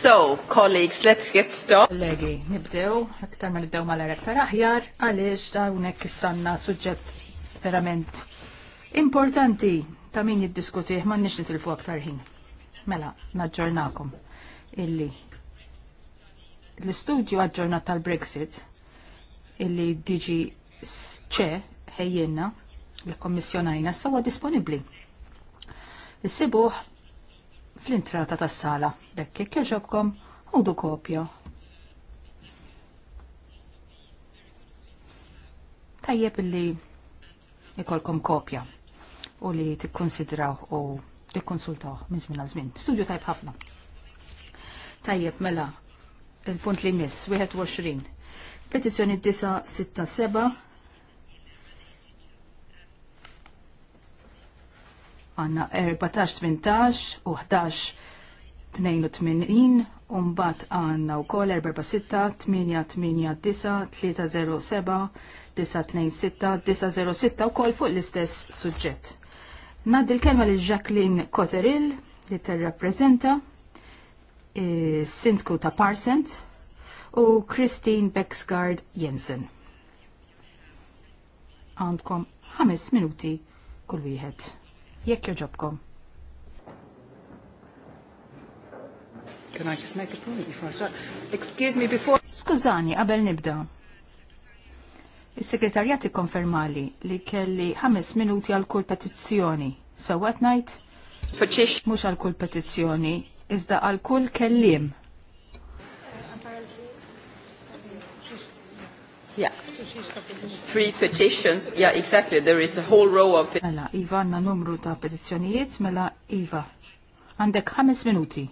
So, colleagues, let's get started. Kollegi, nibdew, iktar ma nibdew mal-erektar aħjar, għaliex ta' unek sanna suġġett verament importanti ta' min jiddiskutih ma' nix nitilfu aktar ħin. Mela, naġġornakom illi l-istudju għadġornat tal-Brexit illi diġi ċe ħejjenna l-kommissjonajna s-sawa disponibli. Is-sibuħ fl-intrata tas-sala. Dekk jekk jogħġobkom ħudu kopja. Tajjeb li ikolkom kopja u li tikkonsidraw u tikkonsultaw minn żmien għal żmien. Studju tajb ħafna. Tajjeb mela il-punt li miss 21. Petizzjoni 967 għanna 14-18 u 11-82 Umbat għanna u kol 4-6-8-8-9-307-926-906 u kol fuq l-istess suġġet. Nad il-kelma li Jacqueline Cotteril li t-rapprezenta e, Sintku ta' Parsent u Christine Bexgard Jensen. Għandkom 5 minuti kull wieħed jekk joġobkom. Can I just make a point before I start? Excuse me before... Skużani, qabel nibda. Il-segretarjat ikkonfermali li kelli ħames minuti għal kull petizzjoni. So what night? Mux għal kull petizzjoni, iżda għal kull kellim Yeah. Three petitions. Yeah, exactly. There is a whole row of Mela, Iva għanna numru ta' petizjonijiet. mela Iva. Għandek ħames minuti.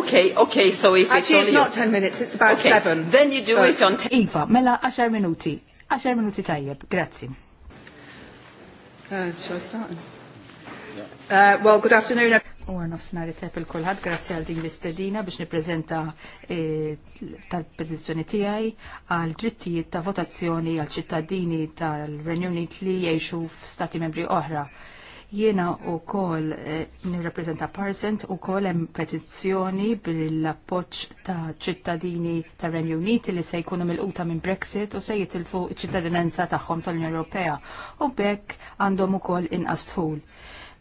Okay, okay, so if Actually, it's, not 10 minutes, it's about okay. Then you do it on uh, ten, Iva, mela 10 minuti. 10 minuti tajjeb, Grazie. Uh, shall I start? Uh, well, good afternoon. U għan nofsnar jitsep il-kolħad, grazzi għal din l-istedina biex niprezenta eh, tal-pozizjoni tijaj għal drittijiet ta' votazzjoni għal ċittadini tal-Renju Unit li jiexu f'stati membri oħra. Jiena u kol eh, nirreprezenta Parsent u kol hemm petizzjoni bil-appoċ ta' ċittadini ta' renju Uniti li se jkunu mill-quta minn Brexit u se jitilfu ċittadinanza tagħhom tal-Unjoni Ewropea u bekk għandhom ukoll inqas tħul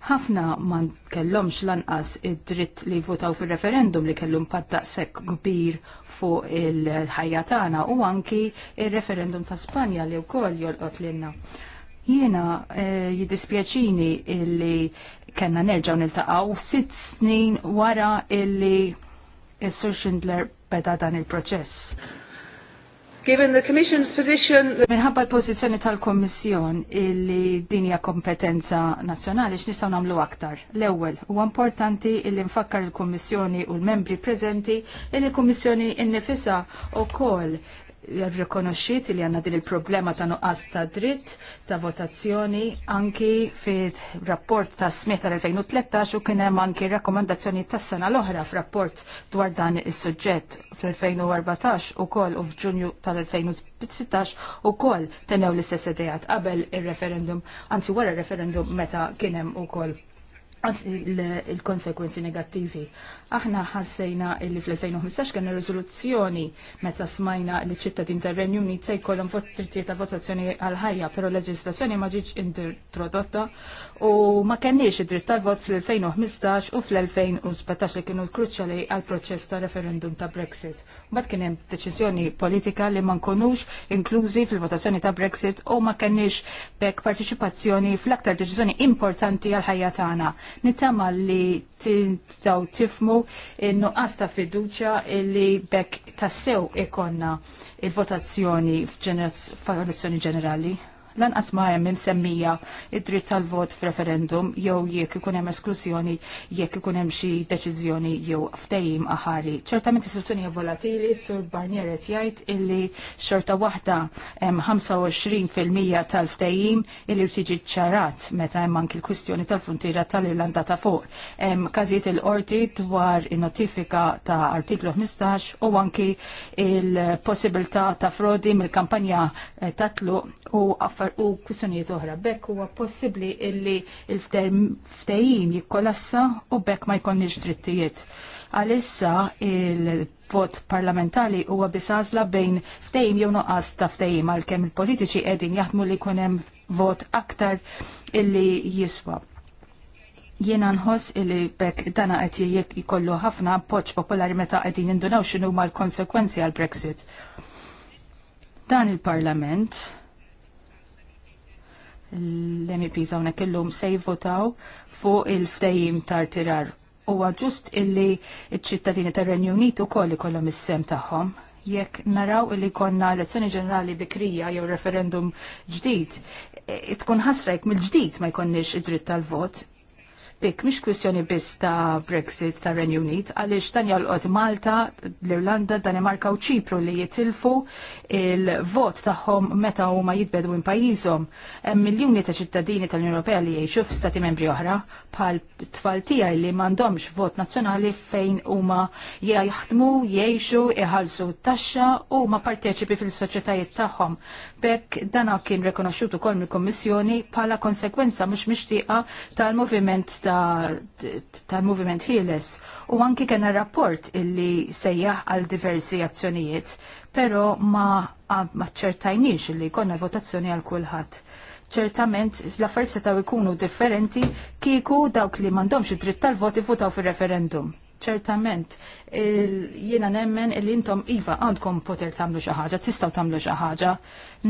ħafna ma kellomx lanqas id-dritt li jvotaw fir-referendum li kellu impatt daqshekk kbir fuq il-ħajja tagħna u anki ir-referendum ta' Spanja li wkoll jolqot lilna. Jiena eh, jiddispjaċini illi kena nerġaw niltaqgħu sitt snin wara illi il-Sur Schindler beda dan il-proċess. Given the Commission's position... Minħabba l-pozizjoni tal-Kommissjon illi dinja kompetenza nazjonali x'nistgħu nagħmlu aktar. L-ewwel huwa importanti illi nfakkar il kummissjoni u l-membri preżenti illi l kummissjoni innifisha wkoll rikonoxxiet li għandna din il-problema ta' nuqqas ta' dritt ta' votazzjoni anki fit rapport ta' smieħ tal-2013 u kien hemm anki rakkomandazzjoni tas sena l-oħra f'rapport dwar dan is-suġġett fl-2014 ukoll u f'Ġunju tal-2016 ukoll tenew l-istess idejat qabel ir-referendum, anzi wara referendum meta kien hemm ukoll il-konsekwenzi negattivi. Aħna ħassejna illi fl-2015 kena rezoluzzjoni meta smajna li ċittadin ta' Renju Unit se jkollhom trittijiet ta' votazzjoni għal ħajja, però l-leġislazzjoni ma ġietx introdotta u ma kenniex id-dritt tal-vot fl-2015 u fl-2017 li kienu kruċjali għal proċess ta' referendum ta' Brexit. Mbagħad kien hemm deċiżjoni politika li ma nkunux inklużi fil-votazzjoni ta' Brexit u ma kenniex bekk partiċipazzjoni fl-aktar deċiżjoni importanti għal ħajja tagħna Nitama li taw tifmu nuqqas ta' fiduċa li bekk tassew ikonna il-votazzjoni f'elezzjoni ġenerali lanqas ma hemm semmija id-dritt tal-vot f'referendum jew jekk ikun hemm esklużjoni jekk ikun hemm xi deċiżjoni jew ftehim aħari. Ċertament istituzzjoni volatili sur Barnier qed jgħid illi xorta waħda hemm 25% tal-ftehim illi tiġi ċarat meta hemm anki l-kwistjoni tal-frontiera tal-Irlanda ta' fuq. Hemm każijiet il-qorti dwar in-notifika ta' artiklu 15 u anki il-possibilità ta' frodi mill-kampanja eh, tatlu u affarijiet affar u kwistjonijiet oħra. Bekk huwa possibbli illi il-ftehim jikkolassa u bekk ma jkollniex drittijiet. Għalissa il-vot parlamentali huwa bisazla bejn ftehim jew noqas ta' ftehim għalkemm il-politiċi qegħdin jaħdmu li jkun hemm vot aktar illi jiswa. Jiena nħoss illi bekk dana qed jkollu ħafna poċ popolari meta qegħdin indunaw x'inhuma l-konsekwenzi għall-Brexit. Dan il-Parlament l-MEPs hawnhekk illum se jivvotaw fuq il-ftehim tar-tirar. Huwa ġust illi ċ-ċittadini tar-Renju Unit ukoll ikollhom is-sem tagħhom. Jekk naraw illi konna elezzjoni ġenerali bikrija jew referendum ġdid, eh, tkun ħasrajk mill-ġdid ma jkonniex id-dritt tal-vot, bik, mish kwestjoni biss ta' Brexit ta' Renju Unit, għaliex dan jalqot Malta, l-Irlanda, Danimarka u Ċipru li jitilfu il-vot tagħhom meta huma jitbedu minn pajjiżhom. Miljoni miljuni ta' ċittadini tal-Unjoni Ewropea li jgħixu f'stati membri oħra pal tfal tiegħi li m'għandhomx vot nazzjonali fejn huma ma jgħixu, iħallsu t-taxxa u ma parteċipi fil soċetajiet tagħhom. Bekk dana kien rekonoxxutu kol mill-Kummissjoni bħala konsekwenza mhux mixtieqa tal-moviment ta' ta' moviment ħieles u anki kena rapport illi sejjaħ għal diversi azzjonijiet, pero ma, ma ċertajniex illi konna votazzjoni għal kulħadd. ċertament l-affarijiet ta' ikunu differenti kieku dawk li m'għandhomx id-dritt tal-voti votaw fir-referendum. Ċertament, jiena nemmen illi intom iva għandkom poter tagħmlu xi ħaġa, tistgħu tagħmlu xi ħaġa.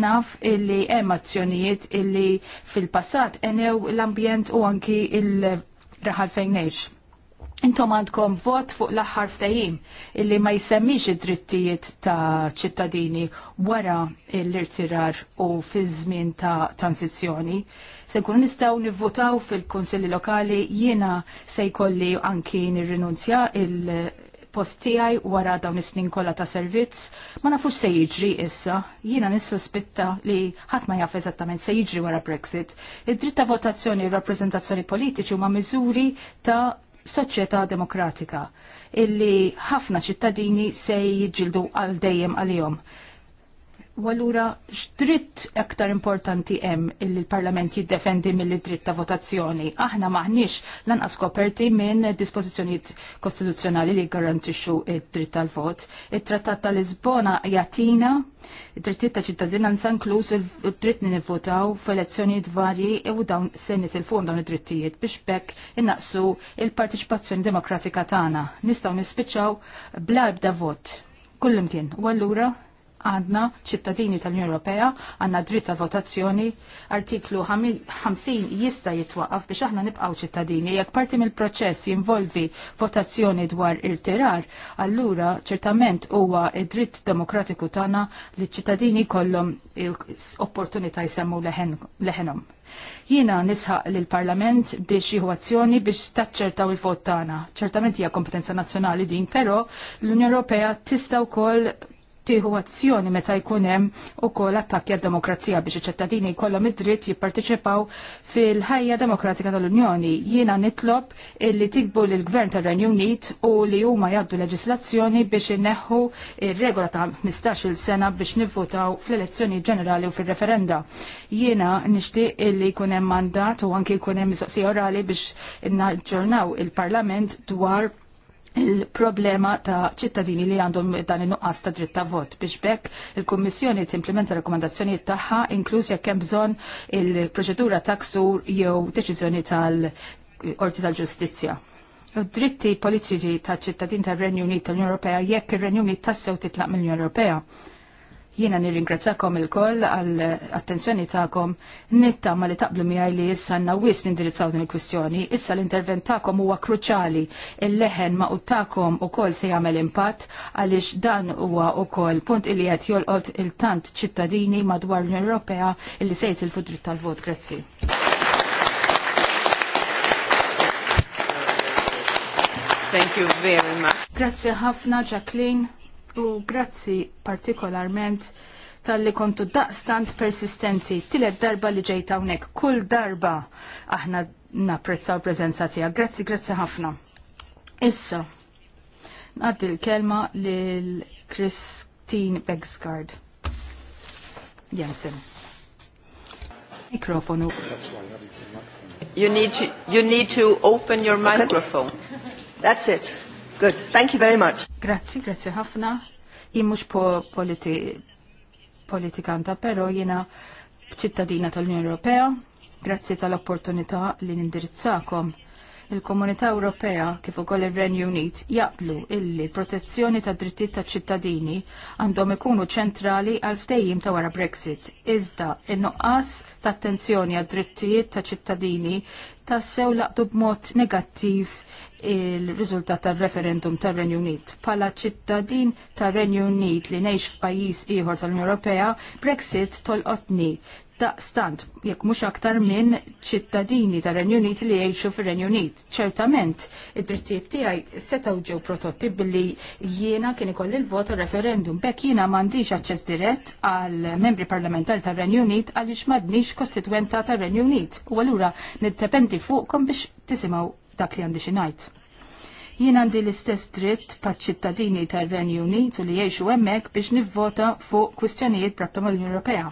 Naf illi hemm azzjonijiet illi fil-passat enew l-ambjent u anki il- raħal fejnejx. Intom għandkom vot fuq l-aħħar ftajim illi ma jsemmix id-drittijiet ta' ċittadini wara l-irtirar u fi żmien ta' tranzizjoni. Se nkun nistgħu nivvotaw fil-Kunsilli Lokali jiena se jkolli anki nirrinunzja il- postijaj wara dawn is-snin kollha ta' servizz, ma nafux se jiġri issa. Jiena nissospitta li ħadd ma jaf eżattament se jiġri wara Brexit. Id-dritt ta' votazzjoni u rappreżentazzjoni politiċi huma miżuri ta' soċjetà demokratika illi ħafna ċittadini se jiġġildu għal dejjem għalihom. U allura x'dritt aktar importanti hemm il l-Parlament jiddefendi mill-dritt ta' votazzjoni. Aħna maħniex lanqas koperti minn dispożizzjonijiet kostituzzjonali li garantixxu id-dritt tal-vot. It-Trattat tal Lisbona jagħtina id-drittijiet ta' ċittadinanza inkluż id-dritt nivvotaw f'elezzjonijiet varji u dawn se fond dawn id-drittijiet biex bekk innaqsu il-partiċipazzjoni demokratika tagħna. Nistgħu nispiċċaw bla ebda vot kullimkien. U allura għandna ċittadini tal-Unjoni Ewropea għandna dritt ta' votazzjoni, artiklu 50 jista' jitwaqaf biex aħna nibqgħu ċittadini. Jekk parti mill-proċess jinvolvi votazzjoni dwar irtirar, allura ċertament huwa id-dritt demokratiku tagħna li ċittadini kollhom opportunità jsemmu leħenhom. Jiena nisħaq l parlament biex jieħu azzjoni biex taċċertaw il-vot tagħna. Ċertament hija kompetenza nazzjonali din, però l-Unjoni Ewropea tista' wkoll tieħu azzjoni meta jkun hemm ukoll attakki għad-demokrazija biex iċ-ċittadini jkollhom id-dritt jipparteċipaw fil-ħajja demokratika tal-Unjoni. Jiena nitlob illi tikbu lil gvern tar-Renju Unit u li huma jgħaddu leġislazzjoni biex inneħħu ir-regola ta' 15-il sena biex nivvotaw fl-elezzjoni ġenerali u fil-referenda. Jiena nixtieq illi jkun hemm mandat u anke jkun hemm mistoqsija orali biex naġġornaw il-Parlament dwar il-problema ta' ċittadini li għandhom dan il nuqqas ta' dritt ta' vot biex bekk il-Kummissjoni implementa rakkomandazzjonijiet tagħha inkluż jekk hemm bżonn il-proċedura ta' ksur jew deċiżjoni tal-Qorti tal-Ġustizzja. Dritti politiċi ta' ċittadin tal-Renju Unit tal-Unjoni Ewropea jekk ir-Renju Unit tassew titlaq mill-Unjoni Ewropea Jiena nirringrazzakom il-koll għall attenzjoni tagħkom nittama li taqblu miegħi li issa għandna wis nindirizzaw din il-kwistjoni. Issa l-intervent tagħkom huwa kruċali. Il-leħen ma' tagħkom ukoll se jagħmel impatt għaliex dan huwa ukoll punt li qed jolqot il-tant ċittadini madwar l-Unjoni Ewropea illi se il dritt tal-vot. Grazzi. Thank you very much. Grazie ħafna, Jacqueline u grazzi partikolarment tal-li kontu daqstant persistenti. Tilet darba li ġejta hawnhekk kull darba aħna napprezzaw prezenza tija. Grazzi, grazzi ħafna. Issa, naddi l-kelma l-Christine Begsgard. Jensen. Mikrofonu. You need, to, you need to open your microphone. That's it. Good, thank you very much. Grazzi, grazie ħafna. Jien mhux po politi politikanta, però jiena ċittadina tal-Unjoni Ewropea. Grazzi tal-opportunità li nindirizzakom. Il-Komunità Ewropea kif ukoll ir-Renju Unit jaqblu illi protezzjoni tad drittijiet taċ ċittadini għandhom ikunu ċentrali għal ftehim ta' wara Brexit. Iżda in-nuqqas ta' attenzjoni għad drittijiet ta' ċittadini tassew laqdu b'mod negattiv il-riżultat tal-referendum tal-Renju Unit. Pala ċittadin tal-Renju Unit li neħx f'pajjiż ieħor tal-Unjoni Ewropea, Brexit tolqotni daqstant, jekk mhux aktar minn ċittadini tar renju Unit li jgħixu fir renju Unit. Ċertament, id-drittijiet tiegħi setgħu ġew prototi billi jiena kien ikoll il vot u referendum. Bek jiena m'għandix aċċess dirett għal membri parlamentari tar renju Unit għaliex m'għadniex kostitwenta tar renju Unit. U allura niddependi fuqkom biex tisimgħu dak li għandi xi ngħid. Jien għandi l-istess dritt paċ-ċittadini tar-Renju Unit u li jgħixu hemmhekk biex nivvota fuq kwistjonijiet prabta mal-Unjoni Ewropea.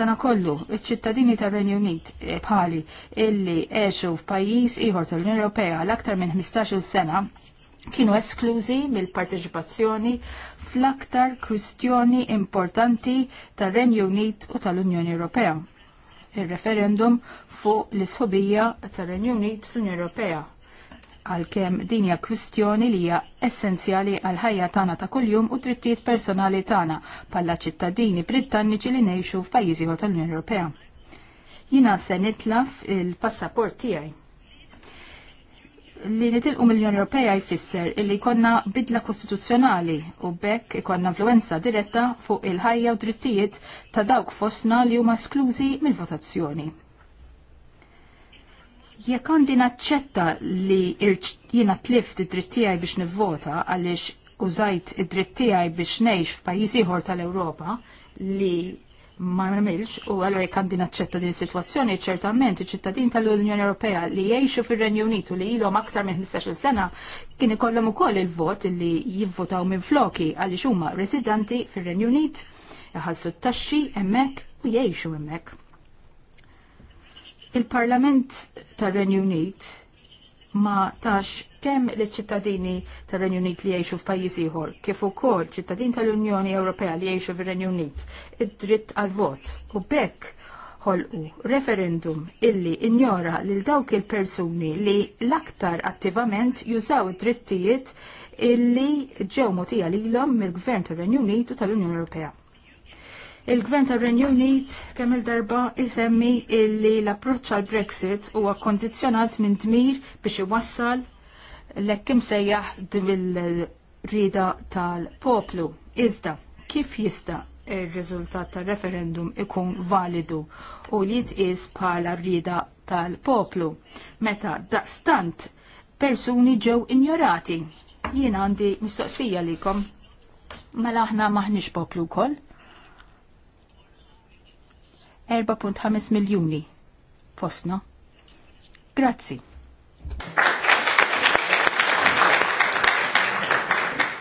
dana kollu, iċ-ċittadini tar-Renju Unit eh, bħali illi għexu f'pajjiż ieħor tal-Unjoni Ewropea l-aktar minn 15-il sena kienu esklużi mill-parteċipazzjoni fl-aktar kwistjoni importanti tar-Renju Unit u tal-Unjoni Ewropea il-referendum fuq l-isħobija tal-Renju Unit fl-Unjoni Ewropea għalkemm din hija kwistjoni li hija essenzjali għal ħajja tagħna ta' kuljum u trittijiet personali tagħna bħala ċittadini Brittaniċi li ngħixu f'pajjiżi tal-Unjoni Ewropea. Jina se nitlaf il-passaport tiegħi li nitilqu mill-Unjoni Ewropea jfisser illi konna bidla kostituzzjonali u bekk ikonna influenza diretta fuq il-ħajja u drittijiet ta' dawk fosna li huma sklużi mill-votazzjoni. Jekk għandi naċċetta li jiena tlift id drittijaj biex nivvota għaliex użajt id drittijaj biex ngħix f'pajjiż ieħor tal-Ewropa li ma namilx u allura jekk għandi naċċetta din is-sitwazzjoni ċertament iċ-ċittadin tal-Unjoni Ewropea li jgħixu fir-Renju Unitu li ilhom aktar minn 15-il sena kien ikollhom ukoll il-vot li jivvotaw minn floki għaliex huma residenti fir-Renju Unit, jħallsu t-taxxi hemmhekk u jgħixu hemmhekk. Il-Parlament tar-Renju Unit ma tax kemm li ċittadini tal-Renju Unit li jgħixu f'pajjiż ieħor, kif ukoll ċittadini tal-Unjoni Ewropea li jgħixu fir-Renju Unit id-dritt għal vot u bekk ħolqu referendum illi injora lil dawk il-persuni li l-aktar attivament jużaw id-drittijiet illi ġew motija lilhom mill-Gvern tar-Renju Unit u tal-Unjoni Ewropea. Il-gvern tar renju Unit kemm il-darba isemmi illi l-approċċ għal Brexit huwa kondizzjonat minn tmir biex iwassal l-ekkim sejjaħ bil-rida tal-poplu. Iżda, kif jista il-rizultat tal-referendum ikun validu u li jitqis bħala rida tal-poplu meta daqstant persuni ġew injorati. Jien għandi mistoqsija likom. Mela aħna maħniex poplu kol. 4.5 miljoni postna. Grazzi.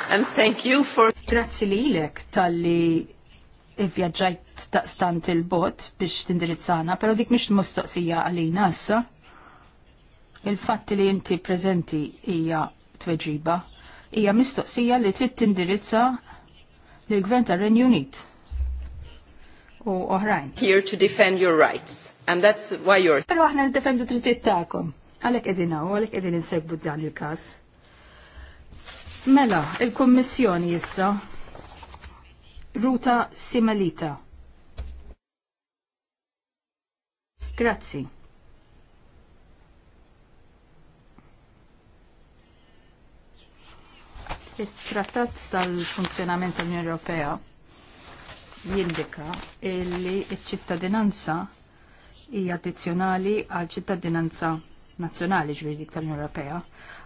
And thank you for... Grazzi li ilek tal-li vjaġġajt taqstant il-bot biex tindirizzana, pero dik mish mistoqsija għalina issa. Il-fatt li inti prezenti hija tweġiba hija mistoqsija li trid tindirizza lill gvern tar-Renju Unit u oħrajn. Here to defend your rights. And that's why you're... Pero aħna nidefendu drittijiet tagħkom. Għalhekk qegħdin hawn, għalhekk qegħdin insegbu dan il-każ. Mela, il-Kommissjoni issa. Ruta Simalita. Grazzi. Il-Trattat tal-Funzjonament tal-Unjoni Ewropea jindika illi il-ċittadinanza hija addizzjonali għal ċittadinanza nazzjonali ġviri dik tal-Unjoni Ewropea,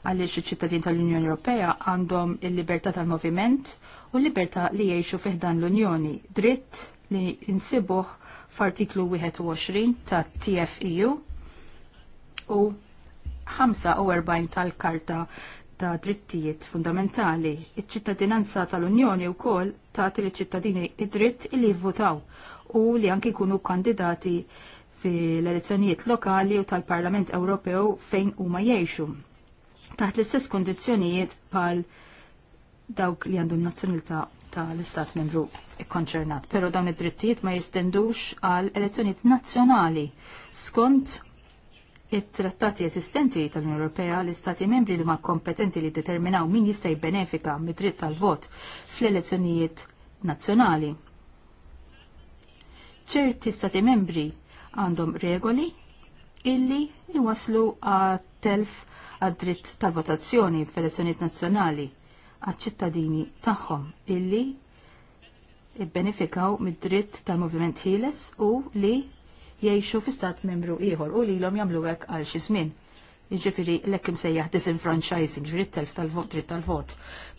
għaliex iċ-ċittadin tal-Unjoni Ewropea għandhom il-libertà tal-moviment u l-libertà li jgħixu fiħdan l-Unjoni, dritt li insibuh f'artiklu 21 ta' TFEU u 45 tal-Karta ta' drittijiet fundamentali. Iċ-ċittadinanza tal-Unjoni wkoll tagħti liċ ċittadini id-dritt li votaw u li anki jkunu kandidati fil-elezzjonijiet lokali u tal-Parlament Ewropew fejn huma jgħixu. Taħt l-istess kondizzjonijiet pal dawk li għandhom nazzjonalità tal-istat membru konċernat. Pero dawn id-drittijiet ma jistendux għal elezzjonijiet nazzjonali skont it-trattati esistenti tal-Unjoni Ewropea l-istati membri li ma kompetenti li determinaw min jista' benefika mid-dritt tal-vot fl-elezzjonijiet nazzjonali. ċerti stati membri għandhom regoli illi jwaslu għat-telf għad-dritt tal-votazzjoni f'elezzjonijiet nazzjonali għad-ċittadini tagħhom illi ibbenefikaw mid-dritt tal-moviment ħieles u li jgħixu fi stat membru ieħor u li l-om jamlu għal xi żmien jiġifieri l-ekkim sejjaħ disenfranchising, rittelf tal-vot, dritt tal-vot.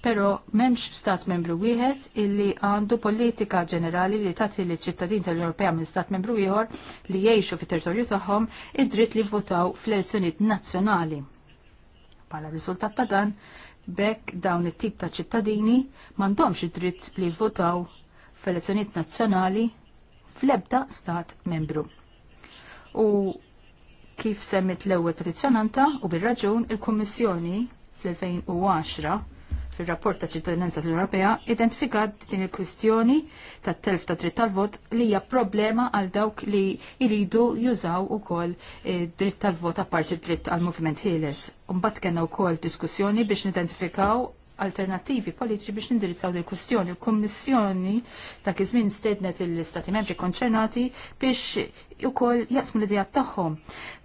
Pero memx stat membru wieħed illi għandu politika ġenerali li tagħti li ċittadin tal-Ewropea minn stat membru ieħor li jgħixu fit-territorju tagħhom id-dritt li votaw fl-elezzjonijiet nazzjonali. Bħala riżultat ta' dan, bekk dawn it-tip ta' ċittadini m'għandhomx id-dritt li votaw elezzjonijiet nazzjonali fl-ebda stat membru. U Kif semmit l-ewwel petizzjonanta u bir-raġun il-Kummissjoni fl-2010 fil-rapport ta' ċittadinanza tal-Ewropea identifikat din il-kwistjoni ta' telf ta' dritt tal-vot li hija problema għal dawk li jridu jużaw ukoll eh, dritt tal-vot apparti dritt għal moviment ħieles. Mbagħad kellna wkoll diskussjoni biex nidentifikaw alternativi politiċi biex nindirizzaw dil kwistjoni Il-Kommissjoni ta' kizmin stednet il-Stati membri konċernati biex ukoll jasmu l-idea tagħhom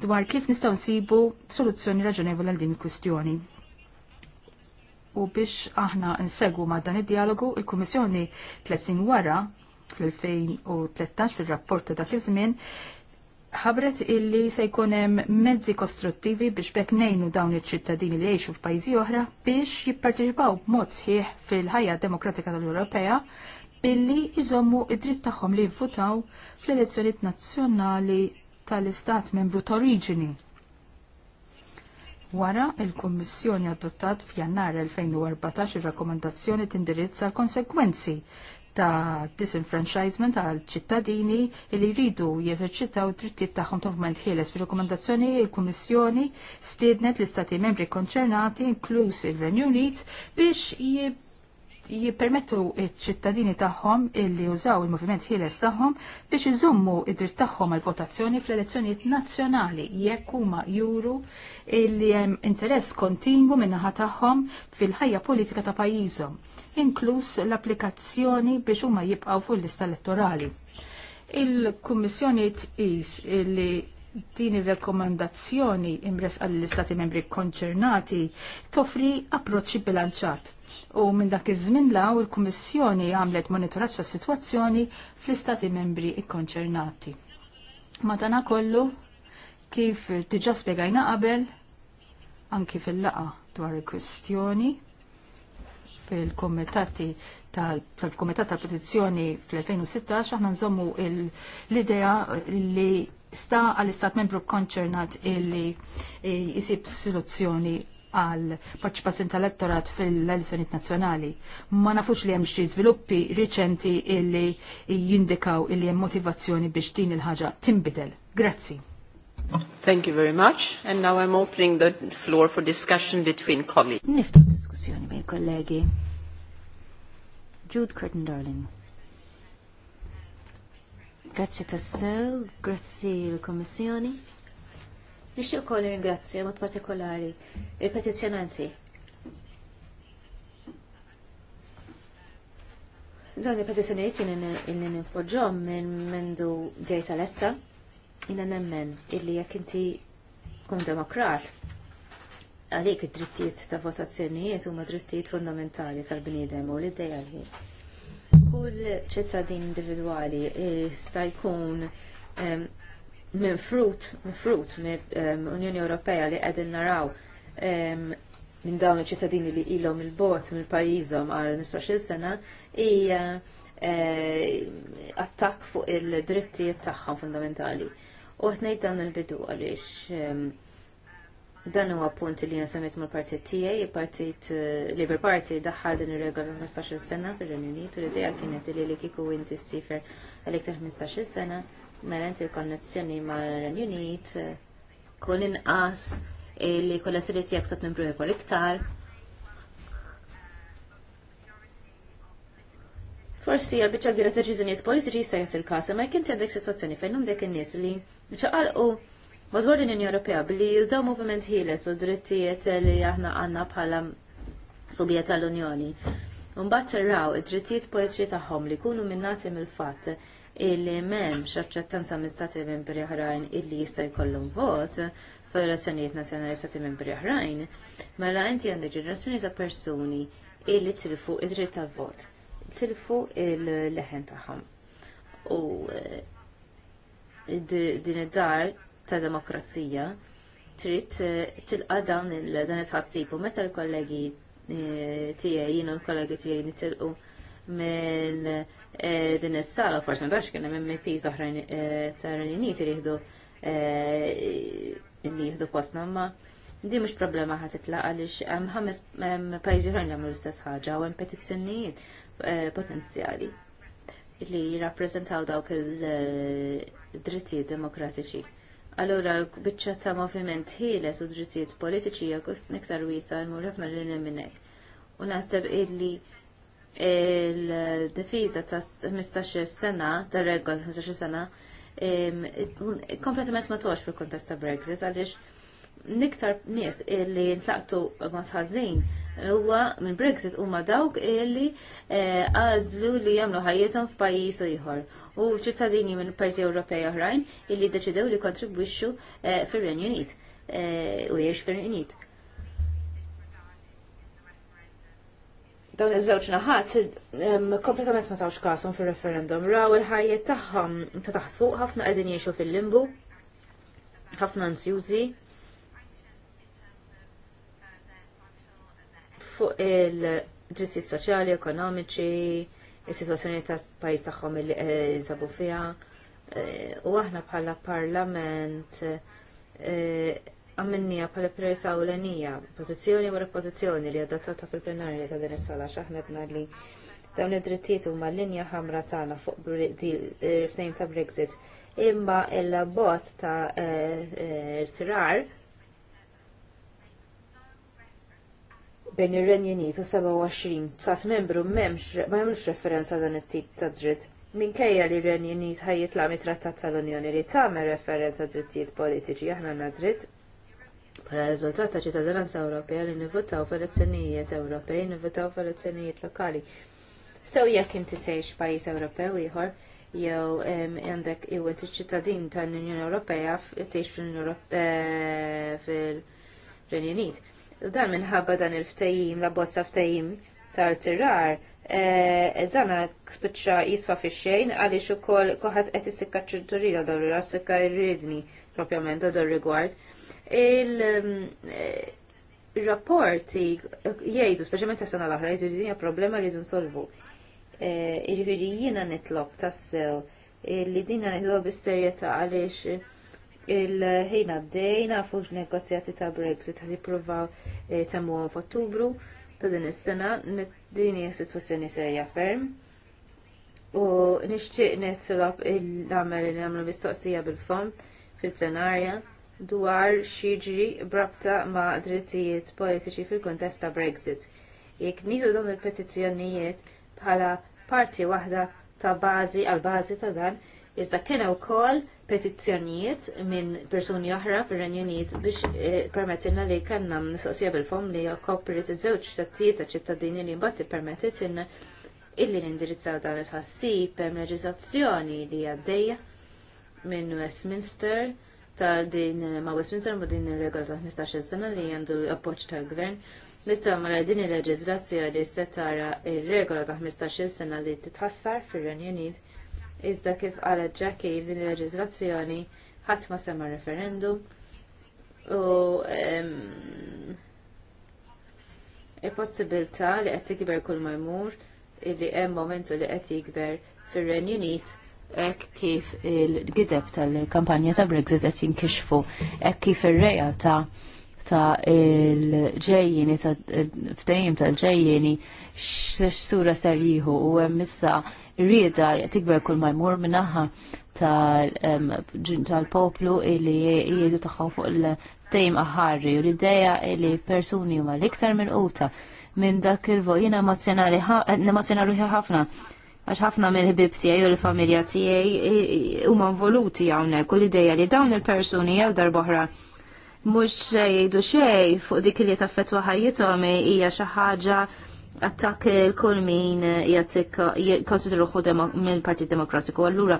dwar kif nistgħu nsibu soluzzjoni raġonevoli għal din il-kwistjoni. U biex aħna nsegwu ma' dan id-dialogu, il-Kummissjoni tlet wara fl-2013 fil-rapport ta' kizmin ħabret illi se jkun hemm mezzi kostruttivi biex beknejnu dawn iċ-ċittadini li jiexu f'pajjiżi oħra biex jipparteċipaw b'mod sħiħ fil-ħajja demokratika tal-Ewropea billi jżommu id-dritt tagħhom li jivvutaw fl-elezzjonijiet nazzjonali tal-istat membru t-oriġini. Wara il-Kummissjoni adottat f'Jannar 2014 ir-rakkomandazzjoni tindirizza l-konsekwenzi ta' disenfranchisement għal ċittadini li jridu jeżerċitaw drittijiet tagħhom ta' moment ħieles fir-rekomendazzjoni il-Kummissjoni stiednet l-Istati membri konċernati inkluż ir renju Unit biex jib jippermettu iċ-ċittadini tagħhom illi użaw il-moviment ħieles tagħhom biex iżommu id-dritt tagħhom għal votazzjoni fl-elezzjonijiet nazzjonali jekk huma juru illi hemm interess kontingu min-naħa tagħhom fil-ħajja politika ta' pajjiżhom, inkluż l-applikazzjoni biex huma jibqgħu fuq lista elettorali. Il-Kummissjoni tqis illi din ir-rekomandazzjoni imres għall istati membri konċernati toffri approċċi bilanċat U minn dak iż-żmien law il-Kummissjoni għamlet monitoraġġ tas-sitwazzjoni fl-istati membri ikkonċernati. Madana kollu kif diġà spjegajna qabel anki fil-laqa dwar il-kwistjoni fil-komitati tal-komitat tal-petizzjoni fl-2016 aħna nżommu l-idea li sta għall-istat membru konċernat illi jisib soluzzjoni għal parċipazzjoni tal-elettorat fil-elezzjoniet nazzjonali. Ma nafux li hemm xi żviluppi riċenti illi jindikaw illi hemm motivazzjoni biex din il-ħaġa timbidel. Grazzi. Thank you very much. And now I'm opening the floor for discussion between colleagues. Niftu diskussjoni bejn kollegi. Jude Curtin Darling. Grazzi tassew, grazzi l-Kommissjoni. Nixtieq ukoll ringrazzja mod partikolari il-petizzjonanti. Dawn il-petizzjonijiet jien ninfoġġhom minn mendu ġej tal-etta jina nemmen illi jekk inti kun demokrat għalik id-drittijiet ta' votazzjonijiet huma drittijiet fundamentali tal-bniedem u l-idea li kull ċittadin individwali sta' jkun minn frut, minn frut, minn ehm, Unjoni Ewropea li qegħdin naraw ehm, minn dawn iċ-ċittadini li ilhom il-bot minn pajjiżhom għal 15-il sena hija eh, attakk fuq il-drittijiet tagħhom fundamentali. U għetnejt dan il-bidu għaliex ehm, dan huwa punt li nsemmit mal-partit tiegħi, il-Partit eh, Labour Party daħħal din ir-regola 15-il sena fir-Renju Unit u l-idea kienet li kieku inti ssifer għal iktar 15-il sena narent il-konnezzjoni mal-Ren Unit eh, kun inqas li kolla s-siriet jaksat minn bruħi kol iktar. Forsi għal-bicċa għira deċiżjonijiet politiċi jista' jagħti il-każ, ma jkinti għandek sitwazzjoni fejn għandek in-nies li għal-u madwar l-Unjoni Ewropea billi jużaw moviment ħieles u drittijiet li aħna għandna bħala subija tal-Unjoni. Mbagħad raw id-drittijiet poetiċi tagħhom li jkunu minnati mill-fatt illi mem x'aċċettanza minn stati membri oħrajn illi jista' jkollhom vot f'relazzjonijiet nazzjonali stati membri oħrajn, mela inti għandek ġenerazzjoni ta' persuni illi tilfu id-dritt tal-vot, tilfu il-leħen tagħhom. U eh, din id-dar ta' demokrazija trid eh, tilqa' dawn il-dan it-ħassib u meta l-kollegi eh, tiegħi u l-kollegi tiegħi nitilqu mill Eh, din is-sala forsi m'bax kien hemm MP oħrajn eh, tar-Renjuniet li jieħdu eh, li jieħdu postna ma di mhux problema ħadd titlaq għaliex hemm ħames pajjiżi oħrajn jagħmlu l-istess ħaġa u hemm petizzjonijiet potenzjali li jirrappreżentaw dawk il-drittijiet demokratiċi. Allura l-bicċa ta' moviment ħieles u drittijiet politiċi jgħak iktar wisa l-mur ħafna l minnek. U naħseb illi il defiza ta' 15 sena, ta' regol 15 sena, kompletament ma tox fil-kontest ta' Brexit għaliex niktar nies li ntlaqtu ma tħażin huwa minn Brexit huma dawk li eh, għażlu li jagħmlu ħajjithom f'pajjiż ieħor u ċittadini minn pajjiżi Ewropej oħrajn illi deċidew li kontribwixxu eh, fir-Renju Unit eh, u jgħix fir-Renju dawn iż-żewġ naħat kompletament ma tawx kasom fil-referendum. Raw il ħajjiet tagħhom ta' taħt fuq ħafna qegħdin jgħixu fil-limbu, ħafna ansjużi. Fuq il-ġittijiet soċjali, ekonomiċi, is-sitwazzjoni ta' pajjiż tagħhom li eh, sabu fiha. Eh, u aħna bħala parlament eh, għamminnija pala priorità u l-enija, pozizjoni u repozizjoni li adottata fil-plenarja ta' din is-sala xaħna bna li dawn id-drittijiet huma linja ħamra tagħna fuq il-ftehim eh, ta' Brexit. Imma il-bot ta' eh, eh, irtirar bejn ir-Renju Unit u 27 sat membru m'hemmx ma jagħmlux referenza dan it-tip ta' dritt. Minkejja li r-Renju Unit ħajjitla mit-Trattat tal-Unjoni li tagħmel referenza drittijiet politiċi aħna na dritt Bħala riżultat ta' ċittadinanza Ewropea li nivvotaw f'elezzjonijiet Ewropej, nivvotaw f'elezzjonijiet lokali. Sew jekk inti tgħix pajjiż Ewropew ieħor, jew għandek jew iċ ċittadin tal-Unjoni Ewropea tgħix fl eh, fil-Renju Unit. Dan minħabba dan il-ftehim, la bozza ftehim tal-tirar, eh, dan spiċċa jiswa fix-xejn għaliex ukoll koħat qed issikka ċirturila dawru ra sikka jridni propjament dawru rigward il-rapporti um, eh, jgħidu, speċjalment tas sena l-aħra, jgħidu dinja problema rridu nsolvu. Eh, Irriri jiena nitlob tassew eh, li dinja nitlob bis-serjetà għaliex il-ħina d-dejna fuq negozjati ta' Brexit għalli provaw tamu f'Ottubru ta' din is-sena, din hija sitwazzjoni serja ferm. U nixtieq nitlob il-għamel li nagħmlu mistoqsija bil-fond fil-plenarja dwar xiġri brabta ma' drittijiet politiċi fil-kuntest ta' Brexit. Jekk nieħdu dawn il-petizzjonijiet bħala parti waħda ta' bażi għal bażi ta' dan, iżda kien ukoll petizzjonijiet minn persuni oħra fir-Renju Unit biex eh, permettilna li kellna mistoqsija bil-fom li jkopri iż-żewġ settijiet ta' ċittadini li mbagħad ippermettilna illi nindirizzaw dan il ħassib hemm leġiżlazzjoni li għaddejja minn Westminster ta' din ma' Westminster ma' din il-regola ta' 15 sena li għandu appoċ tal-gvern li tamra din il-leġizlazzjoni se tara il-regola ta' 15 sena li titħassar fir-Renju Unit iżda kif għala ġaki din il-leġizlazzjoni ħadd ma sema referendum u il possibilta li qed tikber kull ma jmur li hemm momentu li qed jikber fir-Renju Unit ek kif il-gideb tal-kampanja ta' Brexit qed jinkixfu, ek kif ir-realtà ta' il-ġejjini ta' ftejjim tal-ġejjini x'sura ser jieħu u hemm issa rieda tikber kull ma jmur minaħħa tal-poplu illi jiedu tagħhom fuq il-ftejjim aħarri u l-idea illi persuni huma l-iktar minn quta minn dak il-vojina emozjonali ħafna għax ħafna mill-ħbib tiegħi u l-familja tiegħi huma involuti hawnhekk u l-idea li dawn il-persuni għal darboħra mhux se jgħidu xejn fuq dik li taffettwa ħajjithom hija xi ħaġa attakk il-kull min jgħid konsidru ħudem mill-Partit Demokratiku. Allura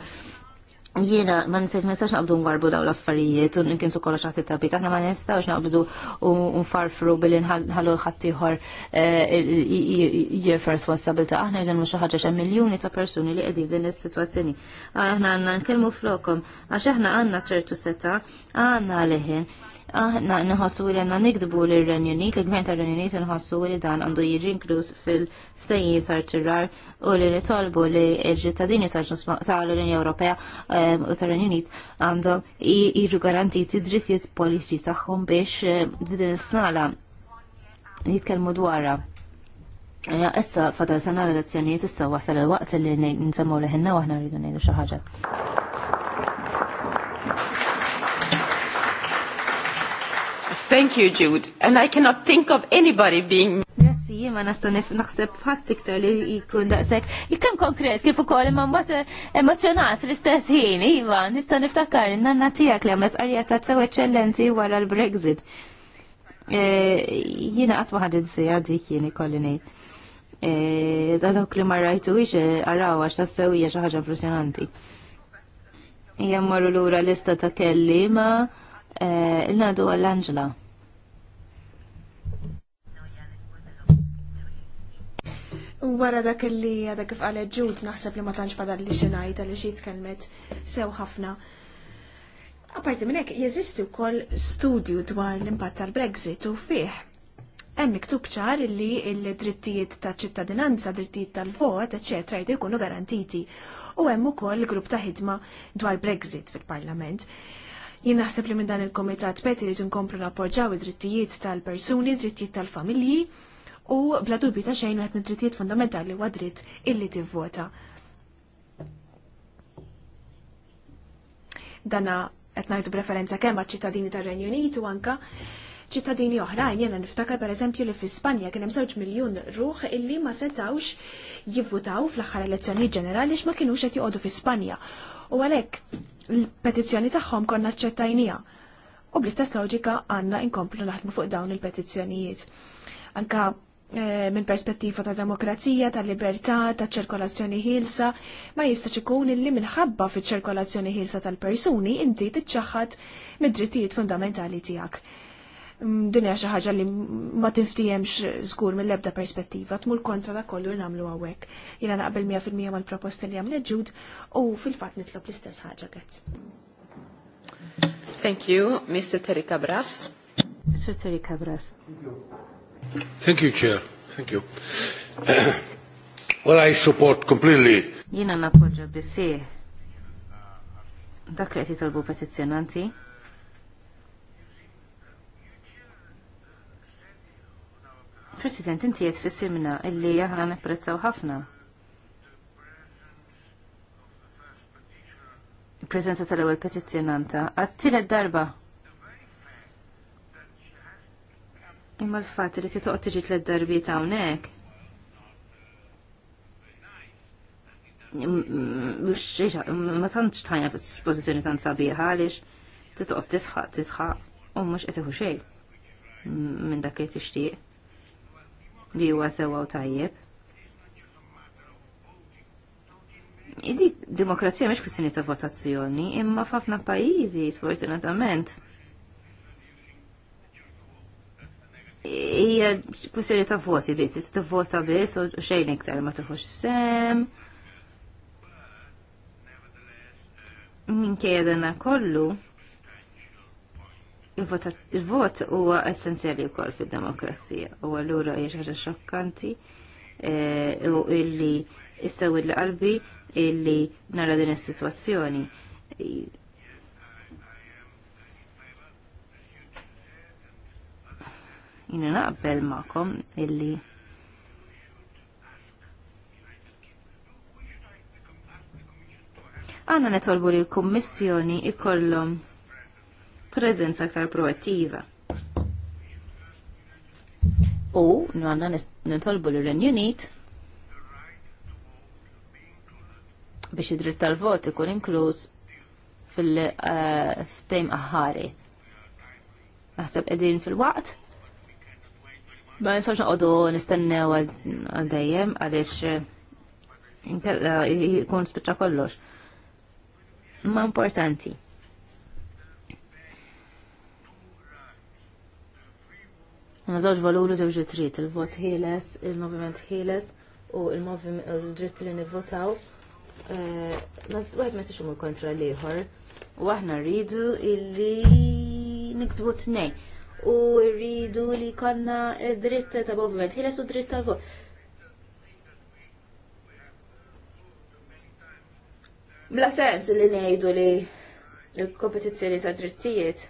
Jiena ma nisajt ma nistax naqbdu nwarbu daw l-affarijiet u nkien su kollox xaħti tabi, Aħna ma nistax naqbdu u nfarfru billi nħallu l-ħattijħor eh, jiefer responsabilta. Aħna jizan mux ħagġa xa miljoni ta' personi li għedi din is-situazzjoni. Aħna għanna nkelmu flokom għax aħna għanna ċertu seta għanna liħin aħna nħossu li għanna nikdbu r renjuniet il-gvern r renjuniet nħossu li dan għandu jiġi inkluż fil-ftajjiet tar-tirar u li li tolbu li l ta' l unjoni Ewropea u tar-Renjunit għandhom jiġu garantiti drittijiet politiċi tagħhom biex din is-sala jitkellmu dwarha. Issa fadal sena l-elezzjonijiet issa wasal il-waqt li nsemmu liħinna u aħna rridu ngħidu xi ħaġa. Thank you, Jude. And I cannot think of anybody being... Grazzi, jima nasta naħseb fħat iktar li jkun daqsek. Ikkam konkret, kif ukoll imma mbagħad eh, emozjonat l-istess ħin, iva, nista' niftakar in-nanna tiegħek li għamlet qarja ta' sew eċċellenti wara l-Brexit. Eh, jiena qatt ma ħadd insejja dik jien ikolli ngħid. Eh, da dawk li marrajtu iġe għaraw għax ta' sewija xi ħaġa impressjonanti. l mmorru lura lista ta' kellima il-nadu għall angela Wara dak li għada kif għale ġud naħseb li ma tantx fadal li xinajt għalli xi kelmet sew ħafna. Aparti minn hekk jeżisti wkoll studju dwar l-impatt tal-Brexit u fih hemm miktub ċar li l-drittijiet ta' ċittadinanza, drittijiet tal-vot, eċetera, jdu jkunu garantiti. U hemm ukoll grupp ta' ħidma dwar Brexit fil-Parlament. Jien naħseb li minn dan il-Komitat Peti li tinkomplu nappoġġaw id-drittijiet tal-persuni, drittijiet tal-familji, u bla dubju ta' xejn wieħed mid-drittijiet fundamentali huwa dritt illi tivvota. Dana qed ngħidu preferenza kemm ċittadini tar-Renju Unit u anka ċittadini oħrajn jena niftakar per eżempju li fi Spanja kien hemm żewġ miljun ruħ illi ma setawx jivvutaw fl-aħħar elezzjonijiet ġenerali ma kinux qed joqogħdu fi Spanja. U għalhekk il-petizzjoni tagħhom konna ċċettajnija. U bl-istess loġika għandna inkomplu naħdmu fuq dawn il-petizzjonijiet. Anka Eh, minn perspettiva ta' demokrazija, ta' libertà, ta' ċirkolazzjoni ħilsa, ma jistax ikun illi minħabba fi ċirkolazzjoni ħilsa tal-persuni inti titċaħħad mid-drittijiet fundamentali tiegħek. Mm, din hija xi ħaġa li ma tinftijemx żgur mill-ebda perspettiva, tmur kontra da' kollu li nagħmlu hawnhekk. Jiena naqbel 100% mal-proposti li għamlet ġud u fil-fatt nitlob l-istess ħaġa grazzi. Thank you, Mr. Terry Cabras. Mr. Terry Cabras. Thank you. Thank you, Chair. Thank you. well, I support completely. Jina napoġġa bissi dak li qed jitolbu petizzjonanti. President, inti qed minna illi aħna nipprezzaw ħafna. Il-preżenza tal-ewwel petizzjonanta għat-tielet darba Imma l-fat li titoq tiġi tlet darbiet hawnhekk. Ma tantx tħajna f'pożizzjoni tant sabiħa għaliex titoq tisħaq tisħaq u mhux qed iħu xejn minn dak li tixtieq li huwa sewwa u tajjeb. Idi demokrazija mhix kwistjoni ta' votazzjoni, imma f'ħafna pajjiżi sfortunatament hija kwistjoni ta' voti biss, ta' tivvota biss u xejn iktar ma tħux sem. Minkejja dana kollu, il-vot huwa essenzjali wkoll fid-demokrazija u allura hija xi ħaġa xokkanti eh, u illi istawid l qalbi illi nara din is-sitwazzjoni. Jina naqbel ma'kom illi Għanna netolbu li l-Kommissjoni ikollom prezenza aktar proattiva. U għanna netolbu li l Unit biex id-dritt tal-vot ikun inkluż fil-tejm eh, aħħari. Naħseb qegħdin fil-waqt Ma nistax noqogħdu nistennew għal dejjem għaliex eh, jkun spiċċa kollox. Ma importanti. Ma żewġ valuru żewġ trid, il-vot ħieles, il-moviment ħieles u il-dritt li nivvotaw. Eh, wieħed ma jistax imur kontra liħor. U aħna rridu illi niksbu nej u rridu li konna id-dritta ta' moviment, ħiles u dritt tal-vot. Bla sens li nejdu li l-kompetizzjoni ta' drittijiet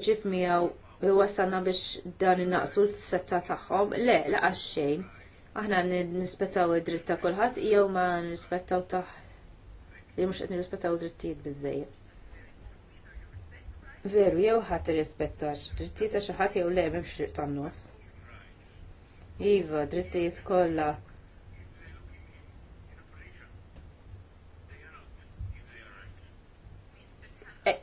iġib miegħu wassalna biex dan innaqsu l-setta tagħhom, le laqax xejn. Aħna nispettaw id-dritt ta' kulħadd jew ma nispettaw taħ li mhux qed nirrispettaw drittijiet biżejjed veru jew ħadd irrispettax drittijiet ta' xi ħadd jew le m'hemmx triq tan-nofs. Iva, drittijiet kollha e,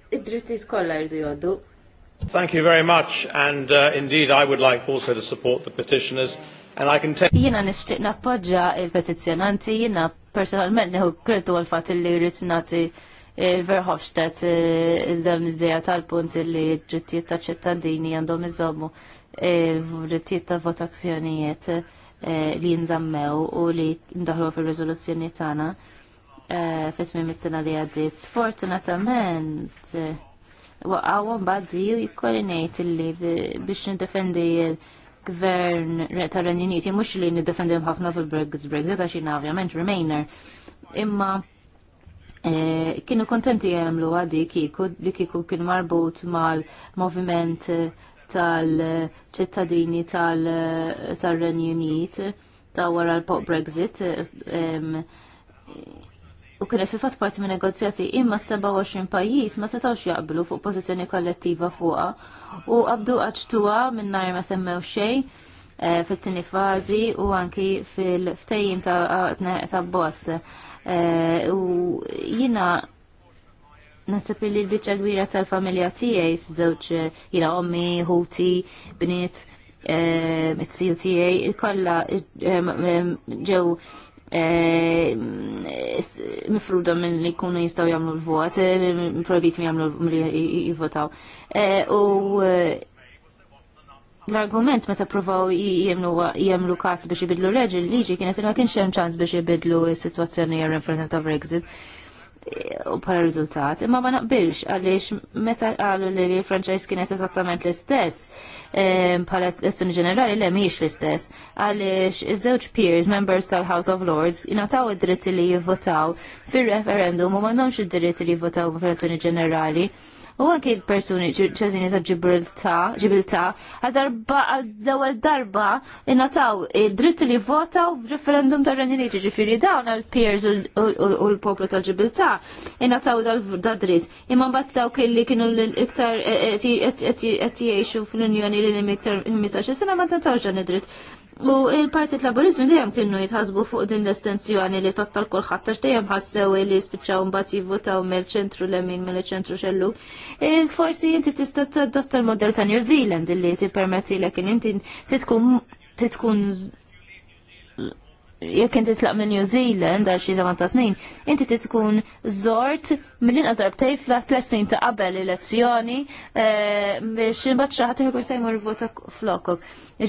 Thank you very much and uh, indeed I would like also to support the petitioners and I can tell Jiena nixtieq nappoġġa il petizjonanti jiena personalment neħu kretu għal fatt li rritnati il-Verhofstadt eh, il-dan id-deja tal-punt li ġittiet ta' ċittadini għandhom iżommu il-ġittijiet eh, ta' votazzjonijiet eh, li nżammew u li ndaħlu fil-rezoluzzjoni tagħna fismi mis-sena li għaddit. Sfortunatament għawon baddi u jkolli ngħid li biex il gvern tal-Renju Uniti mhux li niddefendihom ħafna fil-Brexit, għax jiena ovvjament Remainer. Imma Eh, kienu kontenti jemlu għaddi kiku li kiku kien marbut mal-moviment eh, tal-ċittadini eh, tal-Renju Unit ta' wara l-pop Brexit u kienet fil-fat parti minn negozjati imma 27 pajjiż ma setawx jaqblu fuq pożizzjoni kollettiva fuqha u għabdu għadġtuwa minn najr ma semmew xejn fit-tieni fażi u anki fil-ftejjim ta' bozz Eh, u jina nasib li l-bicċa gbira tal-familja f f'żewġ jina ommi, ħuti, bniet, eh, it-siju tiegħi kollha eh, ġew mifruda minn li kunu jistgħu jagħmlu l-vot, probit mi jagħmlu li jivvotaw. U l-argument meta provaw jemlu kas biex jibidlu reġi liġi kienet ma kienx hemm ċans biex jibidlu s-sitwazzjoni jew referendum ta' Brexit eh, u bħala riżultat. Imma ma naqbilx għaliex meta qalu li l franċajs kienet eżattament l-istess eh, bħala elezzjoni ġenerali le mhijiex l-istess għaliex iż-żewġ peers members tal-House of Lords jingħataw id-dritti li jivvotaw fir-referendum u m'għandhomx id-dritti li jivvotaw f'elezzjoni ġenerali u anke l-persuni ċertini ta' ġibilta, ġibilta, għal-darba, għal-dawel darba, innataw dritt li votaw f'referendum ta' Renju Uniti, ġifiri dawn għal-peers u l-poplu ta' ġibilta, innataw dal-dritt. Imma bat daw li kienu l-iktar qed jgħixu fl-Unjoni li l-iktar 15 sena ma tantawx dan id-dritt. U il-Partit Laburizmi dejjem kienu jitħasbu fuq din l-estensjoni li tattal kolħat dejjem ħassew li spiċċaw mbagħad jivvutaw mill-ċentru lemin mill-ċentru xellu. E, forsi inti tista' tadotta l-modell ta' New Zealand illi tippermetti lek inti tkun jekk inti tlaq minn New Zealand għal xi żaman ta' snin, inti tkun żort mill-inqas darbtej fl-tlet snin ta' qabel elezzjoni eh, biex imbagħad xi ħadd ikun se jmur vota flokok.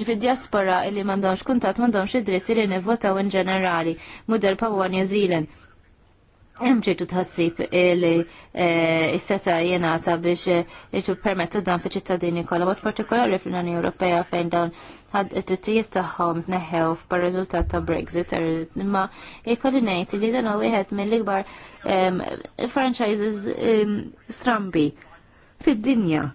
fid diaspora li m'għandhomx kuntatt m'għandhomx id-dritt li nivvotaw in ġenerali, mudel Papua New Zealand Hemm tħassib li eh, s-seta jenata biex eh, iġu permettu dan fi ċittadini kollha mod partikolari fl-Unjoni Ewropea fejn dawn ħad it-trittijiet tagħhom tneħħew par riżultat ta' Brexit imma jkolli ngħid li dan huwa wieħed mill-ikbar eh, franchises strambi fid-dinja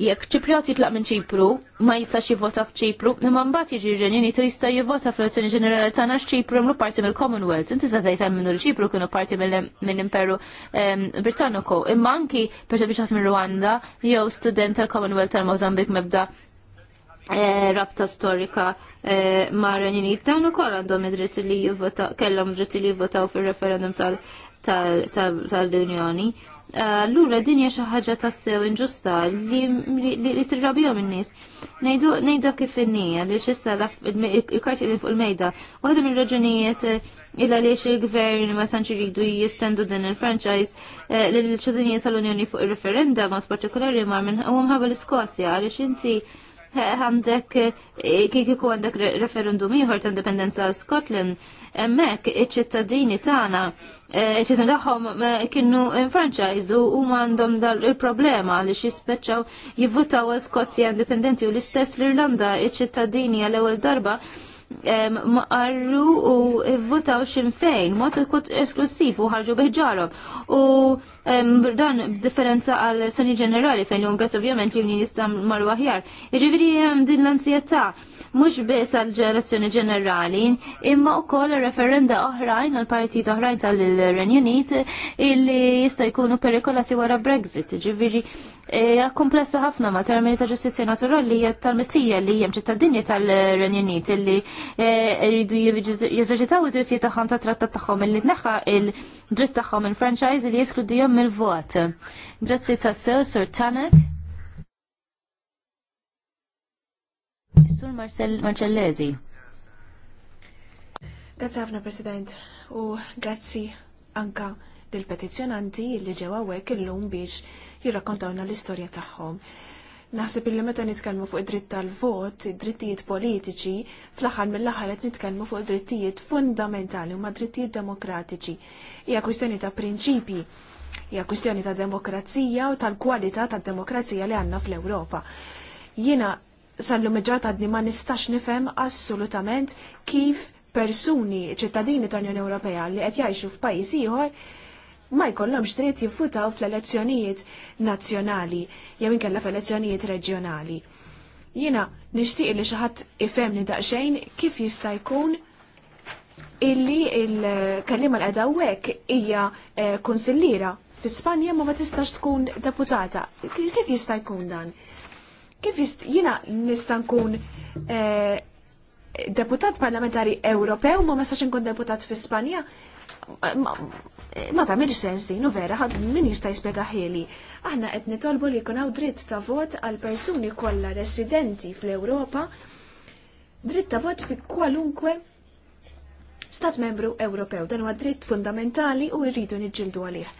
jekk ċipriot jitlaq minn ċipru, ma jistax jivvota f'ċipru, imma mbagħad jiġi r-Renju Unitu jista' jivvota fl-elezzjoni ġenerali tagħna x'ċipru mlu parti mill-Commonwealth. Inti se tgħid minnu l-Ċipru kienu parti mill-Imperu ehm, Britanniku. Imma anki perċepi minn Rwanda jew student tal-Commonwealth tal-Mozambik mebda eh, rabta storika eh, ma' Renju Unit dawn ukoll għandhom id-dritt li jivvota kellhom dritt li jivvotaw fir-referendum tal-Unjoni. Eh, allura din hija xi ħaġa tassew inġusta li tirrabihom in-nies. Ngħidu kif innija li x'issa il-karti li fuq il-mejda. Waħda mir-raġunijiet eh, illa għaliex il-gvern ma tantx iridu jistendu din il-franchise eh, lill ċedunijiet tal-Unjoni fuq ir-referenda mod partikolari ma minn huwa mħabba l-Iskozja għaliex inti għandek eh, kik iku għandek referendum ieħor ta' indipendenza għal Scotland, hemmhekk iċ-ċittadini tagħna eh, ċittadini tagħhom eh, kienu enfranchised u għandhom dal il-problema li jispeċċaw jivvutaw għal Skozja indipendenti u l-istess l-Irlanda iċ-ċittadini għal ewwel darba maqarru u votaw ximfejn, mod esklusiv u ħarġu biħġarom. U dan differenza għal Soni ġenerali fejn jom bet ovvjament li jista marru aħjar. Iġiviri din l-ansjeta, mux bis għal ġerazzjoni ġenerali, imma u koll referenda oħrajn għal partit oħrajn tal-Renjunit illi jista jkunu perikolati wara Brexit. Iġiviri e, komplessa ħafna ma termini ta' ġustizja naturali tal-mistija li jem ċittadini tal-Renjunit li e, rridu jeżerċitaw id-drittijiet tagħhom ta' trattat tagħhom illi tneħħa il-dritt tagħhom il-franchise li jeskludijom il-vot. Grazzi ta' sew, Sir Tanek. Sur Marcellesi. Grazzi ħafna, President, u grazzi anka lill-petizzjonanti li ġew hawnhekk illum biex jirrakkontawna l-istorja tagħhom. Naħseb illi meta nitkellmu fuq id-dritt tal-vot, id-drittijiet politiċi, fl-aħħar mill-aħħar qed nitkellmu fuq drittijiet fundamentali huma drittijiet demokratiċi. Hija kwistjoni ta' prinċipji hija kwistjoni ta' demokrazija u tal-kwalità tad-demokrazija li għandna fl-Ewropa. Jiena sallu lum għadni ma nistax nifhem assolutament kif persuni ċittadini tal-Unjoni Ewropea li qed jgħixu f'pajjiż ieħor ma jkollhomx dritt jiffutaw fl-elezzjonijiet nazzjonali jew inkella f'elezzjonijiet reġjonali. Jiena nixtieq li xi ħadd ifhemni daqsxejn kif jista' jkun illi il-kalima l-għadawek hija eh, konsillira fi Spanja ma ma tistax tkun deputata. Kif jista' jkun dan? Kif jina nista' nkun eh, deputat parlamentari Ewropew ma ma stax nkun deputat fi Spanja? Ma tagħmilx sens din, vera, ħad min jista' jispjega ħeli. Aħna qed nitolbu li jkun hawn dritt ta' vot għal persuni kollha residenti fl-Ewropa, dritt ta' vot fi kwalunkwe stat membru Ewropew. Dan huwa dritt fundamentali u rridu niġġildu għalih.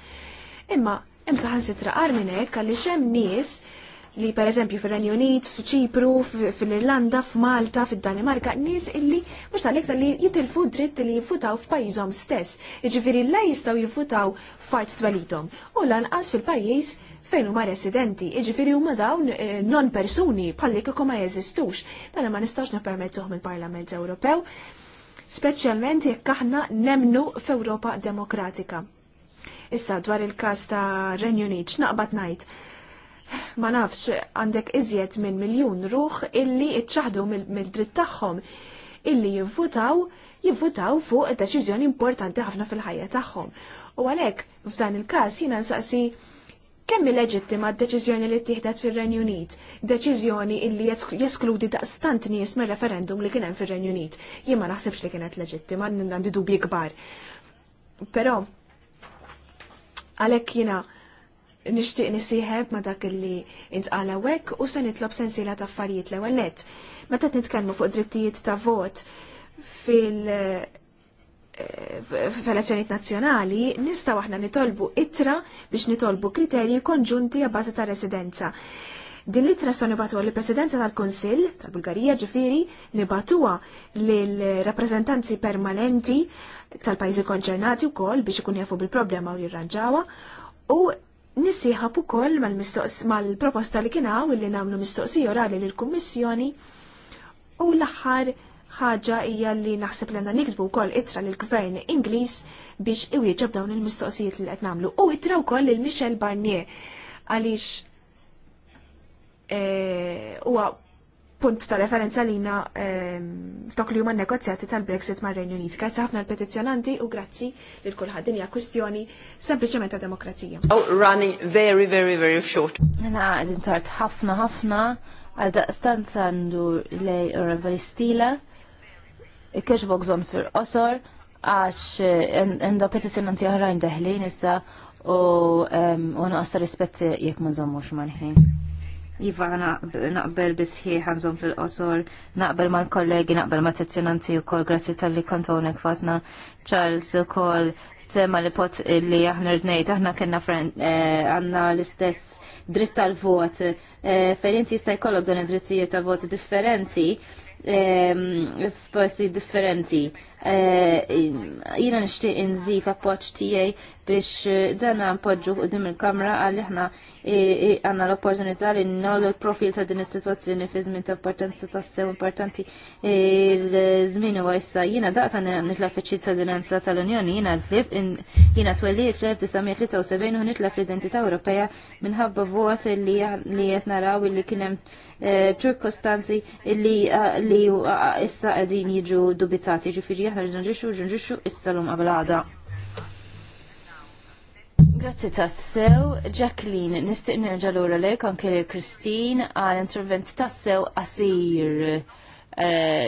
Imma hemm saħansitra qar minn hekk għaliex hemm nies li per eżempju renju Unit, f'Ċipru, fil-Irlanda, f'Malta, fil-Danimarka, nies illi mhux tal li jitilfu dritt li jifutaw f'pajjiżhom stess, jiġifieri la jistgħu jifutaw f'art twelidom, u lanqas fil pajjiż fejn huma residenti, jiġifieri huma dawn eh, non persuni bħalli kieku ma jeżistux, dan ma nistax nippermettuh mill-Parlament Ewropew, speċjalment jekk aħna nemnu f'Ewropa demokratika. Issa dwar il-każ ta' Renju Unit x'naqbad ngħid. Ma nafx għandek iżjed minn miljun ruħ illi iċċaħdu mill-dritt tagħhom illi jivvutaw jivvutaw fuq deċiżjoni importanti ħafna fil-ħajja tagħhom. U għalhekk f'dan il-każ jiena nsaqsi Kemm il leġittima d-deċiżjoni li tieħdet fir-Renju Unit, deċiżjoni illi jeskludi daqstant nies mir-referendum li kien hemm fir-Renju Unit. Jien ma naħsibx li kienet leġittima, għandi dubji kbar. Però għalhekk jiena nishtiq nisiħeb ma dak li intqala wek u se nitlob sensiela ta' affarijiet l ewwel net. Meta nitkellmu fuq drittijiet ta' vot fil- f'elezzjonijiet nazzjonali nistgħu aħna nitolbu ittra biex nitolbu kriterji konġunti għabbażi ta' residenza. Din l-ittra sa' nibatuwa l-Presidenza tal-Konsil tal-Bulgarija ġifiri nibatuwa l-rappresentanzi permanenti tal-pajzi konċernati u kol biex ikun jafu bil-problema u jirranġawa u nisiħab u kol mal-proposta li kienaw li namlu mistoqsija orali l-Kommissjoni u l-axħar ħaġa hija li naħseb li għandna nikdbu wkoll itra lill gvern Ingliż biex iwieġeb dawn il-mistoqsijiet li qed nagħmlu u ittra wkoll lil Michel Barnier għaliex eh, huwa punt ta' referenza lina ehm, f'tok li huma negozjati tal-Brexit mar renju Unit. Grazzi ħafna l-petizzjonanti u grazzi lil kulħadd din hija kwistjoni sempliċement ta' demokrazija. Oh, running very very very short. qegħdin mela, tard ħafna ħafna għal daqstanza għandu lej Revali Stila kiex zon fil-qosor għax eh, enda petizjonanti oħrajn deħlin issa u għasta rispetti jekk ma nżommux mal-ħin. Iva naqbel bisħi għanżom fil-qosor, naqbel mal-kollegi, naqbel ma' tezzjonanti u kol, grassi tal-li kontonek fazna Charles u kol, sema li pot li aħna rnejt, aħna kena eh, għanna l-istess dritt tal-vot, eh, fejn inti jista' jkollok dan id-drittijiet ta' vot differenti, Ehm, f'posti differenti. Eh, jina nishtiq inżif appoċ tijaj biex eh, dana npoġġu qdim il-kamra għal ħna eh, għanna l-opportunità li nollu l-profil ta' din is-sitwazzjoni fi żmien ta' importanza ta' sew importanti l-żmien huwa issa jiena daqta nitla' fiċċit ta' tal-Unjoni jiena jiena twelliet fl-1973 u nitla' fl-identità Ewropea minħabba vot li qed naraw li kien hemm ċirkostanzi li issa qegħdin jiġu dubitati ġifieri ġeħar ġenġiċu ġenġiċu ġiċu issalum għablada. Grazzi tassew, Jacqueline, nistiq nerġa l-ura lejk anke Christine għal-intervent tassew għasir. Eh,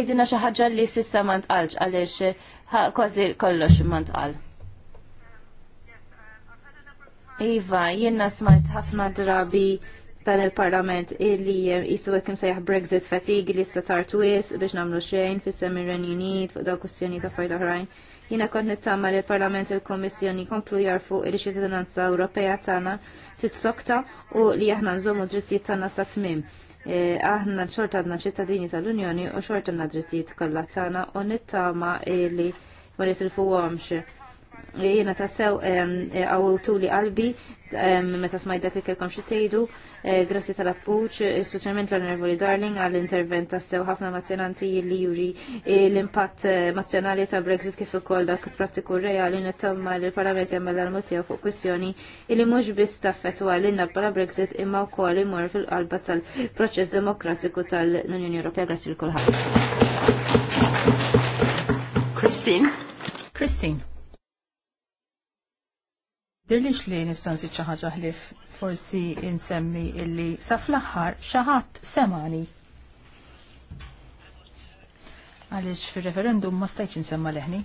ejdina xaħġa li sissa mant ntqalx għaliex kważi kollox mant għal. Iva, jenna smajt ħafna drabi dan il-parlament illi jisu għekim sejħ Brexit fatig li s-satar twis biex namlu xejn fis semir Unit fuq daw kustjoni ta' fajta oħrajn. Jina kont nittama li l-Parlament il komissjoni komplu jarfu il ċittadinanza Ewropea tagħna titsokta u li aħna nżommu drittijiet tana sa tmim. E, aħna xorta għadna ċittadini tal-Unjoni u xorta għadna drittijiet kollha tagħna u nittama li ma nisilfu għamx jiena tassew e, li qalbi meta smajt dak li kelkom xi tgħidu, e, grazzi tal-appuġġ, specialment l-Onorevoli Darling għall-intervent tassew ħafna mazzjonanti li juri e, l-impatt mazzjonali ta' Brexit kif ukoll dak prattiku reali nittamma li l-Parlament jagħmel l-mutija fuq kwistjoni li mhux biss taffettwa inna bħala Brexit imma wkoll imur fil-qalba tal-proċess demokratiku tal-Unjoni Ewropea grazzi l kulħadd. Christine. Christine. Dirlix li nistansi ċaħġa ħlif forsi insemmi illi sa fl-axħar xaħat semani. Għalix fil-referendum ma stajċ insemma leħni.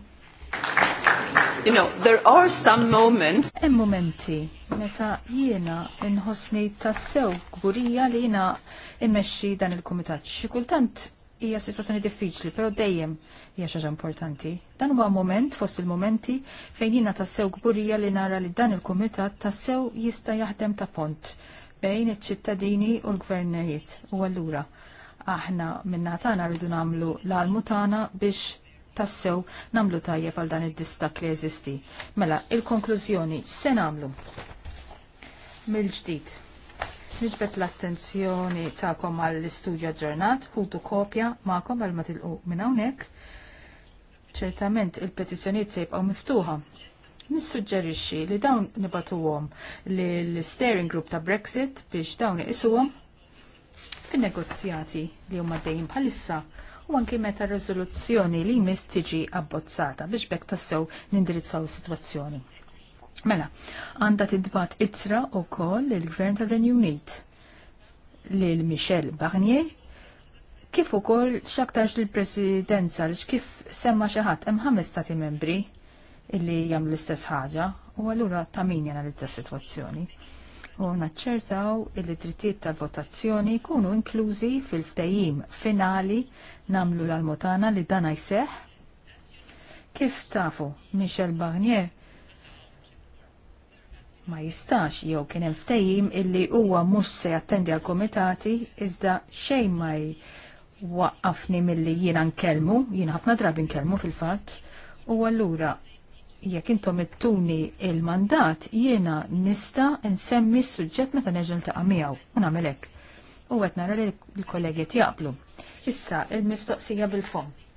You know, there are some moments. Em momenti meta jiena nħosni tassew gburija li jiena immexxi dan il-kumitat. Xikultant hija situazzjoni diffiċli, però dejjem hija xaġa importanti. Dan huwa moment fost il-momenti fejn jiena tassew gburija li nara li dan il-kumitat tassew jista' jaħdem ta' pont bejn iċ-ċittadini u l-gvernijiet. U allura aħna minna tagħna rridu nagħmlu l-almu tagħna biex tassew namlu tajjeb għal dan id-distak li jeżisti. Mela, il-konklużjoni se namlu mill-ġdid Niġbet l-attenzjoni ta'kom għall-istudju ġurnat, ħutu kopja ma'kom għal ma tilqu minn hawnhekk. Ċertament il-petizzjonijiet se jibqgħu miftuħa. Nissuġġerixxi li dawn nibatuhom li l-steering group ta' Brexit biex dawn iqisuhom fin-negozjati li huma dejjem bħalissa u anki meta r-riżoluzzjoni li jmiss tiġi abbozzata biex bekk tassew nindirizzaw is-sitwazzjoni. Mela, għanda tidbat itra u kol il-Gvern tal-Renju Unit lil Michel Barnier kif ukoll x'aktarx l presidenza li kif semma xi ħadd hemm ħames stati membri illi jagħmlu l-istess ħaġa u allura ta' min janalizza s-sitwazzjoni. U naċċertaw illi drittijiet tal-votazzjoni jkunu inklużi fil ftejim finali namlu l-almotana li dan jseħ. kif tafu Michel Barnier ma jistax jew kien hemm ftehim illi huwa mhux se jattendi għal komitati iżda xejn ma waqqafni milli jiena nkellmu, jiena ħafna drabi nkellmu fil-fatt, u allura jekk intom ittuni il-mandat jiena nista nsemmi s-suġġett meta nerġa' niltaqa' miegħu u nagħmel hekk. U qed nara li l-kollegi jaqblu. Issa l mistoqsija bil-fond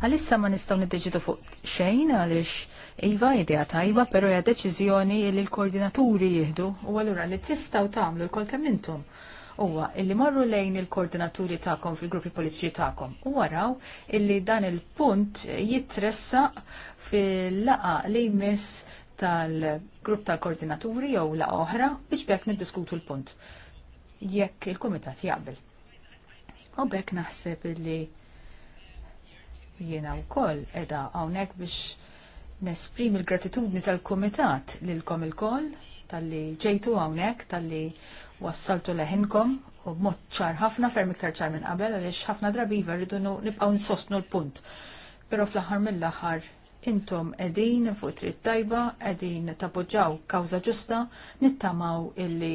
Għalissa ma nistaw niddeċidu fuq xejn għaliex iva idea tajba, pero hija deċiżjoni li l-koordinaturi jieħdu u allura li tistgħu tagħmlu l kemm intom huwa illi marru lejn il-koordinaturi tagħkom fil-gruppi politiċi tagħkom u waraw illi dan il-punt jitressa fil-laqa li jmiss tal-grupp tal-koordinaturi jew laqa oħra biex bekk niddiskutu l-punt jekk il-kumitat jaqbel. U bekk naħseb illi jiena wkoll edha hawnhekk biex nesprim il-gratitudni tal-Kumitat lilkom il-koll tal-li ġejtu hawnhekk tal-li wassaltu leħinkom u mod ċar ħafna ferm iktar ċar minn qabel għaliex ħafna drabiva rridu nibqgħu nsostnu l-punt. Però fl-aħħar mill-aħħar intom qegħdin fuq trid tajba, qegħdin tapoġġaw kawża ġusta, nittamaw illi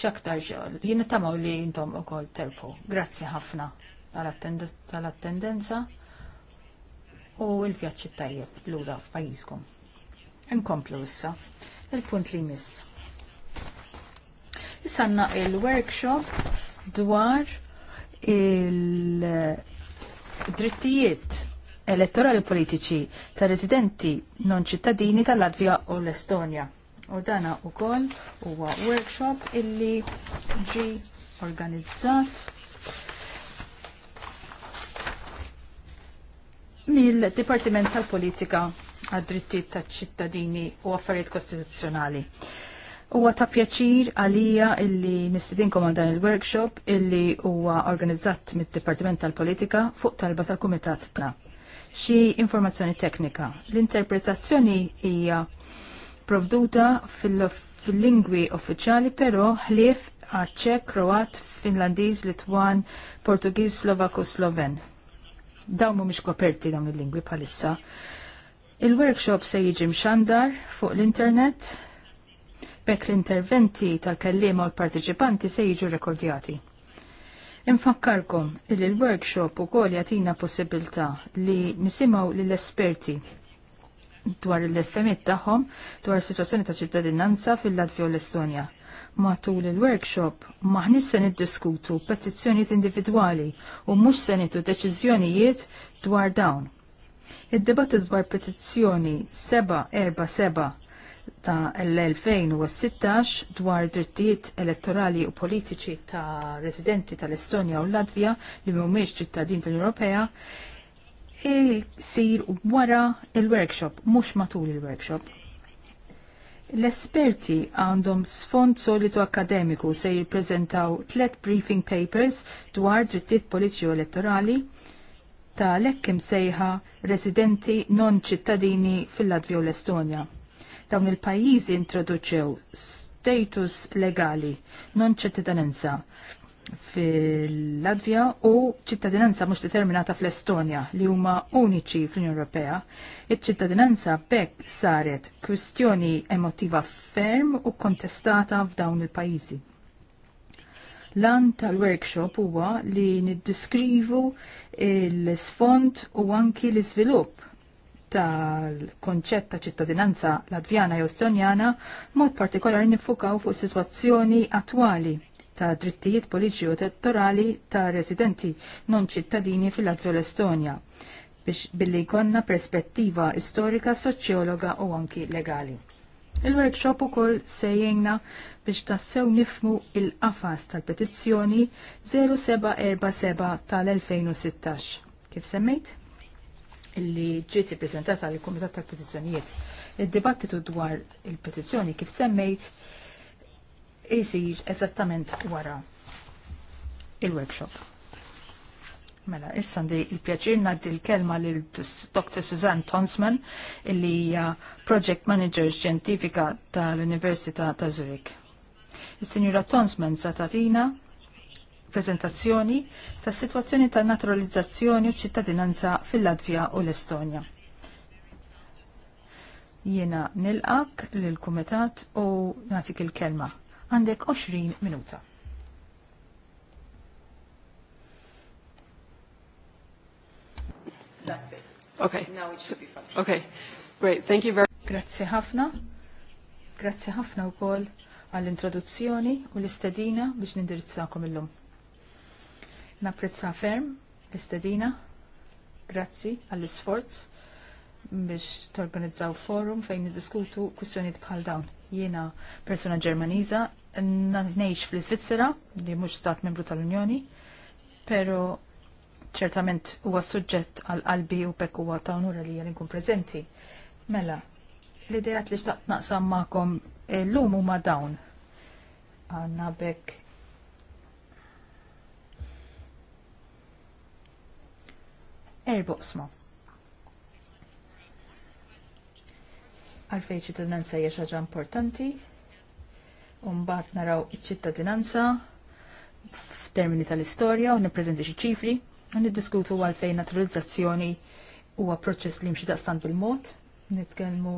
xaktar xogħol. Jien nittamaw li intom ukoll terpu. Grazzi ħafna tal-attendenza u l vjaċċi tajjeb l-ura f'pajjiżkom. Inkomplu issa il-punt li jmiss. Isanna il-workshop dwar il-drittijiet elettorali politiċi ta' residenti non ċittadini tal-Latvija u l-Estonja. U dana u koll huwa workshop illi ġi organizzat mill-Dipartiment tal-Politika għad-drittijiet tal-ċittadini u affarijiet kostituzzjonali. Huwa ta' pjaċir għalija illi nistidinkom għal dan il-workshop illi huwa organizzat mid-Dipartiment tal-Politika fuq talba tal-Kumitat tna. Xi informazzjoni teknika. L-interpretazzjoni hija provduta fil-lingwi uffiċjali però ħlief għal Ċek, Kroat, Finlandiż, Litwan, Portugiż, Slovaku, Sloven dawn mhumiex koperti dawn il-lingwi bħalissa. Il-workshop se jiġi mxandar fuq l-internet bekk l-interventi tal-kellima u l-partiċipanti se jiġu rekordjati. Infakkarkom il il-workshop u kol jatina possibilta li nisimaw l-esperti dwar l-effemiet tagħhom dwar situazzjoni ta' ċittadinanza fil-Latvija u l-Estonja matul il-workshop maħnis se niddiskutu petizzjonijiet individwali u mhux se nitu deċiżjonijiet dwar dawn. Id-debattu dwar petizzjoni 747 ta' l-2016 dwar drittijiet elettorali u politiċi ta' residenti tal-Estonja u Latvija li mhumiex ċittadin tal-Ewropea e sir wara il-workshop, mhux matul il-workshop. L-esperti għandhom sfond solitu akademiku se jirprezentaw tlet briefing papers dwar drittijiet politiċi elettorali ta' lekkim sejħa residenti non ċittadini fil-Latvija u l-Estonja. Dawn il-pajjiżi introduċew status legali non ċittadinanza fil-Latvja u ċittadinanza mhux determinata fl-Estonja li huma uniċi fl-Unjoni Ewropea. Iċ-ċittadinanza bekk saret kwistjoni emotiva ferm u kontestata f'dawn il-pajjiżi. Lan tal-workshop huwa li niddiskrivu l-sfond u anki l-iżvilupp tal-konċett ta' ċittadinanza latvjana jew estonjana, mod partikolari nifukaw fuq situazzjoni attwali ta' drittijiet politiċi u elettorali ta' residenti non ċittadini fil-Latvja u l-Estonja biex billi jkollna perspettiva istorika, soċjologa u anki legali. Il-workshop ukoll koll jgħinna biex tassew nifmu il-qafas tal-petizzjoni 0747 tal-2016. Kif semmejt? Illi ġiet ippreżentata l kumitat tal-Petizzjonijiet. Id-dibattitu dwar il-petizzjoni kif semmejt jisir eżattament wara il-workshop. Mela, issa ndi il-pjaċir naddi l-kelma lil Dr. Suzanne Tonsman, illi hija Project Manager Xjentifika tal-Università ta' Zurich. Is-Sinjura Tonsman sa tatina prezentazzjoni tas sitwazzjoni ta' naturalizzazzjoni u ċittadinanza fil latvija u l-Estonja. Jiena nilqak l kumitat u natik il-kelma. Għandek 20 minuta. Okay. Now it should be functional. Okay. Great. Thank you very much. Grazie ħafna. Grazie ħafna wkoll għall-introduzzjoni u l-istedina biex nindirizzakom illum. Napprezza ferm l-istedina. Grazzi għall-isforz biex torganizzaw forum fejn niddiskutu kwistjonijiet bħal dawn. Jiena persuna Ġermaniża, ngħix fl-Iżvizzera li mhux stat membru tal-Unjoni, pero ċertament huwa suġġett għal qalbi u pekku huwa ta' onura li jien inkun prezenti. Mela, l-idejat li xtaqt naqsam magħkom eh, lum huma dawn. Għanna bekk erboqsma. għalfejn ċittadinanza hija ħaġa importanti. u mbagħad naraw iċ-ċittadinanza f'termini tal-istorja u nippreżenti xi ċifri u niddiskutu għalfejn naturalizzazzjoni huwa proċess li mxi daqstant bil-mod, nitkellmu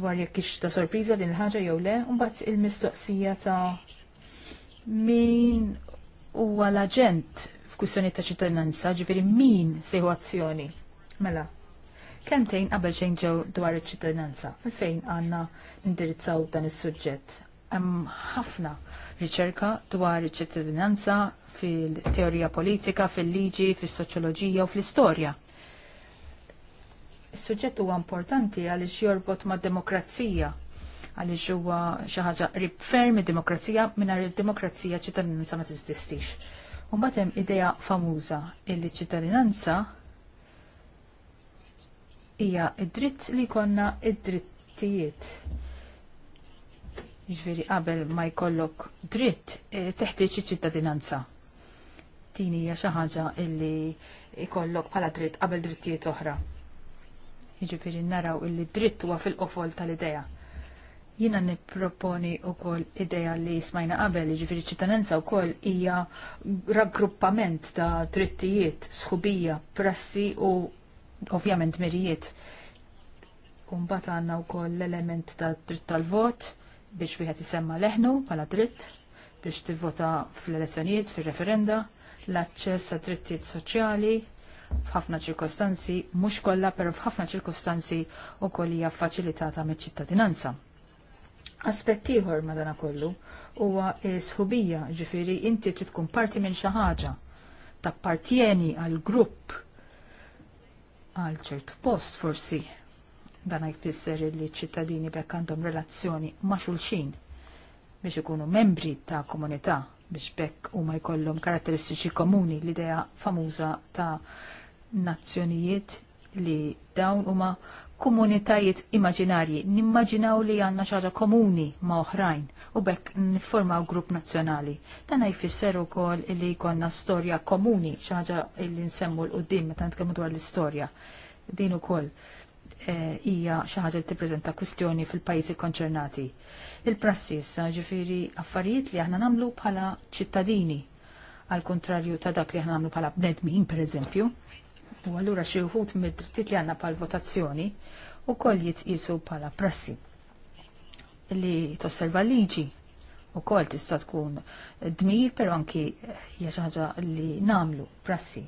dwar jekk ix ta' sorpriża din il-ħaġa jew le, u mbagħad il-mistoqsija ta' min huwa l-aġent f'kwistjoni ta' ċittadinanza, ġifieri min sejħu azzjoni. Mela, kemtejn qabel xejn ġew dwar iċ-ċittadinanza. Fejn għandna indirizzaw dan is-suġġett. Hemm ħafna riċerka dwar iċ-ċittadinanza fil-teorija politika, fil-liġi, fis-soċjoloġija u fl-istorja. Is-suġġett huwa importanti għaliex jorbot mad demokrazija għaliex huwa xi ħaġa qrib ferm id-demokrazija mingħajr id-demokrazija ċittadinanza ma tiżdistix. Mbagħad hemm idea famuża illi ċittadinanza hija id-dritt li konna id-drittijiet. Ġveri jiġifieri qabel ma jkollok dritt eh, teħtieġ iċ-ċittadinanza. Din hija xi ħaġa illi jkollok bħala dritt qabel drittijiet oħra. Jiġifieri naraw illi dritt huwa fil-qofol tal-idea. Jiena nipproponi wkoll idea li smajna qabel, jiġifieri ċittadinanza wkoll hija raggruppament ta' drittijiet, sħubija, prassi u ovvjament mirijiet. Umbat għanna u koll l-element ta' dritt tal-vot biex wieħed jisemma leħnu pala dritt biex tivvota fl-elezzjonijiet, fil-referenda, l-aċċess għad drittijiet soċjali, f'ħafna ċirkostanzi, mhux kollha, però f'ħafna ċirkostanzi wkoll hija faċilitata miċ-ċittadinanza. Aspett ieħor madanakollu huwa sħubija, ġifieri inti trid tkun parti minn xi ħaġa, tappartieni għal grupp għal ċert post forsi dan jfisser li ċittadini bekk għandhom relazzjoni ma' xulxin biex ikunu membri ta' komunità biex bekk u ma' jkollhom karatteristiċi komuni l-idea famuża ta' nazzjonijiet li dawn huma komunitajiet immaginarji, nimmaġinaw li għanna xaġa komuni ma' oħrajn u bekk nifformaw grupp nazzjonali. Dan jfisser ukoll li konna storja komuni xaġa li nsemmu l-qoddim meta nitkellmu dwar l-istorja. Din ukoll eh, hija xi ħaġa li tippreżenta kwistjoni fil-pajjiżi konċernati. Il-prassi issa affarijiet li aħna nagħmlu bħala ċittadini għal kontrarju ta' dak li aħna nagħmlu bħala bnedmin pereżempju. U allura xi wħud mid drittit li għanna bħal votazzjoni u koll jitqisu bħala prassi li tosserva liġi u koll tista' tkun dmir, pero anki hija ħaġa li namlu prassi.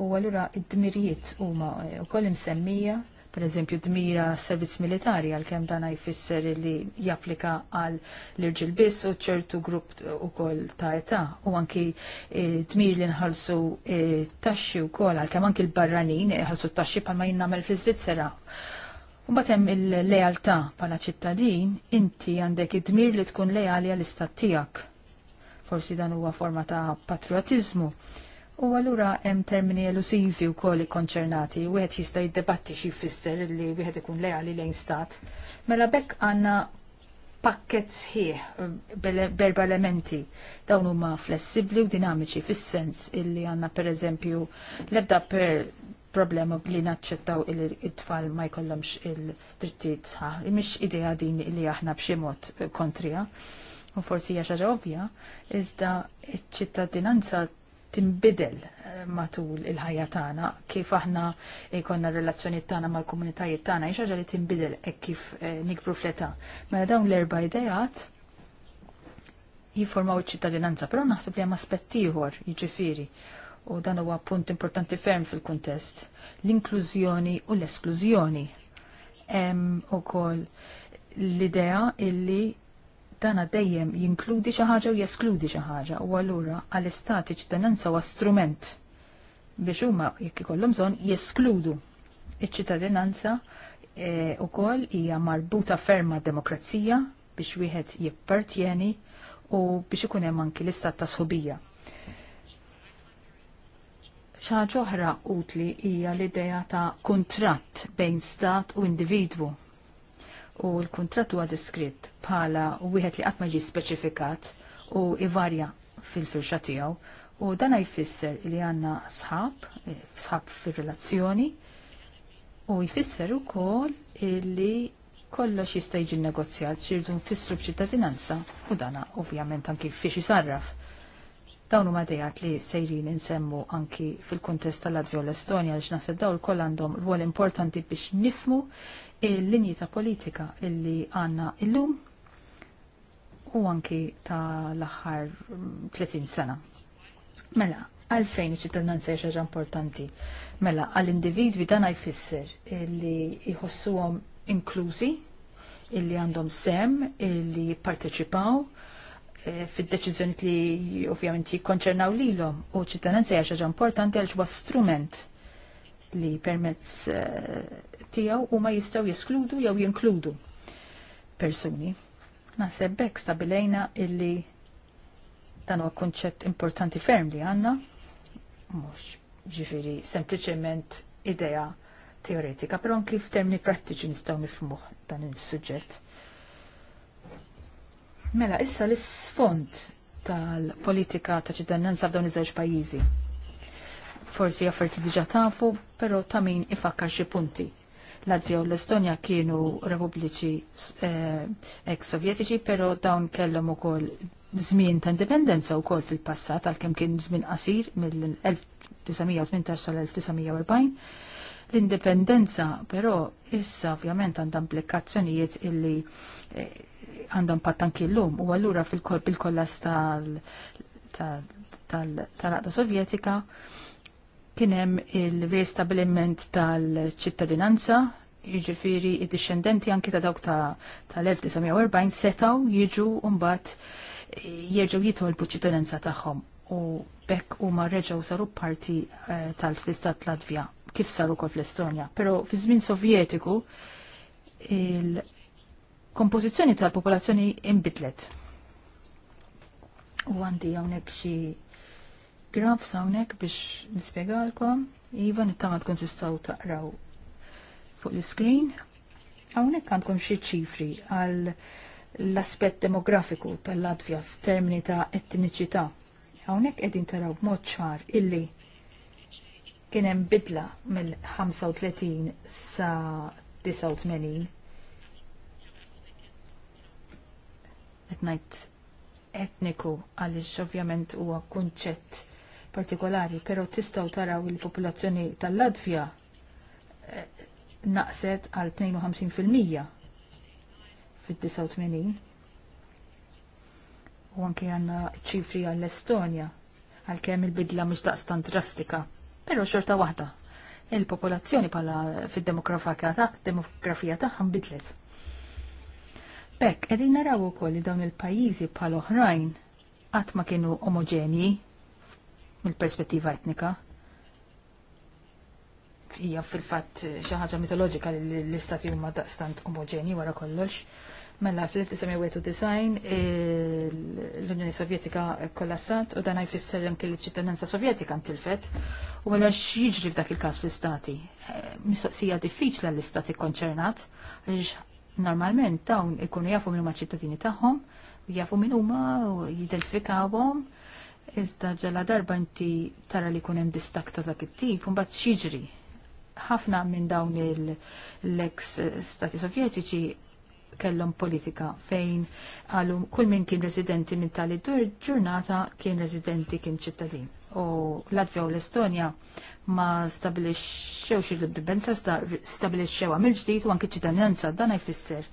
U allura id-dmirijiet huma wkoll imsemmija, pereżempju dmira servizz militari għalkemm dan jfisser li japplika għal l-irġil biss u ċertu grupp ukoll ta' età u anki eh, dmir li nħallsu eh, taxxi wkoll għalkemm anki l-barranin ħalsu taxxi bħalma jinnamel fi iżvizzera U hemm il-lealtà bħala ċittadin, inti għandek id-dmir li tkun lejali għall-istat tiegħek. Forsi dan huwa forma ta' patriotizmu. U allura hemm termini elusivi wkoll ikkonċernati, wieħed jista' jiddebatti xi jfisser li wieħed ikun lejali lejn stat. Mela bekk għandna pakket sħiħ berba elementi dawn huma flessibbli u dinamiċi fis-sens illi għandna pereżempju l-ebda per problema li naċċettaw il-tfal ma jkollhomx il-drittijiet sħaħ. Mhix idea din li aħna b'xi mod kontrija. U forsi hija xaġa ovvja, iżda ċ-ċittadinanza timbidel eh, matul il-ħajja tagħna kif aħna jkollna relazzjonijiet tagħna mal-komunitajiet tagħna hija li timbidel e kif eh, nikbru fleta. Mela dawn l-erba' idejat jiformaw iċ-ċittadinanza, però naħseb li hemm aspett ieħor, jiġifieri u dan huwa punt importanti ferm fil-kuntest, l-inklużjoni u l-esklużjoni. Hemm ukoll l-idea illi dana dejjem jinkludi xi ħaġa u jeskludi xi ħaġa u allura għall-istati ċittadinanza huwa strument biex huma jekk ikollhom bżonn jeskludu iċ-ċittadinanza e, ukoll hija marbuta ferma demokrazija biex wieħed jippartjeni u biex ikun hemm anki l-istat ta' sħubija ċaġa oħra utli hija l-idea ta' kuntratt bejn stat u individwu. U l-kuntratt huwa diskrit bħala wieħed li qatt ma ġi speċifikat u ivarja fil-firxa tiegħu. U dan jfisser li għandna sħab, eh, sħab fir-relazzjoni, u jfisser ukoll li kollox jista' jiġi negozjat xirdu nfissru b'ċittadinanza u dana ovvjament anki fiex jisarraf. Dawn huma dejat li sejrin insemmu anki fil-kuntest tal-Latvja u l-Estonja għax naħseb dawn ukoll għandhom rwol importanti biex nifmu l linji ta' politika illi għandna illum u anki ta' l-aħħar 30 mm, sena. Mela, għalfejn iċ-ċittadinanza xaġa importanti. Mela, għall-individwi dan jfisser illi jħossuhom inklużi, illi għandhom sem, illi jipparteċipaw, Eh, fid deċizjoni li ovvjament jikkonċernaw lilhom u ċittadinanza hija xi ħaġa importanti għal huwa strument li permezz eh, tiegħu huma jistgħu jeskludu jew jinkludu persuni. Naħseb bekk stabilejna illi dan huwa kunċett importanti ferm li għandna mhux ġifieri sempliċement idea teoretika, però anki f'termini prattiċi nistgħu nifhmuh dan is-suġġett. Mela, issa l-sfond tal-politika ta' ċittadinanza f'dawn iż-żewġ pajjiżi. Forsi jaffert li diġa tafu, però ta' min ifakkar xi punti. Latvija u l-Estonja kienu repubbliċi eh, ex-sovjetiċi, però dawn kellhom ukoll żmien ta' indipendenza wkoll fil-passat għalkemm kien żmien qasir mill-1918 sal-1940. L-indipendenza però issa ovvjament għandha implikazzjonijiet illi eh, għandhom pattanki l u għallura fil-kollas tal-għada sovjetika kienem il-restabliment tal-ċittadinanza jiġifiri id-discendenti anki ta' dawk tal-1940 setaw jiġu umbat jirġu jitolbu ċittadinanza tagħhom u bekk u marreġaw saru parti eh, tal-istat Latvija kif saru kol fl-Estonja. Pero fi żmien sovjetiku il kompożizzjoni tal-popolazzjoni imbidlet. U għandi hawnhekk xi grafs hawnhekk biex nispjegalkom. Iva nittama tkun tistgħu taqraw fuq l-screen. Hawnhekk għandkom xi ċifri għal l-aspett demografiku tal-Latvja f'termini ta' etniċità. Hawnhekk qegħdin taraw b'mod ċar illi kien hemm bidla mill-35 sa 89 qed ngħid etniku għaliex ovvjament huwa kunċett partikolari, però tistgħu taraw il-popolazzjoni tal-Latvja eh, naqset għal 52% fid-89 u anke għandna ċifri għall-Estonja għalkemm il-bidla mux daqstan drastika. Però xorta waħda, il-popolazzjoni bħala fid-demografija tagħha bidlet. Bekk, edin naraw ukoll li dawn il-pajjiżi bħal oħrajn qatt ma kienu omogenji mill-perspettiva etnika. Hija fil-fatt xi ħaġa mitoloġika li l-istati huma daqstant omogenji wara kollox. Mela fl-1991 l-Unjoni Sovjetika kollassat u dan jfisser anke l-ċittadinanza Sovjetika ntilfet u mela jiġri f'dak il-każ fl-istati. Eh, mistoqsija diffiċla l-istati konċernat Normalment dawn ikunu jafu minn huma ċittadini tagħhom, jafu minn huma u jidentifikawhom. Iżda ġala darba inti tara li kun hemm distak ta' dak it-tip, mbagħad xiġri. Ħafna minn dawn l-eks stati sovjetiċi kellhom politika fejn għalu kull minn kien residenti minn tali ġurnata kien residenti kien ċittadin. U Latvja u l-Estonja ma stabilixxewx il-dipendenza stabilixxewha mill ġdid u anke ċittadinanza dan jfisser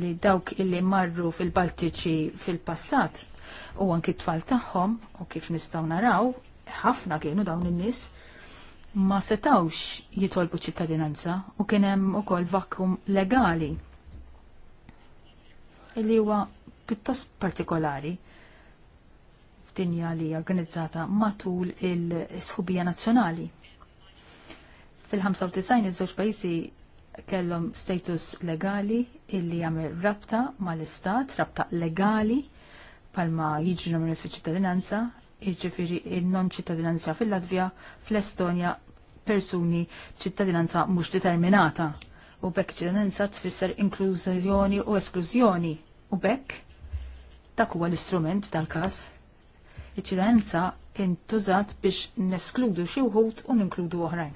li dawk illi marru fil-Baltiċi fil-passat u anki t-tfal tagħhom u kif nistgħu naraw ħafna kienu dawn in-nies ma setawx jitolbu ċittadinanza u kien hemm ukoll vakkum legali li huwa pjuttost partikolari dinja li organizzata matul il-sħubija nazzjonali. Fil-95 iż-żewġ pajjiżi kellhom status legali illi jagħmel rabta mal-istat, rabta legali palma jiġri nominat fi ċittadinanza, jiġifieri non ċittadinanza fil-Latvja, fl-Estonja persuni ċittadinanza mhux determinata u bekk ċittadinanza tfisser inklużjoni u esklużjoni u bekk dak huwa l-istrument f'dal każ l-ċidenza intużat biex neskludu xi wħud u ninkludu oħrajn.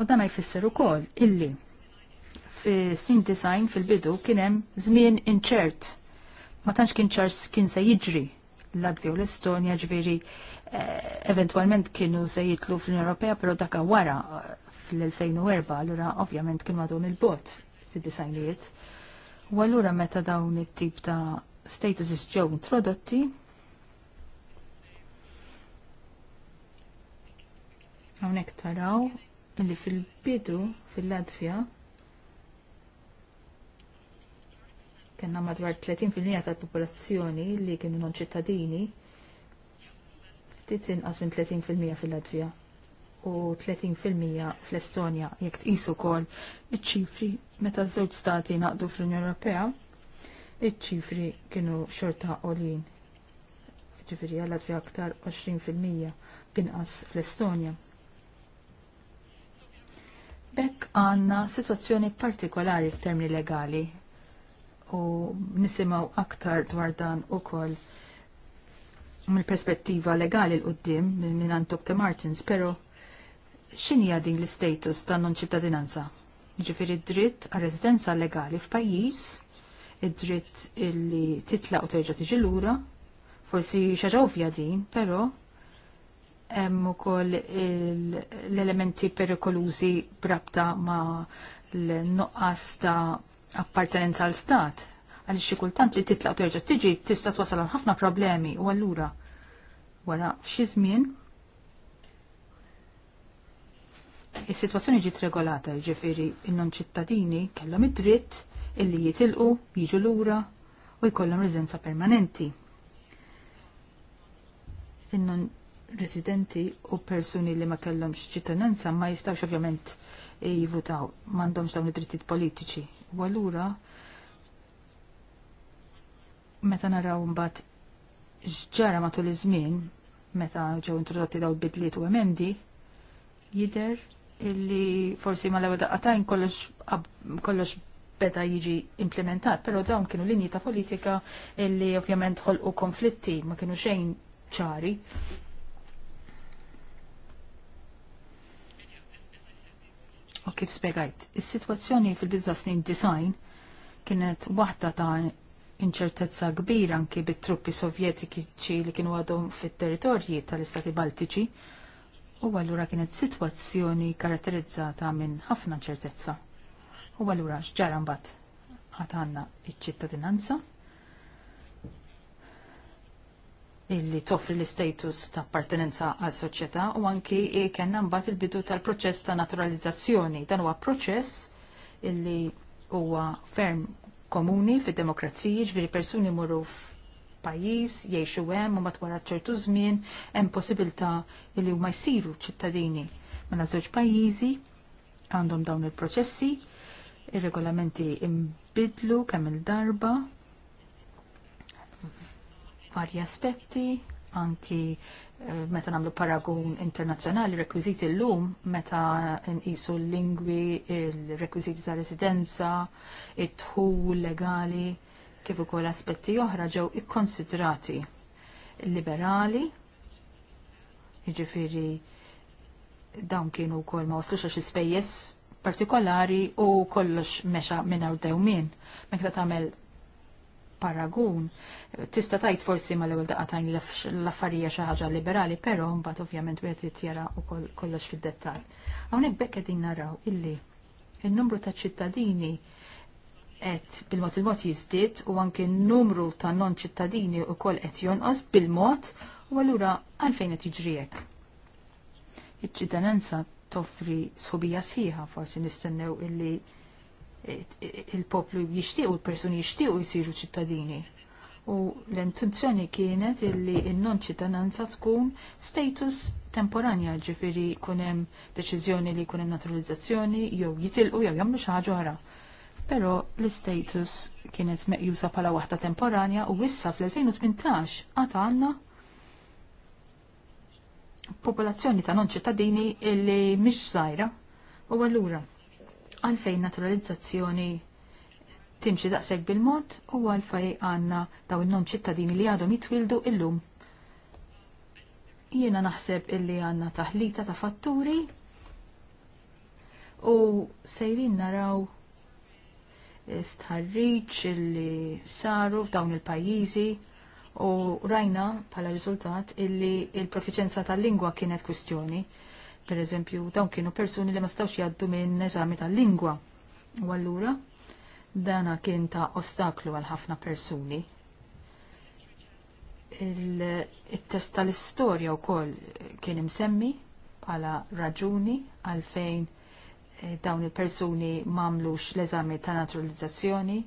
U dan jfisser ukoll illi fis-sin design fil-bidu kien hemm żmien inċert. Ma tantx kien ċar kien se jiġri l-Latvja u l-Estonja ġifieri eh, eventwalment kienu se jitlu fl-Unjoni Ewropea, però daka wara eh, fl-2004, allura ovvjament kien madhom il-bot fid-disajnijiet. U allura meta dawn it-tip ta' statuses ġew introdotti. Hawnhekk taraw li fil-bidu fil-Latvja kena madwar 30% tal-popolazzjoni li kienu non ċittadini ftit inqas minn 30% fil-Latvja u 30% fl-Estonja jekk tqisu wkoll iċ-ċifri meta ż-żewġ stati naqdu fl-Unjoni Ewropea iċ-ċifri kienu xorta għolin. Ġifiri għalla fi aktar 20% binqas fl-Estonja. Bekk għanna situazzjoni partikolari f'termini legali u nisimaw aktar dwar dan u koll mill-perspettiva legali l-qoddim minn Dr. Martins, pero xinija din l-status ta' non ċittadinanza? Ġifiri dritt għal residenza legali f'pajjiż id-dritt illi titla' u terġa' tiġi lura. Forsi xaġa ovvja din, però hemm ukoll l-elementi perikolużi brabta ma' l-nuqqas ta' appartenenza għal stat għaliex xi kultant li u terġa' tiġi tista' twasal għal ħafna problemi u allura wara f'xi żmien is-sitwazzjoni ġiet regolata, jiġifieri in-non ċittadini kellhom id-dritt illi jitilqu, jiġu lura u jkollhom residenza permanenti. Innan residenti u persuni li ma kellhomx ċittadinanza ma jistgħux ovvjament jivutaw, m'għandhomx dawn id-drittijiet politiċi. U allura meta naraw mbagħad x'ġara matul iż-żmien meta ġew introdotti daw bidliet u emendi, jider illi forsi ma l-ewwel daqqatajn kollox kollox beda jiġi implementat, pero dawn kienu linji ta' politika illi ovvjament ħolqu konflitti, ma kienu xejn ċari. U kif spiegajt, is-sitwazzjoni fil-bizza snin design kienet waħda ta' inċertezza kbira anki bit-truppi sovjetiċi li kienu għadhom fit-territorji tal-Istati Baltiċi u allura kienet sitwazzjoni karatterizzata minn ħafna ċertezza. U għallura xġaran bat, ħatanna iċ-ċittadinanza illi toffri l-istatus ta' appartenenza għal soċjetà u anki kellna mbagħad il-bidu tal-proċess ta' naturalizzazzjoni. Dan huwa proċess illi huwa ferm komuni fid-demokrazija, ġifieri persuni jmorru f'pajjiż, jgħixu hemm u matwar ċertu żmien hemm possibilità illi huma jsiru ċittadini minn mela żewġ pajjiżi għandhom dawn il-proċessi Ir-regolamenti imbidlu kemm il-darba varji aspetti anki eh, meta nagħmlu paragun internazzjonali rekwiżiti llum meta nqisu l-lingwi, il-rekwiżiti ta' residenza, it-tħul legali, kif ukoll aspetti oħra ġew ikkonsidrati liberali, jiġifieri dawn kienu wkoll ma waslux għax ispejjeż partikolari u kollox mexa minn hawn dewmien. Meta tagħmel paragun. Tista' tajt forsi ma l-ewwel daqatajn l-affarija xi ħaġa liberali, però mbagħad ovvjament wieħed jitjara wkoll kollox fid-dettall. Hawnhekk bekk din naraw illi il-numru ta' ċittadini qed bil-mod il-mod jiżdied u anke n-numru ta' non ċittadini wkoll qed jonqos bil-mod u allura għalfejn qed jiġri hekk. Iċ-ċittadinanza toffri sħubija sħiħa, forsi nistennew illi il-poplu u l personi u jisiru ċittadini. U l-intenzjoni kienet illi il-non ċittadinanza tkun status temporanja, ġifiri kunem deċizjoni li kunem naturalizzazzjoni, jew jitilqu, jew jamlu xaħġu ħara. Pero l-status kienet meqjusa pala waħda temporanja u wissa fl-2018 għanna popolazzjoni ta' non ċittadini li mhix żgħira u allura għalfejn naturalizzazzjoni timxi daqshekk bil-mod u għalfejn għandna daw in-non ċittadini li għadhom jitwildu illum. Jiena naħseb illi għandna taħlita ta' fatturi u sejrin naraw stħarriġ illi saru f'dawn il-pajjiżi u rajna pala riżultat illi il-profiċenza tal-lingwa kienet kwistjoni. Per eżempju, dawn kienu persuni li ma stawx jaddu minn eżami tal-lingwa. U allura, dana kien ta' ostaklu għal ħafna persuni il-test tal-istorja u koll kien imsemmi bħala raġuni għalfejn eh, dawn il-persuni mamlux l-eżami ta' naturalizzazzjoni,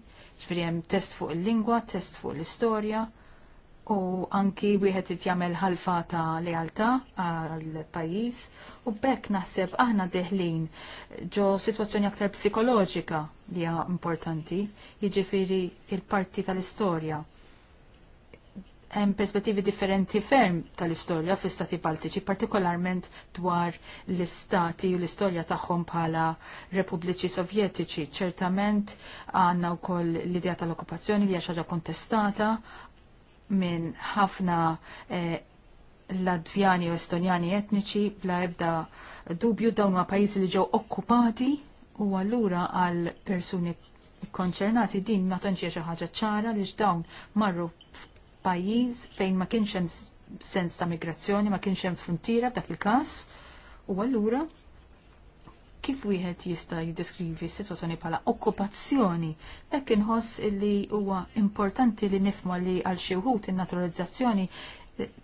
ġviri test fuq il-lingwa, test fuq l-istorja, u anki wieħed it jagħmel ħalfa ta' lealtà għal pajjiż u bekk naħseb aħna deħlin ġo sitwazzjoni aktar psikoloġika li hija importanti, jiġifieri il-parti tal-istorja. Hemm perspettivi differenti ferm tal-istorja fl-istati Baltiċi, partikolarment dwar l-istati u l-istorja tagħhom bħala Repubbliċi Sovjetiċi. Ċertament għandna wkoll l-idea tal-okkupazzjoni li hija xi ħaġa kontestata minn ħafna eh, Latvjani u Estonjani etniċi bla ebda dubju dawn ma' pajjiżi li ġew okkupati u allura għal persuni konċernati din ma tantx xi ħaġa ċara li dawn marru f'pajjiż fejn ma kienx hemm sens ta' migrazzjoni, ma kienx hemm frontiera f'dak il-każ. U allura kif wieħed jista' jiddeskrivi s-sitwazzjoni bħala okkupazzjoni, hekk inħoss li huwa importanti li nifmu li għal xi wħud in-naturalizzazzjoni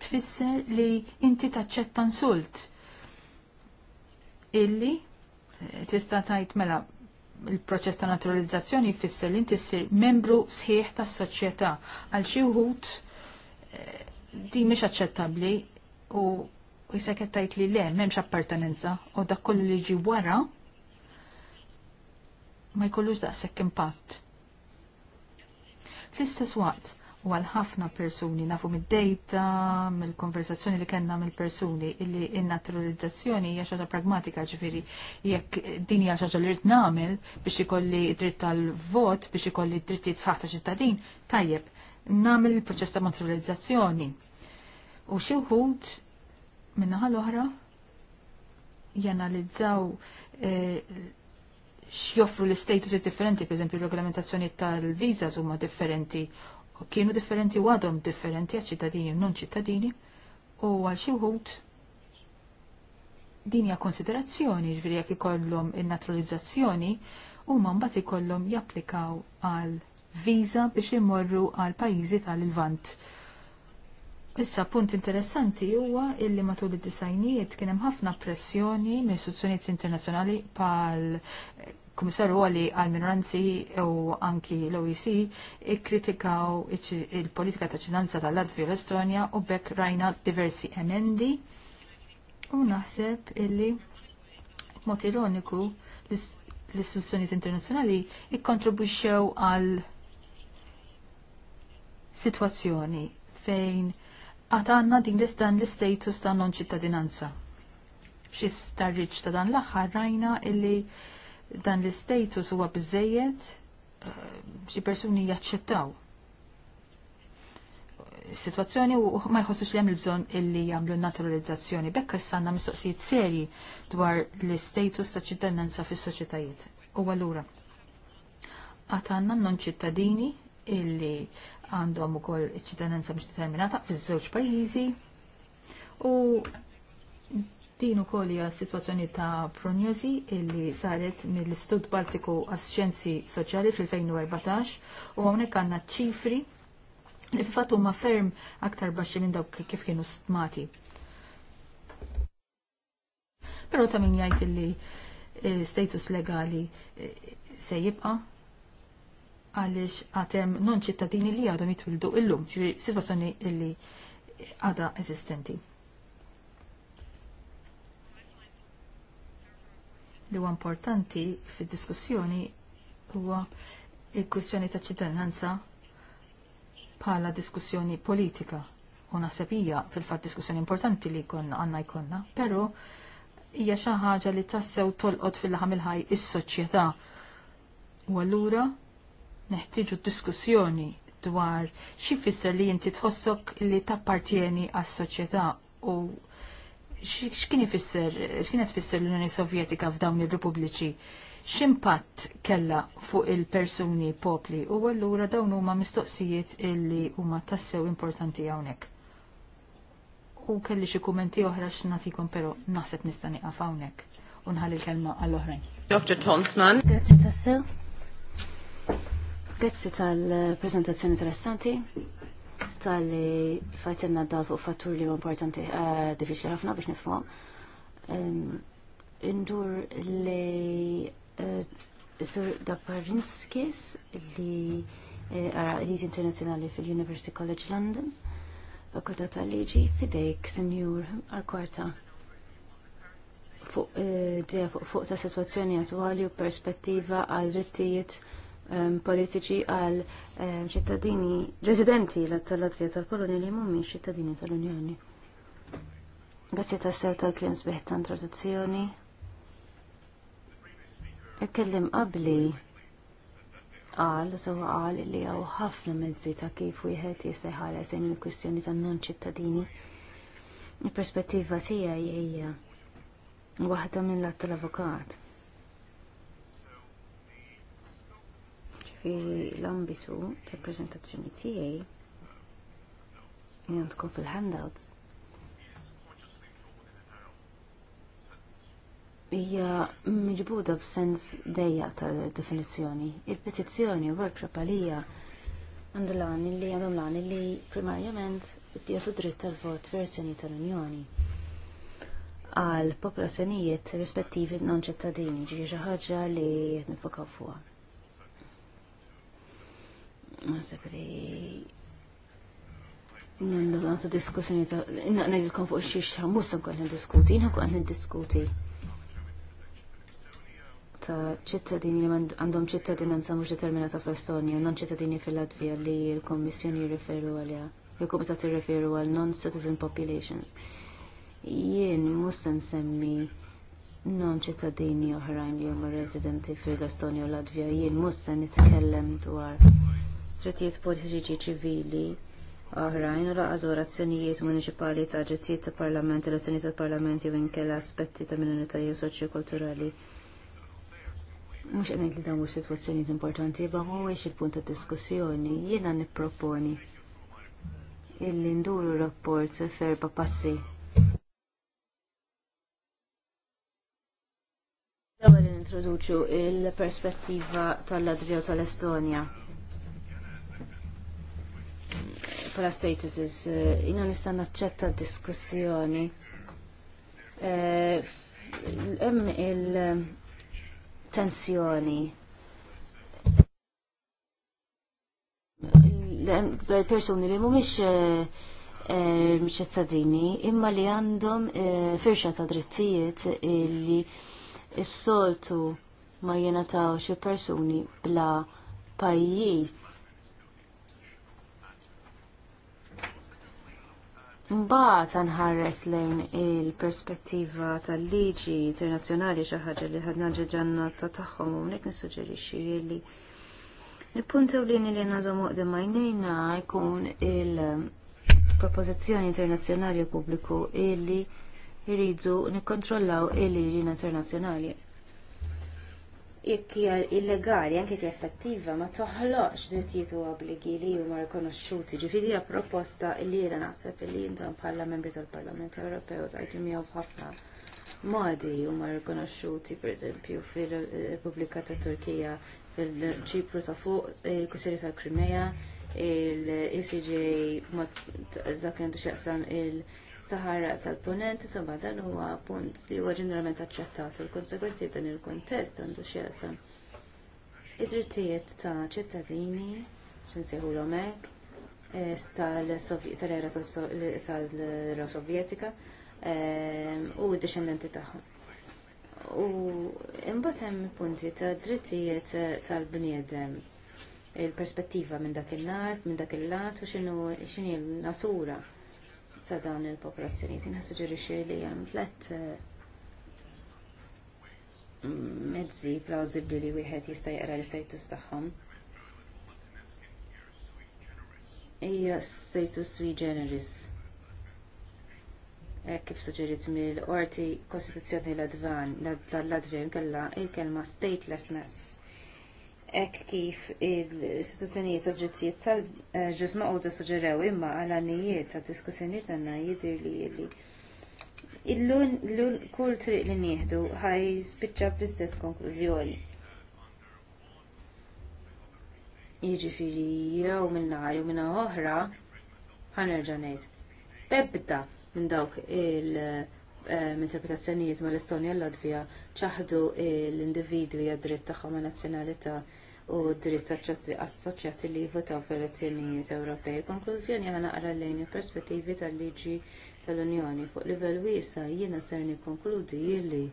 tfisser li inti taċċetta insult. Illi eh, tista' tajt mela il-proċess ta' naturalizzazzjoni jfisser li inti ssir membru sħiħ tas-soċjetà għal xi wħud eh, di mhix aċċettabbli u U jisek tajt li le, memx appartenenza, u dak kollu li ġi wara, ma jkollux daqshekk impatt. Fl-istess waqt, u għal ħafna persuni nafu mid-dejta, mill-konversazzjoni li kellna mill-persuni illi in-naturalizzazzjoni hija xaġa pragmatika ġifiri, jekk din hija xaġa li rid nagħmel biex ikolli dritt tal-vot, biex ikolli drittijiet sħaħ ta' ċittadin, tajjeb, nagħmel il-proċess ta' naturalizzazzjoni. U xi wħud minnaħa l-oħra janalizzaw eh, x'joffru l-istatus differenti, per esempio reglamentazzjoni tal-vizas huma differenti, kienu differenti u għadhom differenti għal ċittadini u non ċittadini, u għal xi wħud din hija konsiderazzjoni ġifieri jekk ikollhom in-naturalizzazzjoni huma mbagħad ikollhom japplikaw għal viża biex imorru għal pajjiżi tal-Ilvant. vant Issa punt interessanti huwa illi matul id-disajnijiet kien hemm ħafna pressjoni minn istituzzjonijiet internazzjonali pal Kummissarju għali għal minoranzi u anki l-OEC ikkritikaw il-politika ta' ċinanza tal-Latvija u Estonja u bekk rajna diversi emendi u naħseb illi mod ironiku l-istituzzjonijiet internazzjonali ikkontribwixxew għal sitwazzjoni fejn għatanna din l-istan l istatus ta' non ċittadinanza. Xi starriċ ta' dan l-aħħar rajna illi dan l istatus huwa biżejjed eh, xi persuni jaċċettaw. Situazzjoni u ma jħossux li hemm il-bżonn illi jagħmlu naturalizzazzjoni. Bekk issa għandna mistoqsijiet serji dwar l-istatus ta' ċittadinanza fis-soċjetajiet. U allura għatanna non ċittadini illi għandhom ukoll iċ-ċittadinanza mhux determinata fiż-żewġ pajjiżi u din ukoll hija sitwazzjoni ta' prognosi illi saret mill-Istud Baltiku għax-Xjenzi Soċjali fil-2014 u hawnhekk għandna ċifri li fil-fatt huma ferm aktar baxxi minn dawk kif kienu stmati. Però ta' min jgħid illi eh, status legali eh, se jibqa' għaliex għatem non ċittadini li għadhom jitwildu illum, ġiri situazzjoni illi għada eżistenti. Li huwa importanti fid-diskussjoni huwa il-kwistjoni ta' ċittadinanza bħala diskussjoni politika u naħseb fil-fatt diskussjoni importanti li jkollna għandna jkollna, però hija xi ħaġa li tassew tolqod fil-laħam il-ħaj is-soċjetà. U allura neħtieġu diskussjoni dwar xi li inti tħossok li tappartieni għas-soċjetà u x'kien ifisser x'kienet tfisser l-Unjoni Sovjetika f'dawn ir-repubbliċi x'impatt kella fuq il-persuni popli u allura dawn huma mistoqsijiet illi huma tassew importanti hawnhekk. U kelli xi kumenti oħra x'natikom però naħseb nista' nieqaf hawnhekk u nħalli l-kelma għall-oħrajn. Dr. Tonsman. Grazie tassew pezzi tal-prezentazzjoni interessanti, tal-li fajtenna da fuq fattur li importanti eh, diffiċli ħafna biex nifmu. Indur li eh, Sur Daparinskis li għara eh, Lizi Internazjonali fil-University College London, Fakulta tal liġi fidejk senjur għal-kwarta fuq ta' situazzjoni attwali u perspettiva għal rittijiet Um, politiċi għal um, ċittadini residenti tal-Latvija tal-Polonja li mhumiex ċittadini tal-Unjoni. Grazzi tas-sel tal-kliem sbieħ ta' introduzzjoni. Ikkellim qabli qal u sewa qal li hawn ħafna mezzi ta' kif wieħed jista' jħares in il-kwistjoni tan non ċittadini. Il-perspettiva tiegħi hija waħda minn l-att tal-avukat. fil-ambitu tal prezentazzjoni tiegħi jien tkun fil-handouts hija miġbuda b'sens dejja tal-definizzjoni. Il-petizzjoni workshop għalija għandu lan li għandhom li primarjament jagħtu dritt tal-vot versjoni tal-Unjoni għal popolazzjonijiet rispettivi non ċittadini ġi ħaġa li nifokaw fuqha Nasib li Nandu għanzu diskussjoni ta' inna ngħidilkom fuq xiex ħammus nkun diskuti, jiena kun qed niddiskuti ta' ċittadini li għandhom ċittadinanza mhux determinata fl-Estonja, non ċittadini fil-Latvija li l-Kommissjoni jirriferu għalja, jew kumitat jirriferu għal non-citizen populations. Jien mhux se nsemmi non ċittadini oħrajn li huma residenti fil-Estonja u Latvija, jien mhux se nitkellem dwar drittijiet politiċi ċivili oħrajn u laqgħa żgħar azzjonijiet municipali ta' drittijiet ta' parlament, elezzjonijiet tal-parlament jew inkella aspetti ta' minoritajiet soċjokulturali. Mhux qed ngħid li dawn mhux sitwazzjonijiet importanti, ma iva mhuwiex il-punt ta' diskussjoni. Jiena nipproponi illi nduru rapport f'erba' passi. L-ewwel introduċu il-perspettiva tal latvija u tal-Estonja pala statuses, eh, jina nista naċċetta diskussjoni. Hemm eh, il-tensjoni. Eh, l Persuni li mhumiex ċittadini imma li għandhom firxa ta' drittijiet li s-soltu ma jenataw il persuni bla pajjiż Mbagħad anħares lejn il-perspettiva tal-liġi internazzjonali xi ħaġa li ħadna ta' tagħhom u hawnhekk nissuġġerixxi li il-punt ewlieni li nagħhom uqdem għajnejna jkun il-propożizzjoni internazzjonali pubbliku illi jridu nikkontrollaw il-liġi internazzjonali jekk hija illegali anke jekk effettiva ma toħloqx drittijiet u obbligi li huma rikonoxxuti. Ġifieri hija proposta li jiena naħseb li intom bħala membri tal-Parlament Ewropew tajtu miegħu b'ħafna modi huma rikonoxxuti pereżempju fir-Repubblika ta' Turkija fil-ċipru ta' fuq il-Kusiri tal krimea il-ECJ dak li il-, -il Sahara tal-Ponent, insomma dan huwa punt li huwa ġeneralment aċċettat u l-konsekwenzi dan il-kontest għandu x'jaqsam id-drittijiet ta' ċittadini x'inseħu l-omek eh, tal-era tal-era sovjetika eh, u d diċendenti tagħhom. U mbagħad hemm punti ta' drittijiet tal-bniedem il-perspettiva minn dak il-lat, minn dak il-lat u x'inhi l-natura ta' dawn il-popolazzjoni. Tina suġġerixxi li hemm flett eh, mezzi plawzibli li wieħed jista' jaqra l-istatus tagħhom. Hija status sui generis. Hekk kif suġġerit mill-qorti Kostituzzjoni l-Advan l-Latvjan kellha il-kelma statelessness ek kif il-istituzzjonijiet u ġittijiet tal ġisma u suġġerew imma għal-għannijiet ta' diskussjonijiet għanna jidir li li il-lun kull triq li nieħdu ħaj spiċċa bl-istess konklużjoni. Jiġifieri jew minn nar jew minn oħra ħanerġa' ngħid. Bebda minn dawk il- interpretazzjonijiet mal estonja l-Latvija ċaħdu l-individwi għad-dritt tagħhom nazzjonalità u dritt assoċjati li jivvotaw elezzjonijiet Ewropej. Konklużjoni ħana naqra lejn il-perspettivi tal-liġi tal-Unjoni fuq livell wiesa jiena ser nikkonkludi li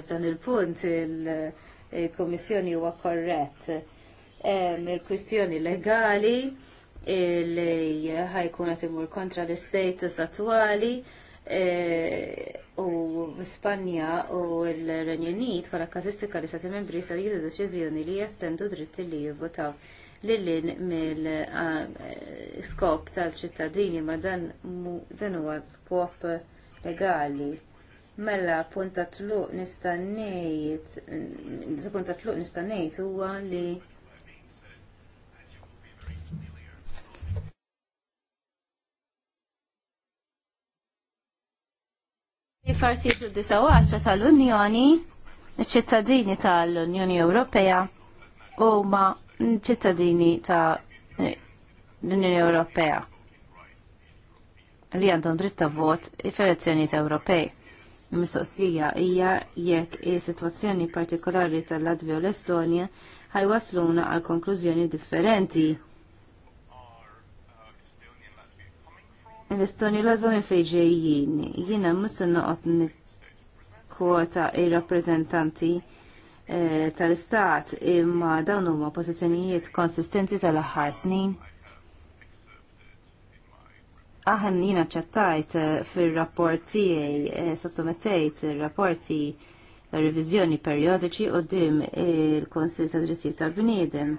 f'dan il-punt il kummissjoni huwa korrett il-kwistjoni legali li ħajkun għat imur kontra l-istatus attuali eh, u Spanja u l-Renju Unit bħala kazistika li sati membri sa jieħdu deċiżjoni li jestendu dritti li jivvotaw l-lin mill-skop eh, tal-ċittadini ma dan huwa skop legali. Mela punta tluq nistannejt, mm, punta tluq nistannejt huwa li Il-Partitu disa'wasra tal-Unjoni, ċittadini tal-Unjoni Ewropea u huma ċittadini ta' l-Unjoni Ewropea li għandhom dritt ta' vot f'elezzjonijiet Ewropej. Mistoqsija hija jekk is-sitwazzjoni partikolari tal latvija u l-Estonja ħajwasluna għal konklużjoni differenti l-Estonja l-għadba minn fejġejjien, jina musin noqot kota il-rappresentanti eh, tal-istat imma dawn huma pożizzjonijiet konsistenti tal-aħħar snin. Aħna jina ċattajt eh, fil-rapport tiegħi eh, sottomettejt rapporti revizjoni periodiċi u dim il-Konsil ta' Drittijiet tal-Bniedem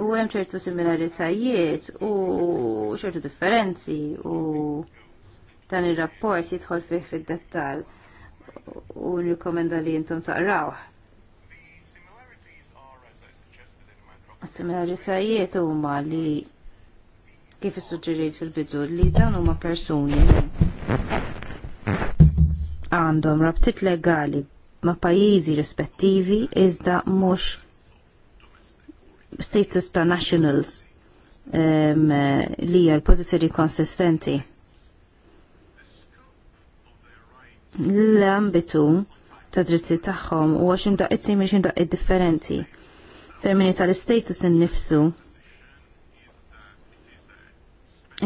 u hemm ċertu similaritajiet u ċertu differenzi u dan ir-rapport jidħol fih fid-dettall u nirkomenda li jintom taqraw. Similaritajiet huma li kif issuġġeriet fil-bidu li dan huma persuni għandhom rabtiet legali ma' pajjiżi rispettivi iżda mhux status ta' nationals um, li hija l-pożizzjoni konsistenti. L-ambitu ta' dritti tagħhom huwa x'imdaqqiet simi x'imdaqqiet differenti. Termini tal-status innifsu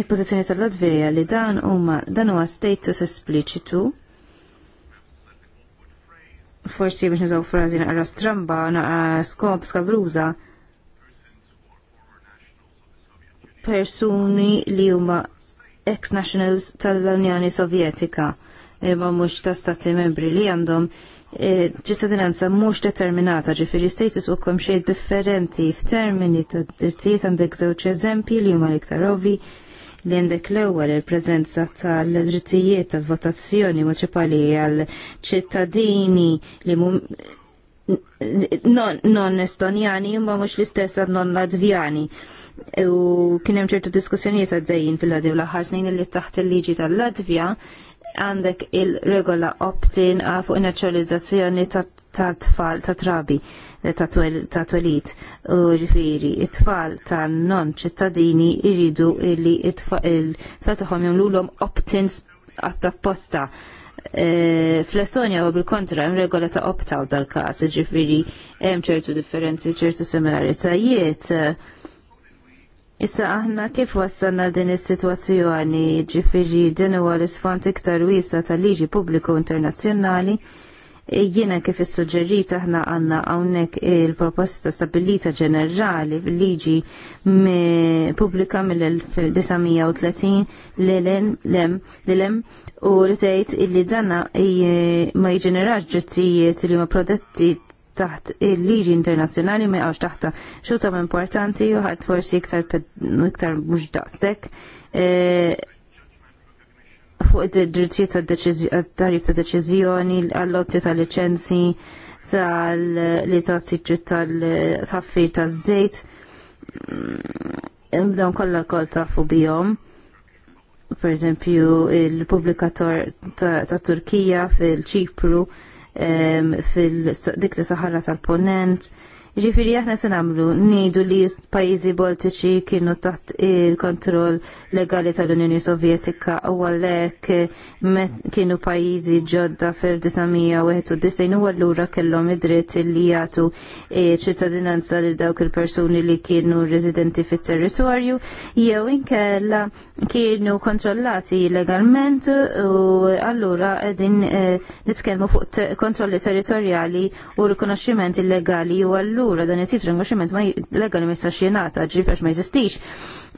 il-pożizzjoni tal-Latvija li dan huma dan huwa status espliċitu forsi biex nżaw frażi naqra stramba, naqra skop, skabruża, persuni li huma ex-nationals tal-Unjoni Sovjetika imma e, mhux ta' stati membri li għandhom e, ċittadinanza mhux determinata ġifieri status u kom xejn differenti f'termini ta' drittijiet għandek żewġ eżempji li huma iktar ovvi li għandek l-ewwel il-preżenza tal-drittijiet tal-votazzjoni municipali għal ċittadini li non estonjani ma mhux l-istess għad non latvjani. U kien hemm ċertu diskussjonijiet għaddejjin fil-Latvja l-aħħar snin li taħt il-liġi tal-Latvja għandek il-regola opt-in ah, fuq naturalizzazzjoni ta' tfal ta' trabi eh, ta' twelit u ġifiri it-tfal ta' non ċittadini irridu illi it-tfal taħħom jomlu l-om opt in għatta posta Eh, fl-Estonja u bil-kontra hemm regola ta' opt-out dal-każ, ġifieri hemm ċertu differenzi, ċertu similaritajiet. Issa aħna kif wassalna din is-sitwazzjoni, ġifieri din huwa l-isfond iktar wiesa tal-liġi pubbliku internazzjonali Jiena kif issuġġerit aħna għandna hawnhekk il-proposta stabilita ġenerali fil-liġi pubblika mill-1930 l-lem u li tgħid illi danna ma jġenerax ġittijiet li huma prodotti taħt il-liġi internazzjonali ma jgħawx taħta xuta importanti u ħadd forsi iktar iktar mhux daqshekk eh, fuq id-drittijiet għad-tarif ta' deċiżjoni, għall-lotti ta' licenzi, tal-li ta' tiġri tal-taffir ta' zejt. Mm, dawn kollha kol tafu bihom. Per eżempju, il-publikator ta' Turkija fil-ċipru, fil-dik ta' Saħara tal-Ponent, Ġifiri jahna se nagħmlu nidu li pajjiżi Baltiċi kienu taħt il-kontroll legali tal-Unjoni Sovjetika u għalhekk kienu pajjiżi ġodda fil-1991 u allura kellhom id-dritt li jagħtu e, ċittadinanza lil dawk il-persuni li kienu residenti fit-territorju jew inkella kienu kontrollati legalment u allura qegħdin e, nitkellmu fuq kontrolli territorjali u rikonoxximenti illegali u allura allura dan it-tif ringoximent ma legali ma jistax jenata, ġifax ma jizistix.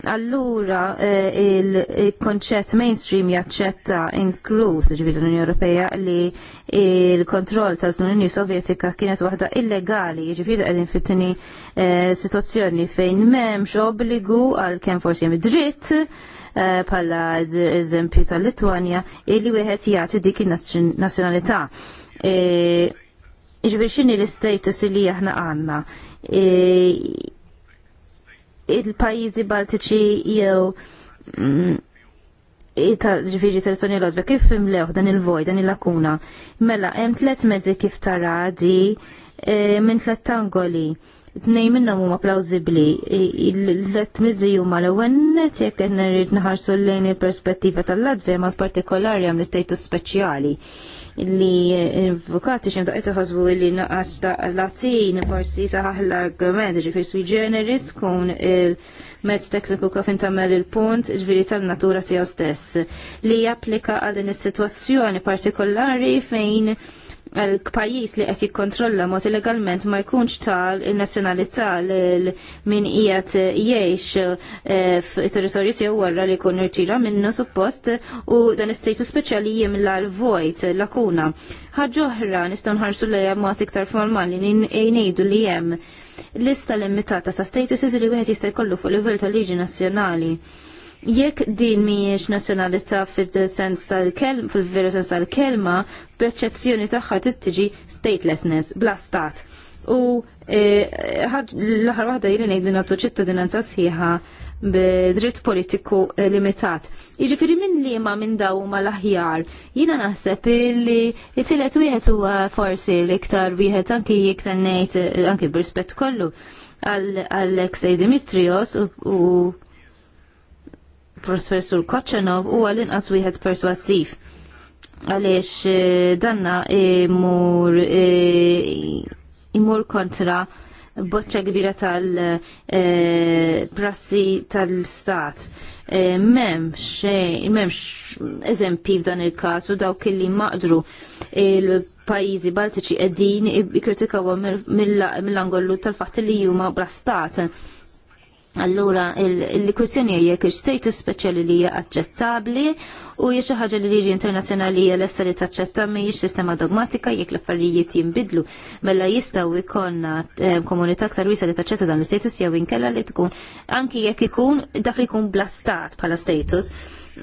Allura eh, il-konċett mainstream jaċċetta inkluż ġifir l-Unjoni Ewropea li il-kontroll ta' l-Unjoni Sovjetika kienet waħda illegali, ġifir qegħdin fit-tieni eh, situazzjoni fejn m'hemmx obbligu għal kem forsi hemm dritt eh, bħala eżempju tal-Litwanja illi wieħed jagħti dik in-nazzjonalità. Iġbir xini l-status li jahna għanna? E, il-pajizi baltiċi jew mm, e, ta' ġviri tal-Sonja Lodva, kif imlew dan il-voj, dan il-lakuna? Mela, hemm tlet mezzi kif tara di e, minn tlet tangoli. Tnej minnhom huma plawzibli, Il-tlet mezzi huma l-ewwel jek jekk qed nirrid naħarsu lejn il-perspettiva tal ladve ma' partikolari hemm l-istatus speċjali li invokati xem daqqa tħazbu li naqas ta' latin forsi saħħ l-argument ġifir sui generis kun il-mezz tekniku kif intamel il-punt ġviri tal-natura tiegħu stess li japplika għal din is-sitwazzjoni partikolari fejn l-pajis li qed jikkontrolla mod illegalment ma jkunx tal il-nazzjonalità min qiegħed jgħix eh, f'territorju tiegħu wara li jkun irtira minnu suppost u dan is-status speċjali jimla l-vojt lakuna. Ħaġa oħra nistgħu nħarsu lejha mod iktar formali ngħidu li hemm lista limitata ta' statuses li wieħed jista' jkollu fuq livell tal-liġi nazzjonali Jekk din mhijiex nazzjonalità fil-sens tal-kelma, fil-veru sens tal-kelma, b'eċċezzjoni tagħha tittiġi statelessness, bla stat. U e, l-aħħar waħda jien ngħidu nagħtu ċittadinanza sħiħa b'dritt politiku limitat. Jiġifieri minn li ma minn daw ma l-aħjar, jiena naħseb li it-tielet wieħed huwa forsi l-iktar wieħed anki iktar ngħid eh, anki b'rispett kollu għal Alexej Dimitrios u professor Koċenov u għal-inqas wieħed perswassiv għaliex danna imur imur kontra boċċa kbira tal-prassi tal-stat. Memx, memx, eżempi f'dan il-kas u daw li maqdru il-pajizi baltiċi edin ikritikaw mill-angollu tal-fat li juma bla stat Allura, il-kwistjoni jekk il-status speċjali li hija aċċettabbli u hija xi ħaġa li liġi internazzjonali hija lesta li taċċetta mhijiex sistema dogmatika jekk l-affarijiet jinbidlu. Mela jistgħu jkollna eh, komunità ktar wiesa li taċċetta dan l-status jew inkella li tkun anki jekk ikun dak li jkun blastat pala bħala status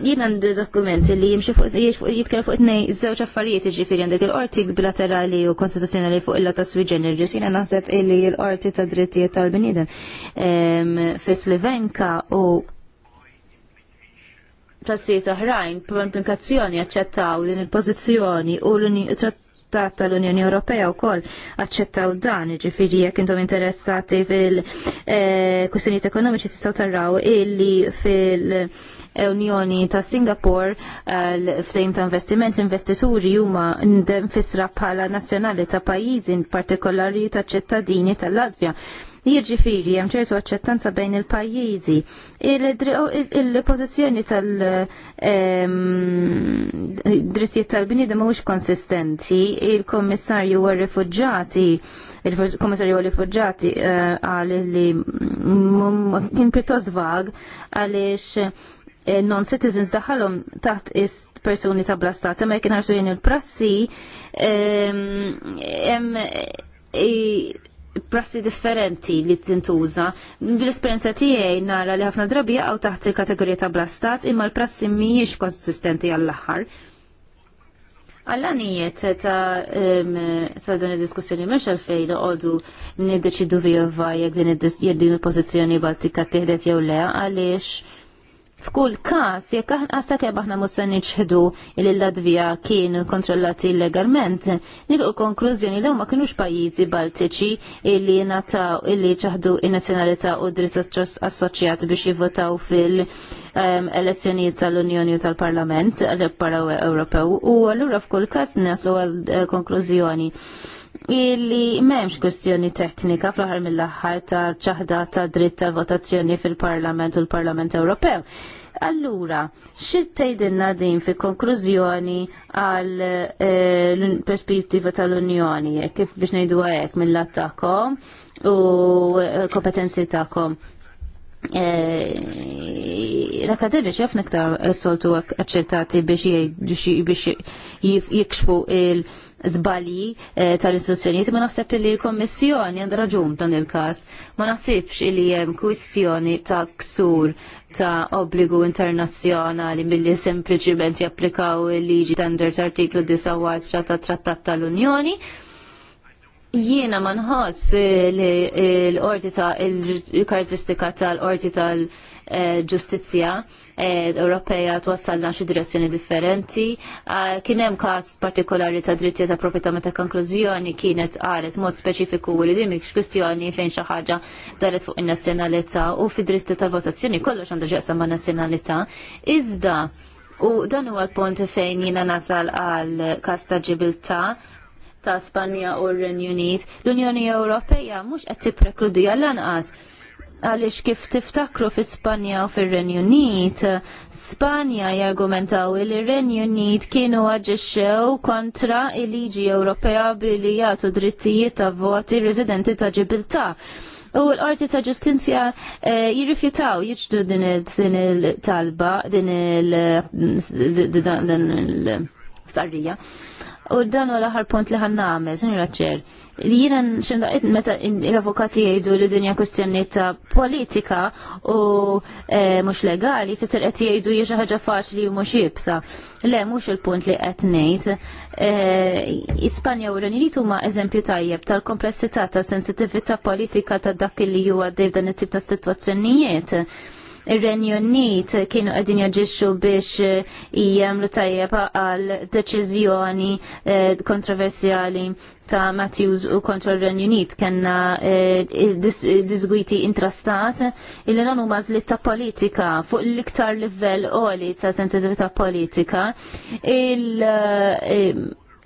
jien għandi dokumenti li jimxi fuq jitkellem fuq itnej żewġ affarijiet jiġifieri għandek il-qorti bilaterali u konstituzzjonali fuq il-lata sui generis. Jiena naħseb illi l-qorti ta' drittijiet tal-bniedem fi Slivenka u tassijiet oħrajn, per implikazzjoni aċċettaw din il-pożizzjoni u l-Unjoni trattat tal-Unjoni Ewropea wkoll aċċettaw dan, jiġifieri jekk intom interessati fil-kwistjonijiet eh, ekonomiċi tistgħu tarraw illi fil-Unjoni ta' Singapore l-ftehim ta' investiment l-investituri huma ndem fisra bħala nazzjonali ta' pajjiżi partikolari ta' ċittadini tal-Latvja jirġifiri hemm ċertu aċċettanza bejn il-pajjiżi. Il-pożizzjoni tal-drittijiet ehm, tal-bniedem mhuwiex konsistenti, il kummissarju għar-Rifuġġati il kummissarju għal rifuġġati eh, għal li kien pjuttost vag għaliex eh, non-citizens daħalhom taħt is persuni ta' blastat, ma jekin ħarsu jien il-prassi, ehm, prassi differenti li tintuża. Bil-esperienza tiegħi nara li ħafna drabi jaqgħu taħt il-kategorija ta' blastat imma l-prassi mhijiex konsistenti għall-aħħar. Għallanijiet ta' ta' din id-diskussjoni mhux għalfejn noqogħdu niddeċidu vaj jekk din il-pożizzjoni Baltika tieħdet jew le għaliex F'kull każ, jekk aħna kemm aħna mhux se li l latvija kienu kontrollati illegalment, nilqu konklużjoni li ma kinux pajjiżi Baltiċi illi nataw illi ċaħdu in-nazzjonalità u dritt assoċjat biex jivvotaw fil-elezzjonijiet ehm, tal-Unjoni u tal-Parlament għal-Parlaw Ewropew u allura f'kull każ naslu għal eh, konklużjoni illi memx kwestjoni teknika fl-ħar mill-ħar ta' ċaħda ta' dritt ta' votazzjoni fil-Parlament u l-Parlament Ewropew. Allura, xit tejdinna din fi konklużjoni għal eh, perspettiva tal-Unjoni, kif biex nejdu għajek mill attakom ta'kom u kompetenzi ta'kom? Eh, l-akademiċi għafna ktar soltu għacċettati biex jikxfu il- żbalji eh, tal-istituzzjonijiet ma naħseb li l-Kommissjoni għandha raġun dan il-każ. Ma naħsibx li hemm kwistjoni ta' ksur ta' obbligu internazzjonali milli sempliċement japplikaw il-liġi tal artiklu 19 ta' Trattat tal-Unjoni. Ta jiena ma nħoss eh, eh, l-orti ta' il-karakteristika tal-orti tal-ġustizzja eh, Ewropea twassalna xi direzzjoni differenti. Ah, kien hemm każ partikolari ta' dritti ta' proprjetà meta konklużjoni kienet qalet mod speċifiku li din mhix kwistjoni fejn xi ħaġa daret fuq in-nazzjonalità u fid-dritti tal-votazzjoni kollox għandu x'jaqsam ma' nazzjonalità. Iżda U dan huwa l-punt fejn jiena nasal għal kas ta' ġibilta ta' Spanja u r-Renju Unit. L-Unjoni Ewropea mhux qed tipprekludija lanqas għaliex kif tiftakru fi Spanja u fir renju Unit, Spanja jargumentaw li r-Renju Unit kienu għagġiċew kontra il-liġi Ewropea billi jagħtu drittijiet ta' voti residenti ta' Ġibilta. U l-qorti ta' ġustizja jirrifjutaw jiġdu din il-talba, din il sarrija U dan u l-aħħar punt li ħanna għame, sinjura ċer, li jiena xindaqit meta l-avukati jgħidu li dinja kwestjoni ta' politika u eh, mhux legali, fisser qed jgħidu hija xi ħaġa faċli u mhux jibsa. Le mhux il-punt li qed ngħid. Eh, Ispanja u Renjit huma eżempju tajjeb tal-komplessità ta' sensitività politika ta' dak li huwa għaddej dan it-tip ta' sitwazzjonijiet ir-Renju Unit kienu qegħdin jaġixxu biex eh, jagħmlu tajjeb għal deċiżjoni eh, kontroversjali ta' Matthews u kontra r-Renju Unit kellna eh, disgwiti intrastat illi non huma żlitta politika fuq l-iktar livell qoli ta' sensitività politika il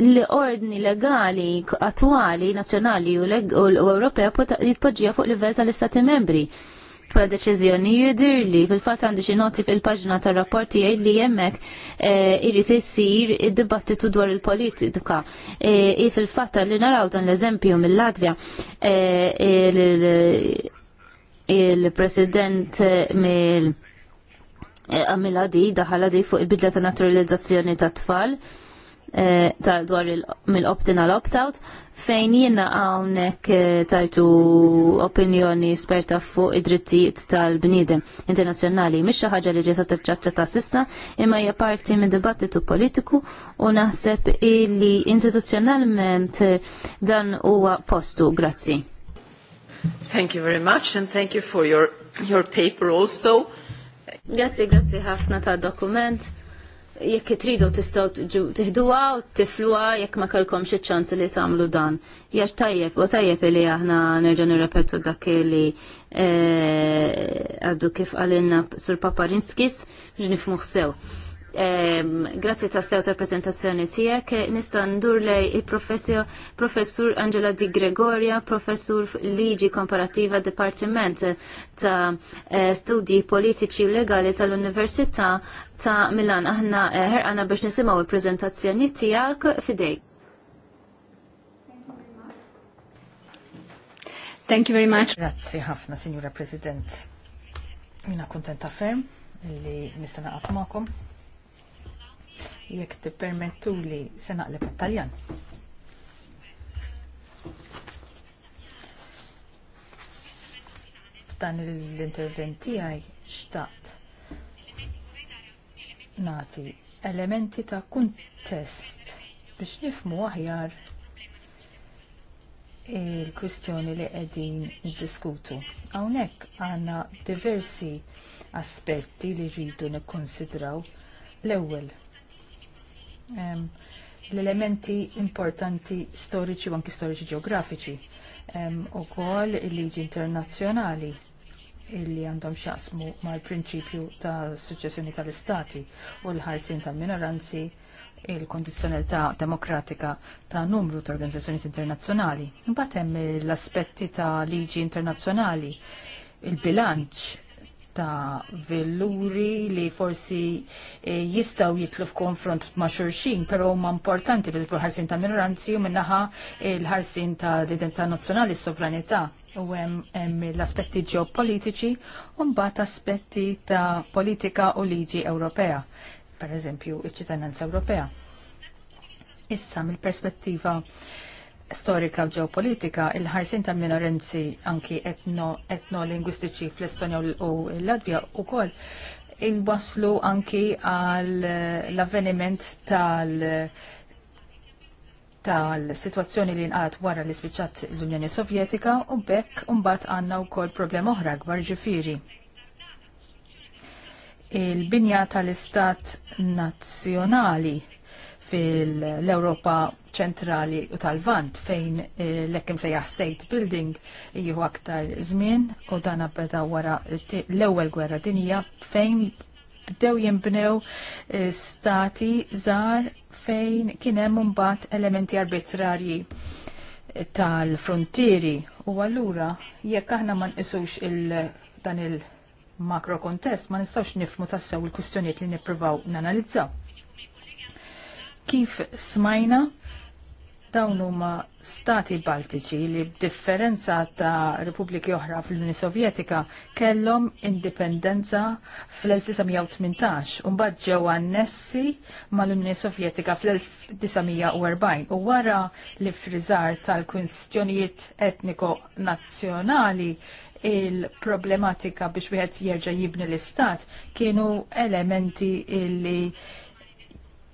l-ordni legali attwali, nazzjonali u Ewropea jitpoġġija fuq livell tal-Istati membri pala deċiżjoni jidir li fil-fatt għandi xi noti fil-paġna tar-rapport għaj li hemmhekk eh, irid isir id-dibattitu dwar il-politika. Eh, I fil-fatt li naraw dan l-eżempju mill-Latvja eh, il-president mill għamilha di daħala fuq il-bidla ta' naturalizzazzjoni ta' tfal Eh, tal dwar mill-opt-in għal opt-out fejn jina hawnhekk eh, tajtu opinjoni sperta fuq id-drittijiet tal-bniedem internazzjonali miexa xi ħaġa li ġesa tiċċaċċa ta' sissa imma hija parti minn dibattitu politiku u naħseb li instituzzjonalment eh, dan huwa postu grazzi. Thank you very much and thank you for your, your paper also. Grazie, grazie ħafna ta' dokument jekk tridu tistgħu tiħduha u tifluha jekk ma kellkom xi ċans li tagħmlu dan. Jax tajjeb u tajjeb li aħna nerġa' nirrepetu dak li e, għaddu kif għalinna sur Paparinskis biex sew. E, grazzi ta' stew ta' prezentazzjoni tiegħek. Nista' ndur lej il-professur Angela Di Gregoria, professur liġi komparativa dipartiment ta' e, Studji Politiċi u Legali tal-Università ta' Milan. Aħna eh, ħerqana biex nisimgħu il prezentazzjoni tiegħek f'idej. Thank you very much. Grazzi ħafna, Signora President. Mina kontenta ferm li nista' naqaf Jek Jekk tippermettu li se naqleb Taljan. Dan l-intervent tiegħi xtaqt Nati, elementi ta' kuntest biex nifmu aħjar il-kwistjoni li qegħdin niddiskutu. Hawnhekk għandna diversi aspetti li rridu nikkonsidraw. L-ewwel ehm, l-elementi importanti storiċi u anki storiċi ġeografiċi. Ehm, ukoll il-liġi internazzjonali illi għandhom xasmu mal-prinċipju ta' suċessjoni tal-istati u l-ħarsin ta' minoranzi il-kondizjonalità demokratika ta' numru ta' organizzazzjonijiet internazzjonali. Imbagħad hemm l-aspetti ta' liġi internazzjonali, il-bilanċ ta' velluri li forsi eh, jistaw jitlu f'konfront ma' xurxin, pero huma importanti bil ħarsin ta' minoranzi u minnaħa il-ħarsin eh, ta' l-identità nazzjonali, s-sovranità u hemm l-aspetti ġeopolitiċi u mbagħad aspetti ta' politika u liġi Ewropea, pereżempju iċ-ċittadinanza Ewropea. Issa mill-perspettiva storika u ġeopolitika, il-ħarsin ta' minorenzi anki etno-lingwistiċi etno fl-Estonja u l-Latvja u kol waslu anki għal l-avveniment tal- tal-situazzjoni li nqat wara li spiċċat l-Unjoni Sovjetika u bekk mbagħad għanna u kol problema oħra gbar ġifiri. Il-binja tal-Istat nazzjonali fil-Europa ċentrali u tal-Vant fejn eh, l-ekkim sejja State Building jieħu aktar żmien u dan beda wara l-ewwel gwerra dinija fejn bdew jimbnew eh, stati żgħar fejn kien hemm mbagħad elementi arbitrarji eh, tal-frontieri u allura jekk aħna ma nqisux il dan il-makro kontest ma nistgħux nifmu tassew il-kwistjonijiet li nippruvaw nanalizzaw. Kif smajna Dawn huma stati baltiċi li b'differenza ta' Repubbliki oħra fl-Unjoni Sovjetika kellhom indipendenza fl-1918 u mbagħad ġew annessi mal-Unjoni Sovjetika fl-1940 u wara li friżar tal-kwistjonijiet etniko nazzjonali il-problematika biex wieħed jerġa' jibni l-istat kienu elementi li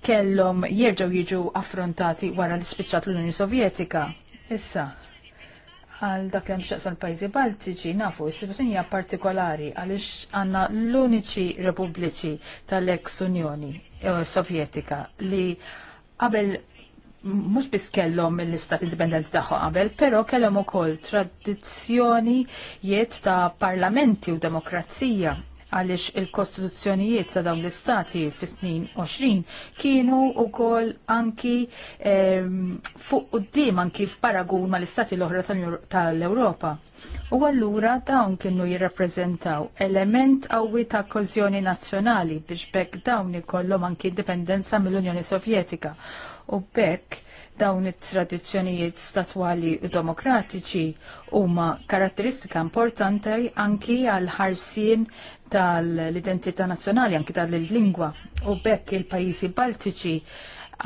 kellhom jerġgħu jiġu affrontati wara l-ispiċċat l-Unjoni Sovjetika. Issa, għal dak li mxaqsa l-pajzi baltiċi nafu s-sibżin partikolari għaliex għandna l-uniċi repubbliċi tal-ex Unjoni eh, Sovjetika li qabel mhux biss kellhom l-istat indipendenti tagħhom qabel, però kellhom ukoll tradizzjonijiet ta' parlamenti u demokrazija għaliex il-kostituzzjonijiet ta' dawn l-istati fi snin 20 kienu wkoll anki ehm, fuq quddiem anki f'paragun mal-istati l-oħra tal-Ewropa. U allura dawn kienu jirrappreżentaw element qawwi ta' kozjoni nazzjonali biex bekk dawn ikollhom anki indipendenza mill-Unjoni Sovjetika. U bekk dawn it-tradizzjonijiet statwali u demokratiċi huma karatteristika importanti anki għal ħarsien tal-identità nazzjonali, anki tal-lingwa. U bekk il-pajjiżi Baltiċi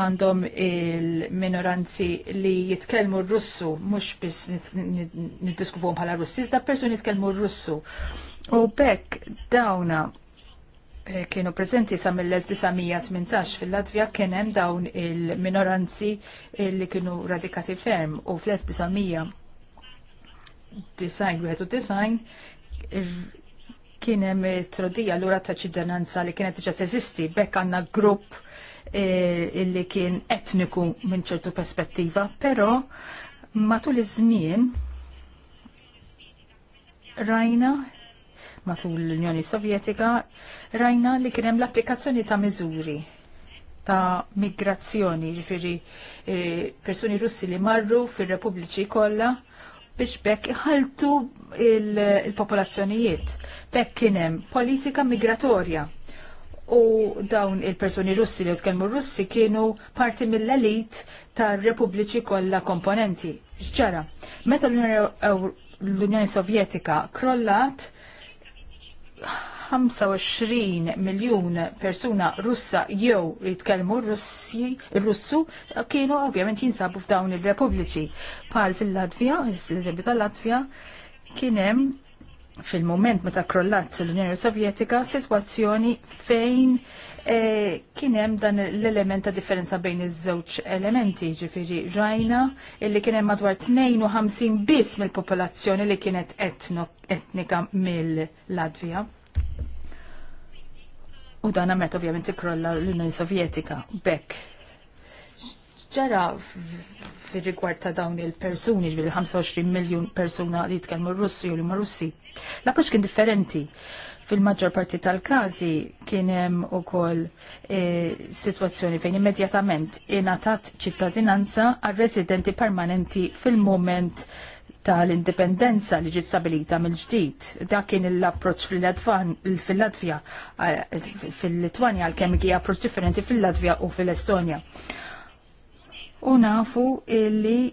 għandhom il-minoranzi li jitkellmu r-Russu, mhux biss niddiskufuhom bħala Russi, iżda persuni jitkellmu r-Russu. U bekk dawna eh, kienu prezenti sa mill-1918 fil-Latvja kien hemm dawn il-minoranzi li kienu radikati ferm u fl-1991 kien hemm trodija lura ta' ċittadinanza li kienet diġà teżisti bekk għandna grupp eh, illi kien etniku minn ċertu perspettiva, però matul iż-żmien rajna matul l-Unjoni Sovjetika rajna li kien hemm l-applikazzjoni ta' miżuri ta' migrazzjoni, ġifieri eh, persuni russi li marru fir repubbliċi kollha biex bekk iħaltu il-popolazzjonijiet. bekk kienem politika migratorja u dawn il-personi russi li jitkelmu russi kienu parti mill-elit tar-repubbliċi kollha komponenti. X'ġara, meta l-Unjoni Sovjetika krollat 25 miljun persuna russa jew jitkellmu russu kienu ovvjament jinsabu f'dawn il-repubbliċi. Pal fil-Latvija, l-eżempju tal-Latvija, hemm fil-moment meta krollat l-Unjoni Sovjetika sitwazzjoni fejn E, hemm dan l-element ta' differenza bejn iż-żewġ elementi, ġifiri rajna, illi kien hemm madwar 52 bis mill-popolazzjoni li kienet etno, etnika mill-Latvija. U dan għamet ovvjament ikrolla l-Unjoni Sovjetika. Bekk. Ġara fir rigward ta' dawn il-persuni, ġbil 25 miljon persuna li tkellmu Russi u l ma' Russi. L-approċ kien differenti. Fil-maġġor parti tal-kazi kien hemm ukoll e, situazzjoni fejn immedjatament ingħatat ċittadinanza għal residenti permanenti fil-moment tal-indipendenza li ġiet stabilita mill-ġdid. Dak kien l-approċċ fil-Latvija, eh, fil-Litwanja, għalkemm hija approċċ differenti fil-Latvija u fil-Estonja. U nafu illi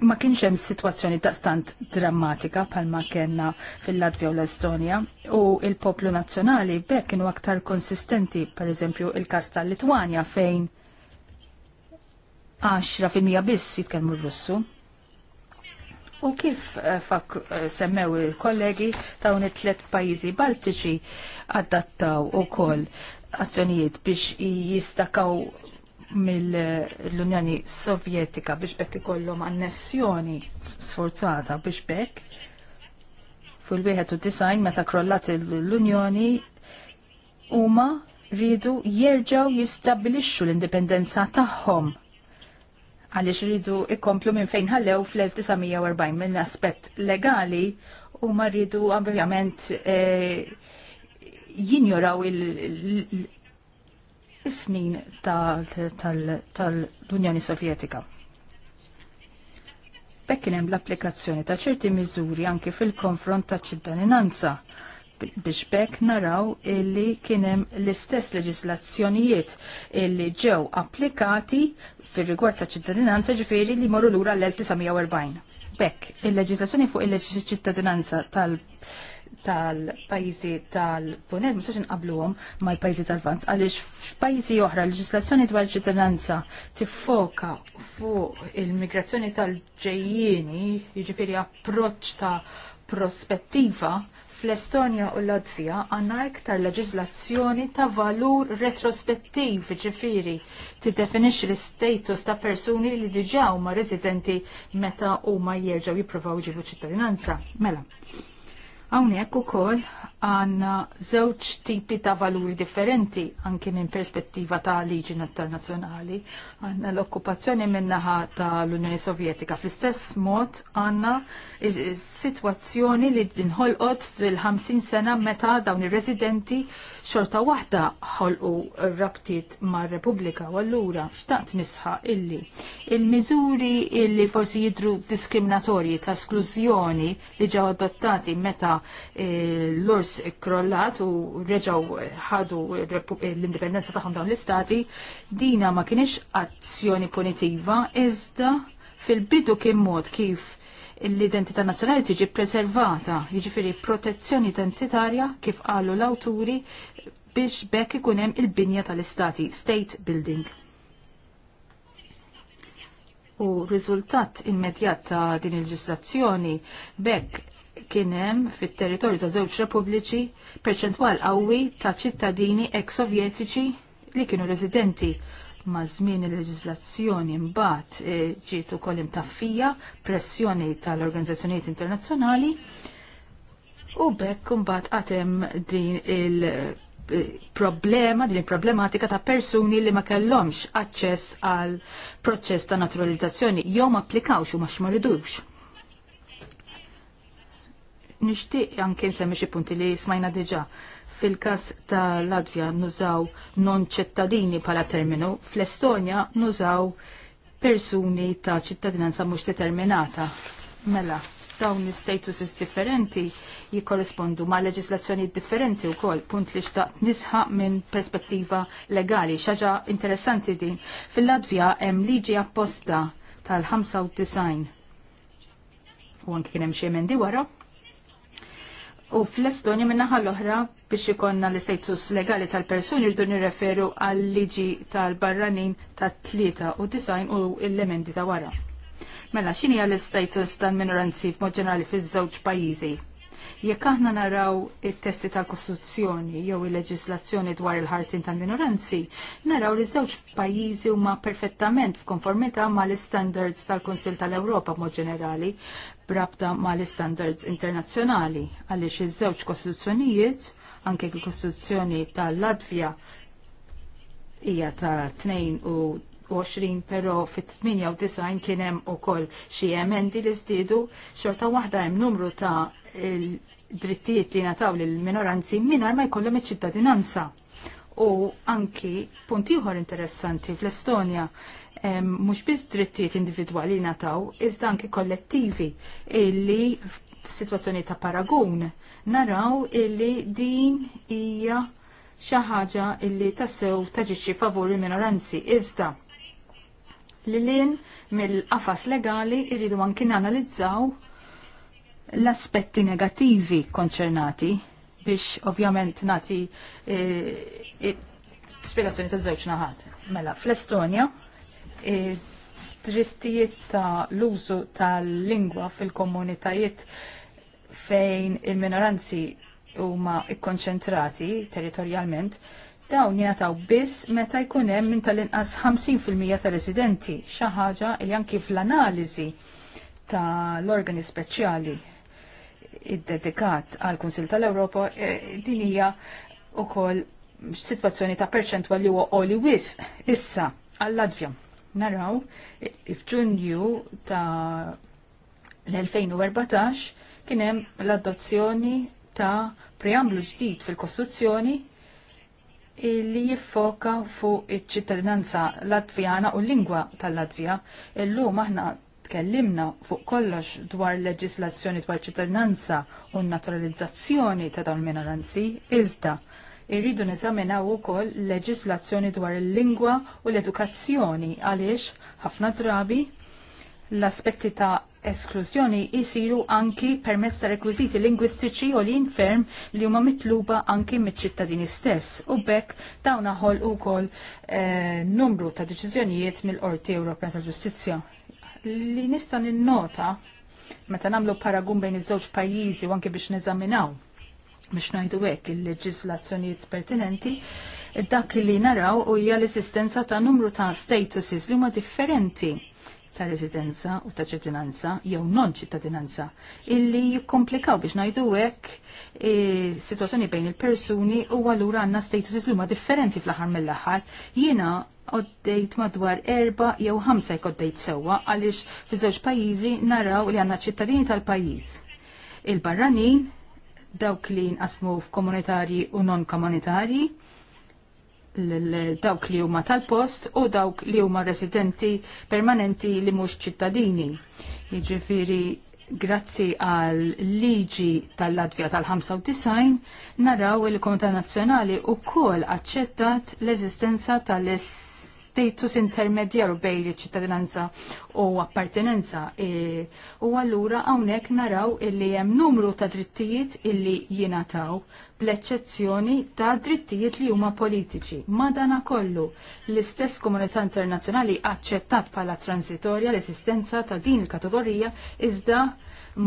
ma kienx hemm sitwazzjoni ta' stant drammatika palma kellna fil-Latvja u l-Estonja u il-poplu nazzjonali bekk kienu aktar konsistenti, per eżempju il-kas tal-Litwanja fejn 10% biss jitkellmu r-Russu. U kif eh, fak eh, semmew il-kollegi ta' it-tlet pajjiżi baltiċi adattaw ukoll azzjonijiet biex jistakaw mill-Unjoni Sovjetika biex bekk ikollhom annessjoni sforzata biex bekk fil-91 meta krollat l-Unjoni huma rridu jerġgħu jistabbilixxu l-indipendenza tagħhom għaliex rridu ikomplu minn fejn ħallew fl-1940 minn aspett legali u ma rridu ovvjament eh, jinjoraw il-snin tal-Unjoni Sovjetika. Bekkin hemm l-applikazzjoni ta' ċerti miżuri anke fil-konfront ta' ċittadinanza biex bekk naraw illi kienem l-istess leġislazzjonijiet illi ġew applikati fil-rigward ta' ċittadinanza ġifiri li morru lura l-1940. Bekk, il-leġislazzjoni fuq il-ċittadinanza tal- tal-pajzi tal-punet, għom ma' mal-pajzi tal-vant, għaliex f'pajzi oħra l-leġislazzjoni dwar ċittadinanza tiffoka fuq il-migrazzjoni tal-ġejjieni, jiġifieri approċċ ta' prospettiva fl-Estonja u l-Latvija għandna iktar leġiżlazzjoni ta' valur retrospettiv ġifiri tiddefinixxi l-istatus ta' persuni li diġà huma residenti meta huma jerġgħu jippruvaw jġibu ċittadinanza. Mela. Hawnhekk ukoll għanna żewġ tipi ta' valuri differenti anke minn perspettiva ta' liġi internazzjonali. Għanna l-okkupazzjoni minnaħa ta' l-Unjoni Sovjetika. Fl-istess mod għanna situazzjoni li dinħolqot fil-50 sena meta dawn ir-residenti xorta waħda ħolqu rabtiet mar repubblika u allura xtaqt nisħa illi il-miżuri illi forsi jidru diskriminatorji ta' esklużjoni li ġew adottati meta eh, l-ors kurs krollat u reġaw ħadu l-indipendenza tagħhom dawn l-istati, dina ma kienx azzjoni punitiva iżda fil-bidu kien mod kif l-identità nazzjonali tiġi preservata, jiġifieri protezzjoni identitarja kif qalu l-awturi biex bekk ikun hemm il-binja tal-istati, state building. U riżultat immedjat ta' din il-ġislazzjoni bekk kienem fit-territorju ta' żewġ repubbliċi perċentwal qawwi ta' ċittadini ex-sovjetiċi li kienu residenti ma' żmien il-leġiżlazzjoni mbagħad e, ġiet ukoll imtaffija pressjoni tal-organizzazzjonijiet internazzjonali u bekk mbagħad qatem din il e, problema, din problematika ta' persuni li ma kellhomx aċċess għal proċess ta' naturalizzazzjoni jew ma applikawx u ma xmaridux Nixtieq anke nsemmi xi punti li smajna diġà. Fil-każ ta' Latvja nużaw non ċittadini bħala terminu, fl-Estonja nużaw persuni ta' ċittadinanza mhux determinata. Mela, dawn l-statuses differenti jikorrespondu ma' leġislazzjoni differenti wkoll punt li xtaqt nisħa minn perspettiva legali, xaġa interessanti din. fil latvja hemm liġi apposta tal-95. U anki kien hemm xi emendi wara U fl-Estonja minna l-oħra biex ikonna l-istatus legali tal-persuni rridu nirreferu għal liġi tal-barranin tat-tlieta u design u l-elementi ta' wara. Mela, xini għal-istatus tal-minoranzi f'mod ġenerali fiż-żewġ pajjiżi? Jekk aħna naraw it-testi tal-Kostituzzjoni jew il-leġislazzjoni dwar il-ħarsin tal-minoranzi, naraw li żewġ pajjiżi huma perfettament f'konformità mal-istandards tal-Kunsil tal-Ewropa mod ġenerali brabta mal-istandards internazzjonali għaliex iż-żewġ kostituzzjonijiet anke l-Kostituzzjoni tal-Latvja hija ta' 2 u 20 pero fit-98 kien hemm ukoll xi emendi li żdiedu xorta waħda hemm numru ta' drittijiet li nataw l minoranzi mingħajr ma jkollhom iċ-ċittadinanza. U anki puntiħor interessanti fl-Estonja mhux biss drittijiet individwali nataw, iżda anki kollettivi illi f'sitwazzjoni ta' paragun naraw illi din hija xi ħaġa illi tassew taġixxi favur il-minoranzi iżda li lin mill-qafas legali irridu anki analizzaw l-aspetti negativi konċernati biex ovvjament nati spjegazzjoni eh, spiegazzjoni ta' żewġ naħat. Mela, fl-Estonja, drittijiet ta' l-użu tal-lingwa fil-komunitajiet fejn il-minoranzi huma ikkonċentrati territorjalment, dawn jingħataw biss meta jkun hemm minn tal-inqas 50% tar residenti, xi ħaġa li anki fl-analiżi tal-organi speċjali id-dedikat għal Kunsil tal-Ewropa eh, din hija ukoll situazzjoni ta' perċentwal li huwa oli wis issa għall ladvja Naraw f'Ġunju ta' l-2014 kien hemm l-adozzjoni ta' preamblu ġdid fil-Kostituzzjoni li jiffoka fuq iċ-ċittadinanza Latvjana u l-lingwa tal latvija Illum aħna tkellimna fuq kollox dwar leġislazzjoni dwar ċittadinanza u naturalizzazzjoni ta' dawn minoranzi, iżda irridu niżaminaw ukoll leġislazzjoni dwar il-lingwa u l-edukazzjoni għaliex ħafna drabi l-aspetti ta' esklużjoni jisiru anki permezz ta' rekwiżiti lingwistiċi u li ferm li huma mitluba anki miċ-ċittadini stess. U bekk dawn aħol ukoll eh, numru ta' deċiżjonijiet mill-Qorti Ewropea tal-Ġustizzja. Li nista' ninnota meta nagħmlu paragun bejn iż-żewġ pajjiżi u anke biex neżaminaw biex ngħidu hekk il-leġislazzjonijiet pertinenti, dak li naraw hija l-esistenza ta' numru ta' statuses li huma differenti ta' residenza u ta' ċittadinanza jew non ċittadinanza illi jikkomplikaw biex ngħidu hekk e, sitwazzjoni bejn il-persuni u allura għandna status li huma differenti fl-aħħar mill-aħħar. Jiena għoddejt madwar erba jew ħamsa jek għoddejt sewwa għaliex fi żewġ pajjiżi naraw li għandna ċittadini tal-pajjiż. Il-barranin dawk li nqasmu f'komunitarji u non komunitarji dawk li huma tal-post u dawk li huma residenti permanenti li mhux ċittadini. Jiġifieri grazzi għal liġi tal-Latvja tal-95 naraw il-Komitat Nazzjonali wkoll aċċettat l-eżistenza tal-ess status intermedjaru bej li ċittadinanza u appartenenza. E, u allura hawnhekk naraw illi hemm numru ta' drittijiet illi jingħataw bl-eċċezzjoni ta' drittijiet li huma politiċi. Madana kollu l-istess komunità internazzjonali aċċettat bħala transitorja l-esistenza ta' din il-kategorija iżda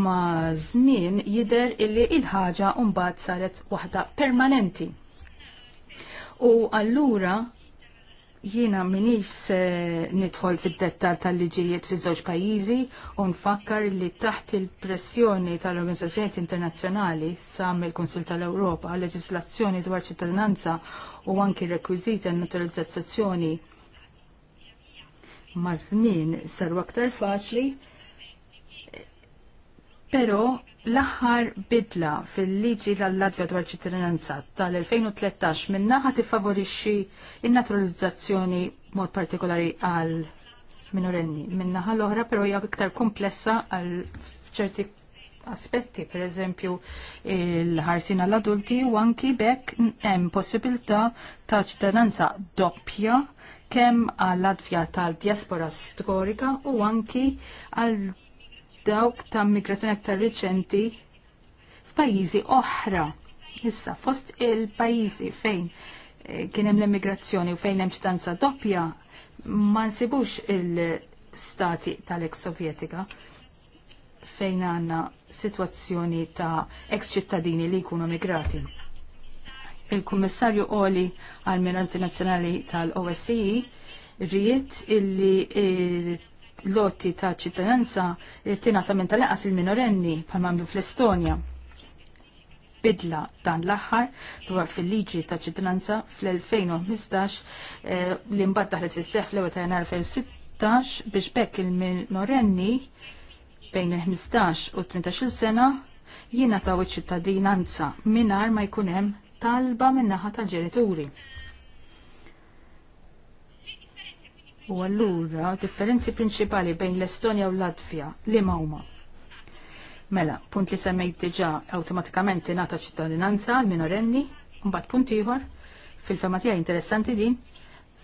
ma' żmien jider illi il-ħaġa mbagħad saret waħda permanenti. U allura Jiena minix se nidħol fid detta tal-liġijiet fi żewġ pajjiżi u nfakkar li taħt il-pressjoni tal organizzazzjoni Internazzjonali sa mill-Kunsil tal-Ewropa leġislazzjoni dwar ċittadinanza u anki rekwiżiti naturalizzazzjoni ma' żmien saru aktar faċli Pero l-aħħar bidla fil-liġi tal-Latvja dwar ċittadinanza tal-2013 naħa tiffavorixxi in-naturalizzazzjoni mod partikolari għal minorenni. Min-naħa l-oħra però hija iktar komplessa għal ċerti aspetti, per eżempju il-ħarsina l-adulti u anki bekk hemm possibilità ta' ċittadinanza doppja kemm għal Latvja tal-diaspora storika u anki għal dawk ta' migrazzjoni aktar riċenti f'pajjiżi oħra. Issa fost il-pajjiżi fejn eh, kien hemm l-immigrazzjoni u fejn hemm stanza doppja ma nsibux il-stati tal-ex Sovjetika fejn għandna sitwazzjoni ta' ex ċittadini li jkunu migrati. Il-Kummissarju Oli għal minanzi Nazzjonali tal-OSCE riet illi lotti ta' ċittadinanza eh, tingħata minn tal laqas il-minorenni bħal mamlu fl-Estonja. Bidla dan l-aħħar dwar fil-liġi ta' ċittadinanza fl-2015 eh, li mbagħad ħlet fis seħ fl 2016 biex bekk il-minorenni bejn il-15 u 18 sena jina ta' iċ-ċittadinanza mingħajr ma jkun hemm talba min-naħa tal-ġenituri. U allura differenzi prinċipali bejn l-Estonja u l-Latvja li ma huma. Mela, punt li semmejt diġà awtomatikament nata ċittadinanza għal minorenni, mbagħad punt ieħor fil-fema tiegħi interessanti din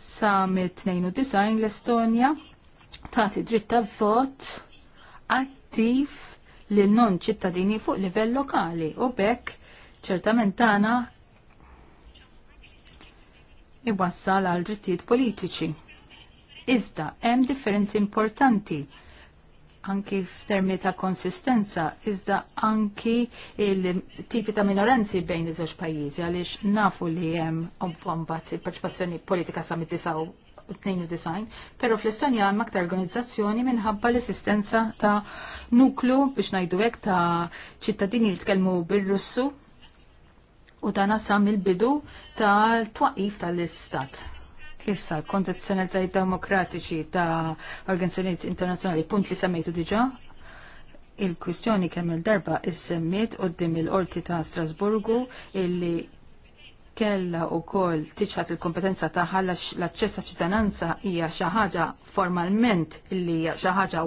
sa mit 92 l-Estonja tagħti dritt ta' vot attiv lil non ċittadini fuq livell lokali u bekk ċertament tagħna iwassal għal drittijiet politiċi. Iżda, hemm differenzi importanti anki f'termini ta' konsistenza, iżda anki il-tipi ta' minoranzi bejn iż-żewġ pajjiżi għaliex nafu li hemm mbagħad il-parċipazzjoni politika sa' mit-92, però fl-Estonja hemm aktar organizzazzjoni minħabba l-esistenza ta' nuklu biex ngħidu hekk ta' ċittadini li tkellmu bir-Russu u dan sa' il-bidu tal-twaqif tal-Istat Issa, l-kondizzjonijiet demokratiċi ta' organizzjoniet internazzjonali, punt li semmejtu diġa, il-kwistjoni kemm il-darba is-semmiet qoddim il-qorti ta' Strasburgu illi kella u kol tiċħat il-kompetenza ta' taħħa l-accessa ċittananza hija xi ħaġa formalment illi hija xi ħaġa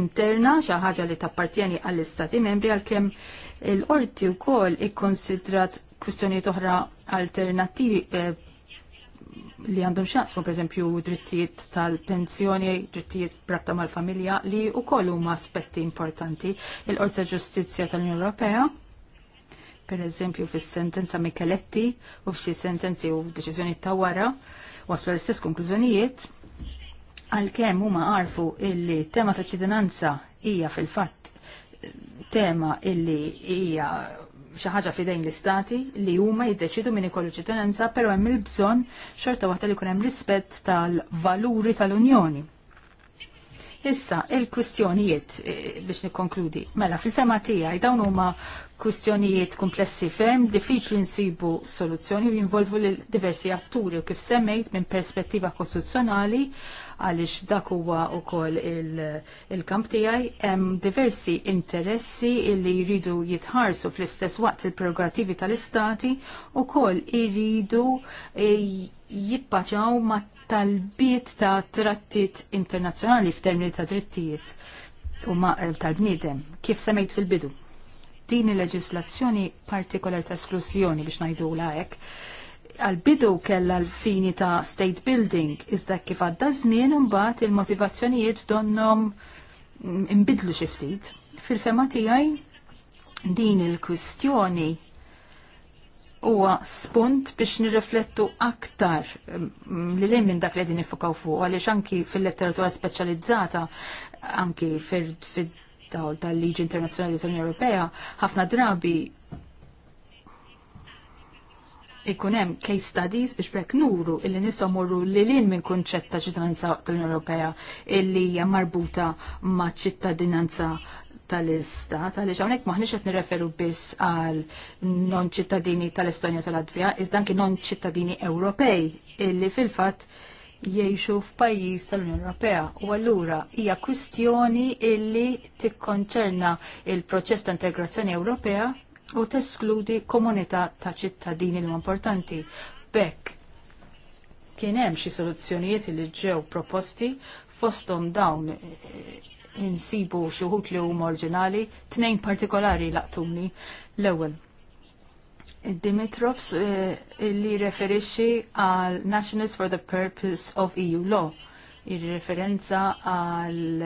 interna, xi ħaġa li tappartjeni għall-istati membri għalkemm il-qorti wkoll ikkonsidrat kwistjonijiet oħra alternattivi eh, li għandhom xaqsmu per eżempju drittijiet tal-pensjoni, drittijiet bratta mal-familja li u kollu ma aspetti importanti il-Qorta Ġustizzja tal-Unjoni Ewropea per eżempju fis-sentenza Micheletti u f'xi sentenzi u deċiżjoni ta' wara waslu l-istess konklużjonijiet għalkemm huma għarfu illi tema ta' ċittadinanza hija fil-fatt tema illi hija xi ħaġa fidejn l-istati li huma jiddeċidu min ikollu ċittadinanza, però hemm il-bżonn xorta waħda li jkun hemm rispett tal-valuri tal-Unjoni. Issa, il-kwistjonijiet e, biex nikkonkludi. Mela, fil-fema tiegħi dawn huma kwistjonijiet komplessi ferm, diffiċli nsibu soluzzjoni u jinvolvu l diversi atturi u kif semmejt minn perspettiva kostituzzjonali għaliex dak huwa wkoll il-kamp tiegħi hemm diversi interessi li jridu jitħarsu fl-istess waqt il-prerogativi tal-istati ukoll iridu eh, jippaċaw ma talbiet ta' trattit internazzjonali f'termini ta' drittijiet u ma tal-bniedem kif semmejt fil-bidu din il-leġislazzjoni partikolar ta' esklusjoni biex najdu lajek għal-bidu kella l-fini ta' state building, iżda kif għadda żmien imbagħad il-motivazzjonijiet donnom imbidlu xi ftit. Fil-fema tiegħi din il-kwistjoni huwa spunt biex nirriflettu aktar mm, mm, li lejn minn dak li din nifukaw fuq għaliex anki fil-letteratura speċjalizzata anki fid-dawl tal-Liġi Internazzjonali tal-Unjoni Ewropea ħafna drabi ikun hemm case studies biex bekk nuru illi nistgħu morru lin minn kunċett ta' ċittadinanza tal-Unjoni Ewropea illi hija marbuta ma' ċittadinanza tal-istat, għaliex hawnhekk maħniex qed nirreferu biss għal non ċittadini tal-Estonja tal-Latvija, iżda anki non ċittadini Ewropej illi fil-fatt jiexu f'pajjiż tal-Unjoni Ewropea. U allura hija kwistjoni illi tikkonċerna il-proċess ta' integrazzjoni Ewropea u teskludi komunità ta' ċittadini l importanti. Bekk kien hemm xi soluzzjonijiet li ġew proposti fosthom dawn eh, insibu xi wħud li huma oriġinali, tnejn partikolari laqtuni l-ewwel. Dimitrovs eh, li referixxi għal Nationalists for the Purpose of EU Law ir-referenza għal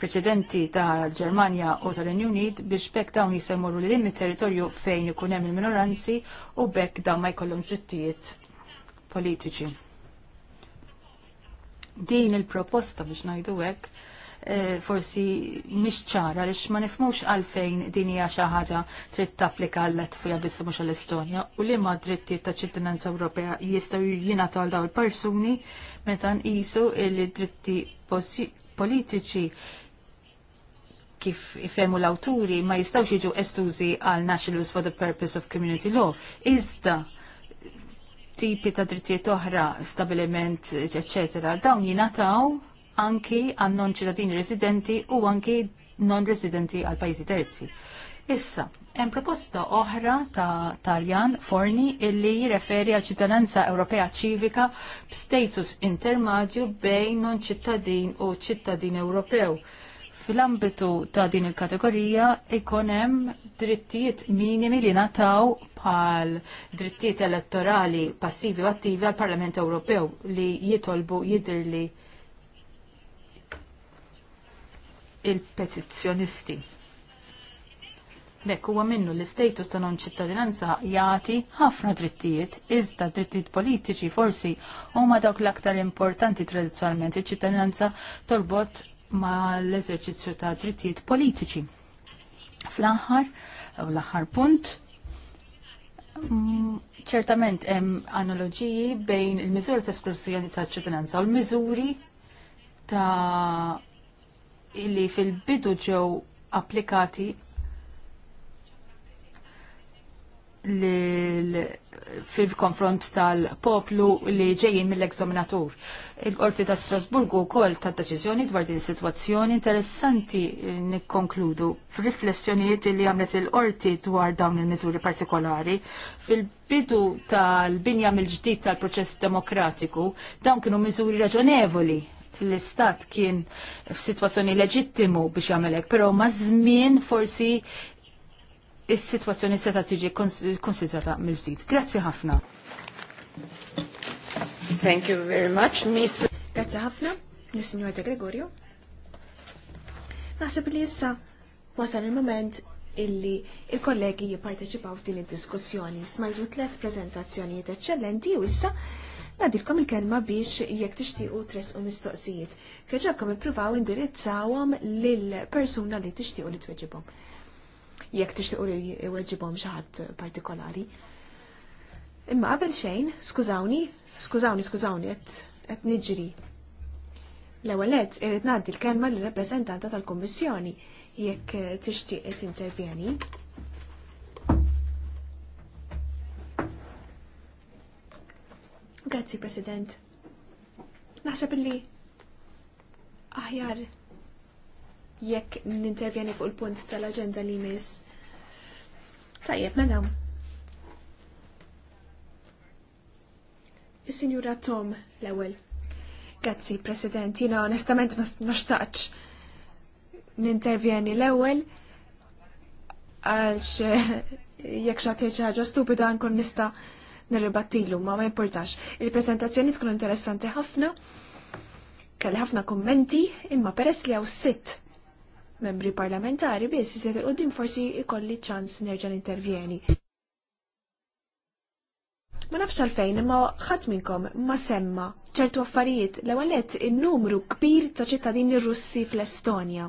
preċedenti ta' Ġermanja u tal-Renju Unit biex bekk dawn jisemmorru li din territorju fejn ikun hemm il-minoranzi u bekk dawn ma jkollhom drittijiet politiċi. Din il-proposta biex ngħidu hekk eh, forsi mhix ċara lix ma nifmux għalfejn din hija xi ħaġa trid tapplika għal Latvija biss mhux għall-Estonja u li ma drittijiet ta' ċittinanza Ewropea jistgħu jingħataw dawn il-persuni meta nqisu li dritti politiċi kif ifemu l-awturi ma jistawx jiġu estużi għal nationals for the purpose of community law. Iżda tipi ta' drittijiet oħra, stabiliment, eccetera, dawn jinataw anki għal non ċittadini residenti u anki non residenti għal pajjiżi terzi. Issa, hemm proposta oħra ta' Taljan Forni illi jirreferi għal ċittadinanza Ewropea ċivika b'status intermadju bejn non ċittadin u ċittadin Ewropew. Fl-ambitu ta' din il-kategorija ikon hemm drittijiet minimi li nataw bħal drittijiet elettorali passivi u attivi għal Parlament Ewropew li jitolbu jidirli il-petizzjonisti Bekk huwa minnu l-istatus ta' non ċittadinanza jagħti ħafna drittijiet, iżda drittijiet politiċi forsi huma dawk l-aktar importanti tradizzjonalment iċ-ċittadinanza torbot ma' l-eżerċizzju ta' drittijiet politiċi. Fl-aħħar, u l-aħħar punt, mm, ċertament hemm analoġiji bejn il-miżuri ta' esklusjoni ta' ċittadinanza u l-miżuri ta' illi fil-bidu ġew applikati fil-konfront tal-poplu li ġejjin mill-eksaminatur. Il-Qorti ta' Strasburgu kol ta' deċiżjoni dwar din situazzjoni interessanti eh, nikkonkludu riflessjonijiet li għamlet il-Qorti dwar dawn il-miżuri partikolari. Fil-bidu tal-binja mill-ġdid tal-proċess demokratiku, dawn kienu miżuri raġonevoli l-istat kien f'sitwazzjoni leġittimu biex jagħmelek, però ma' żmien forsi is-sitwazzjoni seta' tiġi konsidrata mill-ġdid. Grazzi ħafna. Thank you very much, Miss. Grazzi ħafna, nis De Gregorio. Naħseb li issa wasal il-moment illi il-kollegi jipparteċipaw f'din id-diskussjoni. Smajdu tlet prezentazzjonijiet eċċellenti u issa nadilkom il-kelma biex jekk tixtiequ u mistoqsijiet. il ippruvaw indirizzawhom lill-persuna li tixtiequ li tweġibhom jekk tixtiqu li jweġibhom xi ħadd partikolari. Imma qabel xejn, skużawni, skużawni, skużawni, qed niġri. L-ewwel qed irid ngħaddi l-kelma lir rappreżentanta tal-Kummissjoni jekk tixtieq qed intervjeni. Grazzi, President. Naħseb li aħjar jekk nintervjeni fuq il-punt tal-agenda li miss. Tajjeb, mela. Is-Sinjura Tom l-ewwel. Grazzi, President, jina onestament ma xtaqx nintervjeni l-ewwel għalx eh, jekk xagħti xi ħaġa stupida nkun nista' nirribattilu, ma ma importax. Il-prezentazzjoni tkun interessanti ħafna, kelli ħafna kommenti, imma peress li għaw sitt membri parlamentari biss se qudiem forsi ikolli ċans nerġa' intervjeni. Ma nafx għalfejn imma ħadd minnkom ma semma ċertu affarijiet l għalet in-numru kbir ta' ċittadini Russi fl-Estonja.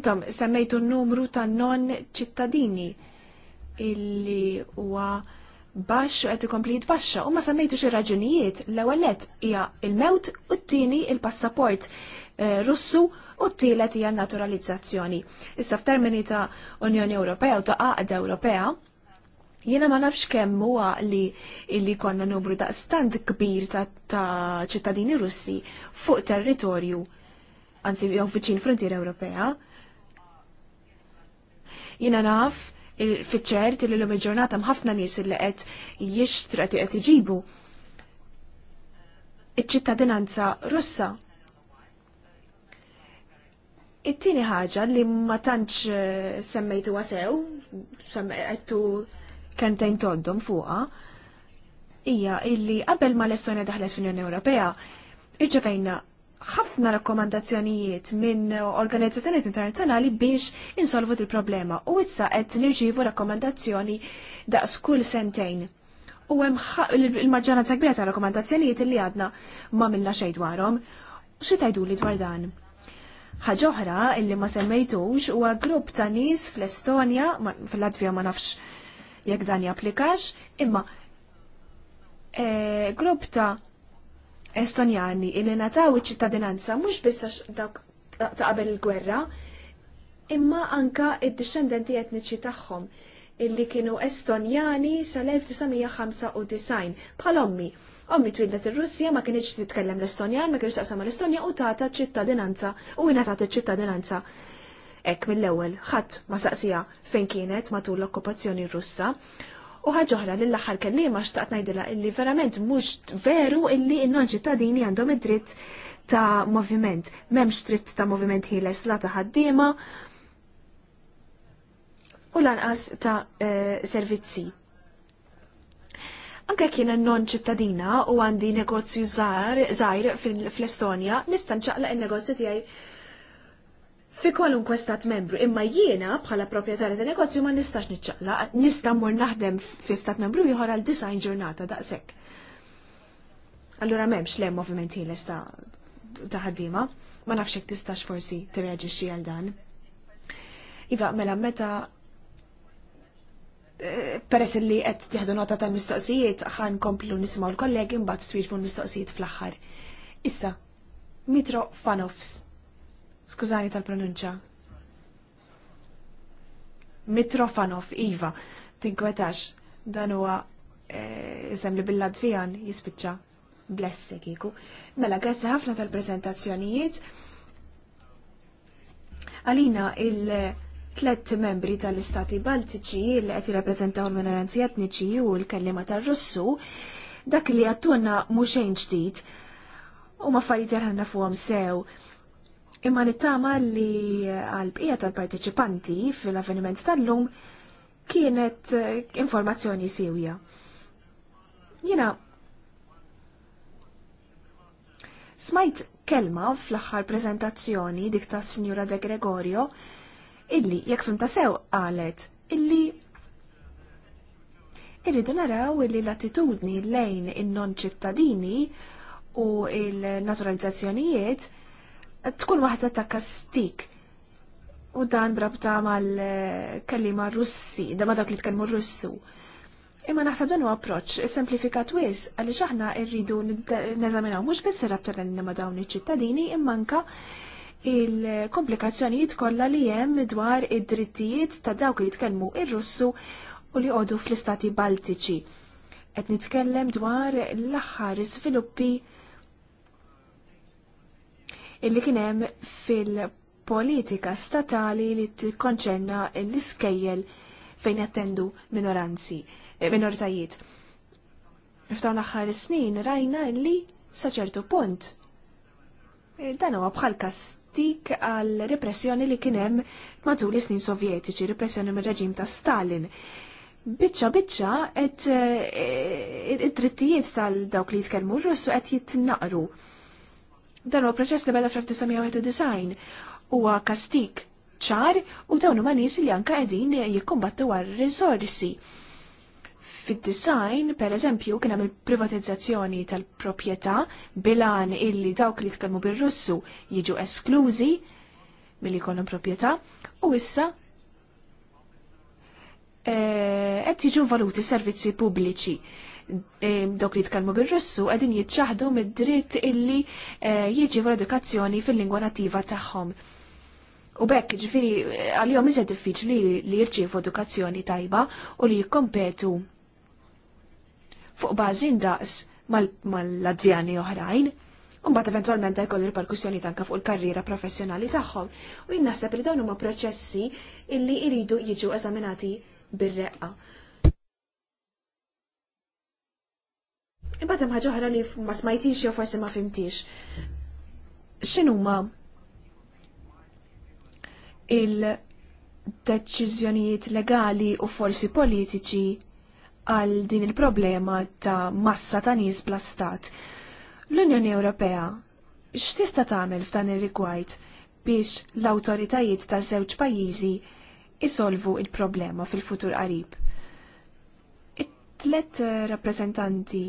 Intom semmejtu n-numru ta' non ċittadini illi huwa baxx u qed ikompli jitbaxxa u ma semmejtu xi raġunijiet l-ewwel hija il-mewt u t-tieni il-passaport eh, Russu u t-tielet hija naturalizzazzjoni. Issa f'termini ta' Unjoni Ewropea u ta' Qaqda Ewropea, jiena ma nafx kemm huwa li li konna numru ta' stand kbir ta' ċittadini Russi fuq territorju anzi jew viċin frontiera Ewropea. Jiena naf fiċċert li l-lum il-ġurnata mħafna nies li qed ti qed iġibu iċ-ċittadinanza Russa. It-tieni ħaġa li ma tantx eh, semmejtu sew, semmejtu kentejn toddom fuqha, hija illi qabel ma l-Estonja daħlet fl-Unjoni Ewropea, irċevejna ħafna rakkomandazzjonijiet minn organizzazzjonijiet internazzjonali biex insolvu il problema u issa qed nirċievu rakkomandazzjoni daqs kull sentejn. U hemm il-maġġoranza kbira ta' rakkomandazzjonijiet li għadna ma minna xejn dwarhom. Xi tgħiduli li dwar dan? Ħaġa oħra illi ma semmejtux huwa grupp ta' nies fl-Estonja, fil-Latvja ma nafx jekk dan japplikax, imma eh, grupp ta' Estonjani illi nataw iċ-ċittadinanza mhux biss dawk ta' qabel il-gwerra, imma anka id-discendenti etniċi tagħhom illi kienu Estonjani sal-1995 bħal ommi. Ommi twildet ir-Russja ma kienx titkellem l-Estonjan, ma kienx taqsam l-Estonja u tata ċittadinanza u jiena tata ċittadinanza. Ek mill-ewwel ħadd ma saqsija fejn kienet matul l-okkupazzjoni Russa U li l aħħar kelli ma xtaqt najdila illi verament mux veru illi non ċittadini għandhom id-dritt ta' moviment. Memx dritt ta' moviment ħiles la ta' ħaddiema u lanqas ta' eh, servizzi. Anke kien non ċittadina u għandi negozju żgħar fl-Estonja, nista' nċaqlaq in-negozju tiegħi fi kwalunkwe stat membru, imma jiena bħala proprietari ta' negozju ma nistax niċċaqla, nista' mor naħdem fi stat membru ieħor għal design ġurnata daqshekk. Allura m'hemmx le moviment ħieles ta' ta' ħaddiema, ma nafx hekk tistax forsi t-reġi għal dan. Iva, mela meta eh, peress li qed tieħdu nota ta' mistoqsijiet ħan komplu nisimgħu l-kollegi mbagħad twieġbu l-mistoqsijiet fl-aħħar. Issa, Mitro Fanofs. Skużani tal-pronunċa. Mitrofanov, Iva, tinkwetax, dan huwa eh, isem li bil-Latvijan jispiċċa blessi kiku. Mela, grazzi ħafna tal-prezentazzjonijiet. Alina il-tlet membri tal-Istati Baltiċi li qed jirrappreżentaw l-minoranzi etniċi u l-kellima tar-Russu, dak li għattuna muxejn ġdid u ma affarijiet jarħanna fuqhom sew Imma nittama li għal-bqija tal-parteċipanti fil-avveniment tal-lum kienet eh, informazzjoni siwja. Jena, smajt kelma fl-axħar prezentazzjoni dik ta' Signora De Gregorio illi, jekk fimta sew, għalet illi irridu naraw illi l-attitudni lejn in-non ċittadini u il-naturalizzazzjonijiet tkun waħda ta' kastik. U dan brabta mal-kellima russi, da ma dak li tkellmu russu. Imma naħseb dan huwa approċċ semplifikat wis għaliex aħna rridu neżaminaw mhux biss ir-rabta ma' dawn iċ-ċittadini imma anka il-komplikazzjonijiet kollha li hemm dwar id-drittijiet ta' dawk li jitkellmu ir-Russu u li għodu fl-istati Baltiċi. Qed nitkellem dwar l-aħħar iżviluppi illi kien hemm fil-politika statali li tikkonċerna l-iskejjel fejn jattendu minoranzi, eh, minoritajiet. F'dawn l-aħħar snin rajna li sa ċertu punt eh, dan huwa bħal kastik għal repressjoni li kien hemm matul is-snin sovjetiċi, repressjoni mir-reġim ta' Stalin Biċċa biċċa et eh, id-drittijiet tal-dawk li jitkellmu r-russu qed jitnaqru. Dan huwa proċess li beda fl-1991 huwa kastik ċar u dawn huma nies li anke qegħdin jikkombattu għal risorsi. Fid-design, per eżempju, kien hemm il-privatizzazzjoni tal-proprjetà bilan illi dawk li tkellmu bir-Russu jiġu esklużi milli jkollhom proprjetà u issa eh, qed jiġu valuti servizzi pubbliċi. Eh, dok li jitkellmu bir-Russu qegħdin jitċaħdu mid-dritt illi eh, jiġi edukazzjoni fil-lingwa nattiva tagħhom. U bekk, ġifiri, eh, għal-jom iżed diffiċli li jirċievu edukazzjoni tajba u li jikkompetu fuq bażin daqs mal advjani oħrajn, Umbat eventualment jkollu riperkussjoni tanka fuq il-karriera professjonali tagħhom. U jinnaħseb li dawn huma proċessi illi jridu jiġu eżaminati bir-reqqa. Imbagħad hemm ħaġa oħra li ma smajtix jew forsi ma fimtix. X'inhuma il-deċiżjonijiet legali u forsi politiċi għal din il-problema ta' massa ta' nies bla stat. L-Unjoni Ewropea x'tista' tagħmel f'dan ir-rigward biex l-awtoritajiet ta' żewġ pajjiżi isolvu il-problema fil-futur qarib. It-tlet eh, rappreżentanti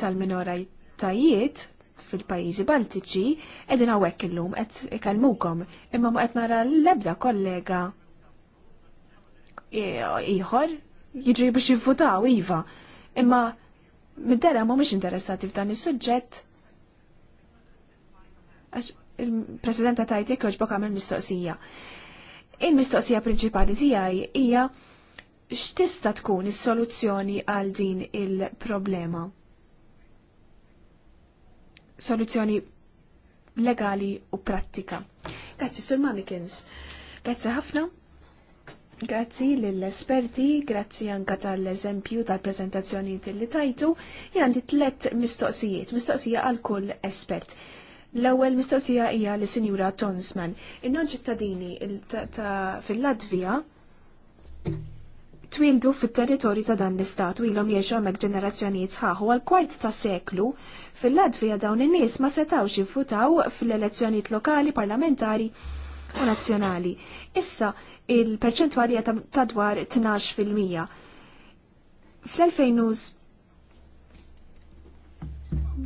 tal-minoritajiet fil-pajjiżi Baltiċi edin il illum qed ikellmukom imma ma qed nara l-ebda kollega ieħor jiġri biex jivvutaw iva. Imma mid dara mu mhux interessati f'dan is-suġġett. Għax il-Presidenta Tajti jekk jogħġbok għamil mistoqsija. Il-mistoqsija prinċipali tiegħi hija x'tista' tkun is-soluzzjoni għal din il-problema soluzzjoni legali u prattika. Grazzi, Sur Mamikins. Grazzi ħafna. Grazzi lill-esperti, grazzi anka tal-eżempju tal-prezentazzjoni li tajtu. Jien għandi tlet mistoqsijiet, mistoqsija għal kull espert. L-ewwel mistoqsija hija li Sinjura Tonsman. In-non ċittadini fil-Latvija twildu fit-territorju ta' dan l-istat u ilhom jgħixu hemmhekk ġenerazzjonijiet sħaħu għal kwart ta' seklu fil-Latvija dawn in-nies ma setgħux jiffutaw fil-elezzjonijiet lokali, parlamentari u nazzjonali. Issa il-perċentwali ta' dwar 12 fil-mija. Fl-2000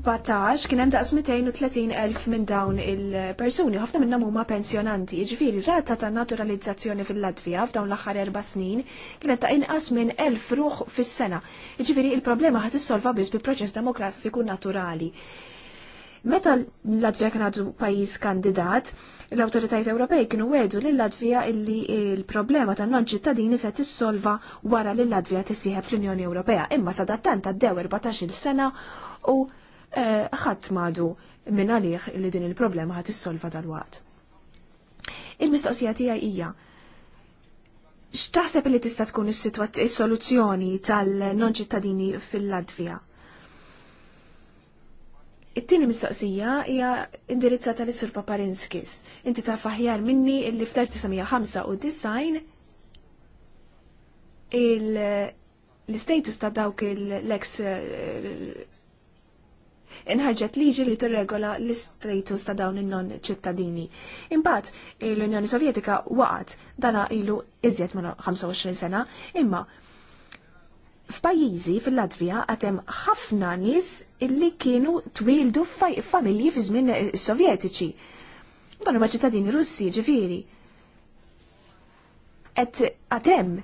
14 kien hemm daqs 230,000 minn dawn il-persuni, ħafna minnhom huma pensjonanti. Jiġifieri rata ta' naturalizzazzjoni fil-Latvija f'dawn l-aħħar erba' snin kienet ta' inqas minn 1000 ruħ fis-sena. Jiġifieri il-problema ħad issolva biss bi proċess demografiku naturali. Meta l-Latvija kien għadu pajjiż kandidat, l awtoritajiet Ewropej kienu wedu lil latvija illi il-problema ta' non ċittadini se tissolva wara li l-Latvija tissieħeb fl-Unjoni Ewropea. Imma sa tant għaddew 14-il sena u Eh, ħadd madu minn għalih li din il-problema ħadd issolva dal-waqt. Il-mistoqsija tiegħi hija x'taħseb li tista' tkun is-soluzzjoni tal-non ċittadini fil-Latvija? It-tieni mistoqsija hija indirizzata lis sur Paparinskis. Inti taf aħjar minni illi f 1995 il l-istatus ta' dawk l-ex eh, inħarġet liġi li t-regola l-istatus ta' dawn in-non ċittadini. Imbagħad l-Unjoni Sovjetika waqt dana ilu iżjed minn 25 sena, imma f'pajjiżi fil-Latvija għatem ħafna nies illi kienu twildu familji fi żmien sovjetiċi. Dan huma ċittadini Russi ġifieri. Et għatem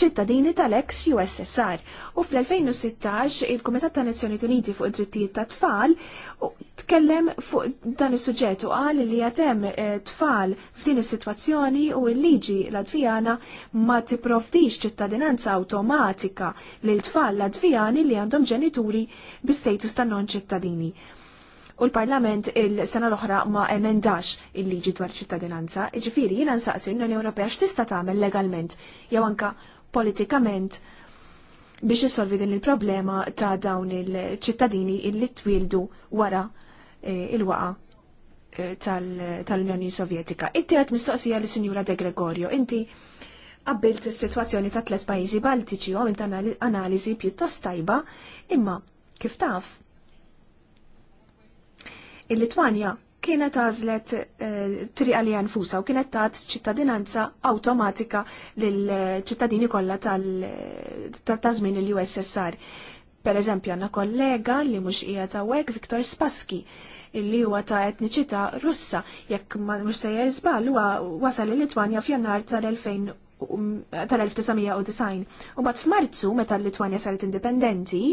ċittadini tal-ex USSR. U fl-2016 il-Kumitat ta' Nazzjonijiet Uniti fuq id-drittijiet ta' tfal tkellem fuq dan is-suġġett u qal li jatem eh, tfal f'din is-sitwazzjoni u l-liġi Latvijana ma tipprovdix ċittadinanza awtomatika lil tfal Latvijani li għandhom ġenituri bi status ta' non ċittadini. U l-Parlament il-sena l-oħra ma emendax il-liġi dwar ċittadinanza, ġifiri jina nsaqsi l-Unjoni Ewropea x'tista' tagħmel legalment jew anka politikament biex isolvi din il-problema ta' dawn il-ċittadini illi twildu wara eh, il-waqa eh, tal-Unjoni Sovjetika. It-tielet mistoqsija li Sinjura De Gregorio, inti qabbilt is-sitwazzjoni ta' tliet pajjiżi Baltiċi u għamilt analiżi pjuttost tajba, imma kif taf il-Litwanja kienet għazlet eh, tri għalija nfusa u kienet taħt ċittadinanza automatika lill-ċittadini kollha tal-żmien il-USSR. Per eżempju, għanna kollega li mhux hija ta' wek Viktor Spaski illi huwa ta' etniċità Russa jekk ma mhux sejjer żball huwa wasal il-Litwanja f'Jannar tal-2000 um, tal-1990 u bat f'Marzu meta l-Litwanja saret indipendenti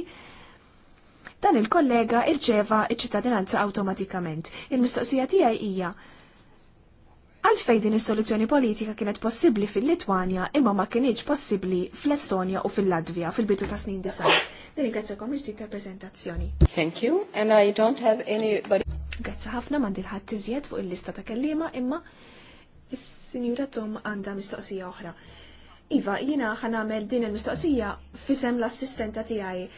dan il-kollega irċeva iċ-ċittadinanza awtomatikament. Il-mistoqsija tiegħi hija għalfej din is-soluzzjoni politika kienet possibbli fil-Litwanja imma ma kienieġ possibbli fl-Estonja u fil-Latvija fil-bidu ta' snin disa. Nirringrazzjakom il dik tal-preżentazzjoni. Thank you, and I don't have anybody. Grazzi ħafna m'għandi l-ħadd iżjed fuq il-lista ta' kellima imma is-Sinjura Tom għandha mistoqsija oħra. Iva, jina ħanamel din il-mistoqsija fisem l-assistenta tiegħi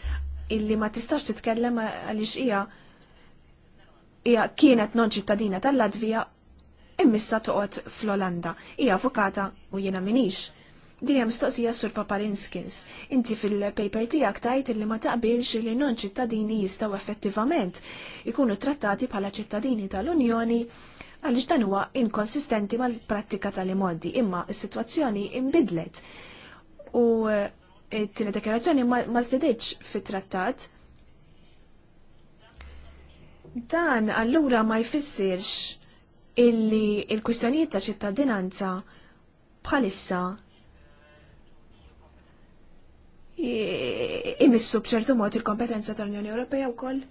illi ma tistax titkellem għaliex hija hija kienet non ċittadina tal-Latvija immissa toqgħod fl-Olanda. Hija avukata u jiena minix. Din hija mistoqsija sur Paparinskins. Inti fil-paper tiegħek tajt illi ma taqbilx li non ċittadini jistgħu effettivament ikunu trattati bħala ċittadini tal-Unjoni għaliex dan huwa inkonsistenti mal-prattika tal-imoddi, imma s-sitwazzjoni imbidlet. U it-tieni dekarazzjoni ma żdidiċ fit-trattat. Dan allura ma jfissirx illi il-kwistjonijiet ta' ċittadinanza bħalissa imissu bċertu mod il-kompetenza tal-Unjoni Ewropea u koll.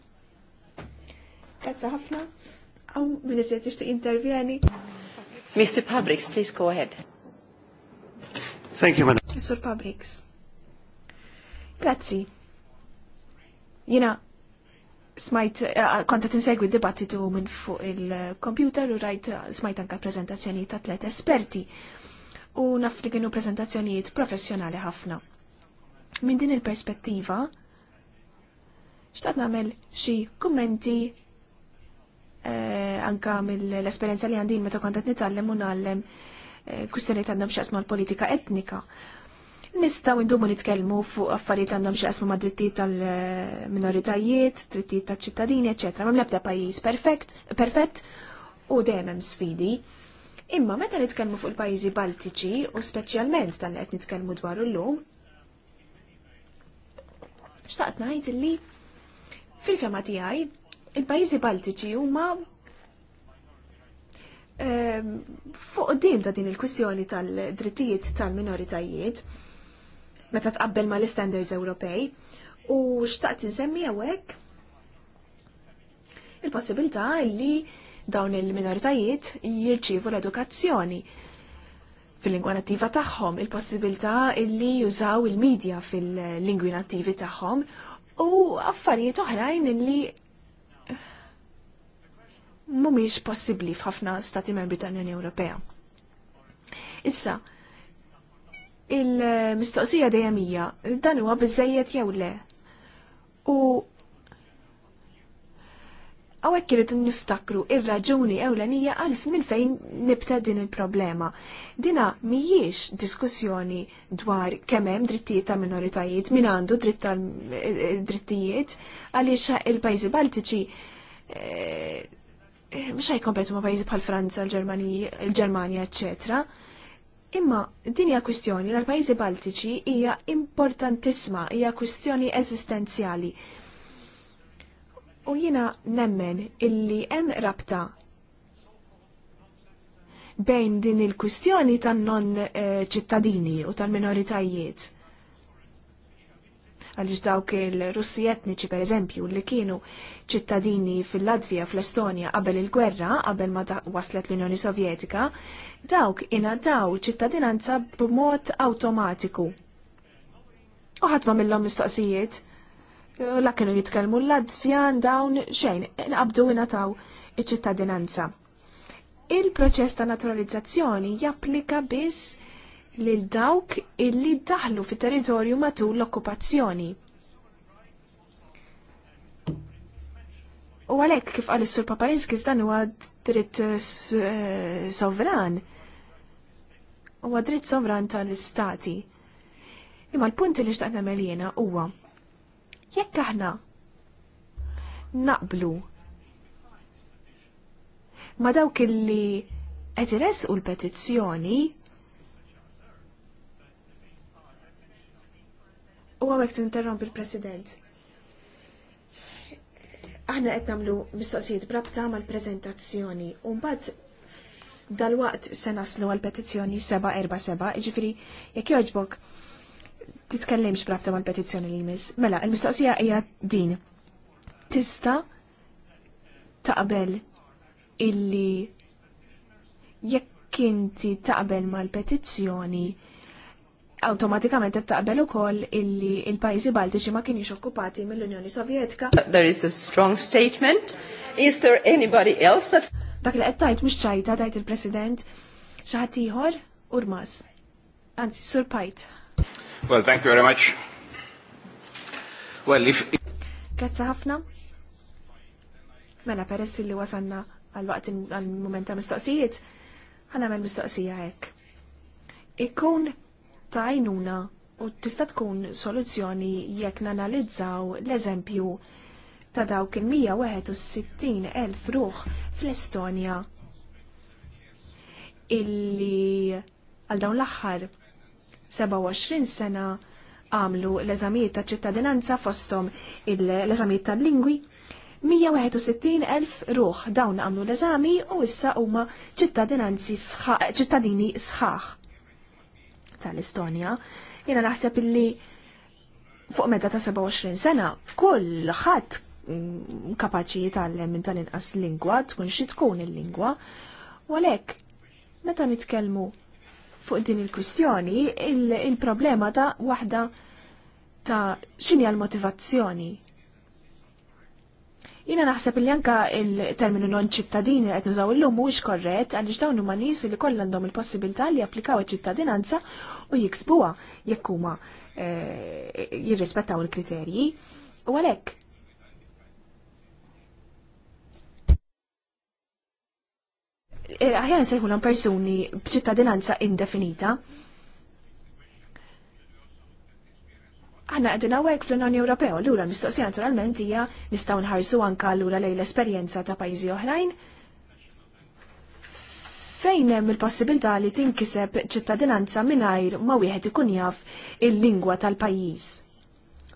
Grazzi ħafna. Għaw minn ixti intervjeni. Mr. Pabrix, please go ahead. Thank you, madam. Mr. Pabrix. Grazzi. Jina, smajt, eh, eh, konta tinsegwi dibattitu minn fuq il-kompjuter u rajt eh, smajt anka prezentazzjoni ta' tlet esperti u naf li kienu prezentazzjonijiet professjonali ħafna. Minn din il-perspettiva, xtaqt namel xi kummenti anka mill-esperienza li għandin meta kontet nitallem u nallem kwistjoni għandhom xasma l-politika etnika. Nistaw indumu nitkellmu fuq affarijiet għandhom xaqsmu ma' drittijiet tal-minoritajiet, drittijiet tal-ċittadini, eċetera. Ma' mlebda pajjiż perfett, perfett u dejjem hemm sfidi. Imma meta nitkellmu fuq il-pajjiżi Baltiċi u speċjalment dan qed nitkellmu dwar illum, xtaqt ngħid li fil-fema tiegħi il-pajjiżi Baltiċi huma ehm, fuq dim ta' din il-kwistjoni tal-drittijiet tal-minoritajiet meta tqabbel ma l-standards Ewropej. U xtaqt insemmi għawek il-possibilità li dawn il-minoritajiet jirċivu l-edukazzjoni fil-lingwa nattiva tagħhom, il-possibilità li jużaw il-medja fil-lingwi nattivi tagħhom u affarijiet oħrajn li mhumiex possibbli f'ħafna stati membri tal-Unjoni Ewropea. Issa, il-mistoqsija dejjem hija dan huwa biżejjed jew le. U għawek kirritu niftakru ir-raġuni ewlenija għalf minn fejn nibta din il-problema. Dina mijiex diskussjoni dwar kemem drittijiet ta' minoritajiet, min għandu drittijiet, għaliex il-pajzi baltiċi eh, mux ħajkompetu ma' pajzi bħal Franza, l-Germania, eccetera. Imma din hija kwistjoni l-pajjiżi Baltiċi hija importantissima, hija kwistjoni eżistenzjali. U jiena nemmen illi hemm rabta bejn din il-kwistjoni tan non eh, ċittadini u tal-minoritajiet għaliex dawk il-Russi etniċi per eżempju li kienu ċittadini fil-Latvija fl-Estonja qabel il-gwerra, qabel ma waslet l-Unjoni Sovjetika, dawk daw ċittadinanza b'mod awtomatiku. Uħat ma millhom mistoqsijiet, la kienu jitkellmu l-Latvjan dawn xejn, inqabdu ina iċ-ċittadinanza. Il-proċess ta' naturalizzazzjoni japplika biss lil dawk illi daħlu fit territorju matul l-okkupazzjoni. U għalhekk kif għal sur Papalinskis dan huwa dritt eh, sovran. Huwa dritt sovran tal-istati. Imma l-punt li xtaqna nagħmel jiena huwa jekk aħna naqblu ma dawk illi qed iresqu l-petizzjoni U għawek t-interromp il-President. Aħna qed nagħmlu mistoqsijiet brabta mal-preżentazzjoni u mbagħad dal-waqt se naslu għal-petizzjoni 747, jiġifieri jekk jogħġbok titkellimx brabta mal-petizzjoni li jmiss. Mela, il-mistoqsija hija din. Tista taqbel illi jekk inti taqbel mal-petizzjoni automatikament qed taqbel ukoll illi il-pajjiżi Baltiċi ma kienx okkupati mill-Unjoni Sovjetika. There is a strong statement. Is there anybody else that Dak li qed tajt mhux ċajta tajt il-President xi ħadd ieħor urmas. Anzi, Sur Pajt. Well, thank you very much. Well, if Grazzi ħafna. Mela peress li wasanna għal-waqt għal-moment ta' mistoqsijiet, ħanamel mistoqsija hekk. Ikun ta' għajnuna u tista' tkun soluzzjoni jekk nanalizzaw l-eżempju ta' dawk il-161 elf ruħ fl-Estonja illi għal dawn l-aħħar 27 sena għamlu l-eżamijiet ta' ċittadinanza fostom l-eżamijiet ta' lingwi. 161.000 ruħ dawn għamlu l-eżami u issa huma ċittadini sħaħ tal-Estonja, jena naħseb illi fuq medda ta' 27 sena, kull ħadd mm, kapaċi jitgħallem minn tal-inqas lingwa, tkun xi tkun il-lingwa, u għalhekk meta nitkellmu fuq din il-kwistjoni, il-problema ta' waħda ta' x'inhi l motivazzjoni Jina naħseb li anka il-terminu non ċittadini qed nużaw illum mhuwiex korret għaliex dawn huma nies li koll għandhom il-possibilità li applikaw iċ-ċittadinanza u jiksbuha jekk huma eh, jirrispettaw il-kriterji. U għalhekk eh, aħjan sejħu l persuni b'ċittadinanza indefinita, Għanna għedin għawek fl-Unjoni Ewropea, l-ura mistoqsija naturalment hija nistgħu nħarsu anka l-ura lej l-esperjenza ta' pajjiżi oħrajn. Fejn hemm il-possibilità li tinkiseb ċittadinanza mingħajr ma wieħed ikun jaf il-lingwa tal-pajjiż.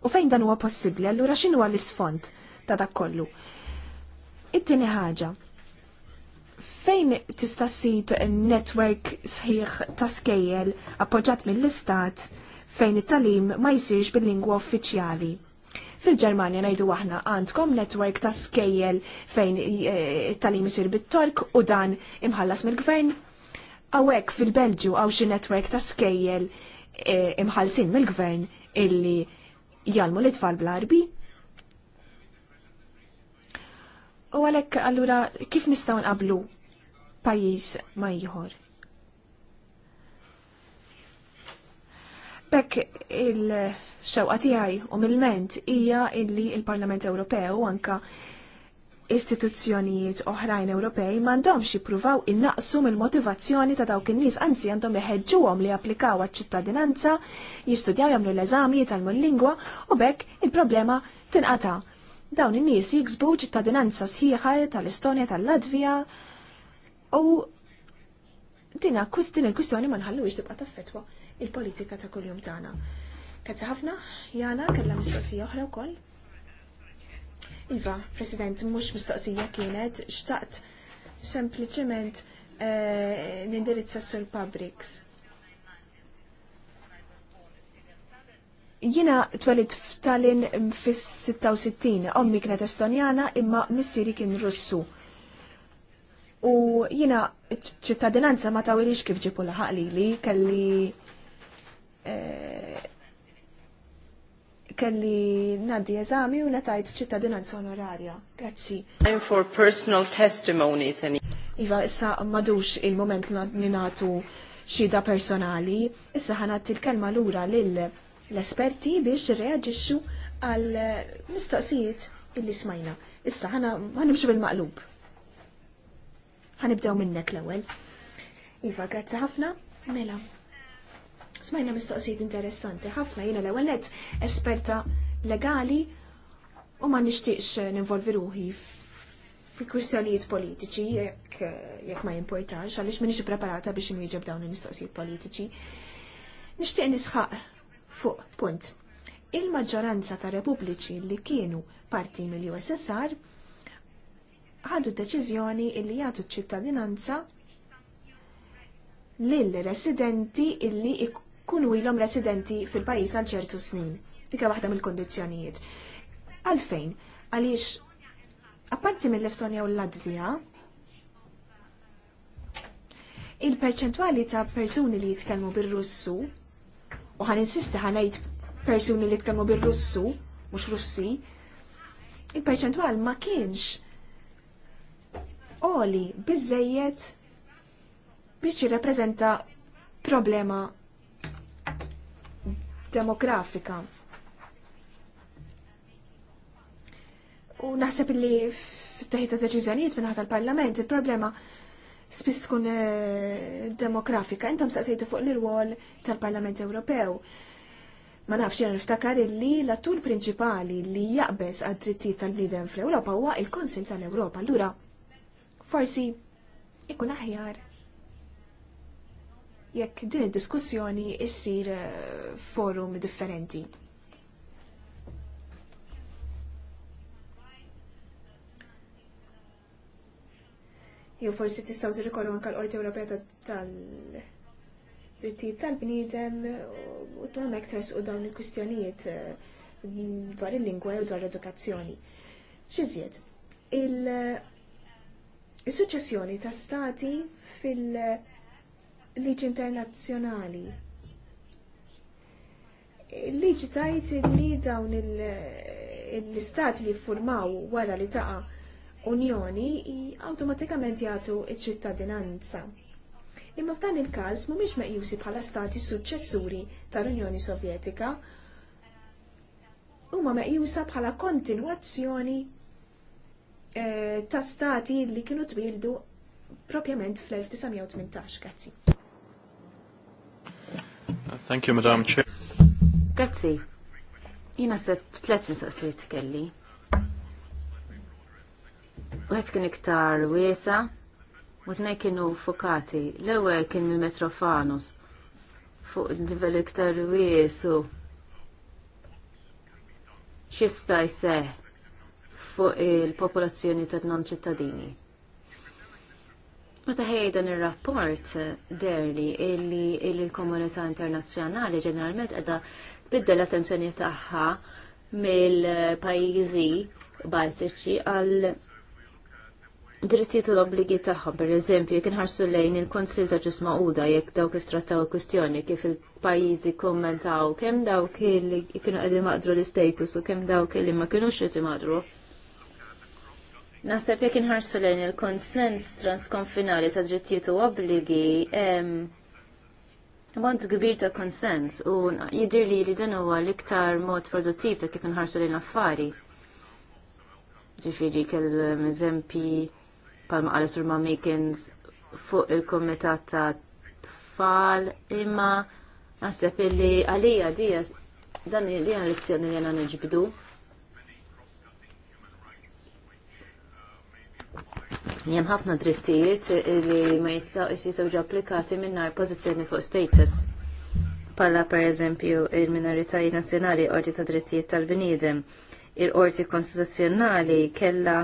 U fejn dan huwa possibbli, allura x'inhu l-isfond ta' dak kollu? It-tieni ħaġa, fejn tista' ssib network sħiħ ta' skejjel appoġġat mill-istat fejn it-talim ma jsirx bil-lingwa uffiċjali. Fil-Ġermanja najdu aħna għandkom netwerk ta' skejjel fejn eh, it-talim isir bit-tork u dan imħallas mill-gvern. Awek fil-Belġju għaw xi netwerk ta' skejjel eh, imħallsin mill-gvern illi jalmu l-itfal bl-arbi. U għalek allura kif nistgħu nqablu pajjiż ma ieħor? Bekk il-xewqa tiegħi u mill-ment hija illi il-Parlament Ewropew anka istituzzjonijiet oħrajn Ewropej m'għandhomx jippruvaw innaqsu mill-motivazzjoni ta' dawk in-nies anzi għandhom jeħeġġuhom li japplikaw għaċ-ċittadinanza, jistudjaw jagħmlu l-eżami jitalmu l-lingwa u bekk il-problema tinqata' dawn in-nies jiksbu ċittadinanza sħiħa tal-Estonja tal-Latvija u din akkwistin il kwistjoni ma nħalluwix tibqa' taffetwa il-politika ta' kuljum tagħna. Kazza ħafna, jana kellha mistoqsija oħra wkoll. Iva, President, mhux mistoqsija kienet xtaqt sempliċement eh, nindirizza sur publics. Jina twelid f'Tallinn fis-66, ommi kienet Estonjana imma missieri kien Russu. U jina ċittadinanza ma tawilix kif ġipu laħaq li li kelli Eh, kelli naddi eżami u netajt ċittadinanza onorarja. Grazzi. Time for personal testimonies. Iva, issa madux il-moment li xida personali. Issa ħanat il-kelma l-ura l-esperti biex reagġiċu għal mistoqsijiet illi smajna. Issa ħana ħanimxu bil-maqlub. ħanibdew minnek l-ewel. Iva, grazzi ħafna. Mela, Smajna mistoqsijiet interessanti ħafna jiena l-ewwel esperta legali u ma nixtiex ninvolvi ruħi fi kwistjonijiet politiċi jekk ma jimportax għaliex m'inhiex preparata biex inwieġeb dawn il-mistoqsijiet politiċi. Nixtieq nisħaq fuq punt. Il-maġġoranza ta' repubbliċi li kienu parti mill-USSR ħadu deċiżjoni li jagħtu ċittadinanza lill-residenti illi ikunu ilhom residenti fil-pajjiż għal ċertu snin. Dika waħda mill kundizzjonijiet Għalfejn, għaliex apparti mill-Estonja u l-Latvija, il-perċentwali ta' persuni li jitkellmu bil-Russu, u ħan insisti ħanajt persuni li jitkellmu bil-Russu, mux Russi, il-perċentwal ma kienx oli bizzejiet biex jirrappreżenta problema demografika. U naħseb li f'teħita deċiżjonijiet minn tal-Parlament il-problema spiss tkun eh, demografika. Intom saqsejtu fuq l-irwol tal-Parlament Ewropew. Ma nafx jena niftakar illi l-attur prinċipali li jaqbes għad-drittijiet tal-bniedem fl-Ewropa huwa il-Konsil tal-Ewropa. Allura, forsi ikun aħjar jekk din id-diskussjoni issir eh, forum differenti. Jew forsi tistgħu tirrikorru anke l-Qorti Ewropea tal-drittijiet tal-bniedem u tmur hekk u dawn il-kwistjonijiet eh, dwar il-lingwa u dwar l-edukazzjoni. Xiżjed, il-suċċessjoni ta' stati fil- liġi internazzjonali. Liġi tajt li dawn l-istat li jiffurmaw wara li taqa unjoni automatikament jagħtu ċ-ċittadinanza. Imma f'dan il-każ mhumiex meqjusi bħala stati suċċessuri tal-Unjoni Sovjetika, huma meqjusa bħala kontinwazzjoni eh, ta' stati li kienu twildu propjament fl-1918 grazzi. Thank you, Madam Chair. Grazzi. Jina se tlet mistoqsijiet kelli. Wieħed kien iktar wiesa, u tnej kienu fokati. L-ewwel kien minn Metrofanus fuq livell iktar wiesu. X'ista jse fuq il-popolazzjoni ta' non ċittadini. Meta ħej dan ir-rapport eh, derli illi il-komunità internazzjonali ġeneralment qiegħda tbiddel l-attenzjoni tagħha mill-pajjiżi Baltiċi għal drittijiet u l-obbligi tagħhom. Pereżempju, jekk inħarsu lejn il-Konsil ta' ġisma' Uda jekk daw kif trattaw il-kwistjoni, kif il-pajjiżi kommentaw kemm dawk li kienu qegħdin maqdru l-istatus u kemm dawk li ma kinux qed imaqdru. Naħseb jekk inħarsu lejn il-konsens transkonfinali ta' ġittijiet u obbligi, Mont kbir ta' konsens u jidir li li dan huwa l-iktar mod produttiv ta' kif inħarsu lejn affari. Ġifieri kell eżempji palma qal urma Makins fuq il-komitat ta' tfal imma naħseb illi għalija dija dan li lezzjoni li għan nġibdu Jem ħafna drittijiet li ma jistawx jistawġu applikati minnar pozizjoni fuq status. Palla per eżempju il-minoritajiet nazjonali orti ta' drittijiet tal-bnidem. Il-orti konstituzjonali kella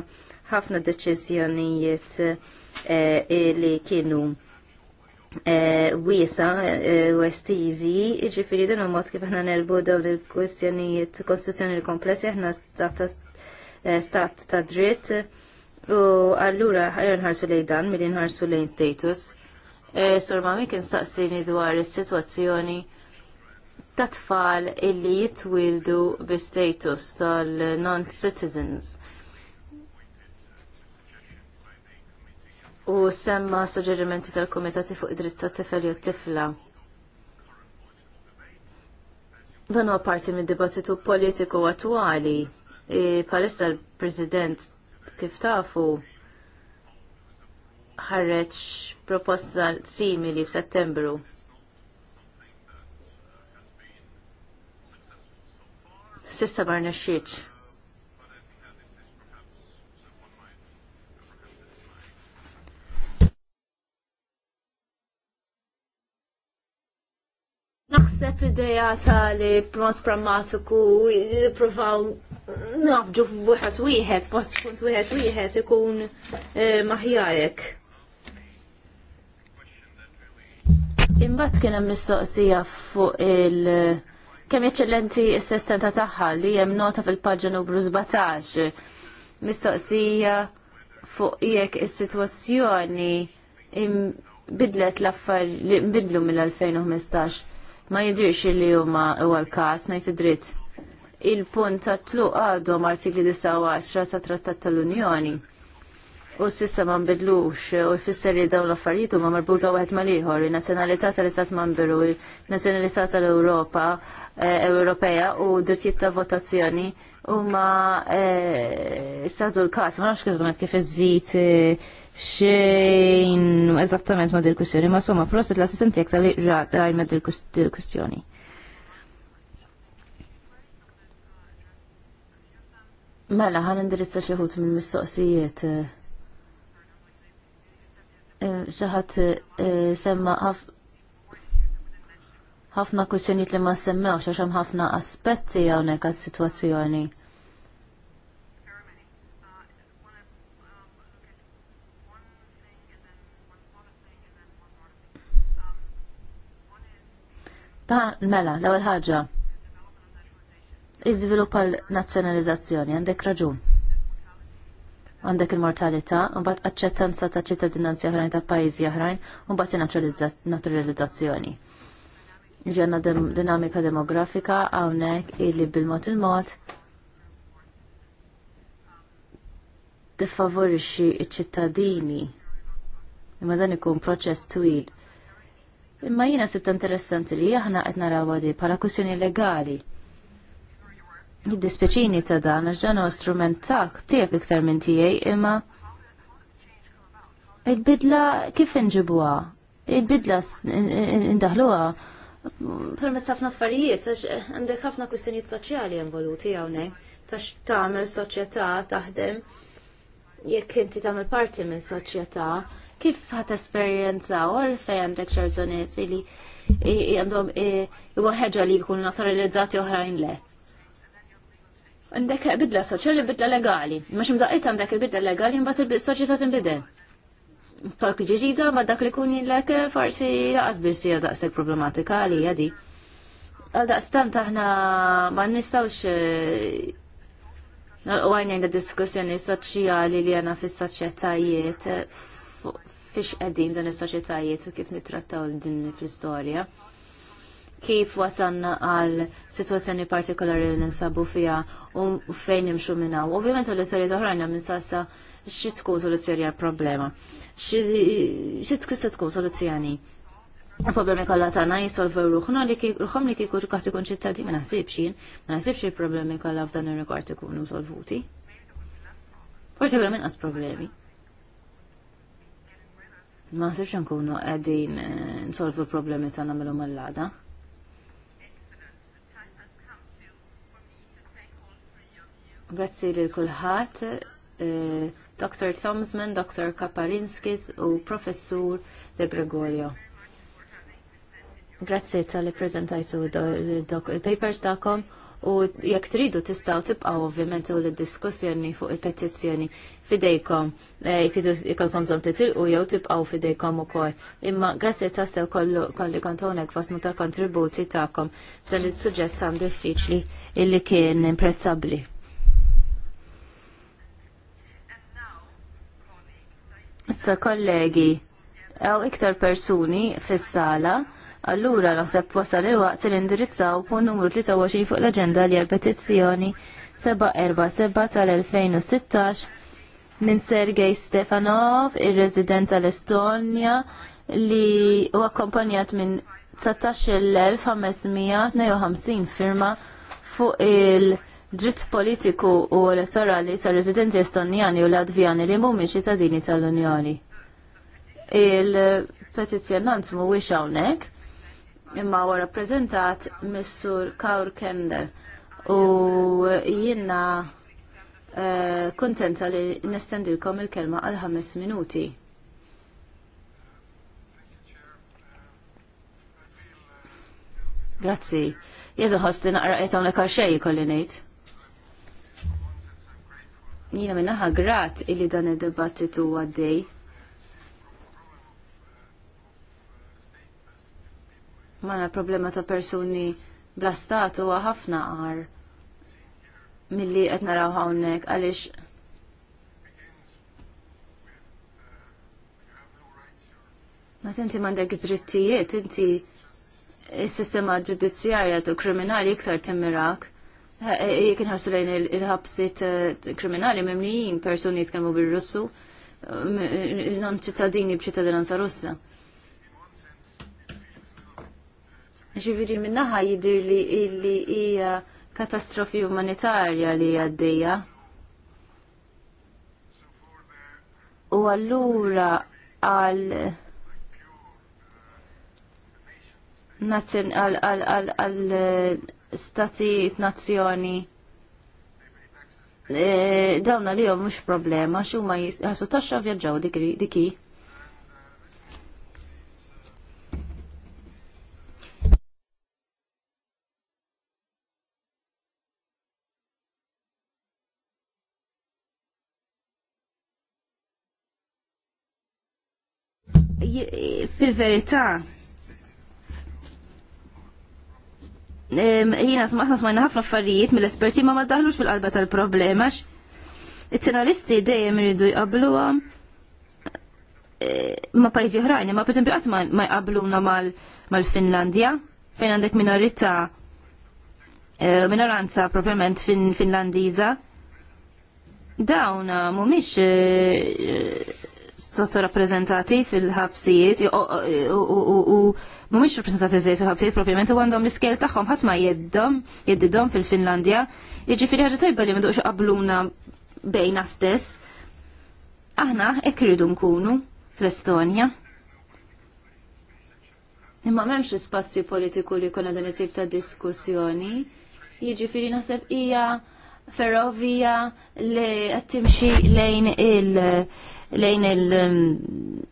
ħafna deċiżjonijiet eh, li kienu eh, wisa eh, u estizi, ġifiri dan u mod kif ħna nelbu dawn il-kwestjonijiet konstituzzjonali komplessi ħna stat ta' dritt U allura nħarsu lejn dan milli nħarsu lejn status. E, Sur ma kien staqsini dwar is-sitwazzjoni ta' tfal illi jitwildu bi status tal-non-citizens. U semma suġġerimenti tal-Komitati fuq id-dritt tat-tifel jew tifla. Dan huwa parti mid-dibattitu politiku attwali. E, Palissa l-President kif tafu ħareġ proposta simili f'Settembru. Sissa barna xieċ. Naħseb l-ideja ta' li b'mod prammatiku provaw nafġu f'wieħed wieħed, fost punt wieħed wieħed ikun eh, maħjarek. Imbagħad kien hemm mistoqsija fuq il- kemm eċċellenti s sistenta tagħha li hemm nota fil-paġna numru 17. Mistoqsija fuq jekk is-sitwazzjoni bidlet l-affar li bidlu mill-2015 ma jidirx li huma huwa l-każ ngħid id-dritt. Il-punt ta' tluq għadhom artikli 19 ta' Trattat tal-Unjoni. U s-sissa ma nbidlux u jfisser li dawn l-affarijiet huma marbuta wieħed mal-ieħor, in-nazzjonalità tal-Istat Membru, in-nazzjonalità tal-Ewropa eh, Ewropea u drittijiet ta' votazzjoni huma eh, statu l-każ, ma nafx kif iżżid eh, xejn eżattament ma' dil-kustjoni, ma' somma proset l-assistent jek tal-li raj ma' dil-kustjoni. Mela, ħan indirizza xeħut minn mistoqsijiet. Eh, Xaħat eh, semma ħafna kustjoni li ma' semmewx, għax hemm ħafna aspetti hawnhekk għas-sitwazzjoni. Mela, l-ewwel ħaġa. Iżviluppa l-nazzjonalizzazzjoni, għandek raġun. Għandek il-mortalità, mbagħad aċċettanza ta' ċittadinanzi oħrajn ta' pajjiżi oħrajn, u mbagħad naturalizzazzjoni. Ġenna dinamika demografika hawnhekk illi bil-mod il-mod tiffavorixxi ċ-ċittadini imma dan ikun proċess twil Imma jina sibta interessanti li aħna qed rawadi għadi bħala kwistjoni legali. Jiddispeċini ta' dan għax strument tak tiegħek iktar minn tiegħi imma id bidla kif inġibuha? id bidla indaħluha permezz ħafna affarijiet għandek ħafna kwistjonijiet soċjali involuti hawnhekk ta' tagħmel soċjetà taħdem jekk inti tagħmel parti minn soċjetà kif ħat esperienza u għalfej għandek ċertu li għandhom huwa ħeġa li jkunu naturalizzati oħrajn le. Għandek bidla soċa li bidla legali. Mhux imdaqqiet għandek bidla legali mbagħad il-soċjetà tinbidel. Tolk ġiġida ma dak li kun jillek eh, farsi laqas biex tija daqsek problematika li jadi. Għal daqstant aħna ma nistawx eh, nal-għajnjen diskussjoni soċjali li għana fis soċjetajiet fiex qegħdin dan is-soċjetajiet u kif nittrattaw din fl-istorja. Kif wasanna għal situazzjoni partikolari li ninsabu fiha u fejn nimxu minn hawn. Ovvjament soluzzjonijiet oħrajn minn sassa xi tkun soluzzjoni għal problema. Xi tkun se tkun soluzzjoni il-problemi kollha tagħna jisolvu ruħna li ruħhom li kieku kaħt ikun ċittadin ma naħsibx jien, ma naħsibx il-problemi kollha f'dan ir-rigward ikunu solvuti. Forsi kemm inqas problemi. Ma nsibx nkunu għedin eh, nsolvu problemi tagħna mill-lum lada għada Grazzi li kulħadd, eh, Dr. Thomsman, Dr. Kaparinskis u Professur De Gregorio. Grazzi tal-li prezentajtu il-papers ta'kom u jekk tridu tistgħu tibqgħu ovvjament u l-diskussjoni fuq il-petizzjoni fidejkom eh, jekk tridu ikolkom titil titilqu jew tibqgħu fidejkom ukoll. Imma grazie tassew kolli kontonek hawnhekk wasmu tal-kontributi tagħkom dan is-suġġett tan diffiċli illi kien imprezzabbli. Sa kollegi, għaw iktar persuni fis-sala Allura naħseb wasal il-waqt li indirizzaw fuq numru 23 fuq l-aġenda li għal-petizzjoni 747 tal-2016 minn Sergej Stefanov, ir-resident tal-Estonja, li u akkompanjat minn 19,552 firma fuq il-dritt politiku u elettorali tal-residenti estonjani u latvjani li mhumiex ċittadini tal-Unjoni. il mu mhuwiex hawnhekk, imma għu rappresentat Mr. Kaur Kende. u jiena eh, kontenta li nestendilkom il-kelma għal ħames minuti. Grazzi. Jedu ħosti naqra qed hawnhekk għal xejn ikolli ngħid. Jiena minnaħa grat illi dan id-dibattitu għaddej Mana problema ta' persuni bla statu ħafna għar milli qed naraw hawnhekk għaliex Ma tinti m'għandek drittijiet, inti s-sistema ġudizzjarja tu kriminali iktar timmirak. Eh, eh, Jek inħarsu lejn il-ħabsit eh, kriminali mimlijin persuni jitkellmu bil-Russu, non ċittadini b'ċittadinanza Russa. Ġiviri minnaħa jidir li illi hija katastrofi umanitarja li għaddejja. U allura għal għal eh, statijiet nazzjoni eh, dawna li jom mux problema xumma jisħasu taxxa vjaġġaw diki. fil-verità jina smaħna smajna ħafna affarijiet mill-esperti ma ma fil-qalba tal-problema it-senalisti dejjem iridu jqabluha e, ma pajjiżi oħrajn, ma pereżempju qatt ma jqabluna mal-Finlandja fejn għandek minorità e, minoranza propjament fin Finlandiża dawn uh, mhumiex e, rappresentati fil-ħabsijiet u mhumiex rappreżentati zejt fil-ħabsijiet propjament u għandhom l-iskel tagħhom ħadd ma jeddhom jeddidhom fil-Finlandja. Jiġifieri ħagġa tajba li m'duqx qabluna bejna stess. Aħna hekk nkunu fl-Estonja. Imma m'hemmx spazju politiku li kuna dan it-tip ta' diskussjoni. Jiġifieri naħseb hija ferrovija li qed timxi lejn il- lejn il um,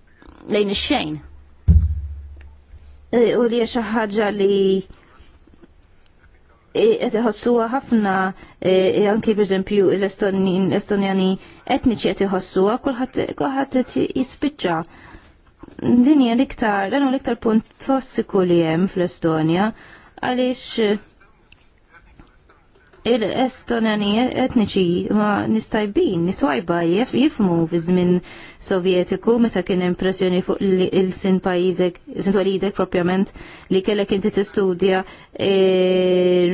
lejn ix-xejn. Eh, u li xi ħaġa li eh, qed iħossuha ħafna eh, anki pereżempju l-Estonjani etniċi qed iħossuha kulħadd kulħadd qed jispiċċa. Din hija l-iktar dan l-iktar punt tossiku li hemm fl-Estonja għaliex il-Estonani etniċi ma nistajbin, nistajba jif jifmu fi żmien sovjetiku meta kien impressjoni fuq il-sin pajizek, sin solidek propjament li kellek inti tistudja e,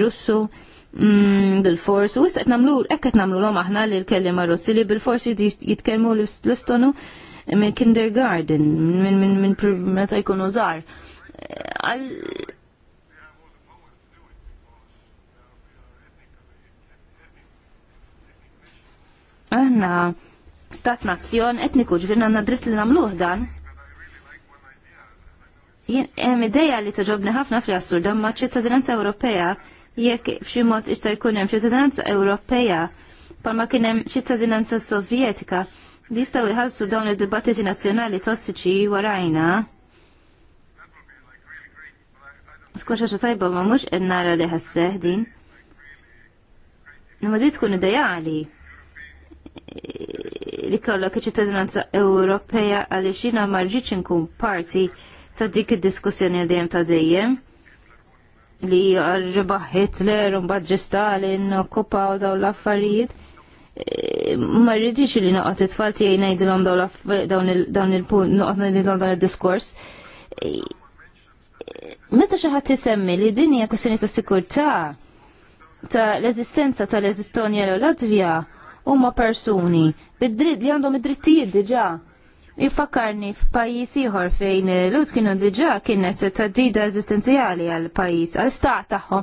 Russu mm, bil-fors u qed nagħmlu hekk qed nagħmluhom aħna li l-kellima Russi li bil-fors jitkellmu l-Estonu minn kindergarten minn meta jkunu żgħar Aħna stat nazzjon etniku ġvirna għandna dritt li nagħmluh dan. Jien hemm ideja li toġobni ħafna fl-assur dan ma' ċittadinanza Ewropea jekk b'xi mod jista' jkun hemm ċittadinanza Ewropea palma kien hemm ċittadinanza Sovjetika li jistgħu jħallsu dawn id-dibattiti nazzjonali tossiċi warajna. Skun xaxa tajba ma mhux qed nara li ħasseħ din. Imma di tkun ideali li kollok ċittadinanza Ewropea għaliex jiena ma rridx inkun parti ta' dik id-diskussjoni għal dejjem ta' dejjem li rbaħ Hitler un bad Stalin okkupaw daw l-affarijiet. Ma rridix li noqgħod it-tfal tiegħi ngħidilhom dawn il-punt noqgħod ngħidilhom dawn id-diskors. Meta xi ħadd isemmi li din hija kwestjoni ta' sikurtà ta' l-eżistenza tal-Eżistonja l Latvja huma persuni bid-dritt li għandhom id-drittijiet diġà. Ifakkarni f'pajjiż ieħor fejn l-ut kienu diġà kienet taddida eżistenzjali għall pajjiż għall stat tagħhom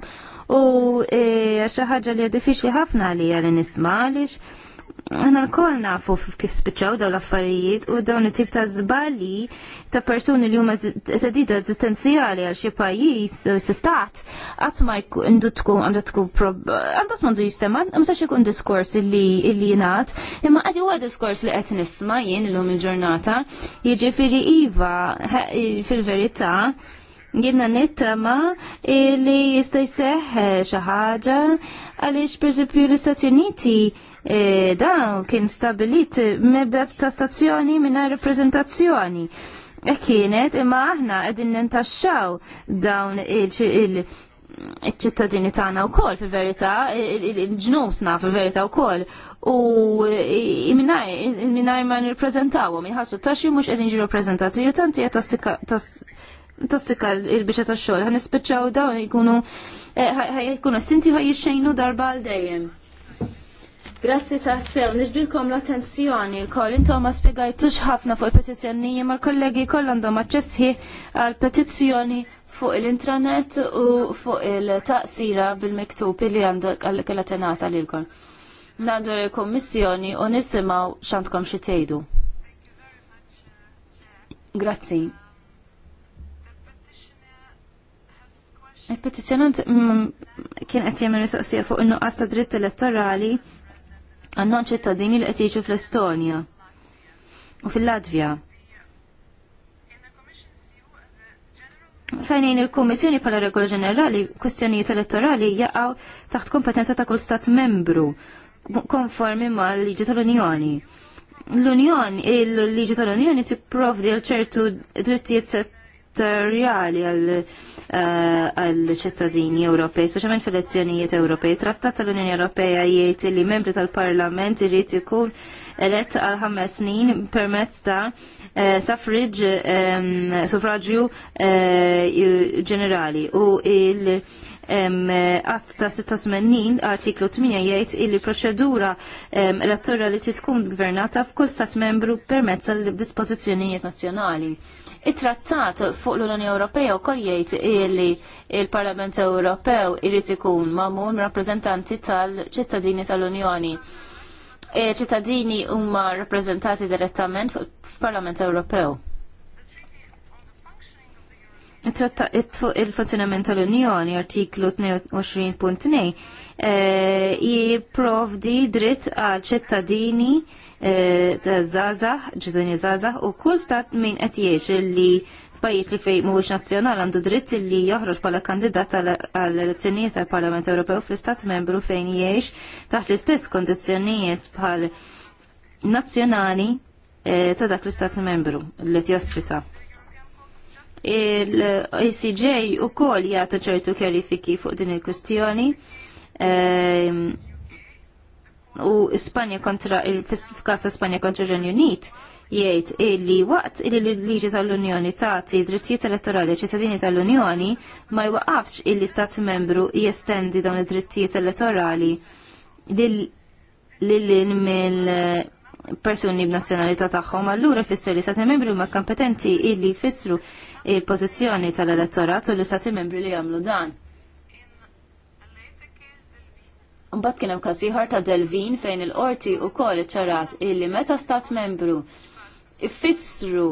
u eh, xi ħaġa li diffiċli ħafna għalija li nisma' għaliex Għana l-koll nafu kif spiċaw daw l-affarijiet u dawn it-tip ta' zbali ta' persuni li huma zedida eżistenzjali għal xi pajjiż u stat qatt ma għandu tkun għandu tkun għandu m'għandu jistema' msax diskors li jingħad, imma qed huwa diskors li qed nisma' jien illum il-ġurnata, jiġifieri iva fil-verità Għidna nittama li jista jseħ xaħġa għalix per l-Istati Uniti E, da kien stabilit mebda ta' stazzjoni minna reprezentazzjoni. E kienet imma aħna qegħdin nintaxxaw dawn il- ċittadini tagħna wkoll fil-verità, il-ġnusna fil-verità wkoll u minnaj ma nirpreżentawhom inħassu taxxi mhux qegħdin ġiru rappreżentati jew tanti qed tossika il-biċċa tax-xogħol ħanispiċċaw dawn jkunu eh, ħajkunu stinti ħaj jixxejnu darba għal dejjem. Grazzi ta' sew, nġbilkom l-attenzjoni, l-koll intom ma ħafna fuq il-petizjoni, ma l-kollegi koll għandhom aċċessi għal-petizjoni fuq il-intranet u fuq il-taqsira bil-miktub li għandek għal l li l-koll. Nandu l-kommissjoni u nisimaw xantkom xitejdu. Grazzi. Il-petizjonant mm, kien qed jagħmel saqsija fuq in-nuqqas ta' dritt elettorali għannon ċittadini li qed jiġu fl-Estonja u fil-Latvja. Fejnejn il-Kummissjoni pala regola ġenerali, kwestjonijiet elettorali jaqgħu taħt kompetenza ta' kull stat membru konformi mal-liġi tal-Unjoni. L-Unjoni, il-liġi tal-Unjoni tipprovdi għal ċertu drittijiet settorjali għal-ċittadini eh, Ewropej, speċjalment fil-elezzjonijiet Ewropej. Trattat tal-Unjoni Ewropea jgħid li membri tal-Parlament irid ikun elett għal ħames snin permezz ta' eh, suffrage suffraġġju eh, ġenerali u il għatt ta' 86 artiklu 8 jgħid illi proċedura elettorali li tkun gvernata f'kull stat membru permezz tal dispożizzjonijiet nazzjonali it-trattat fuq l-Unjoni Ewropea wkoll jgħid li l parlament Ewropew irid ikun magħmul rappreżentanti tal-ċittadini tal-Unjoni. E, ċittadini huma rappreżentati direttament fil-Parlament Ewropew. Il-funzjonament tal-Unjoni, artiklu 22.2, Eh, jiprovdi dritt għal ċittadini eh, ta' zazah, u kull stat min qed jgħix li f'pajjiż li fejn mhuwiex nazzjonal għandu dritt li joħroġ bħala kandidat għall elezzjonijiet għal parlament Ewropew fl-istat membru fejn jgħix taħt l-istess kondizzjonijiet bħal nazzjonali eh, ta' dak l-istat membru li jospita. Il-ICJ e u kol jgħatu ċertu kjerifiki fuq din il-kustjoni Ehm, u Spanja kontra f'każ Spanja kontra Renju Unit jgħid illi waqt illi l-liġi tal-Unjoni tagħti drittijiet elettorali ċittadini tal-Unjoni ma jwaqafx illi stat membru jestendi dawn id-drittijiet elettorali lil mill persuni b'nazzjonalità tagħhom allura jfisser li stati membri huma kompetenti illi jfissru il-pożizzjoni tal-elettorat u l-istati membri li jagħmlu dan. Mbagħad kien hemm każ ieħor ta' Delvin fejn il-qorti wkoll iċċarat illi meta stat membru ifissru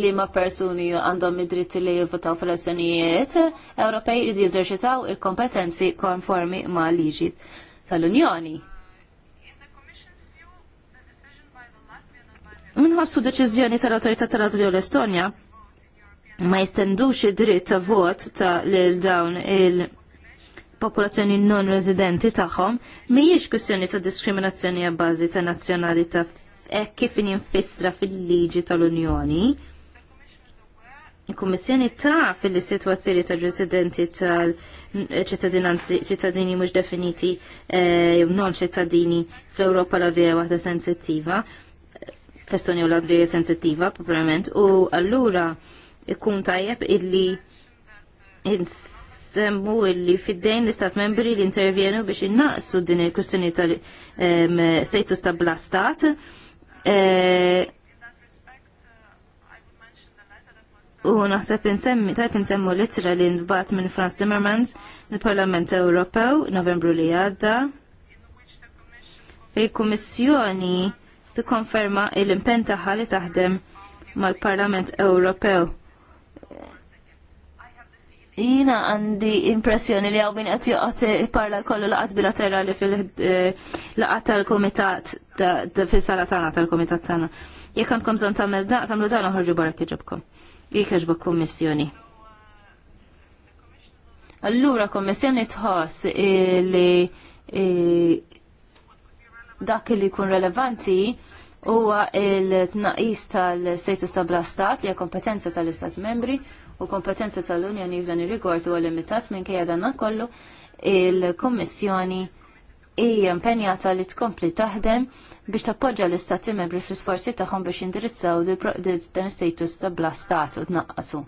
li ma persuni għandhom id-dritt li jivvotaw fil-elezzjonijiet Ewropej jridu jeżerċitaw il-kompetenzi konformi ma' liġi tal-Unjoni. Minħossu deċiżjoni tal-Autorità tal-Adulju l-Estonja ma jistendux id-dritt ta' vot ta' lil dawn il- popolazzjoni non residenti tagħhom mhijiex kwistjoni ta' diskriminazzjoni għal bażi ta' nazzjonalità hekk kif jinfisra fil-liġi tal-Unjoni. Il-Kummissjoni ta' fil-sitwazzjoni ta' residenti tal-ċittadini eh, mhux definiti eh, jew non ċittadini fl-Ewropa la vija waħda sensittiva, festoni u la vija sensittiva, probablement, u allura ikun tajjeb illi semmu illi fid-dejn l-istat membri li intervjenu biex innaqsu din il-kustjoni tal sejtu ta' blastat. E, u naħseb insemmi, tajb insemmu litra li nbat minn Franz Timmermans il-Parlament Ewropew novembru li għadda. Il-Kummissjoni tikkonferma l il tagħha li taħdem mal-Parlament Ewropew jina għandi impressjoni li għaw min għat juqat parla kollu laqat bilaterali fil-laqat eh, tal-komitat fil-sala tana tal-komitat tana. Jek għandkom zon tamel da, tamlu dan uħarġu barra kħiġabkom. Jek għaxba kommissjoni. Allura kommissjoni tħoss eh, li eh, dak li kun relevanti huwa il-tnaqis tal-status ta' blastat stat li kompetenza tal-istat membri u kompetenza tal-Unjoni f'dan ir-rigord huwa limitat minkejja dan kollu il-Kummissjoni hija impenjata li tkompli taħdem biex tappoġġa l-istati membri fl-isforzi tagħhom biex indirizzaw dan status ta' bla stat u tnaqqasu.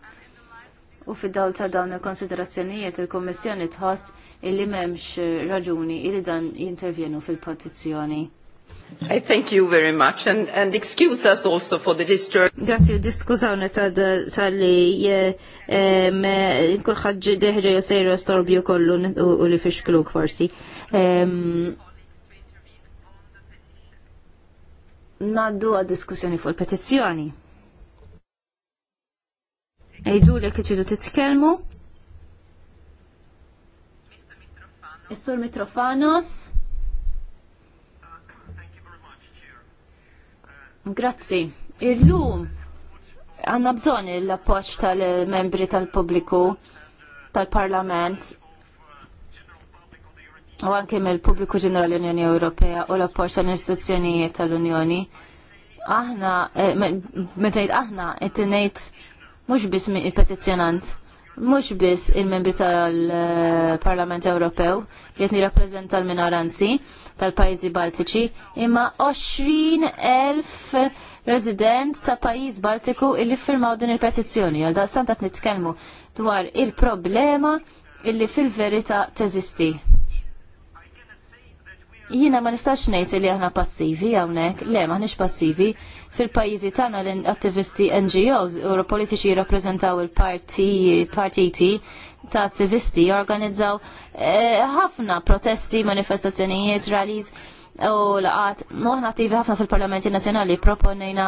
U fid-dawl ta' dawn il-konsiderazzjonijiet il-Kummissjoni tħoss illi m'hemmx raġuni li dan jintervjenu fil-petizzjoni. I thank you very much and, and excuse us also for the disturb. Grazie, diskużawna tal-li kulħadd ġideħġa josejru storbju kollu u li fixkluk forsi. Naddu għad diskussjoni fuq il-petizzjoni. Ejdu li kħiċidu titkelmu. Is-sur Mitrofanos. Grazzi. Illum għanna bżon l-appoċ tal-membri tal-pubbliku tal-parlament u anke mill-pubbliku ġenerali Unjoni Ewropea u l-appoċ tal-istituzzjonijiet tal-Unjoni. Aħna, eh, meta aħna, qed ngħid mhux biss il-petizzjonant mhux biss il-membri tal-Parlament Ewropew li qed nirrappreżenta l-minoranzi tal-pajjiżi Baltiċi, imma 20,000 resident ta' pajjiż Baltiku illi firmaw din il-petizzjoni għal daqstant qed nitkellmu dwar il-problema illi fil-verità teżisti. Jiena ma nistax ngħid li aħna passivi hawnhekk, le maħniex passivi, Fil-pajjiżi tagħna l-attivisti NGOs u politiċi jirrappreżentaw il-partiti ta' attivisti jorganizzaw eh, ħafna protesti, manifestazzjonijiet, rallies u laqat, moħna attivi ħafna fil-Parlamenti Nazjonali proponejna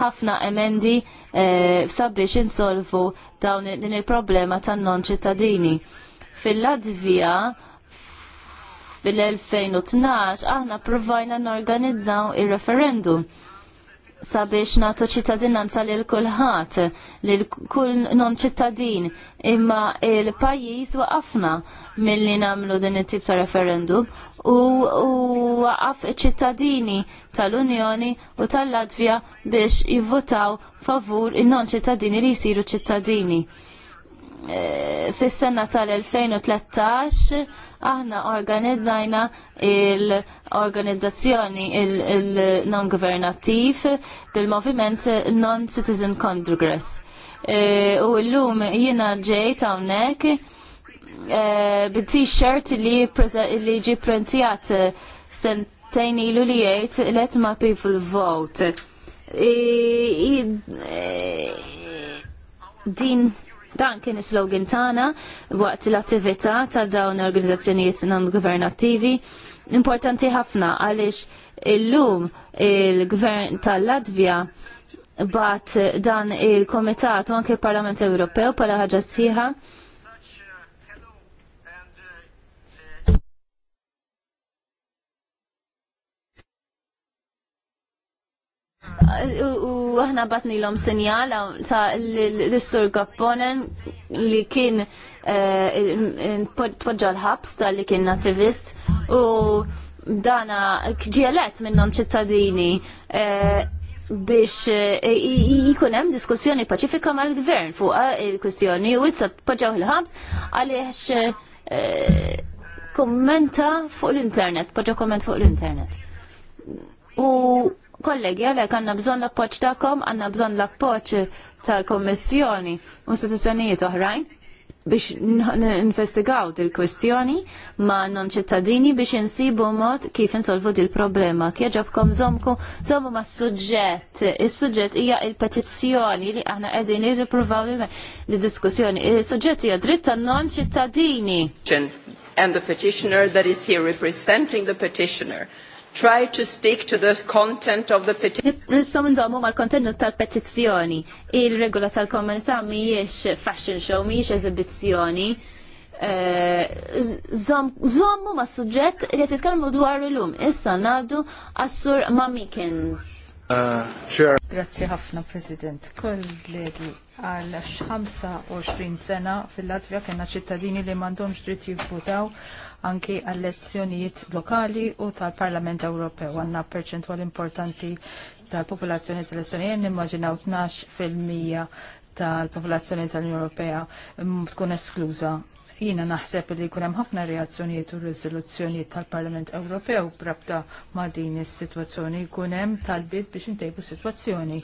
ħafna emendi eh, sabiex insolvu dawn din il-problema tan non ċittadini. Fil-Latvija, fil-2012, aħna provajna n-organizzaw il-referendum sabiex nagħtu ċittadinanza lil kulħadd, lil kull non ċittadin, imma il-pajjiż waqafna milli nagħmlu din it-tip ta' referendum u, waqaf ċittadini tal-Unjoni u tal-Latvja biex jivvotaw favur in-non ċittadini li jsiru ċittadini. Eh, fis-sena tal-2013 aħna organizzajna il-organizzazzjoni il-non governattiv bil-moviment Non-Citizen Congress. E, u l-lum jina ġejt għawnek e, bil-t-shirt li ġi prentijat sentejn ilu li jgħid let ma people vote. E, din Dan kien is-slogan tagħna waqt l-attività ta' dawn l organizzazzjonijiet non-governattivi. Importanti ħafna għaliex illum il-gvern tal-Latvja bat dan il-Komitat u anke il-Parlament Ewropew pala ħaġa sħiħa u aħna batni l-om sinjal ta' l-sur Gapponen li kien eh, podġa l-ħabs ta' li kien nativist u dana kġielet minnom ċittadini eh, biex eh, jikun hemm diskussjoni paċifika mal-gvern fuq il-kwistjoni u issa tpoġġaw il-ħabs għaliex kommenta fuq l-internet, poġġa komment fuq l-internet. U Kollegi, għalek għanna bżon l-appoċ ta'kom, għanna bżon l-appoċ tal-kommissjoni u istituzzjonijiet oħrajn biex n-investigaw dil-kwestjoni ma' non-ċittadini biex insibu mod kif insolvu dil-problema. Kieġabkom zomku, zomu ma' s suġġett. Il-suġġett ija il-petizzjoni li għana għedin qegħdin provaw li diskussjoni. Il-suġġett ija dritta non-ċittadini. And the petitioner that is here representing the petitioner try to stick to the content of the petition. Nistgħu nżommu mal kontenu tal-petizzjoni. Il-regola tal-komunità mhijiex fashion show, mhijiex eżibizzjoni. Eh, zommu ma' suġġett li qed jitkellmu dwar illum. Issa ngħadu għas-sur Mamikins. Uh, Grazzi ħafna, President. Kollegi, għal 25 sena fil-Latvja kena ċittadini li m'għandhomx dritt jivvutaw anki għall-elezzjonijiet lokali u tal-Parlament Ewropew. Għanna perċentwal importanti tal-popolazzjoni tal-Estonija nimmaġinaw 12% tal-popolazzjoni tal-Unjoni Ewropea mm, tkun eskluża jina naħseb li jkun hemm ħafna reazzjonijiet u riżoluzzjonijiet tal-Parlament Ewropew brabta ma' din is-sitwazzjoni jkun hemm talbiet biex intejbu sitwazzjoni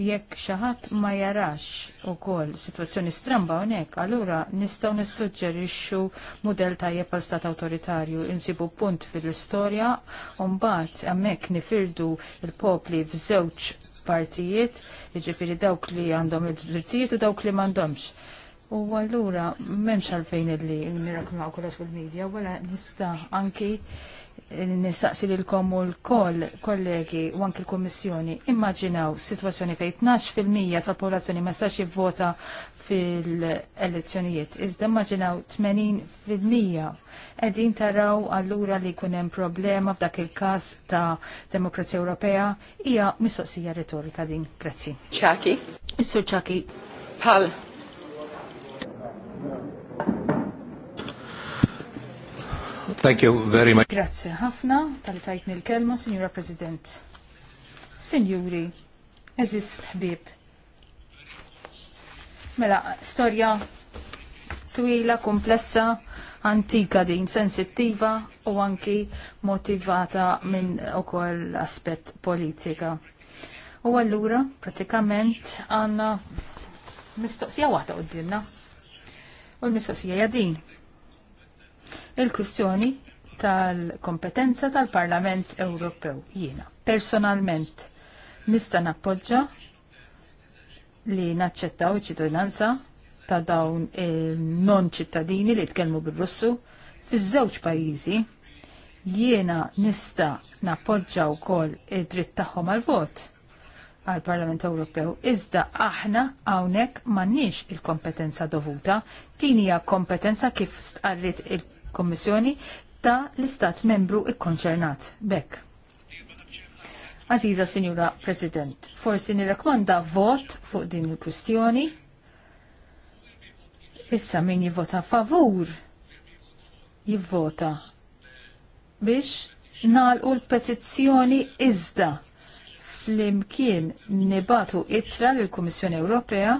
jekk xaħat ma jarax u kol situazzjoni stramba unek, allura nistaw nissuġġerixxu model tajjeb għal stat autoritarju, insibu punt fil-istorja, unbat għamek nifirdu il-popli f'żewġ partijiet, ġifiri dawk li għandhom il-drittijiet u dawk li mandomx. U għallura memx għalfejn li nirakumaw kolas fil-medja, għala nista anki nisaqsi lilkom u l-koll kollegi u anki l-Kommissjoni. Immaġinaw situazzjoni fejn 12% tal-popolazzjoni ma stax jivvota fil-elezzjonijiet. Iżda immaġinaw 80% qegħdin taraw allura li jkun hemm problema f'dak il-każ ta' Demokrazija Ewropea hija mistoqsija retorika din. Grazzi. Ċaki. Issu Ċaki. Pal. Thank you very much. Grazie ħafna tal-tajtni l-kelma, Signora President. Signori, eżis ħbib. Mela, storja twila, komplessa, antika din, sensittiva u anki motivata minn ukoll aspett politika. U allura, pratikament, għanna mistoqsija waħda d-dinna. U l-mistoqsija jadin. din il-kwistjoni tal-kompetenza tal-Parlament Ewropew. Jiena personalment nista' nappoġġa li naċċettaw iċ-ċittadinanza ta' dawn non ċittadini li tkellmu bil-Russu fiż-żewġ pajjiżi jiena nista' nappoġġa wkoll id-dritt tagħhom għal vot għal Parlament Ewropew. Iżda aħna hawnhekk m'għandniex il-kompetenza dovuta, din hija kompetenza kif stqarrit il Kommissjoni ta' l-Istat membru ikkonċernat. Bekk. Aziza Sinjura President, forsi nirrekmanda vot fuq din il-kwistjoni. Issa min jivvota favur jivvota biex nalqu l-petizzjoni iżda fl-imkien nibatu itra l-Kummissjoni Ewropea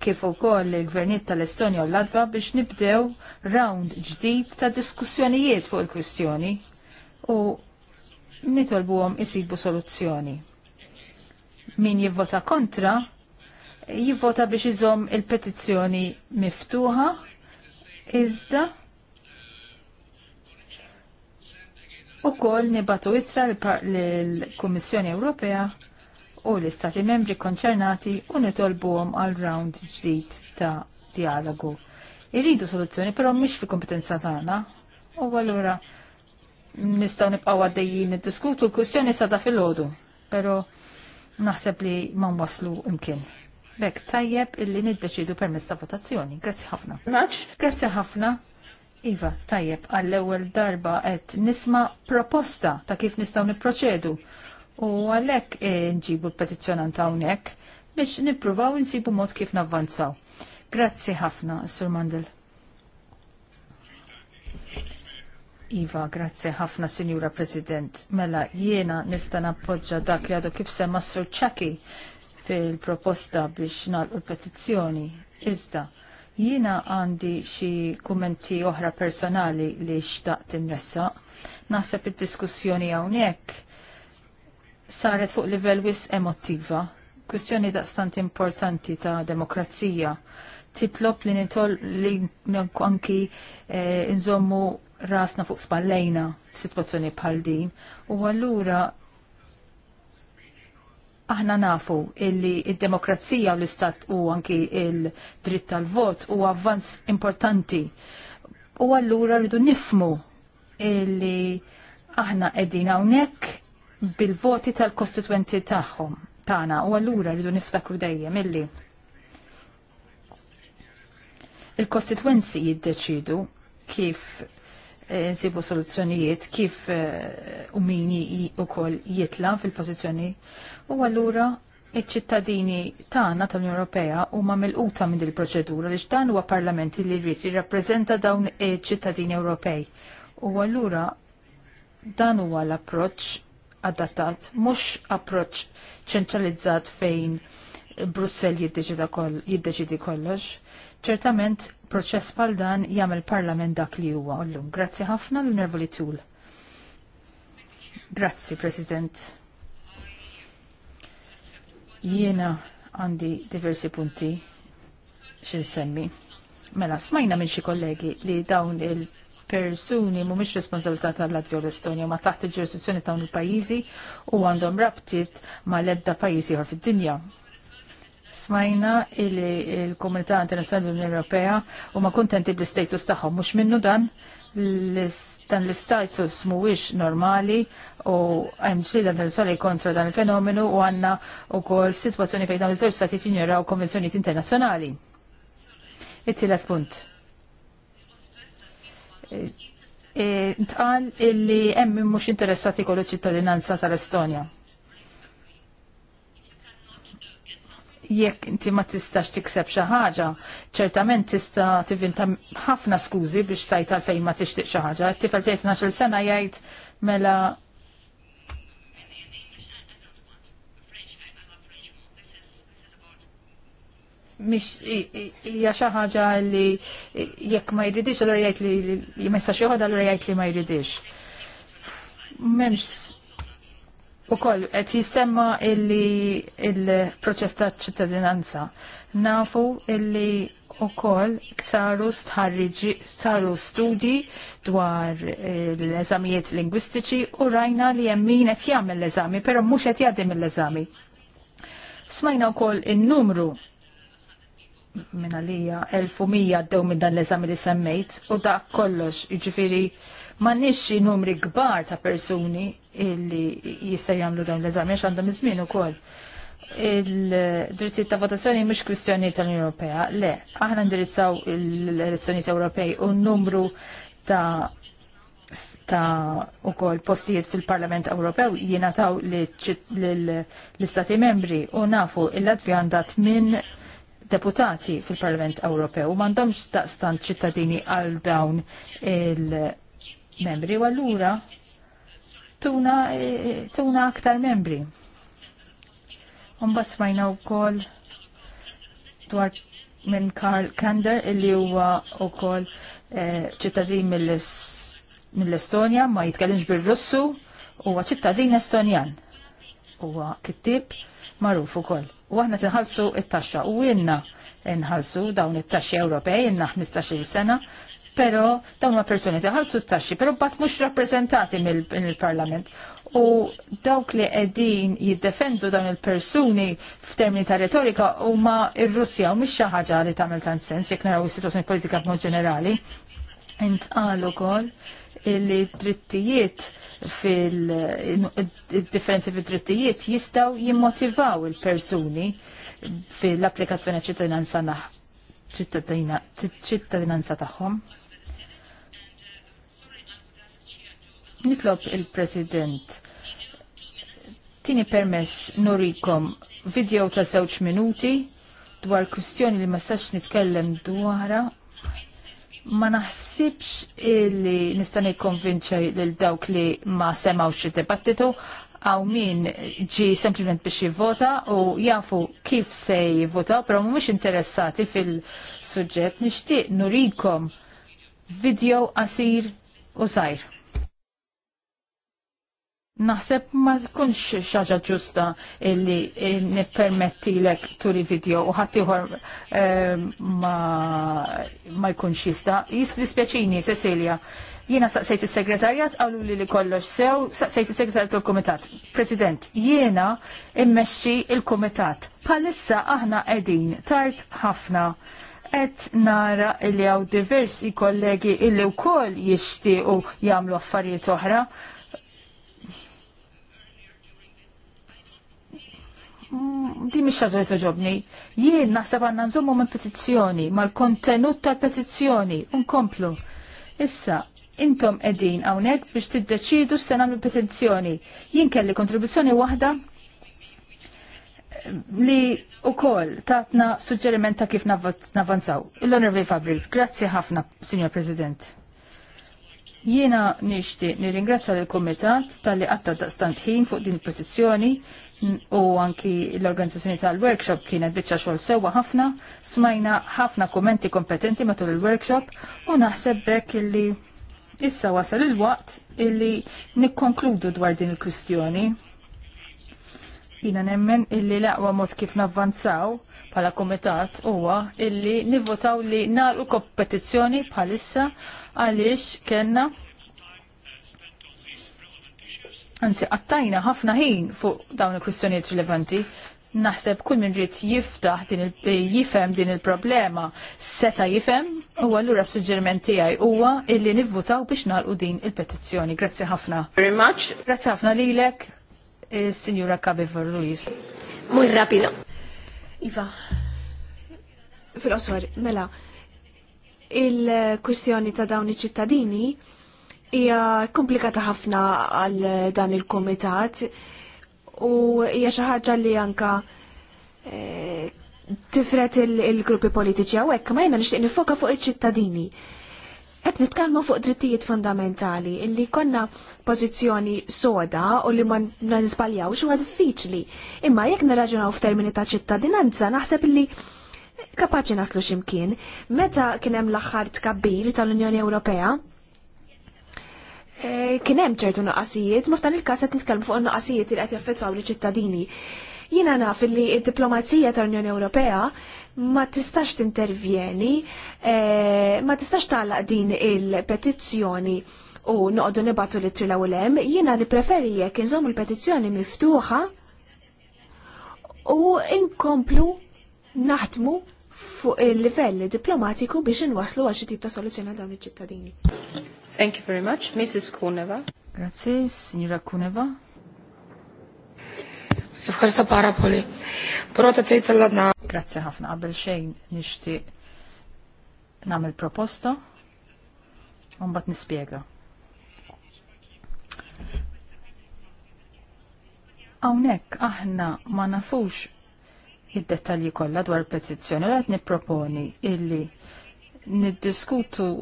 kif ukoll il-gvernijiet tal-Estonja u l-Latva biex nibdew round ġdid ta' diskussjonijiet fuq il-kwistjoni u nitolbuhom isibu soluzzjoni. Min jivvota kontra jivvota biex iżom il-petizzjoni miftuħa iżda u kol nibatu itra l-Kommissjoni Ewropea u l-istati membri konċernati u nitolbuhom għal round ġdid ta' dialogu. Irridu soluzzjoni, però mhix fi kompetenza tagħna. U allura nistgħu nibqgħu għaddejjin niddiskutu l-kwistjoni sada fil-ħodu, però naħseb li ma waslu imkien. Bek tajjeb illi niddeċidu permezz ta' votazzjoni. Grazzi ħafna. Grazzi ħafna. Iva, tajjeb, għall-ewwel darba qed nisma' proposta ta' kif nistgħu nipproċedu U għalhekk eh, nġibu l-petizzjonant hawnhekk biex nippruvaw insibu mod kif navvanzaw. Grazzi ħafna, Sur Mandel. Iva, grazzi ħafna, Sinjura President. Mela, jiena nista' nappoġġa dak li għadu kif semma Sur Chucky fil-proposta biex nagħlqu l-petizzjoni. Iżda, jiena għandi xi kummenti oħra personali li xtaqt inressaq. Naħseb id-diskussjoni hawnhekk saret fuq livell wis emotiva. Kwestjoni daqstant importanti ta' demokrazija. Titlob li nitol li anki eh, nżommu rasna fuq spallejna situazzjoni bħal din. U allura aħna nafu illi id-demokrazija u l-istat u anki il-dritt tal-vot u avvanz importanti. U allura rridu nifmu illi aħna qegħdin hawnhekk bil-voti tal-kostituenti tagħhom tagħna u allura rridu niftakru dejjem illi il-kostituenzi jiddeċidu kif eh, nsibu soluzzjonijiet kif eh, u min ukoll jitla fil-pożizzjoni u allura iċ-ċittadini tagħna tal-Unjoni Ewropea huma milquta minn il proċedura li dan huwa parlament li jrid jirrappreżenta dawn iċ-ċittadini Ewropej. U allura dan huwa l-approċċ adattat, mhux approċċ ċentralizzat fejn Brussell jiddeċidi kollox. Ċertament, proċess pal dan jagħmel parlament dak li huwa llum. Grazzi ħafna l li Tul. Grazzi, President. Jiena għandi diversi punti xil semmi. Mela, smajna minn xi kollegi li dawn il- persuni mhumiex responsabilità tal-Latvja u l-Estonja ma taħt il-ġurisdizzjoni ta' il-pajjiżi u għandhom rabtiet ma' l-ebda pajjiżi ħar fid-dinja. Smajna li l komunità Internazzjonali l-Unjoni Ewropea u ma kontenti bl-istatus tagħhom mhux minnu dan dan l-istatus mhuwiex normali u hemm ġlieda internazzjonali kontra dan il-fenomenu u għandna wkoll sitwazzjoni fejn dawn iż-żewġ stati jinjoraw konvenzjonijiet internazzjonali. It-tielet punt Tqal illi hemm mhux interessati kollu ċittadinanza tal-Estonja. Jekk inti ma tistax tikseb xi ħaġa, ċertament tista' tivinta ħafna skużi biex tajt għalfejn ma tixtieq xi ħaġa. Tifel tgħid sena jgħid mela mish hija xi ħaġa li jekk ma jridix allura jgħid li jmessa xi ħadd allura jgħid li ma jridix. M'hemmx ukoll qed jisemma illi il-proċess ta' ċittadinanza. Nafu illi ukoll saru saru studji dwar l-eżamijiet lingwistiċi u rajna li hemm min qed jagħmel l-eżami, però mhux qed jgħaddim l-eżami. Smajna wkoll in-numru minn għalija 1100 għaddew minn dan l-eżami li semmejt u da kollox, jiġifieri ma nixi numri kbar ta' persuni illi jista' jagħmlu dawn l-eżami għax għandhom iż-żmien ukoll. Il-drittijiet ta' votazzjoni mhux kwistjoni tal-Unjoni Ewropea, le, aħna ndirizzaw l-elezzjonijiet Ewropej u n-numru ta' ta' u kol postijiet fil-Parlament Ewropew jingħataw l istati membri u nafu il-Latvija għandat minn deputati fil-Parlament Ewropew m'għandhomx daqstant ċittadini għal dawn il-membri u allura tuna, tuna aktar membri. Umbat smajna wkoll dwar minn Karl Kander illi huwa wkoll eh, ċittadin mill-Estonja ma jitkellimx bil-Russu huwa ċittadin Estonjan. Huwa kittib magħruf ukoll u aħna tinħalsu il taxxa u jenna nħalsu dawn it-taxxi Ewropej jenna 15 sena pero dawn ma persuni taħalsu t-taxxi, pero bat mux rappresentati mill-parlament. U dawk li qegħdin jiddefendu dawn il-persuni f'termini ta' retorika huma il russja u mhix xi ħaġa li tagħmel tant sens jekk naraw is-sitwazzjoni politika b'mod ġenerali. Intqalu kol, li drittijiet fil-differenzi fil-drittijiet jistaw jimmotivaw il-persuni fil-applikazzjoni ċittadinanza ċittadinanza tagħhom. Nitlob il-President tini permess norikom video ta' żewġ minuti dwar kwistjoni li ma sax nitkellem dwarha ma naħsibx li nista' nikkonvinċa lil dawk li ma semawx id debattitu għaw min ġi sempliment biex jivvota u jafu kif se jivvota, pero mhumiex interessati fil-suġġett nixtieq nurikom video qasir u sajr. Naħseb ma tkunx xaġa ġusta illi nippermetti lek turi video u ħattijħor eh, ma, ma jkunx jista. Jisli dispjaċini, Cecilia. Jiena saqsejt il-segretarjat għallu li li kollox sew, saqsejt il-segretarjat tal komitat President, jiena immexxi il-komitat. Palissa aħna edin tart ħafna et nara li għaw diversi kollegi illi u koll u jamlu affarijiet oħra. Mm, di mi ħaġa li toġobni. Jien naħseb għandna nżommu minn petizzjoni, mal-kontenut tal-petizzjoni, unkomplu. Issa, intom qegħdin hawnhekk biex tiddeċidu s'ena mill petizzjoni. Jien kelli kontribuzzjoni waħda li u kol tatna suġġeriment ta' kif navanzaw. Il-Honorable Fabriks, grazzi ħafna, Signor President. Jiena nixti nirringrazzja l komitat tal-li għatta daqstant ħin fuq din il-petizzjoni u anki l-organizzazzjoni tal-workshop kienet biċċa xogħol sewwa ħafna, smajna ħafna kommenti kompetenti matul il-workshop u naħseb bekk illi issa wasal il-waqt illi nikkonkludu dwar din il-kwistjoni. Jina nemmen illi laqwa mod kif navvanzaw bħala komitat huwa illi nivvotaw li nal u kompetizzjoni bħalissa għaliex kenna Anzi, għattajna ħafna ħin fuq dawn il-kwistjonijiet rilevanti. Naħseb kull minn ġiet jiftaħ din eh, jifem din il-problema seta jifem u għallura suġġeriment tiegħi huwa illi nivvutaw biex nalqu din il-petizzjoni. Grazzi ħafna. Very much. Grazzi ħafna lilek, eh, Signora Cabever Ruiz. Muy rapido. Iva, fil-qosor, mela, il-kwistjoni ta' dawn ċittadini hija komplikata ħafna għal dan il-komitat u hija xi ħaġa li anka eh, tifret il-gruppi politiċi għawek, ma jiena nixtieq nifoka fuq iċ-ċittadini. Qed nitkalmu fuq drittijiet fundamentali illi konna pożizzjoni soda u li ma nisbaljawx huwa diffiċli. Imma jekk nirraġunaw f'termini ta' ċittadinanza naħseb illi kapaċi naslu ximkien. Meta kien hemm l-aħħar tkabbir tal-Unjoni Ewropea, Eh, kien hemm ċertu naqasijiet, ma f'dan il-każ qed nitkellmu fuq in li qed jaffettwaw liċ-ċittadini. Jiena naf li d-diplomazija tal-Unjoni Ewropea ma tistax tintervjeni, eh, ma tistax tagħlaq din il-petizzjoni u noqogħdu nibatu li trilaw l-hemm, jiena nippreferi jekk inżomm il-petizzjoni miftuħa u inkomplu naħdmu fuq il-livell diplomatiku biex inwaslu għal xi tip ta' soluzzjoni għal dawn iċ-ċittadini. Thank you very much. Mrs. Kuneva. Grazie, signora Kuneva. Fħarsta parapoli. Prota tejt l-ladna. Grazie ħafna. Qabel xejn nishti namel proposta. Umbat nispiega. Awnek, aħna ma nafux id-dettalji kollha dwar petizzjoni, għad nipproponi illi niddiskutu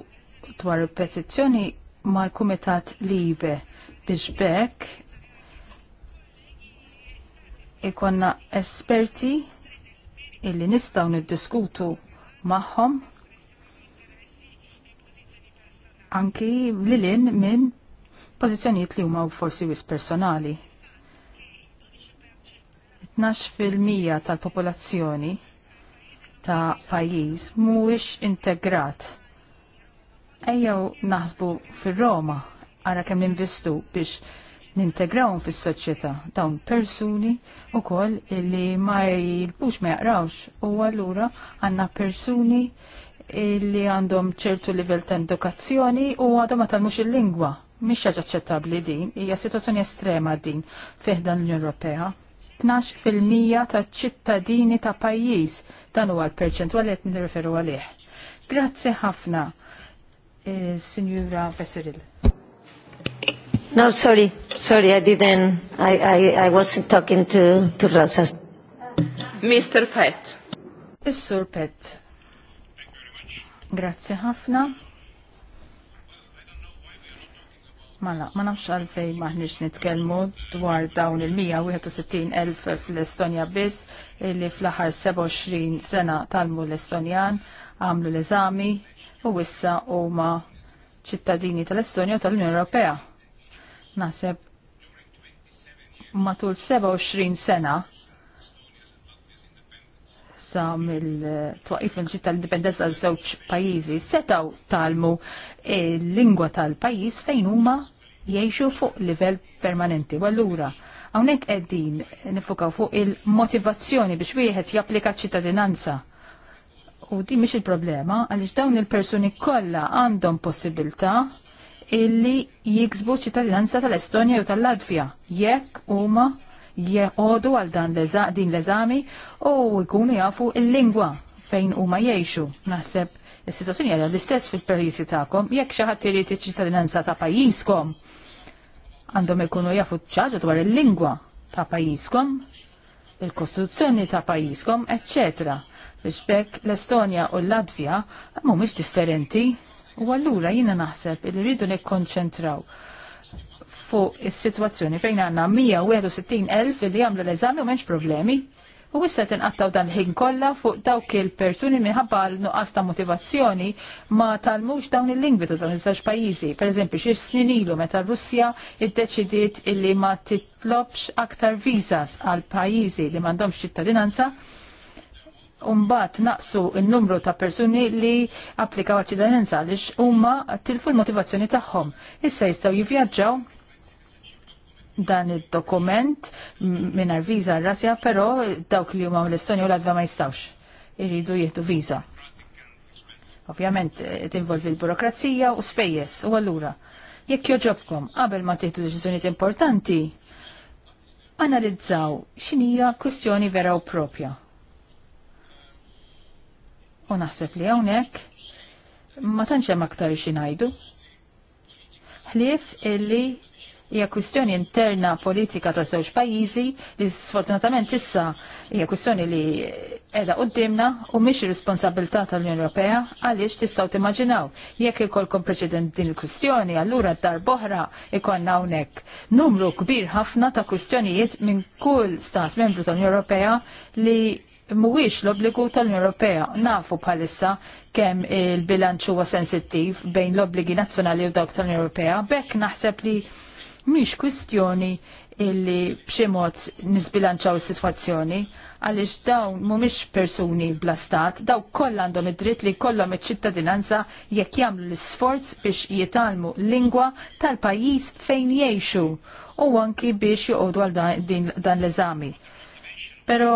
dwar il-petizzjoni mal-Kumitat Libe biex bekk ikonna esperti illi nistaw niddiskutu maħħom anki lilin minn pozizjoniet li huma forsi wis personali. 12% tal-popolazzjoni ta' pajjiż mhuwiex integrat ejjew naħsbu fir-Roma ara kemm ninvestu biex nintegraw fis-soċjetà dawn persuni wkoll illi ma jilbux ma jaqrawx u allura għandna persuni illi għandhom ċertu livell ta' edukazzjoni u għadhom ma talmux il-lingwa. Mhix ħaġa aċċettabbli din, hija sitwazzjoni estrema din fiħdan l-Unjoni Ewropea. 12% ta' ċittadini ta' pajjiż dan huwa l perċentwali qed nirreferu għalih. Grazzi ħafna Eh, Signora Veseril. No, sorry, sorry, I didn't, I, I, I wasn't talking to, to Rosa. Mr. Pett. Is-Sur Pett. Grazie ħafna. Mala, ma nafx għalfej maħnix nitkelmu dwar dawn il-161.000 fl-Estonja biss li fl-aħħar 27 sena talmu l-Estonjan, għamlu l-eżami, u issa huma ċittadini tal-Estonja u tal-Unjoni Ewropea. Naseb matul 27 sena sa mill-twaqif mill ġit tal indipendenza għal żewġ pajjiżi setaw talmu l-lingwa tal-pajjiż fejn huma jgħixu fuq livell permanenti. U allura hawnhekk qegħdin nifukaw fuq il-motivazzjoni biex wieħed japplika ċittadinanza u di mish il-problema għaliex dawn il-persuni kollha għandhom possibilta illi jiksbu ċittadinanza tal-Estonja u tal-Latvja jekk huma jeqodu għal dan din l-eżami u jkunu jafu il-lingwa fejn huma jgħixu. Naħseb is-sitwazzjoni għal l-istess fil-pajjiżi tagħkom, jekk xi ħadd irid iċ-ċittadinanza ta' pajjiżkom għandhom ikunu jafu ċaġa dwar il-lingwa ta' pajjiżkom, il-kostruzzjoni ta' pajjiżkom, eċċetera. Rispek l-Estonja u l-Latvja mhumiex differenti u allura jiena naħseb li rridu nikkonċentraw fuq is-sitwazzjoni fejn għandna 161,000 li jagħmlu l-eżami u m'hemmx problemi. U issa tinqattaw dan ħin kollha fuq dawk il-persuni minħabba nuqqas ta' motivazzjoni ma talmux dawn il-lingwi ta' dawn iż-żewġ pajjiżi. Pereżempju, xi snin ilu meta Russja iddeċidiet illi ma titlobx aktar viżas għal pajjiżi li m'għandhomx ċittadinanza Umbat naqsu il-numru ta' persuni li applikaw ċittadinanza li huma tilfu l-motivazzjoni tagħhom. Issa jistgħu jivvjaġġaw dan id-dokument mingħajr viża rasja, però dawk li huma mill-Estonja u l-Latva ma jistgħux. Iridu jieħdu viża. Ovvjament eh, tinvolvi l-burokrazija u spejjeż u allura. Jekk joġobkom qabel ma tieħdu deċiżjonijiet importanti, analizzaw x'inhija kwistjoni vera u propja U naħseb li hawnhekk ma tantx hemm aktar xi ngħidu. Ħlief illi hija kwistjoni interna politika ta' żewġ pajjiżi li sfortunatament issa hija kwistjoni li qiegħda quddiemna u mhix responsabilità tal-Unjoni Ewropea għaliex tistgħu timmaġinaw jekk ikolkom preċedent din il-kwistjoni allura dar boħra ikonna hawnhekk numru kbir ħafna ta' kwistjonijiet minn kull stat membru tal-Unjoni Ewropea li mhuwiex l-obbligu tal-Unjoni Ewropea. Nafu bħalissa kemm il-bilanċ huwa sensittiv bejn l-obbligi nazzjonali u dawk tal europea Ewropea, bekk naħseb li mhix kwistjoni illi b'xi mod nisbilanċaw is-sitwazzjoni għaliex dawn mhumiex persuni bla stat, daw kollha għandhom id-dritt li kollhom iċ-ċittadinanza jekk jagħmlu l-isforz biex jitalmu lingwa tal-pajjiż fejn jgħixu u anki biex joqogħdu għal dan l-eżami. Pero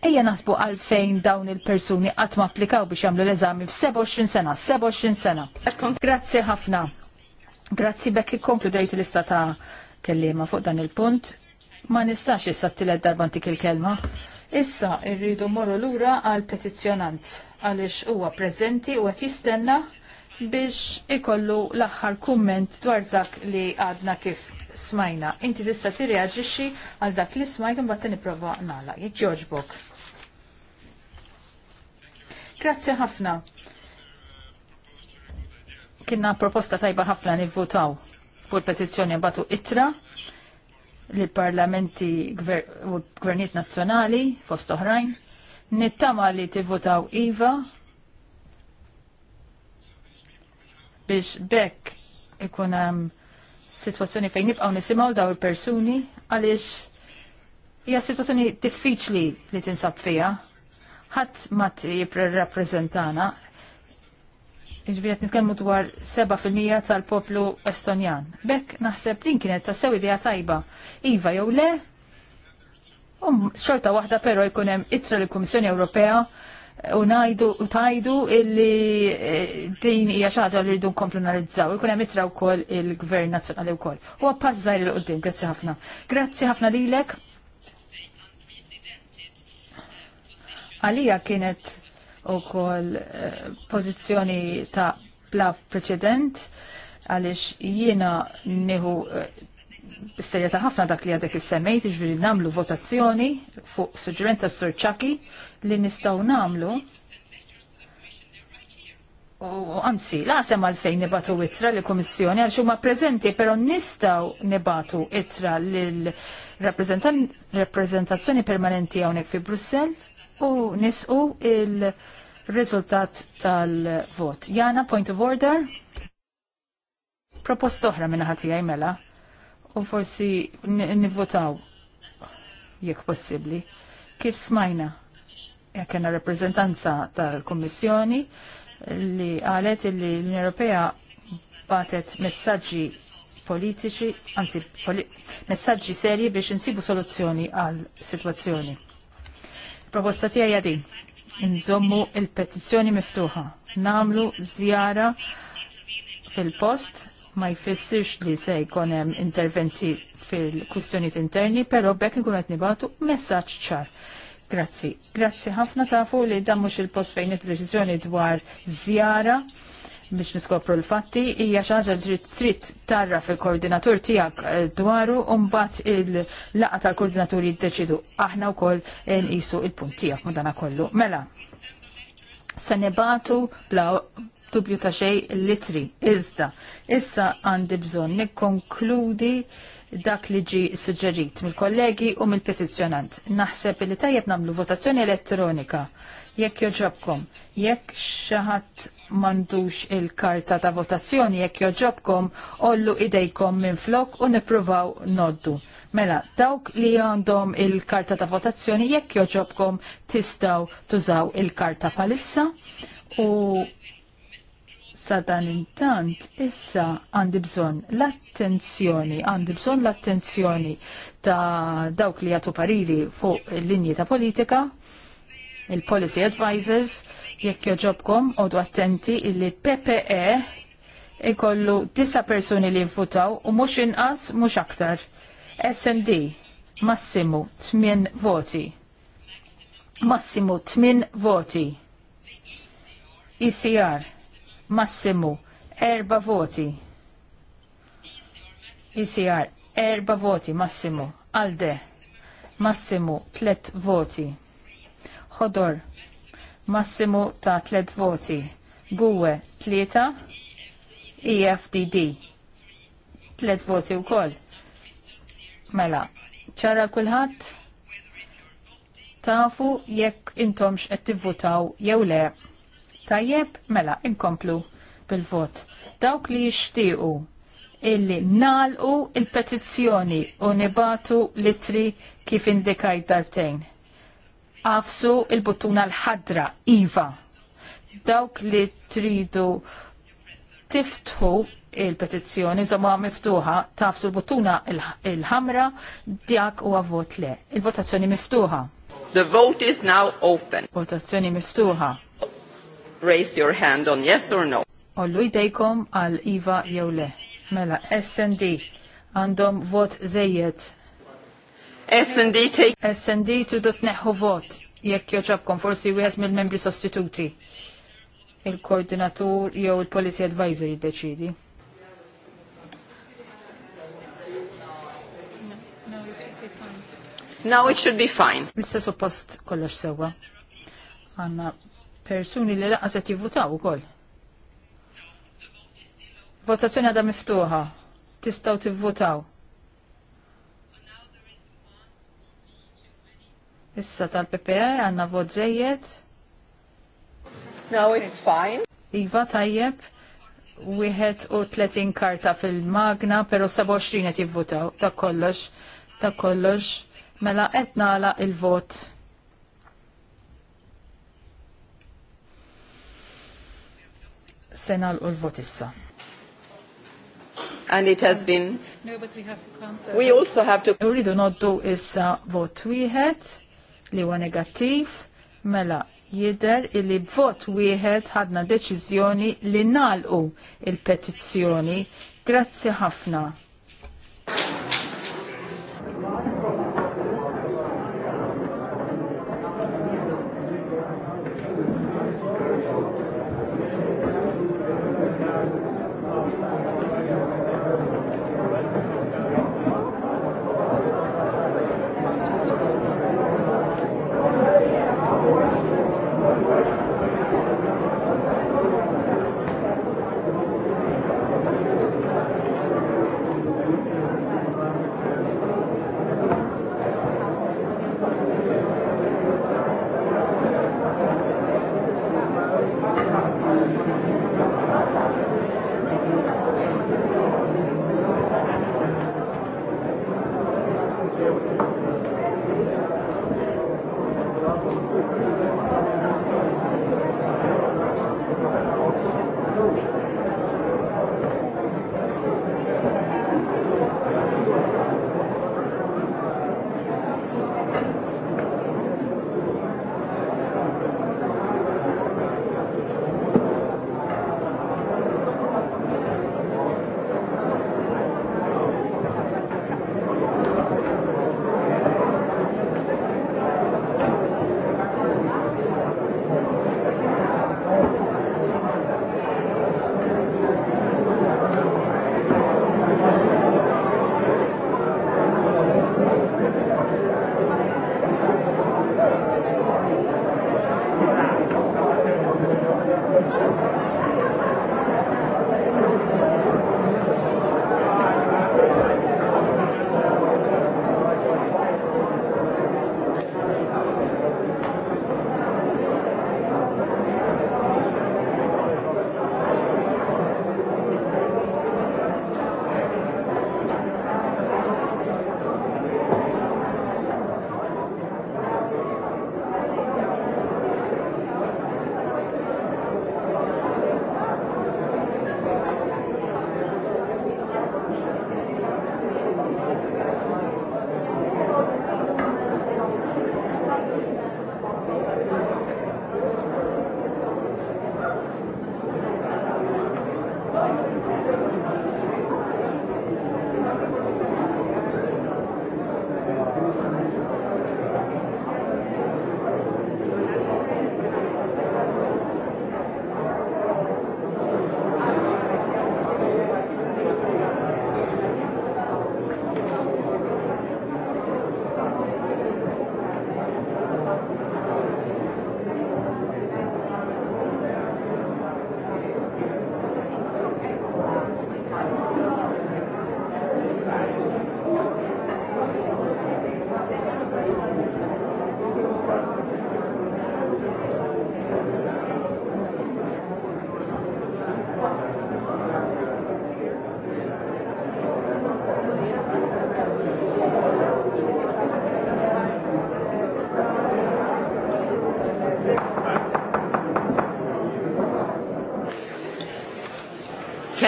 Ejja naħsbu għalfejn dawn il-persuni qatt ma applikaw biex jagħmlu l-eżami f-27 sena, 27 sena. Grazzi ħafna. Grazzi bekk konkludajt dejt lista ta' kellima fuq dan il-punt. Ma nistax issa t-tilet darba il-kelma. Issa irridu morru lura għal petizzjonant għaliex huwa preżenti u qed jistenna biex ikollu l-aħħar kumment dwar dak li għadna kif smajna. Inti tista' tirreaġixxi għal dak li smajna imbagħad se nipprova nagħlaq. Jekk jogħġbok. Grazzi ħafna. Kienna proposta tajba ħafna nivvotaw fuq petizzjoni batu itra li parlamenti u gvernijiet nazzjonali fost oħrajn. Nittama li tivvotaw IVA biex bekk ikun hemm sitwazzjoni fejn nibqgħu nisimgħu daw il-persuni għaliex hija sitwazzjoni diffiċli li tinsab fiha ħadd ma jippreżentana. Iġbiet nitkellmu dwar 7% tal-poplu Estonjan. Bekk naħseb din kienet ta' sew idea tajba. Iva jew le? U xorta waħda però jkun hemm ittra lill-Kummissjoni Ewropea u najdu u tajdu illi e, din hija xi ħaġa li rridu nkomplu analizzaw. Ikun hemm ittra wkoll il-Gvern Nazzjonali wkoll. Huwa pażżajr il qudiem grazzi ħafna. Grazzi ħafna lilek għalija kienet u kol eh, pozizjoni ta' bla preċedent għalix jiena nieħu Bisserja eh, ta' ħafna dak li għadek il semejt ġviri namlu votazzjoni fuq suġġerent ta' Surċaki li nistaw namlu. U anzi, laqsem għalfejn nibatu itra li komissjoni għal xumma prezenti, pero nistaw nibatu itra l-rappresentazzjoni permanenti għonek fi Bruxelles u nisqu il-riżultat tal-vot. Jana, point of order? Propost oħra minna ħatijaj mela u forsi nivvotaw jekk possibli. Kif smajna? Jekk kena reprezentanza tal-Kommissjoni li għalet li l-Unjoni Ewropea batet messaġġi politiċi, anzi messaġġi serji biex insibu soluzzjoni għal situazzjoni. Proposta tiegħi hija din. Inżommu il-petizzjoni miftuħa. Namlu żjara fil-post ma jfissirx li se jkun hemm interventi fil-kwistjonijiet interni, però bekk inkun qed nibatu messaġġ ċar. Grazzi. Grazzi ħafna tafu li dan mhux il-post fejn id-deċiżjoni dwar żjara biex niskopru l-fatti hija xi ħaġa li trid tarra fil-koordinatur tiegħek eh, dwaru u mbagħad il-laqgħa tal-koordinaturi jiddeċidu aħna wkoll eh, nqisu il-punt tiegħek madana kollu. Mela, se nibatu bla dubju ta' xejn litri iżda. Issa għandi bżonn nikkonkludi dak li ġi suġġerit mill-kollegi u mill-petizzjonant. Naħseb li tajjeb namlu votazzjoni elettronika. Jekk joġobkom, jekk xaħat mandux il-karta ta' votazzjoni jekk joġobkom ollu idejkom minn flok u nipruvaw noddu. Mela, dawk li għandhom il-karta ta' votazzjoni jekk joġobkom tistaw tużaw il-karta palissa u sa dan intant issa għandi bżon l-attenzjoni, għandi bżon l-attenzjoni ta' dawk li għatu pariri fuq linji ta' politika, il-policy advisors, Jekk joġobkom, odu attenti illi PPE ikollu disa personi li nfutaw u mux inqas mux aktar. SND, massimu 8 voti. Massimu 8 voti. ECR massimu 4 voti. ECR erba voti massimu. Alde, massimu tlet voti. Hodor massimu ta' tliet voti. Guwe tlieta, EFDD Tlet voti wkoll. E mela, ċara kulħadd tafu jekk intomx qed tivvutaw jew le. Tajjeb, mela, inkomplu bil-vot. Dawk li jixtiequ illi nalqu il-petizzjoni u nibatu litri kif indikajt darbtejn għafsu il-buttuna l-ħadra, IVA. Dawk li tridu tiftħu il-petizzjoni zomma miftuħa tafsu l-buttuna il-ħamra dak u għavot le. Il-votazzjoni miftuħa. The vote is now open. Votazzjoni miftuħa. Raise your hand on yes or no. Ollu idejkom għal IVA jew le. Mela, SND għandhom vot zejjed SND take. SND tridu tneħħu vot jekk joġobkom forsi wieħed mill-membri sostituti. Il-koordinatur jew il-policy advisor jiddeċidi. Now it should be fine. Issa suppost kollox sewwa. Għanna persuni li laqas qed jivvutaw ukoll. Votazzjoni għadha miftuħa. Tistgħu tivvutaw. Issa tal-PPR għanna vot zejjed. No, it's fine. Iva tajjeb. Wieħed u 30 karta fil-magna, pero 27 qed jivvutaw. Ta' kollox, ta' kollox. Mela qed nagħlaq il-vot. Se nagħlqu l-vot issa. And it has been. No, but we have to count. The... We also have to. Uridu noddu issa vot wieħed li huwa negattiv, mela jider illi b'vot wieħed ħadna deċiżjoni li nalqu il-petizzjoni. Grazzi ħafna.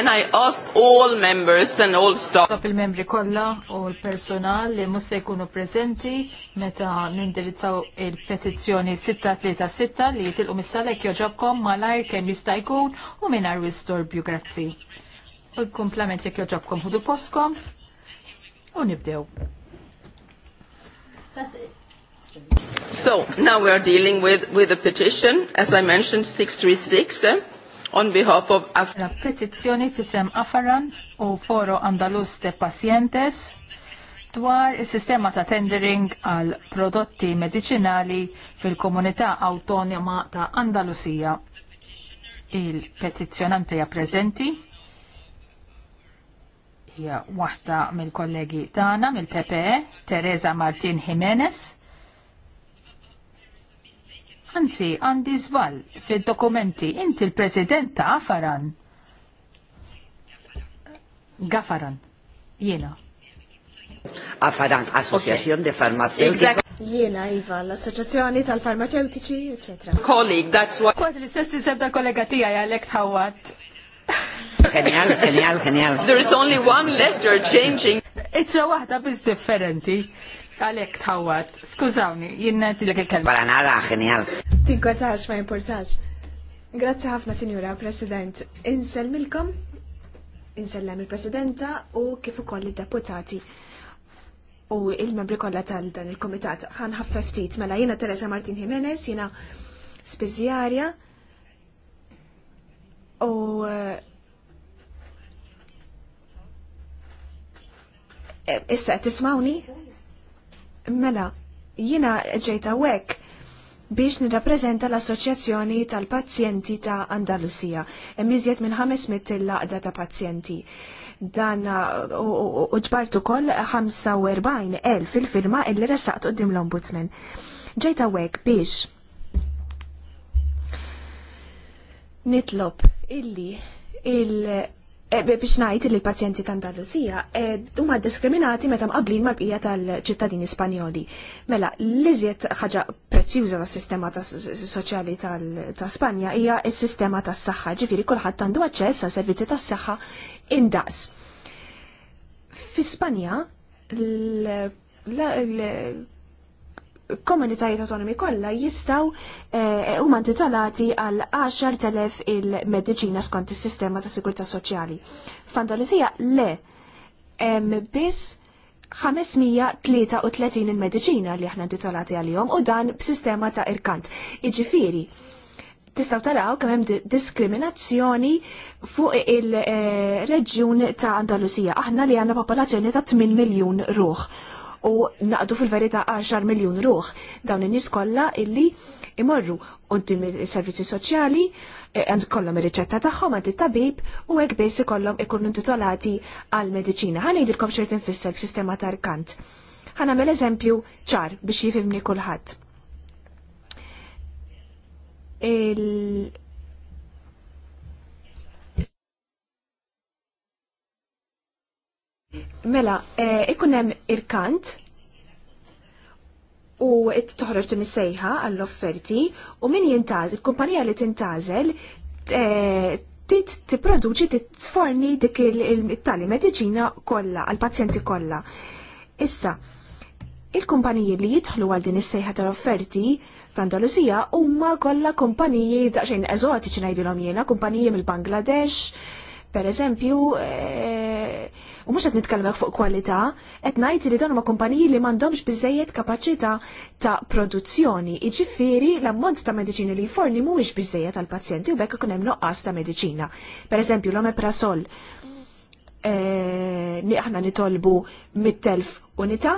Can I ask all members and all staff? Kap il-membri kollha u l-personal li mhux se jkunu preżenti meta nindirizzaw il-petizzjoni 636 li jitilqu mis salek joġobkom malajr kemm jista' jkun u mingħajr distorbju grazzi. U l-kumplament jekk joġobkom ħudu postkom u nibdew. So, now we are dealing with, with a petition, as I mentioned, 636. Eh? on behalf of Af La fisem Afaran u Foro Andalus de Pacientes dwar is-sistema ta' tendering għal prodotti medicinali fil-Komunità autonoma ta' Andalusija. il petizjonanti hija prezenti. hija waħda mill-kollegi tagħna mill-PPE, Teresa Martin Jimenez. Anzi, għandi zbal fil dokumenti Inti l-President ta' Afaran. Gafaran. jena. Afaran, Associación de Farmaceutici. Jena, Iva, l-Associazzjoni tal farmaceutici etc. Colleague, that's what... Kważi li istess isem tal-kollega tiegħi għalhekk tħawat. Genial, genial, genial. There is only one letter changing. Itra wahda biss differenti għalek tħawat. Skużawni, jinn tilek il-kelma. Para nada, genial. Tinkwetax, ma importax. Grazzi ħafna, Signora President. Inselmilkom, insellem il-Presidenta u kif ukoll id-deputati u il-membri kollha tal dan il-komitat ħanħaffef ftit mela jiena Teresa Martin Jimenez, jiena spiżjarja u eh, issa tismawni? Mela, jina ġejta wek biex nirrapprezenta l-Assoċjazzjoni tal-Pazjenti ta' Andalusija, emmiżjet minn 500 il-laqda ta' pazjenti. Dan uh, u ġbartu koll 45.000 fil-firma illi u dim l-Ombudsman. Ġejta wek biex nitlob illi il- E, biex ngħid li l-pazjenti ta' Andalusija e, huma diskriminati meta mqablin mal-bqija tal-ċittadini Spanjoli. Mela, l-iżjed ħaġa prezzjuża tas-sistema soċjali ta' Spanja hija s-sistema tas-saħħa, ġifieri kulħadd għandu aċċess għal servizzi tas-saħħa indaqs. Fi Spanja l komunitajiet autonomi kollha jistgħu eh, huma intitolati għal 10,000 il-mediċina skont is-sistema ta' sigurtà soċjali. F'Andalusija le hemm biss 533 il-mediċina li aħna intitolati għalihom u dan b'sistema ta' irkant. Iġifieri, tistaw taraw kemm hemm diskriminazzjoni fuq il-reġjun eh, ta' Andalusija. Aħna li għandna popolazzjoni ta' 8 miljun ruħ u naqdu fil-verità 10 miljun ruħ dawn in-nies kollha illi imorru unti is-servizzi soċjali eh, għand kollom ir-riċetta tagħhom għand it-tabib u hekk biss ikollhom ikunu intitolati għal mediċina. Ħa ngħidilkom xejn tinfisser sistema tarkant. Ħa nagħmel eżempju ċar biex jifhimni kulħadd Mela, eh, ikun hemm il-kant u toħroġ din is-sejħa għall-offerti u min jintaz, il-kumpanija li t-produċi eh, tipproduċi titforni dik il-tali mediċina kollha għall-pazjenti kollha. Issa, il-kumpaniji li jidħlu għal din is-sejħa tal-offerti fl-Andalusija huma kollha kumpaniji daqsxejn eżotiċi ngħidilhom jiena, kumpaniji mill-Bangladesh, per eżempju, eh, U mhux qed nitkellem fuq kwalità, qed ngħid li dawn ma' kumpaniji li m'għandhomx biżejjed kapaċità ta' produzzjoni. Jiġifieri l-ammont ta' mediċini li jforni mhuwiex bizzejiet tal pazjenti u bekk ikun hemm noqqas ta' Per Pereżempju l-omeprasol eh, aħna nitolbu mit-telf unità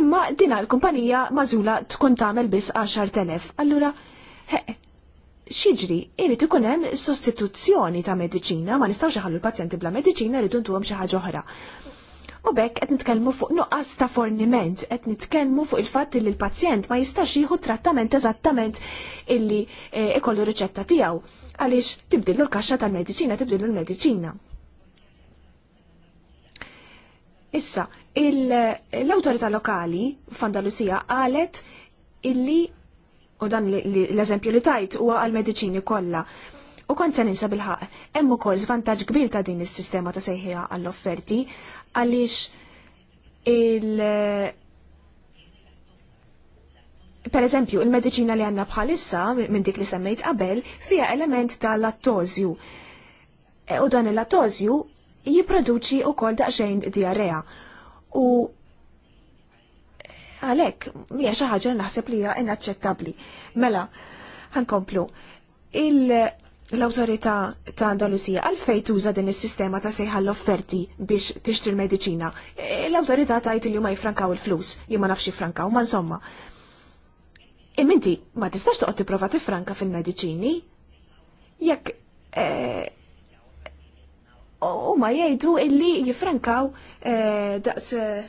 imma dina l-kumpanija mażula tkun tagħmel biss 10,000. Allura, xiġri, irrid ikun hemm sostituzzjoni ta' mediċina, ma nistaw xaħallu l-pazjenti bla mediċina rridu ntuhom xi ħaġa oħra. U bekk qed nitkellmu fuq nuqqas ta' forniment, qed nitkellmu fuq il-fatt li l-pazjent ma jistax jieħu trattament eżattament illi eh, ikollu riċetta tiegħu għaliex tibdillu l-kaxxa tal-mediċina, tibdillu l-mediċina. Issa, l-awtorità lokali f'Andalusija qalet illi u dan l-eżempju li tajt huwa għal-mediċini kollha. U kont se ninsa bil-ħaq, hemm ukoll żvantaġġ kbir ta' din is-sistema ta' sejħija għall-offerti għaliex il- Per eżempju, il-medicina li għanna bħalissa, minn dik li semmejt qabel, fija element ta' lattozju. E, u dan il-lattozju jipproduċi u kol daqxejn diarea. U Għalek, mija xaħġa naħseb li hija inaċċettabbli. Mela, ħankomplu. l autorita ta' Andalusija għalfej tuża din is-sistema ta' sejħa l-offerti biex tixtri l-mediċina. l autorita tajt li ma jifrankaw il-flus, jimma nafx jifrankaw, ma insomma. Imminti, ma tistax toqgħod tipprova tifranka fil-mediċini? Jekk eh, u ma jgħidu illi jifrankaw eh, daqs eh,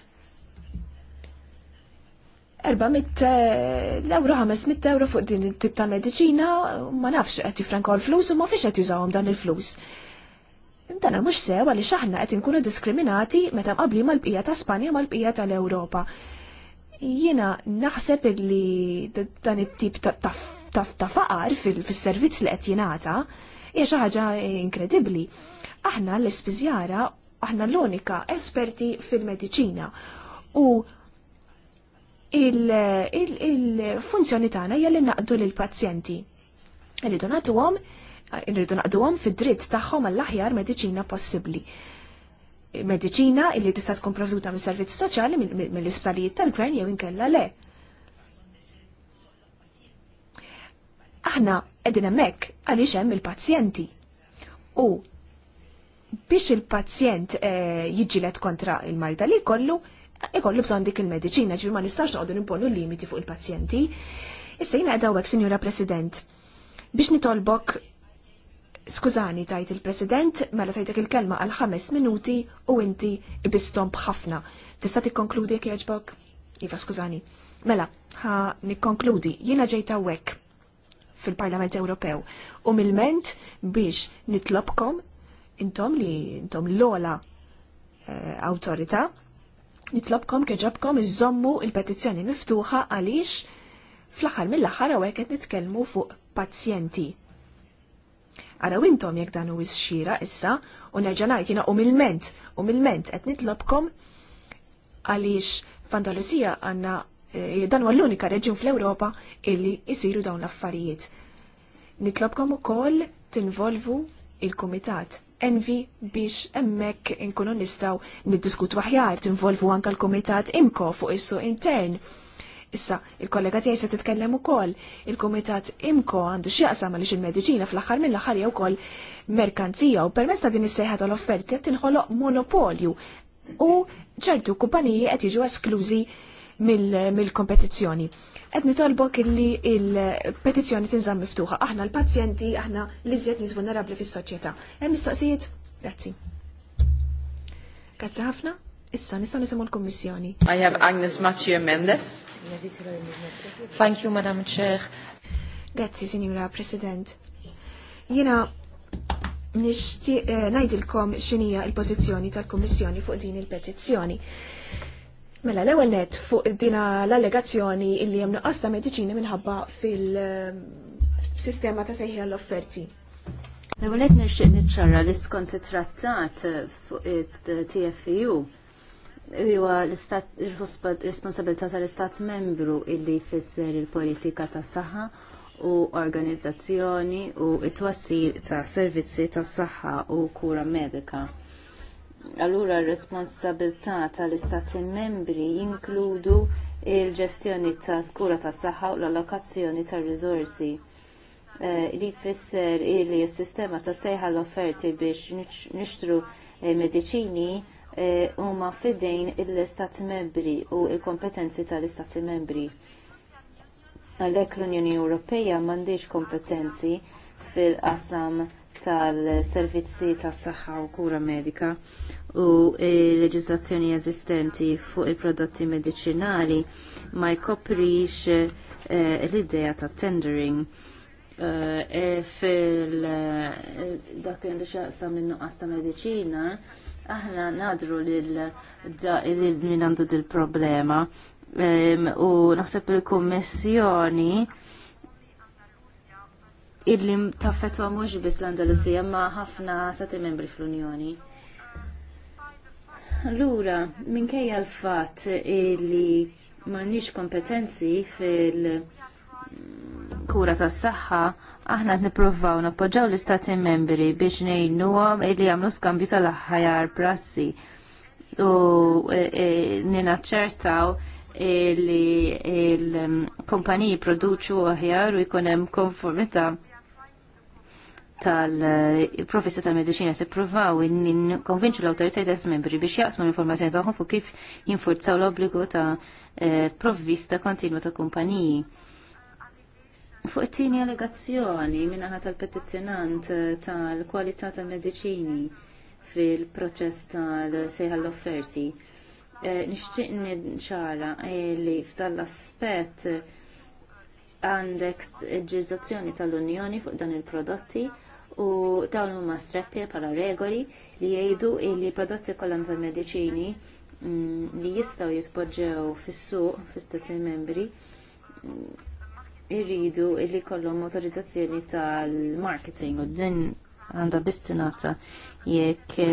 400 euro, 500 euro fuq din it-tip ta' medicina, ma nafx qed jifrankaw l-flus u ma fiex qed jużawhom dan il-flus. Dan mhux sew għaliex aħna qed inkunu diskriminati meta mqabli mal-bqija ta' Spanja mal-bqija tal-Ewropa. Jiena naħseb li dan it-tip ta' faqar fil-servizz li qed jingħata hija xi ħaġa inkredibbli. Aħna l-ispiżjara aħna l-unika esperti fil-mediċina u il-funzjoni tagħna hija li naqdu lil pazjenti. Irridu rridu naqdu naqduhom fid-dritt tagħhom għall-aħjar mediċina possibbli. Mediċina illi tista' tkun provduta mis servizz soċjali mill-isptalijiet tal-gvern jew inkella le. Aħna qegħdin hemmhekk għaliex hemm il-pazjenti. U biex il-pazjent eh, jiġilet kontra il marita li kollu, ikollu bżon dik il-medicina ġifi ma nistax noqogħdu nimponu limiti fuq il-pazjenti. Issa jiena qed President, biex nitolbok Skużani tajt il-President, mela tajtek il-kelma għal ħames minuti u inti ibistom bħafna. Tista' tikkonkludi jekk jogħġbok? Iva, skużani. Mela, ħa nikkonkludi, jiena ġejt hawnhekk fil-Parlament Ewropew u milment biex nitlobkom intom li intom l-ola uh, eh, autorita Nitlobkom keġobkom iżommu il-petizzjoni miftuħa għaliex fl-aħħar mill-aħħar hawnhekk qed nitkellmu fuq pazjenti. Araw intom jekk dan huwis xira issa u nerġa' ngħid umilment, umilment qed nitlobkom għaliex f'Andalusija għandna eh, dan huwa l-unika reġun fl-Ewropa illi jsiru dawn l-affarijiet. Nitlobkom ukoll tinvolvu il-Kumitat envi biex emmek inkunu nistaw niddiskutu aħjar, tinvolvu anka l-komitat imko fuq issu intern. Issa, il-kollega tiegħi se titkellem ukoll. Il-Kumitat Imko għandu xi għaliex il-mediċina fl-aħħar mill-aħħar jew ukoll merkanzija u permezz ta' din is sejħat tal-offerti qed tinħoloq monopolju u ċertu kumpaniji qed jiġu esklużi mill-kompetizzjoni. Mil qed nitolbok illi il-petizzjoni tinżamm miftuħa. Aħna l-pazjenti, aħna li żjed niż vulnerabbli fis-soċjetà. Hemm mistoqsijiet? Grazzi. Grazzi ħafna. Issa nista' nisimgħu l-Kummissjoni. I have Agnes Mathieu Mendes. Thank you, Madam Chair. Grazzi, Sinjura President. Jiena nixtieq eh, ngħidilkom x'inhija l-pożizzjoni tal-Kummissjoni fuq din il-petizzjoni. il il petizzjoni Mela l-ewwel net fuq dina l-allegazzjoni illi hemm nuqqas ta' mediċini minħabba fil-sistema ta' sejħi għall-offerti. L-ewwel net nirxie niċċarra li skont it-trattat fuq it-TFU huwa l-istat responsabilità tal-istat membru illi jfisser il-politika ta' saħħa u organizzazzjoni u it-twassir ta' servizzi tas saħħa u kura medika Allura r-responsabilità tal-istati membri jinkludu il-ġestjoni tal-kura tas-saħħa u l-allokazzjoni tar risorsi eh, li jfisser li s-sistema ta' sejħa l-offerti biex nixtru eh, mediċini eh, huma fidejn il istat membri u l-kompetenzi tal-Istati membri. Għalhekk l-Unjoni Ewropea m'għandix kompetenzi fil-qasam tal-servizzi tas-saħħa u kura medika u l-leġiżlazzjoni eżistenti fuq il-prodotti medicinali ma jkoprix eh, l-idea ta' tendering eh, e fil eh, dak li xaqsam l-nuqqas ta' medicina aħna nadru lil min għandu dil-problema u naħseb il-kummissjoni illi taffetwa mhux biss l-Andalusija ma ħafna stati membri fl-Unjoni. Allura, minkejja l-fatt illi m'għandniex kompetenzi fil-kura tas-saħħa, aħna qed nippruvaw nappoġġaw l-istati membri biex ngħinuhom illi jagħmlu skambju tal ħajar prassi u e, e, ċertaw li l-kumpaniji produċu aħjar u jkun hemm konformità tal-professa tal-medicina tippruvaw konvinċu l-autoritajt tas membri biex jaqsmu l-informazzjoni tagħhom fuq kif jinfurzaw l-obbligu ta' eh, provvista kontinwa ta' kumpaniji. Fuq t tieni allegazzjoni minnaħa tal-petizzjonant eh, tal-kwalità tal-mediċini fil-proċess tal-sejħa l-offerti. Eh, nixtieq ċara li f'dan aspett għandek ġizazzjoni tal-Unjoni fuq dan il-prodotti u dawn huma stretti bħala regoli li jgħidu li prodotti kollhom ta' mediċini mm, li jistgħu jitpoġġew fis-suq fl-istati membri mm, irridu li kollhom autorizzazzjoni tal-marketing u din għandha bistinata jekk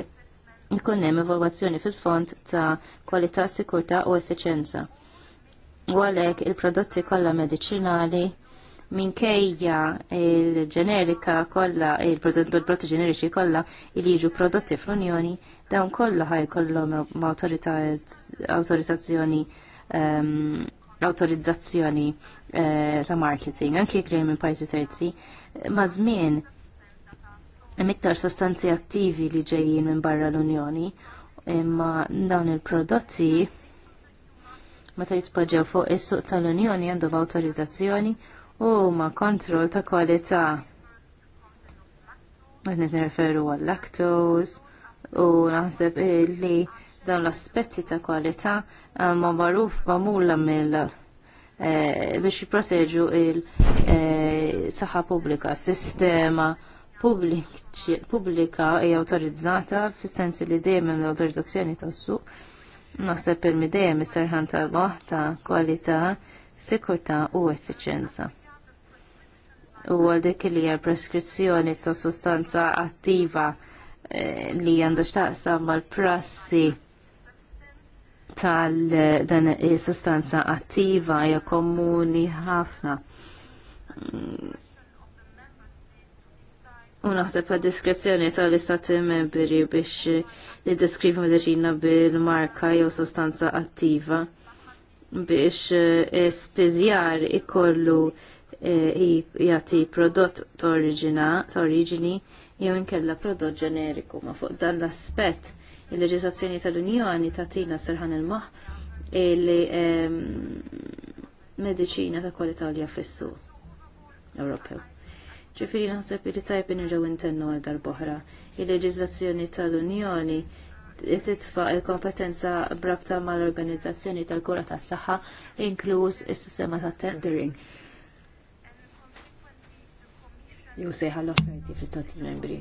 ikun hemm evalwazzjoni fil-fond ta' kwalità, sikurtà u effiċenza. U għalhekk il-prodotti kollha mediċinali minkejja il-ġenerika kollha il-prodotti ġeneriċi kollha li jiġu prodotti fl-Unjoni dawn kollha ħajkollhom awtorizzazzjoni ehm, autorizzazzjoni eh, ta' marketing anke jekk minn pajzi terzi ma' żmien mittar iktar sostanzi attivi li ġejjin minn barra l-Unjoni imma dawn il-prodotti meta jitpoġġew fuq is-suq tal-Unjoni għandhom awtorizzazzjoni huma kontroll ta' kwalità. Qed nirreferu għal lactose u naħseb li dawn l-aspetti ta' kwalità eh, ma magħruf magħmula mill eh, biex jipproteġu il-saħħa eh, pubblika, sistema pubblika hija awtorizzata fis-sens li dejjem l-awtorizzazzjoni tas-suq naħseb il dejjem is-serħan tal-baħ ta' kwalità sikurtà u effiċjenza u dik li hija preskrizzjoni ta' sostanza attiva eh, li għandha x'taqsam mal-prassi tal eh, dan sostanza attiva hija komuni ħafna. U naħseb għad diskrezzjoni tal-istati membri biex eh, li deskrivu medicina bil-marka jew sostanza attiva biex spiżjar ikollu Eh, jagħti prodott t-oriġini jew inkella prodott ġeneriku ma fuq dan l aspet il-leġislazzjoni tal-Unjoni tagħtina serħan il il li medicina ta' kwalità li jaffissu Ewropew. Ġifieri naħseb li tajb inirġgħu intennu għal darb'oħra. Il-leġiżlazzjoni tal-Unjoni titfa il-kompetenza brabta mal-organizzazzjoni tal-kura tas-saħħa inkluż is-sistema ta' tendering jew sejħa l-offerti fl stati Membri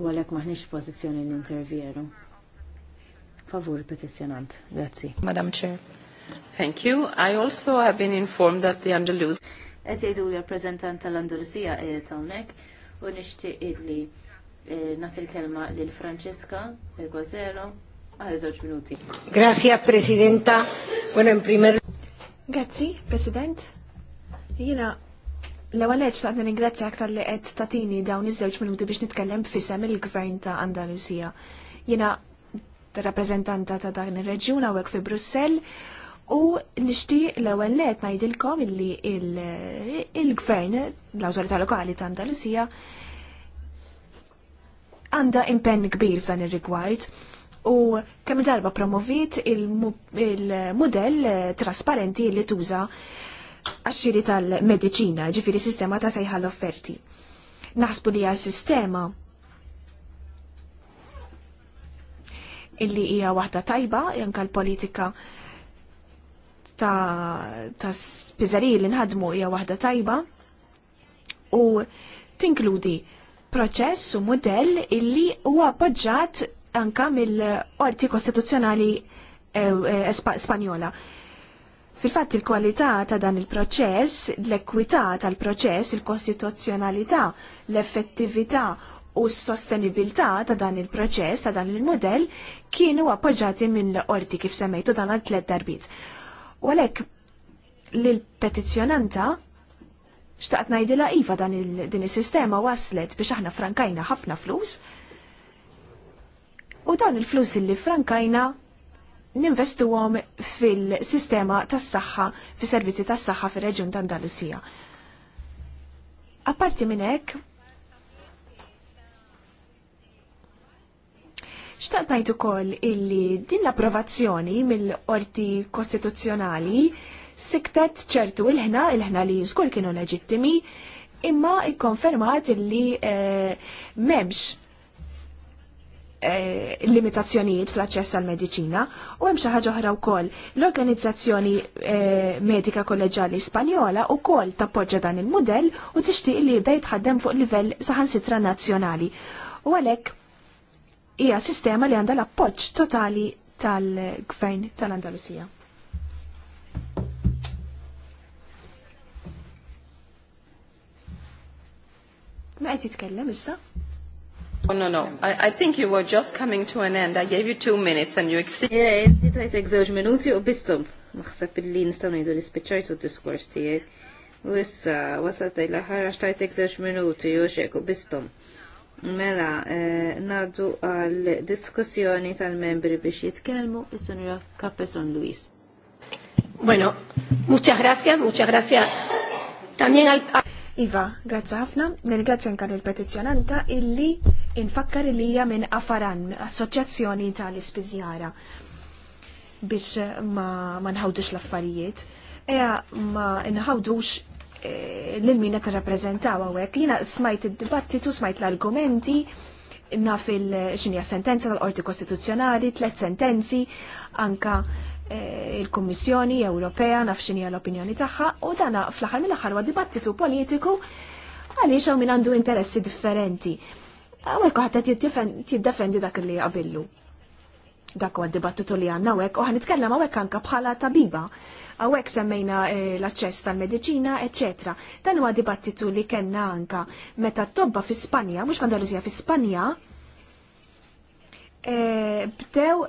u għalek maħniex pozizjoni l intervjeru. Favur petizjonant. Grazzi. Madam Chair. Thank you. I also have been informed that the Andalus Qed jgħidu li rappreżentant tal-Andalusija qiegħed hawnhekk u nishti idli eh, nagħti il kelma lil Franceska Gozero għal zoċ minuti. Grazie, Presidenta. Bueno, in primer Grazzi, President. Jiena L-ewwel leġ taqni ningrazzjak tal-li qed tatini dawn iż-żewġ minuti biex nitkellem b'fisem il-Gvern ta' Andalusija. Jiena rappreżentanta ta' dan ir-reġjun hawnhekk fi Brussell u nixtieq l-ewwel leġ ngħidilkom illi il-Gvern l-Awtorità Lokali ta' Andalusija għandha impenn kbir f'dan ir-rigward u kemm darba promoviet il-mudell trasparenti li tuża għaxxiri tal-medicina, ġifiri sistema ta' sejħa l-offerti. Naħsbu li sistema illi hija waħda tajba, janka l-politika ta', ta spizzarij li nħadmu hija waħda tajba u tinkludi proċess u modell illi huwa appoġġat anka mill-Qorti Kostituzzjonali eh, eh, Spanjola. Fil-fatt il-kwalità ta' dan il-proċess, l-ekwità tal-proċess, il-kostituzzjonalità, l-effettività u s-sostenibilità ta' dan il-proċess, ta' dan il-modell, kienu appoġġati minn orti kif semmejtu dan għal tlet darbit. U għalek l-petizjonanta xtaqt najdila iva dan din is-sistema waslet biex aħna frankajna ħafna flus. U dan il-flus illi frankajna għom fil-sistema tas-saħħa, fis-servizzi tas-saħħa fir-reġjun ta' Andalusija. Apparti minn hekk, Xtaqt najtu kol illi din l-approvazzjoni mill-orti kostituzzjonali siktet ċertu il-ħna, il-ħna li zgur kienu leġittimi, imma ikkonfermat illi eh, memx Eh, limitazzjonijiet fl-aċċess għal mediċina u hemm xi ħaġa oħra wkoll. L-Organizzazzjoni eh, Medika Kolleġjali Spanjola wkoll tappoġġa dan il-mudell u tixtieq li jibda jitħaddem fuq livell saħansitra nazzjonali. U għalhekk hija sistema li għandha l-appoġġ totali tal-Gvern tal-Andalusija. Ma qed jitkellem issa? Oh, no, no. I, I think you were just coming to an end. I gave you two minutes and you exceeded. Yeah, inti tajtek zewġ minuti u bistum. Naħseb illi nistaw nejdu li spiċċajtu diskors tijaj. U issa, wasat tajla ħarrax tajtek zewġ minuti u xek u bistum. Mela, eh, nadu għal diskussjoni tal-membri biex jitkelmu, il sunja Capeson Luis. Bueno, muċa grazia, muċa grazia. Tambien għal... Iva, grazzi ħafna, nirgrazzja nkan il-petizjonanta illi infakkar li hija minn Afaran, Assoċjazzjoni tal-Ispiżjara biex ma, ma nħawdux l-affarijiet. Eja ma nħawdux e, l-min qed rappreżentaw għawek. Jiena smajt id-dibattitu, smajt l-argumenti, naf il ġinja sentenza tal-Qorti Kostituzzjonali, tlet sentenzi, anka Eh, il-Kummissjoni Ewropea nafxini għal-opinjoni tagħha u dana fl-aħħar mill-aħħar huwa dibattitu politiku għaliex hawn min għandu interessi differenti. Hawnhekk ħadd jiddefendi dak li qabillu. Dak huwa dibattitu li għandna hekk, u ħanitkellem hawnhekk anke bħala tabiba. Hawnhekk semmejna eh, l-aċċess tal-mediċina, eċetera. Dan huwa dibattitu li kellna anka meta tobba fi Spanja, mhux f'Andalusija fi Spanja, eh, bdew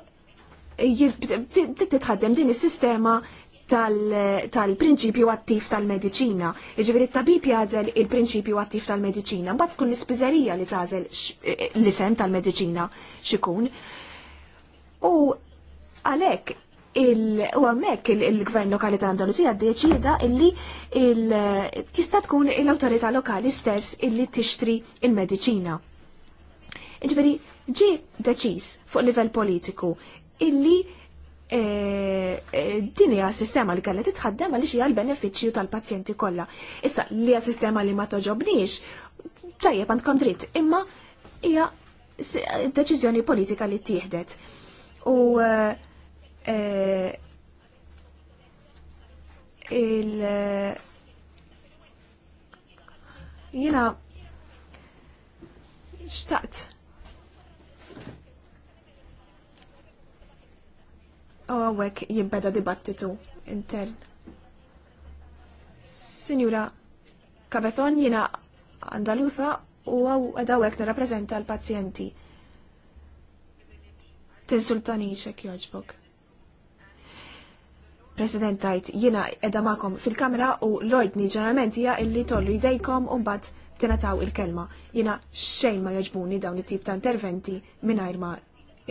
titħaddem din is-sistema tal-prinċipju attiv tal-medicina. Iġveri t-tabib jazel il-prinċipju attiv tal-medicina, mbagħad tkun l-ispiżerija li tażel l-isem tal-medicina xikun. U għalhekk u għamek il-gvern lokali ta' Andalusija deċida illi tista' tkun l-autorità lokali stess illi tixtri il-medicina. Iġveri ġi deċis fuq livell politiku illi eh, eh, din hija sistema li kellet titħaddem għaliex hija l-benefiċċju tal-pazjenti kollha. Issa li hija sistema li ma toġobniex tajjeb għandkom dritt, imma hija deċiżjoni politika li tieħdet. U eh, il jina xtaqt u għawek jibbeda dibattitu intern. Sinjura Kabethon jina Andaluza u għadawek nirrapprezenta l-pazjenti. Tinsultanixek xek joġbok. President tajt jina edha makom fil-kamera u l-ordni ġeneralment hija illi tollu jdejkom u mbagħad tinataw il-kelma. Jina xejn ma jaġbuni dawn it-tip ta' interventi mingħajr ma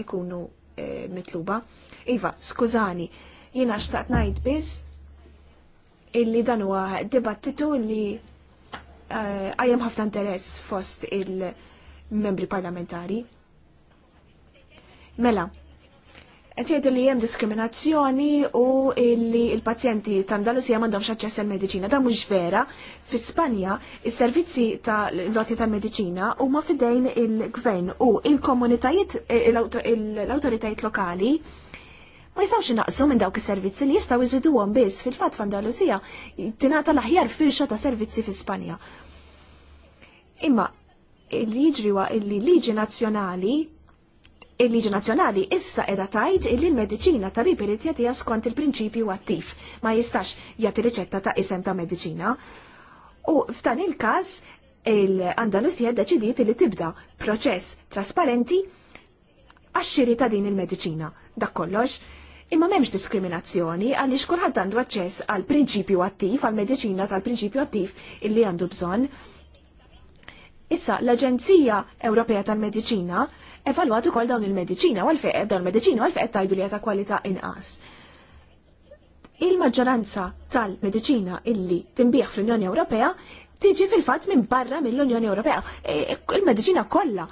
ikunu eh, mitluba. Iva, skużani, jiena xtaqt ngħid biss illi dan huwa dibattitu li eh, għajem ħafna interess fost il-membri parlamentari. Mela, għetjedu li jem diskriminazzjoni u illi il-pazjenti tal-Andalusija m'għandhomx aċċess il-medicina. Da mux vera, fi Spanja il-servizzi ta' loti ta' medicina u ma fidejn il-gvern u il-komunitajiet, eh, l awtoritajiet lokali ma jistawx naqsu minn dawk is-servizzi li jistaw iżiduhom biss fil-fatt f'Andalusija tingħata l-aħjar firxa ta' servizzi fi Spanja. Imma il-liġri wa il-liġi nazzjonali il-liġi nazzjonali issa edha tajt illi l-medicina tabib irid jagħtiha skont il-prinċipju attiv ma jistax jagħti riċetta ta' isem ta' medicina. U f'dan il-każ il andalusija deċidiet li tibda proċess trasparenti għaxxiri ta' din il-medicina. Dak kollox, Imma memx diskriminazzjoni għaliex kulħadd għandu aċċess għal prinċipju attiv, għal mediċina tal-prinċipju attiv illi għandu bżonn. Issa l-Aġenzija Ewropea tal-Mediċina evalwat ukoll dawn il-mediċina u għalfeqed dawn il-mediċina u għalfeqed tajdu li ta' kwalità inqas. Il-maġġoranza tal-mediċina illi timbieħ fl-Unjoni Ewropea tiġi fil-fatt minn barra mill-Unjoni Ewropea. E, e, il-mediċina kollha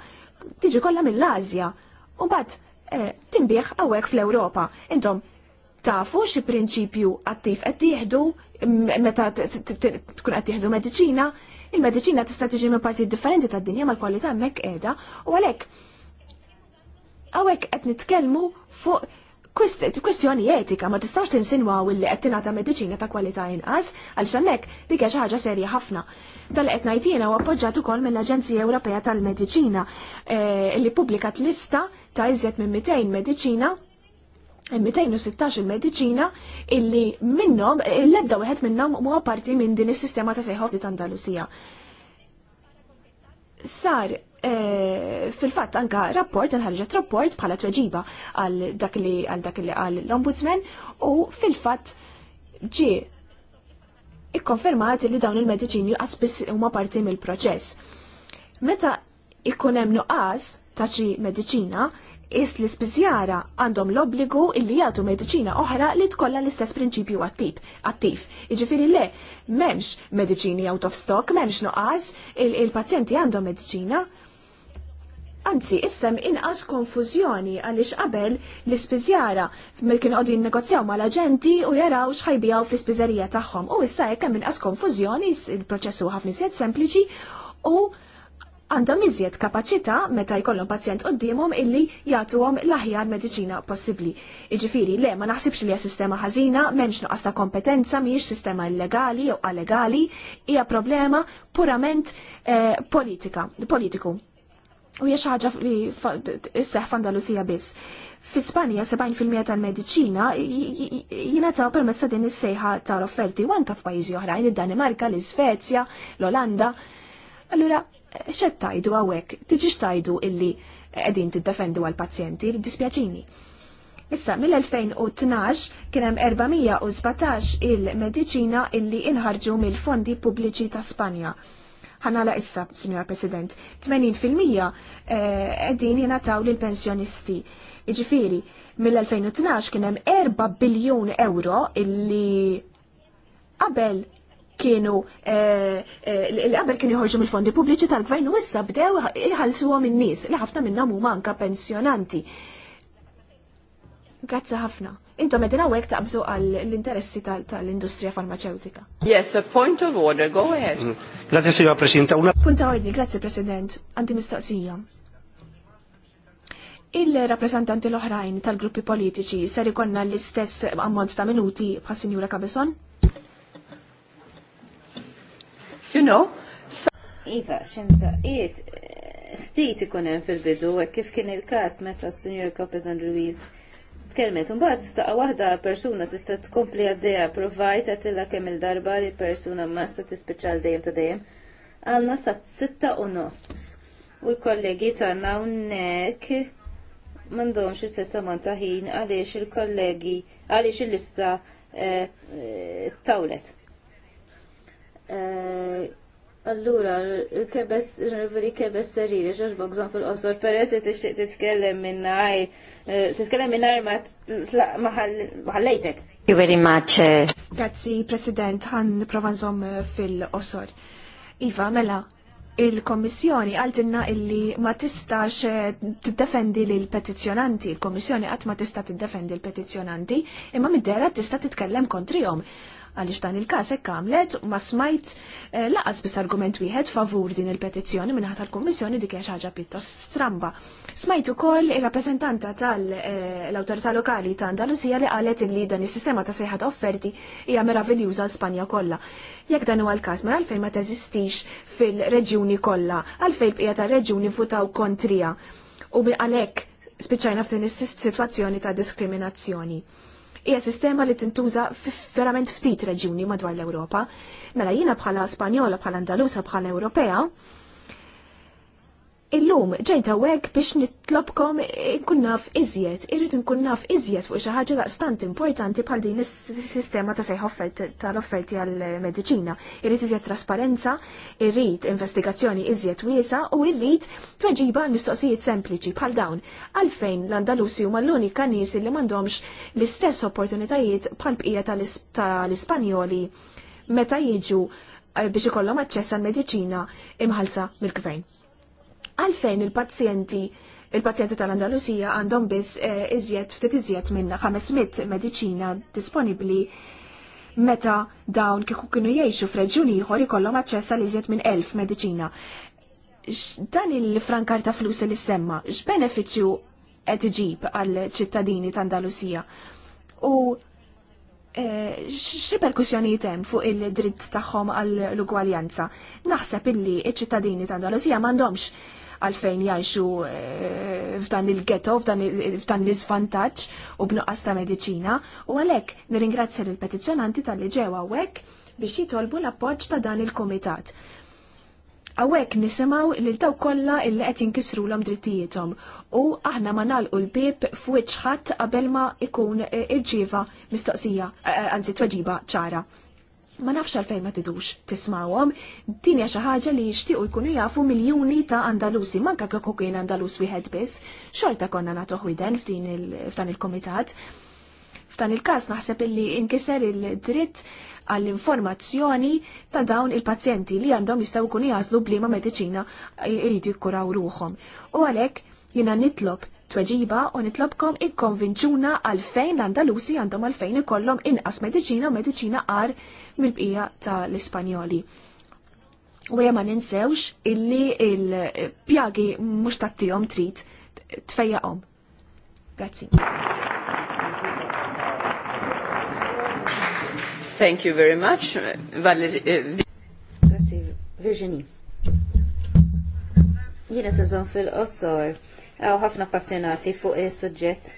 tiġi kollha mill azja U bat, E, timbieħ għawek fl-Europa. Intom, tafu xi prinċipju attiv qed jieħdu meta tkun qed jieħdu mediċina, il-mediċina tista' tiġi minn parti differenti tad-dinja mal-kwalità hemmhekk qiegħda u għalhekk hawnhekk qed nitkellmu fuq kwestjoni etika ma tistax tinsinwaw li qed tingħata mediċina ta' kwalità inqas għal hemmhekk dik xi ħaġa serja ħafna. Tal qed ngħid jiena u appoġġjat ukoll mill-Aġenzija Ewropea tal-Mediċina eh, li publikat lista ta' iżjed minn 200 mediċina 216 il-medicina illi minnom, l-ebda wieħed minnom huwa parti minn din is-sistema ta' sejħot li Andalusija. Sar eh, fil-fatt anka rapport, nħarġet rapport bħala tweġiba għal dak li għal dak li għal l-ombudsman u fil-fatt ġi ikkonfermat li dawn il-medicini għasbis huma parti mill-proċess. Meta ikun hemm nuqqas ta' xi mediċina, is li spiżjara għandhom l-obbligu illi jagħtu mediċina oħra li tkollha l-istess prinċipju għattib, attiv. Jiġifieri le, m'hemmx mediċini out of stock, m'hemmx nuqqas, il-pazjenti il għandhom mediċina. Anzi, issem inqas konfużjoni għaliex qabel l-ispiżjara mill kien qogħdu jinnegozjaw mal-aġenti u jaraw x'ħajbijaw fl-ispiżerija tagħhom. U issa hekk hemm inqas konfużjoni, il-proċess huwa ħafna sempliċi u għandhom iżjed kapaċità meta jkollhom pazjent qudiemhom illi jagħtuhom l-aħjar mediċina possibbli. Jiġifieri le ma naħsibx li hija sistema ħażina, m'hemmx nuqqas ta' kompetenza, mhijiex sistema illegali jew allegali, hija problema purament eh, politika, politiku. U hija xi ħaġa li isseħ f'Andalusija biss. Fi Spanja 70% tal-medicina jingħataw permezz ta' din is-sejħa tal-offerti u anke f'pajjiżi oħrajn, id-Danimarka, l-Iżvezja, l-Olanda. Allura, xed tajdu għawek, tiġi tajdu illi t tiddefendu għal-pazjenti, dispjaċini. Issa, mill-2012 kienem 417 il-medicina illi inħarġu mill-fondi pubbliċi ta' Spanja. Ħanala issa, Signor President, 80% edin eh, jenataw l-pensjonisti. Iġifiri, mill-2012 kienem 4 biljun euro illi qabel kienu eh, eh, l qabel kienu jħorġu mill-fondi pubbliċi tal-gvern u issa bdew iħallsuhom in-nies li ħafna minnhom huma anke pensjonanti. Grazzi ħafna. Intom qegħdin hawnhekk taqbżu għall-interessi tal-industrija farmaceutika. Yes, a point of order, go ahead. Mm. Grazzi signor Presidente. Punta ordni, grazzi President, għandi mistoqsija il-rappresentanti l-oħrajn tal-gruppi politiċi ser ikonna l-istess ammont ta' minuti bħas Sinjura Kabeson? you know. Iva, ximta, jiet, ftit ikun hemm fil-bidu, kif kien il-każ meta s-Sinjur Lopez and Ruiz tkellmet. Imbagħad staqa waħda persuna tista' tkompli għaddejja provajt għatilha kemm il-darba li persuna ma t tispiċċal dejjem ta' dejjem. Għandna sa sitta u nofs. U l-kollegi tagħna hawnhekk m'għandhomx xie ammont ta' ħin għaliex il-kollegi għaliex il-lista eh, eh, tawlet. Eh, allura, kebes, il-veri kebes seriri, ġoġbok zon fil-qosor, per jessi t-ixtiq t-tkellem minnajr, eh, t-tkellem minnajr ma maħallajtek. Thank you very much. Eh. Grazzi, President, għan provanżom fil-qosor. Iva, mela, il-Kommissjoni għaltinna illi ma tistax t-defendi l-petizjonanti, il-Kommissjoni għat ma tista t-defendi l-petizjonanti, imma middera tista t-tkellem kontrijom għaliex dan il-każ hekk għamlet ma smajt eh, laqas biss argument wieħed favur din il-petizzjoni minħat tal-Kummissjoni dik hija ħaġa pjuttost stramba. Smajt ukoll ir-rappreżentanta tal-awtorità eh, lokali ta' Andalusija li qalet li dan is-sistema ta' sejħat offerti hija meraviljuża Spanja kollha. Jekk dan huwa l-każ mara għalfejn ma teżistix fil-reġjuni kollha, għalfejn bqija tar-reġjuni futaw kontrija u bi għalhekk spiċċajna f'din is-sitwazzjoni ta' diskriminazzjoni hija sistema li tintuża verament ftit reġjuni madwar l-Ewropa. Mela jiena bħala Spanjola, bħala Andalusa, bħala Ewropea, Illum ġejta weg biex nitlobkom nkun eh, naf iżjed, irrid inkun naf iżjed fuq xi ħaġa daqstant importanti bħal din is-sistema ta' sejħ tal-offerti għall-mediċina. Irrid iżjed trasparenza, irrid investigazzjoni iżjed wiesa u irrid tweġiba mistoqsijiet sempliċi bħal dawn għalfejn l-Andalusi huma l-unika nies li m'għandhomx l-istess opportunitajiet bħal bqija tal-Ispanjoli meta jiġu eh, biex ikollhom aċċess għal mediċina imħalsa mill-gvern għalfejn il-pazjenti il-pazjenti tal-Andalusija għandhom biss eh, iżjed ftit iżjed minn 500 mediċina disponibbli meta dawn kieku kienu jgħixu f'reġjun ieħor ikollhom aċċess għal iżjed minn 1000 mediċina. Dan il-frankar ta' flus li semma, x'benefiċċju qed iġib għal ċittadini ta' Andalusija? U eh, xi perkussjonijiet hemm fuq il-dritt tagħhom għall ugwaljanza Naħseb illi ċ-ċittadini ta' Andalusija m'għandhomx għalfejn jgħajxu eh, f'dan il-ghetto, f'dan l isvantaċ u b'nuqqas ta' mediċina u għalhekk nirringrazzja lill petizzjonanti tal-li ġew hawnhekk biex jitolbu l-appoġġ ta' dan il-kumitat. Awek nisimaw li l-taw kolla il-li qed jinkisru l drittijietom u aħna ma nalqu l-bib f'wiċ ħadd qabel ma ikun irġiva mistoqsija, eh, anzi tweġiba ċara ma nafx għalfejn ma tidux tismawhom, din hija xi ħaġa li jixtiequ jkunu jafu miljuni ta' Andalusi, manka kieku kien Andalus wieħed biss, xorta konna nagħtu ħwiden f'dan il-komitat. F'dan il-każ naħseb illi inkiser il-dritt għall-informazzjoni ta' dawn il-pazjenti li għandhom jistgħu jkunu jażlu bliema mediċina jridu jikkuraw ruħhom. U għalhekk jiena nitlob tweġiba u nitlobkom ikkonvinċuna għalfejn l-Andalusi għandhom għalfejn ikollhom inqas mediċina u mediċina qar mill-bqija tal-Ispanjoli. U ma ninsewx illi il-pjagi mhux tattihom trid tfejjaqhom. Grazzi. Thank you very much. Grazie, Virginie. Jena sezon fil ossor għaw ħafna passjonati fuq il-sujġet.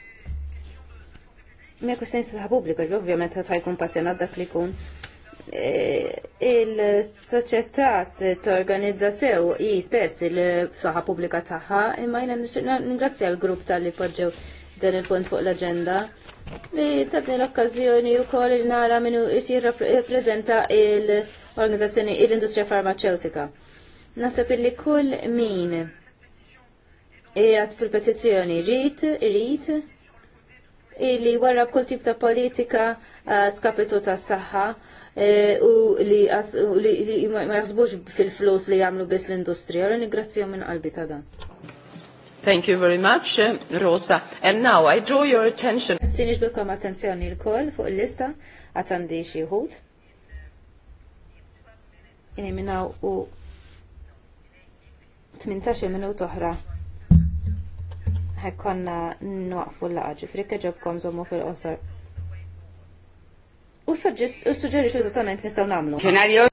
Mekku sensi sa' pubbliku, ovvjament ta' jkun passjonat dak li jkun. E, il-soċjetà t-organizza sew i stess il-saħħa pubblika tagħha, imma jiena ningrazzja l-grupp tal-li poġġew dan il-punt fuq l-agenda. Li tabni l-okkazjoni u koll il-nara minnu jirrapprezenta il-organizzazzjoni il-industrija farmaceutika. Nasab illi kull min Ijat fil-petizjoni rrit, rrit, illi warra b'kull tip ta' politika skapitu eh, ta' saħħa eh, u li ma jaħsbux fil-flus li jamlu bis l-industrija. Rani ningrazzjom minn qalbi ta' dan. Thank you very much, eh, Rosa. And now I draw your attention. Sinix bilkom attenzjoni l-koll fuq l lista għatandi xieħud. Iniminaw u 18 minut oħra konna noqfu l-laqa frikka ġobkom zomu fil-qosor. U suġġeri eżattament nistgħu nagħmlu.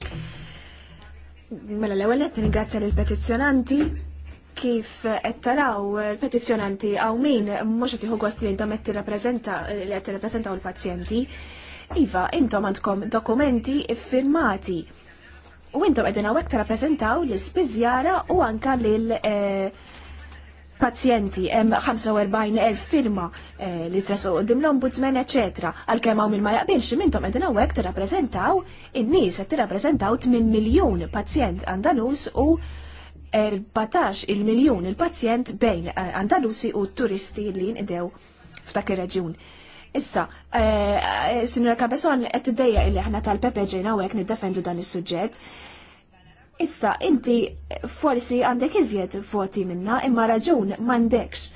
Mela l-ewwel qed ringrazzja lill-petizzjonanti kif qed taraw l-petizzjonanti hawn min mhux qed jieħu gost li intom qed tirrappreżenta li qed tirrappreżentaw il-pazjenti. Iva, intom għandkom dokumenti iffirmati. U intom qegħdin hawnhekk tarrappreżentaw l-ispiżjara u anka lil eh, pazjenti, hemm 45,000 firma eh, li trasu qudiem l-ombudsman, eċetera. Għalkemm hawn ma jaqbilx minnhom qed hawnhekk tirrappreżentaw in-nies qed tirrappreżentaw 8 miljun pazjent Andalus u 14 il-miljun il-pazjent bejn eh, Andalusi u turisti li jinqdew f'dak ir-reġjun. Issa, eh, Sinur Kabeson qed tiddejja illi aħna tal-Pepe ġejna hawnhekk niddefendu dan is-suġġett. Issa, inti forsi għandek iżjed voti minna imma raġun m'għandekx.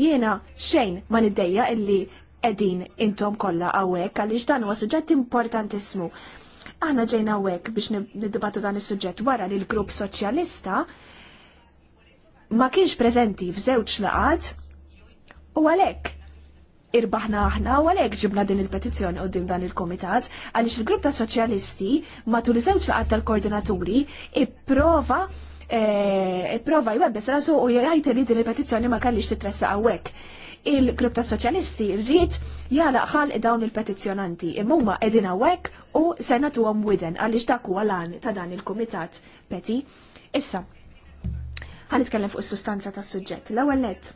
Jiena xejn ma niddejja illi edin intom kollha għawek għaliex dan huwa suġġett importantissimu. Aħna ġejna għawek biex niddibattu dan is-suġġett wara li l-grupp soċjalista ma kienx preżenti f'żewġ laqat u għalhekk irbaħna aħna u għalhekk ġibna din il-petizzjoni qudiem dan il-komitat għaliex il-grupp ta' soċjalisti matul iż-żewġ laqgħat tal-koordinaturi ipprova eh, ipprova jwebbes rasu u jgħid li din il-petizzjoni ma kellix titressa hawnhekk. Il-grupp ta' soċjalisti rrid jala ħal dawn il-petizzjonanti imma huma qegħdin hawnhekk u se nagħtuhom widen għaliex dak huwa lan ta' dan il-kumitat peti. Issa, ħanitkellem fuq is-sustanza tas-suġġett. L-ewwel nett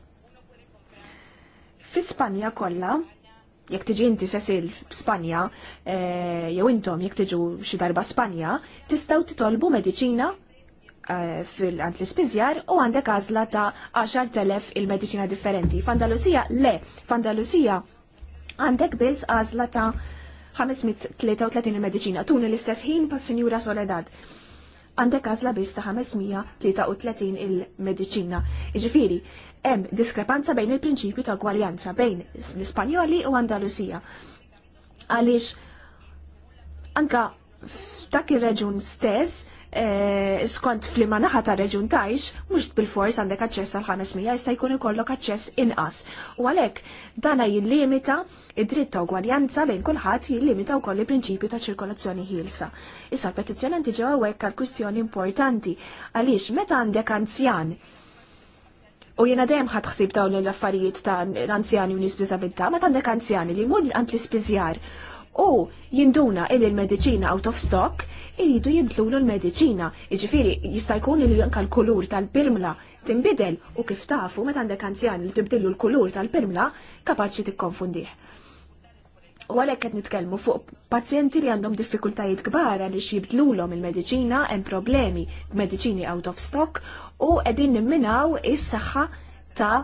Fi Spanja kollha, jekk tiġi inti sesil f'Spanja, e, jew intom jekk tiġu xi darba Spanja, tistgħu titolbu mediċina e, fil-għand l-ispizjar u għandek għażla ta' 10.000 il-mediċina differenti. F'Andalusija le, f'Andalusija għandek biss għażla ta' 533 il-mediċina. Tuni l-istess ħin pas Sinjura Soledad għandek għażla biss ta' 533 il-mediċina. Iġifiri, hemm diskrepanza bejn il-prinċipju ta' gwaljanza bejn l-Ispanjoli u Andalusija. Għaliex anka f'dak ir-reġun stess Eh, skont flima naħa ta' reġun tajx, mux bil-fors għandek aċċess għal 500, jista' jkun ikollok aċċess inqas. U għalhekk dana jillimita id-dritt ta' ugwaljanza lejn kulħadd jillimita wkoll il-prinċipju ta' ċirkolazzjoni ħilsa. Issa l-petizzjonanti ġew hawnhekk għal kwistjoni importanti għaliex meta għandek anzjan U jena dejjem xsib dawn l-affarijiet ta' anzjani u nies b'diżabilità, meta għandek anzjani li jmur għand l-ispiżjar u jinduna il il-medicina out of stock iridu jibdlulu l-medicina. Iġifiri, jista' jkun li anka l-kulur tal-pirmla timbidel u kif tafu meta għandek anzjan li tibdillu l-kulur tal-pirmla kapaċi tikkonfundih. U għalhekk qed nitkellmu fuq pazjenti li għandhom diffikultajiet kbar għaliex jibdlulhom il-mediċina hemm problemi b'mediċini out of stock u qegħdin nimminaw is-saħħa ta'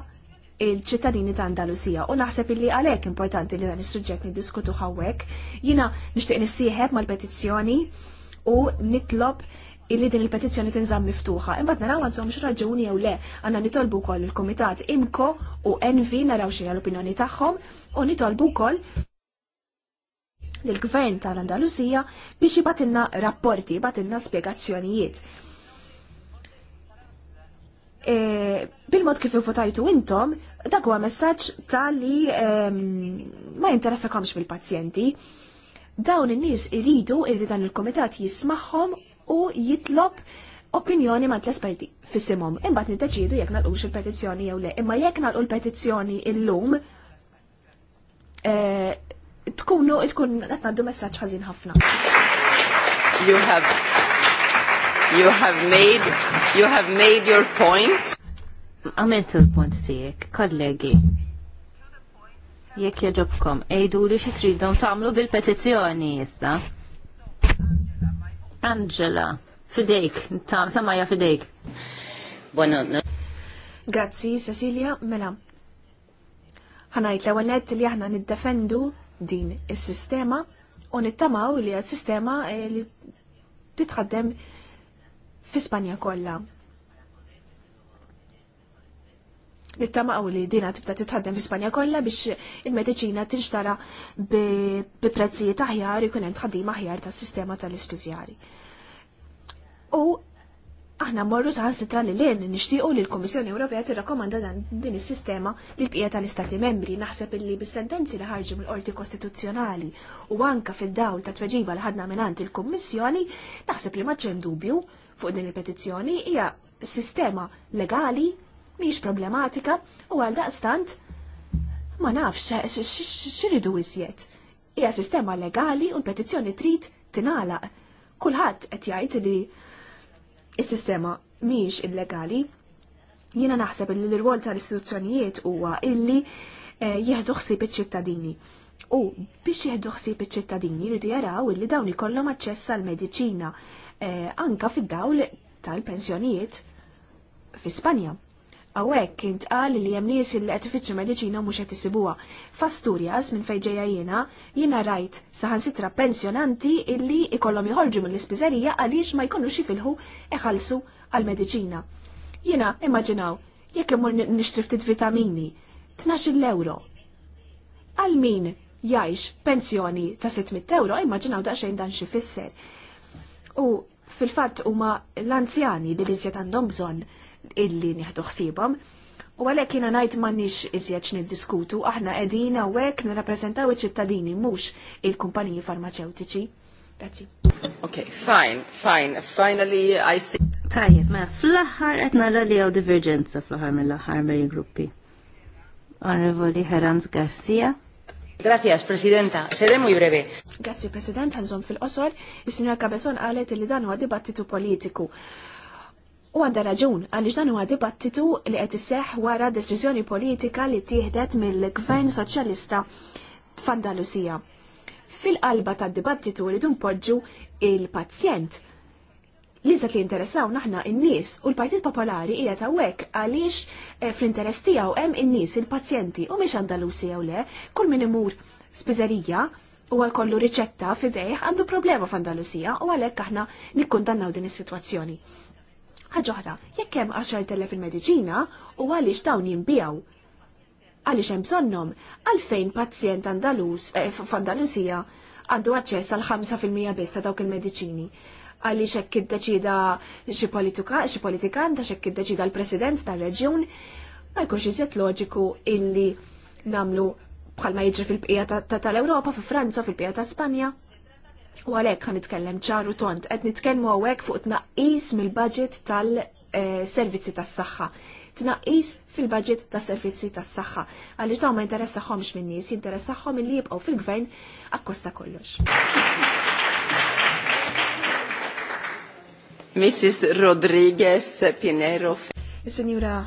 il-ċittadini ta' Andalusija u naħseb illi għalhekk importanti li dan is-suġġett niddiskutu hawnhekk. Jiena nixtieq nissieħeb mal-petizzjoni u nitlob illi din il-petizzjoni tinżamm miftuħa. Imbagħad naraw għandhom xi raġuni jew le, għandna nitolbu wkoll il-Kumitat Imko u Envi naraw xi l-opinjoni tagħhom u nitolbu wkoll lill gvern tal-Andalusija biex jibatilna rapporti, jibatilna spjegazzjonijiet E, bil-mod kif votajtu intom, dak huwa messaġġ ta' li ma jinteressakomx bil-pazjenti. Dawn in-nies iridu li dan il-komitat jismagħhom u jitlob opinjoni ma' l-esperti fissimhom. Imbagħad niddeċiedu jekk nagħlqux il-petizzjoni jew le. Imma jekk nagħlqu l-petizzjoni illum e, tkunu tkun qed ngħaddu messaġġ ħażin ħafna. You have You have made, you have made your point. Għamilt il punt tijek, kollegi. Jekk jaġobkom, ejdu li xi tridhom tagħmlu bil-petizzjoni issa. Angela, fidejk, tam samaja fidejk. no. Grazzi, Cecilia, mela. Ħanajt l-ewwel li aħna niddefendu din is-sistema u nittamaw li għad sistema eh, li titħaddem fi Spanja kollha. Nittamaw li dina tibda titħaddem fi Spanja kollha biex il-mediċina tinxtara bi prezzijiet aħjar ikun hemm tħaddim aħjar tas-sistema tal-ispiżjari. U aħna morru saħan sitra li l-in nishtiqu li l-Komissjoni Ewropea tirrakkomanda dan din is-sistema li bqija tal-Istati membri naħseb illi bis-sentenzi li ħarġu mill-Qorti Kostituzzjonali u anka fil-dawl ta' tweġiba li ħadna minant il-Kummissjoni naħseb li ma dubju fuq din il-petizzjoni hija sistema legali miex problematika u għal daqstant ma nafx xiridu iżjed. Hija sistema legali u l-petizzjoni trid tinalaq. Kulħadd qed jgħid li is-sistema miex illegali. Jiena naħseb li l-rwol tal-istituzzjonijiet huwa illi eh, jieħdu ħsieb iċ-ċittadini. U biex jieħdu ħsieb iċ-ċittadini jridu jaraw illi dawn ikollhom aċċess għall mediċina Eh, anka fid-dawl tal-pensjonijiet fi Spanja. Awek kint qal li hemm nies li qed medicina mediċina mhux qed isibuha. F'Asturjas minn fejn jena, jiena, rajt rajt saħansitra pensjonanti illi ikollhom joħorġu mill-ispiżerija għaliex ma jkunux filħu iħallsu għal-mediċina. Jiena immaġinaw, jekk imur nishtriftit ftit vitamini, 12 euro. Għal min jajx pensjoni ta' 600 euro, immaġinaw daqsxejn dan xi fisser U fil-fatt huma l-anzjani li l-iżjed għandhom bżonn illi nieħdu ħsiebhom. U għalhekk jiena ngħid m'għandniex iżjed niddiskutu, aħna qegħdin hawnhekk nirrappreżentaw iċ-ċittadini mhux il-kumpaniji farmaceutiċi. Grazzi. Okay, fine, fine. Finally I see. Tajjeb, ma. Mela, fl-aħħar qed nara li hawn divergenza fl-aħħar mill-aħħar bejn gruppi. Onorevoli Herans Garcia. Grazie, Presidenta. Seré muy breve. Grazie, President, għanżom fil-qosor. Is-Sinjora Cabezon għalet li dan huwa dibattitu politiku. U għanda raġun, għaliex dan huwa dibattitu li qed isseħħ wara deċiżjoni politika li tieħdet mill-Gvern Soċjalista f'Andalusija. Fil-qalba tad-dibattitu li poġġu il-pazjent li interessaw naħna in-nies u l-Partit Popolari hija hawnhekk għaliex eh, fl-interess tiegħu hemm in-nies il-pazjenti u mhix Andalusi jew le, kull min imur spiżerija u kollu riċetta fidejh għandu problema f'Andalusija u għalhekk aħna nikkundannaw din is-sitwazzjoni. Ħaġoħra, jekk hemm 10,000 il-mediċina u għaliex dawn jinbijaw għaliex hemm bżonnhom għalfejn pazjent Andalus eh, f'Andalusija għandu aċċess għal 5% biss ta' dawk il-mediċini għaliex hekk iddeċida xi politika xi politikant għax deċida l-President tar-Reġjun ma jkunx iżjed loġiku illi namlu bħalma jiġri fil-bqija tal-Ewropa, fi Franza, fil-bqija ta' Spanja. U għalhekk ħan nitkellem ċaru tont, qed nitkellmu hawnhekk fuq tnaqqis mill-budget tal-servizzi eh, tas-saħħa tnaqqis fil-budget ta' servizzi tas saħħa għaliex dawn ma jinteressaħħomx minn nies, jinteressaħħom li jibqgħu fil-gvern akkosta kollox. Mrs. Rodriguez Pinero. Signora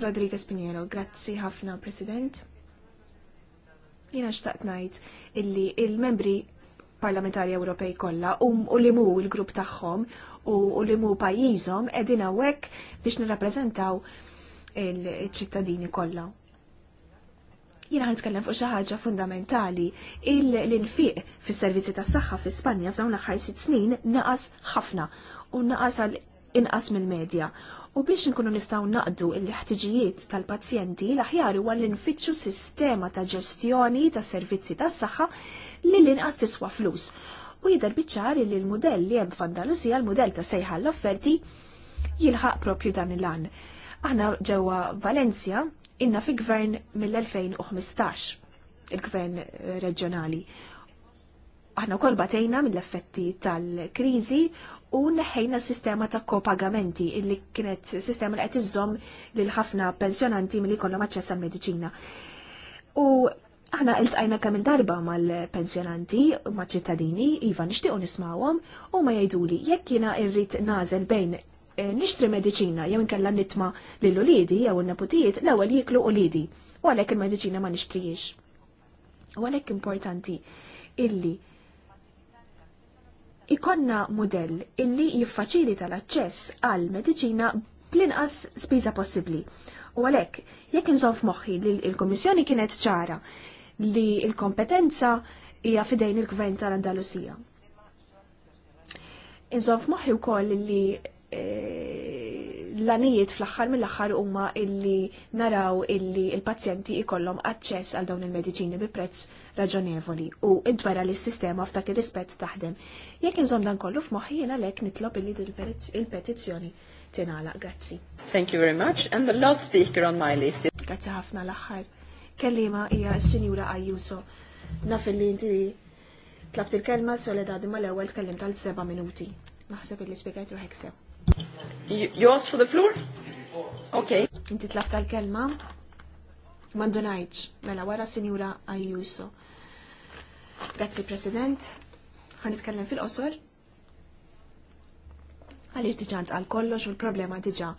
Rodriguez Pinero, grazzi ħafna, President. Jena xtaqt najt illi il-membri parlamentari Ewropej kollha um u li mu l grupp tagħhom u li mu pajjiżhom qegħdin hawnhekk biex nirrappreżentaw il-ċittadini kollha. Jiena nitkellem fuq xi ħaġa fundamentali l-infiq fis-servizzi tas-saħħa fi Spanja f'dawn l-aħħar sitt snin naqas ħafna u naqas għal inqas mill-medja. U biex nkunu nistgħu naqdu l-ħtiġijiet tal-pazjenti l-aħjar huwa li nfittxu sistema ta' ġestjoni ta' servizzi tas-saħħa li l-inqas tiswa flus. U jidher biċċar li l-mudell li hemm f'Andalusija l-mudell ta' sejħa l-offerti jilħaq propju dan il għan Aħna ġewwa Valencia inna fi gvern mill-2015, il-gvern reġjonali. Aħna kol batejna mill-effetti tal-krizi u neħejna s-sistema ta' kopagamenti illi kienet sistema li qed iżżomm lil ħafna pensjonanti milli jkollhom aċċess l mediċina. U aħna iltqajna kemm darba mal-pensjonanti ma' ċittadini iva nixtiequ nismawhom u ma jgħiduli jekk jiena rrid nażel bejn eh, nixtri mediċina jew inkella nitma' lil uliedi jew il neputijiet l-ewwel jiklu uliedi u għalhekk il-mediċina ma nixtrijiex. U għalhekk importanti illi ikonna model illi jiffaċilita l-aċċess għal mediċina bl-inqas spiża possibbli. U għalhekk, jekk inżomm f'moħħi li l-Kummissjoni kienet ċara li l-kompetenza hija fidejn il-Gvern tal-Andalusija. Inżomm f'moħħi wkoll li l-anijiet fl-axħar mill-axħar huma illi naraw illi il-pazjenti ikollhom aċċess għal dawn il-mediċini bi prezz raġonevoli u id-dwara li s-sistema f'dak ir-rispett taħdem. Jekk inżomm dan kollu f'moħħi jiena lek nitlob illi il-petizzjoni tingħalaq. Grazzi. Thank you very much. And the last speaker on my list. Grazzi ħafna l-aħħar. Kellima hija s-Sinjura Ajuso. Naf illi inti tlabt il-kelma Soledad ma l-ewwel tkellim tal-seba' minuti. Naħseb illi spjegajt ruħek sew. Yours for the floor? Okay. Inti tlaq tal-kelma? Mandunajċ, mela wara Sinjura Ayuso. Grazzi President, ħan nitkellem fil-qosor. Għaliex diġa għal kollox u l-problema diġa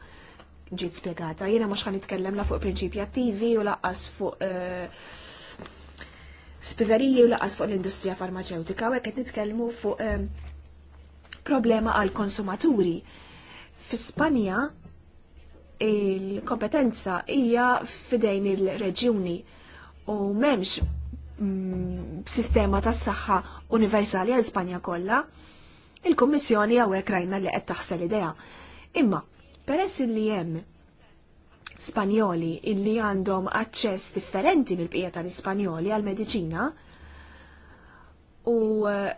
ġiet spiegata. Jiena mhux ħan nitkellem la fuq prinċipji attivi u laqqas fuq eh, spiżariji u laqqas fuq l-industrija farmaceutika u hekk nitkellmu fuq eh, problema għal konsumaturi fi Spanja il-kompetenza hija fidejn il-reġjuni u memx mm, sistema tas saħħa universali għal Spanja kollha, il-Kummissjoni hawnhekk rajna li qed taħsel idea. Imma peress li hemm Spanjoli illi għandhom aċċess differenti mill-bqija tal-Ispanjoli għal mediċina u eh,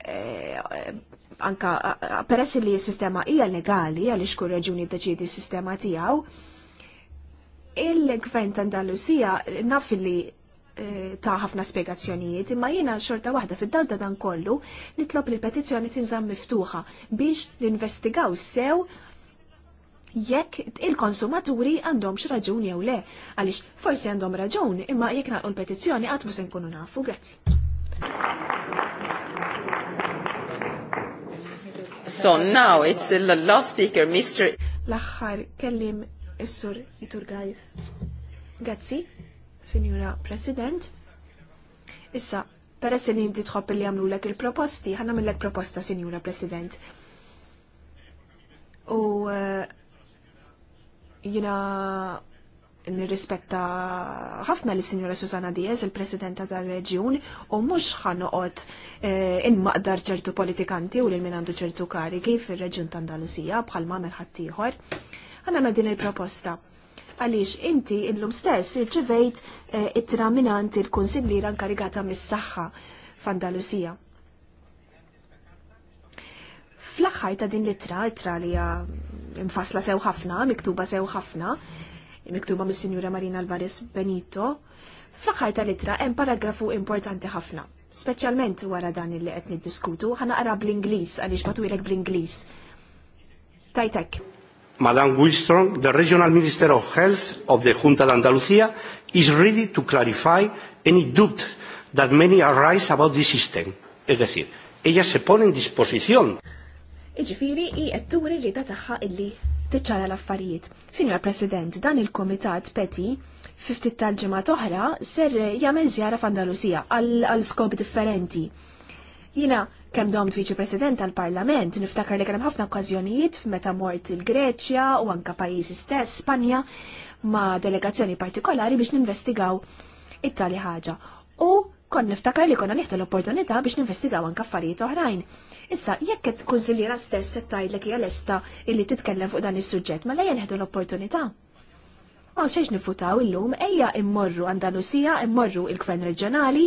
eh, anka peress li s-sistema hija legali għaliex kull reġuni deċidi s-sistema tiegħu, il-gvern ta' Andalusija naf li eh, ta' ħafna spiegazzjonijiet, imma jiena xorta waħda fid-dal ta' dan kollu nitlob li petizzjoni tinżam miftuħa biex l-investigaw sew jekk il-konsumaturi għandhomx raġun jew le, għaliex forsi għandhom raġun imma jekk naqgħu l-petizzjoni għatmu se nkunu nafu, grazzi. So now it's the last speaker, Mr. L-axħar kellim is-sur Iturgajs. Grazzi, Signora President. Issa, peress li inti tħobb li għamlu lek il-proposti, ħanna mill proposta, Signora President. U eh, jina nirrispetta ħafna li sinjora Susana Diaz, il-presidenta tal-reġjun, u mux ħanoqot eh, inmaqdar ċertu politikanti u lil min għandu ċertu karigi fil-reġjun ta' andalusija bħal ma Aħna Għanna din il-proposta. Għaliex inti illum stess irċivejt eh, it-tra minant il-konsigliera nkarigata mis-saħħa f'Andalusija. Fl-aħħar ta' din l-ittra, ittra li infasla sew ħafna, miktuba sew ħafna, miktuba mis-Sinjura Marina Alvarez Benito, fl-aħħar tal-ittra hemm paragrafu importanti ħafna. Speċjalment wara dan li qed niddiskutu, ħanaqra bl-Ingliż għaliex batwilek bl-Ingliż. Tajtek. Madame Wilstrom, the Regional Minister of Health of the Junta de Andalucía, is ready to clarify any doubt that many arise about this system. Es decir, ella se pone en disposición. Iġifiri, i għetturi li ta' taħħa illi tiċċara l-affarijiet. Signor President, dan il-Komitat Peti, fiftit tal-ġimgħa oħra, ser jagħmel żjara f'Andalusija għal skop differenti. Jina, kemm domt viċi president tal-Parlament, niftakar li kien ħafna okkażjonijiet f'meta mort il-Greċja u anka pajjiżi stess, Spanja, ma' delegazzjoni partikolari biex ninvestigaw it-tali ħaġa. U kon niftakar li konna nieħdu l-opportunità biex ninvestigaw anka affarijiet oħrajn. Issa, jekk qed kunżilliera stess qed tgħidlek hija lesta illi titkellem fuq dan is-suġġett, ma mela lejja neħdu l-opportunità. Ma sejx nifutaw illum ejja immorru Andalusija, immorru il-Gvern Reġjonali,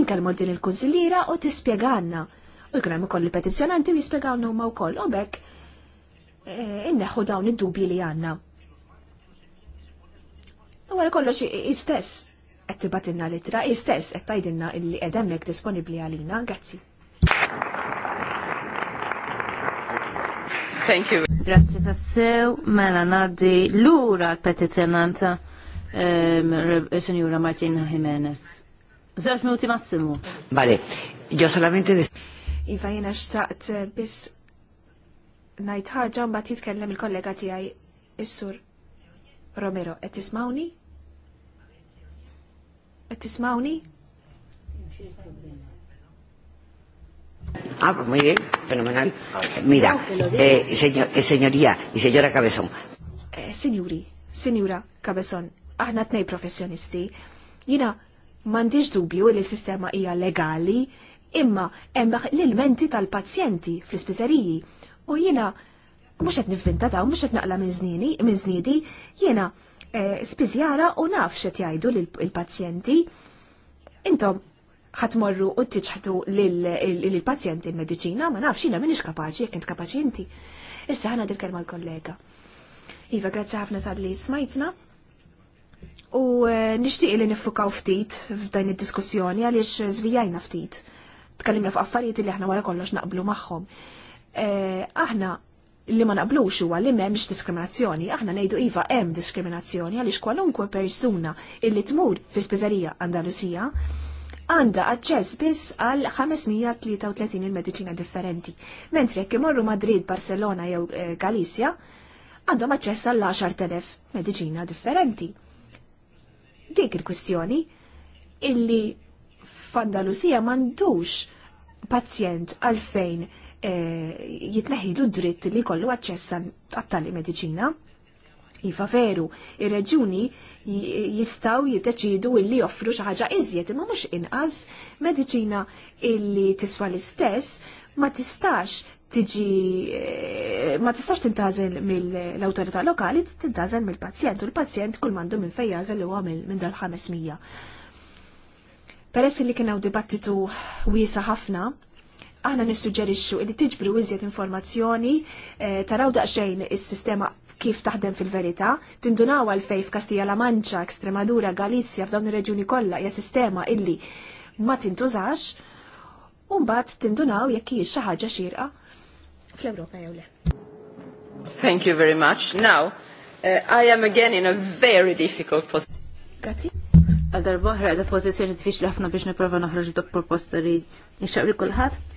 inkellmu din il kunsiliera u tispjegana. U jkun hemm ukoll il-petizzjonanti u jispjegawna huma wkoll u bekk eh, inneħħu dawn id-dubji li għandna. U għal kollox istess, qed tibatinna litra, istess qed tgħidilna illi hemmhekk disponibbli għalina, grazzi. Thank you. Grazzi tassew, mela naddi l-ura petizjonanta ehm, e Signora Martina Jimenez. Zewġ minuti massimu. Vale, jo solamente... Iva jina xtaqt eh, bis najt ħaġa mbagħad jitkellem il-kollega tijaj issur Romero. Et tismawni? Et tismawni? Et tismawni? Ah, pues muy bien, fenomenal. Mira, eh, señor, eh, señoría y eh, señora Cabezón. Eh, signori, señora Cabezón, aħna tnej professjonisti. Jina, mandiġ dubju li sistema hija legali, imma hemm l-ilmenti tal-pazjenti fl-ispiżeriji. U jina, mhux qed nivvinta taw, mhux qed naqla minn znidi, jina eh, żniedi, jiena u naf x'qed jgħidu lill-pazjenti. Intom, ħatmorru u tiċħtu lill-pazjenti il-medicina, ma nafx jina minix kapaċi, jek kent kapaċi Issa ħana dir kelma l-kollega. Iva, grazzi ħafna tal-li smajtna. U eh, nishtiq li nifukaw ftit f'dan id-diskussjoni għaliex zvijajna ftit. Tkallimna fuq affarijiet li aħna wara kollox naqblu magħhom. Eh, aħna li ma naqblux huwa li m'hemmx diskriminazzjoni, aħna ngħidu iva hemm diskriminazzjoni għaliex kwalunkwe persuna illi tmur fi spiżerija Andalusija għanda aċċess biss għal 533 il-medicina differenti, mentri jekk imorru Madrid, Barcelona jew eh, Galizja għandhom aċċess għal 10.000 medicina differenti. Dik il-kwistjoni illi f'Andalusija mandux pazjent għalfejn e, jitneħilu dritt li kollu aċċess għat-tali medicina. Iva veru, ir-reġuni jistaw jiddeċidu illi joffru xi ħaġa iżjed imma mhux inqas mediċina illi tiswa l-istess ma tistax tiġi eh, ma tistax tintażel mill-awtorità lokali tintażel mill-pazjent u l-pazjent kull m'għandu minn fejn jażel huwa minn dal-500. Peress li kien hawn dibattitu wiesa ħafna, aħna nissuġġerixxu li tiġbru iżjed informazzjoni eh, taraw daqsxejn is-sistema kif taħdem fil-verità, tindunaw għalfej f'Kastija La Manċa, Ekstremadura, Galizja, f'dawn ir-reġjuni kollha hija sistema illi ma tintużax, u mbagħad tindunaw jekk hi xi ħaġa xierqa fl-Ewropa jew le. Thank you very much. Now, uh, I am again in a very difficult position. Grazie. Għal darba ħra da pozizjoni diffiċli ħafna biex niprofa noħroġ dok proposta li nixxaq li kulħadd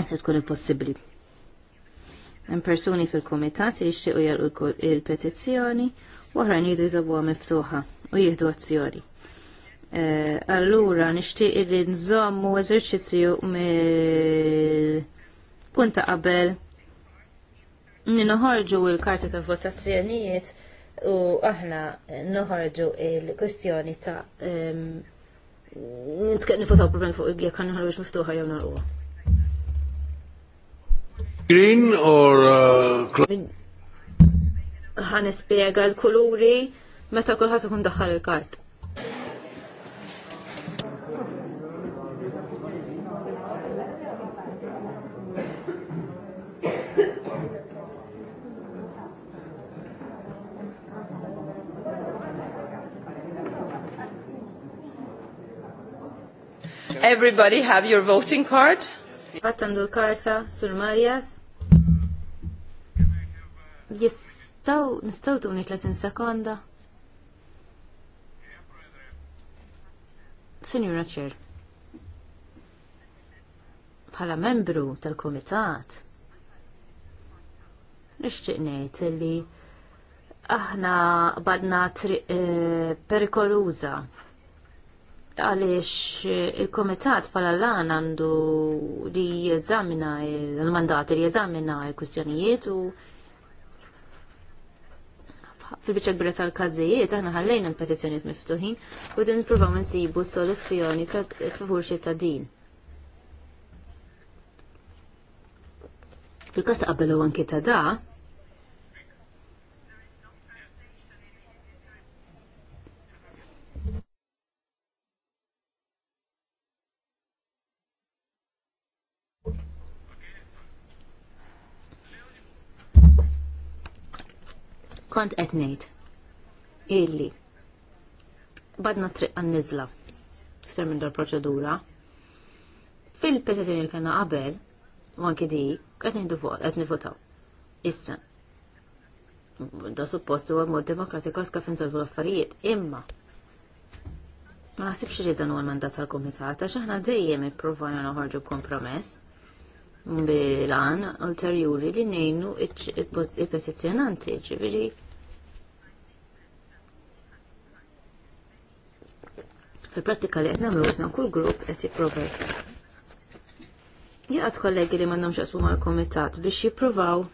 tkun impossibbli. Hemm persuni fil-kumitat li jixtiequ jarqu il-petizzjoni u oħrajn jridu jżabuha miftuħa u jieħdu azzjoni. Eh, allura nixtieq li nżommu eżerċizzju mill-punta qabel ninoħorġu il-karti ta' votazzjonijiet u aħna noħorġu il-kwestjoni ta' nitkeqni fuq problemi fuq jekk kan nħarġu miftuħa jew narquha. Green or uh, ħan uh, l-kuluri meta kulħadd ikun daħħal il-kart. Everybody have your voting card? Għattandu l-karta sul-Marjas. Jistaw, nistaw tuni 30 sekonda. Signora Cher, bħala membru tal-Komitat, nixtieq ngħid li aħna badna eh, perikoluża għaliex il-komitat bħala lan għandu li jeżamina l-mandati li jeżamina l-kwistjonijiet u fil bicċa gbira tal-każijiet aħna ħallejna l petizjoniet miftuħin u din provaw nsibu soluzzjoni ta' din. Fil-każ ta' qabel anki ta' da' kont qed ngħid illi badna triq għan-niżla minn dal-proċedura. fil petizjoni li kellna qabel, u anke di, qed ngħidu fuq qed Issa. Da suppost huwa mod demokratiku kif insolvu l-affarijiet, imma ma nasibx li dan għal mandat tal-kumitat għax aħna dejjem ippruvaw uħarġu kompromess bil-għan ulterjuri li nejnu il-petizjonanti, ġiviri. Fil-pratika li għetna mrużna kull grupp għet jiprofa. Jgħat kollegi li mandom ma' mal komitat biex jiprovaw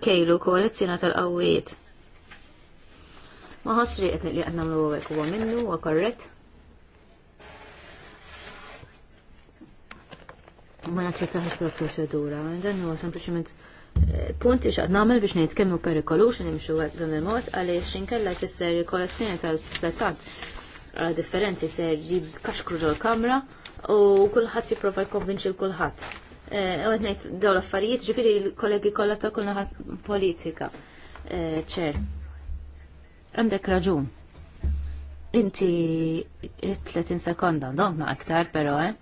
kejlu koalizjona tal-qawwiet. Maħosri għetni li għetna mrużna kuwa minnu, u korrett. ma naċċettax bla procedura dan huwa sempliċement eh, punti xaqt namel biex ngħid kemm hu perikolu x'nimxu hekk dan il-mod għaliex inkella jfisser kollezzjoni tal-setat eh, differenti ser jibkaxkru ġol-kamra u kulħadd jipprova jkonvinċi l-kulħadd. Eh, għed nejt daw l-affarijiet, ġifiri l-kollegi kollha ta' kull politika. ċer, għandek raġun. Inti rrit 30 sekonda, donna aktar, pero, eh?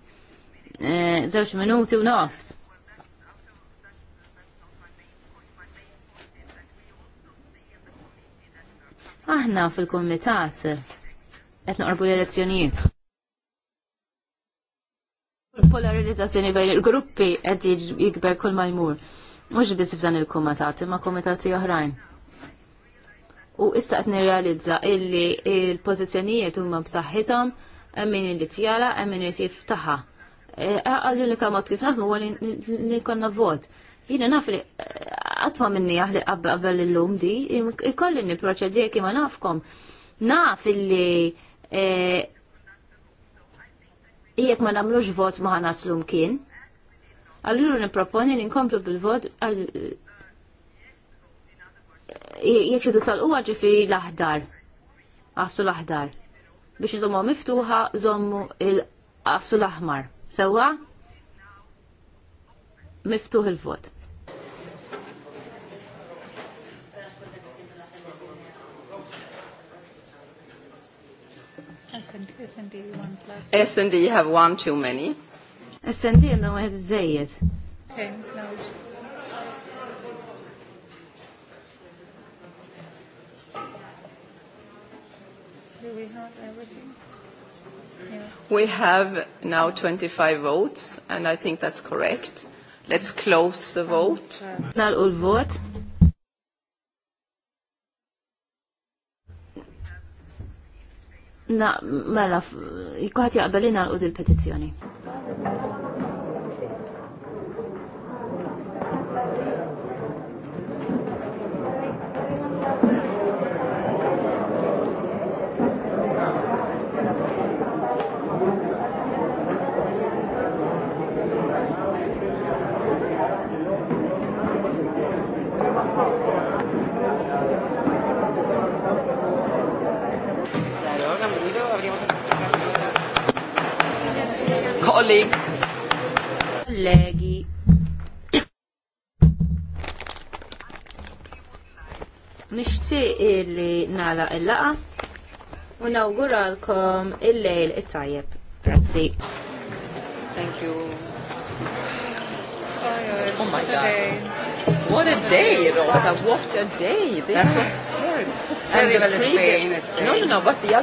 żewġ eh, minuti u nofs. Aħna fil-komitat qed noqorbu l-elezzjonijiet. Polarizzazzjoni bejn il-gruppi qed jikber kull ma jmur. Mhux biss f'dan il-komitat, imma komitati oħrajn. U issa qed nirrealizza illi il-pożizzjonijiet huma b'saħħithom hemm min li tjala hemm min irid jiftaħa għalli li kamat kif naħdmu għalli li konna vot. Jina naf li eh, għatma minni għalli għabbel l-lum di, ikolli ni proċedje kima nafkom. Naf li eh, jek ma namlux vot ma ħanaslu mkien. Allura proponi li nkomplu bil-vot eh, jek xidu tal-uwa ġifiri l-aħdar. Għassu l-aħdar. Biex nżommu miftuħa, zommu il għassu l-aħmar. Sewa? Miftuħ il-vot. S&D have one too many. S&D and then we għandhom għed zejjed. Do we have everything? We have now 25 votes, and I think that's correct. Let's close the vote. Nalqu l-vot. Na, mela, jikkuħat jaqbelina l-qud il-petizjoni. nixtieq illi nala il-laqa u nawguralkom il-lejl it-tajjeb. Grazzi. Thank you. Oh my god. What a day, Rosa. What a day. This was terrible. And the previous... No, no, no, but the other...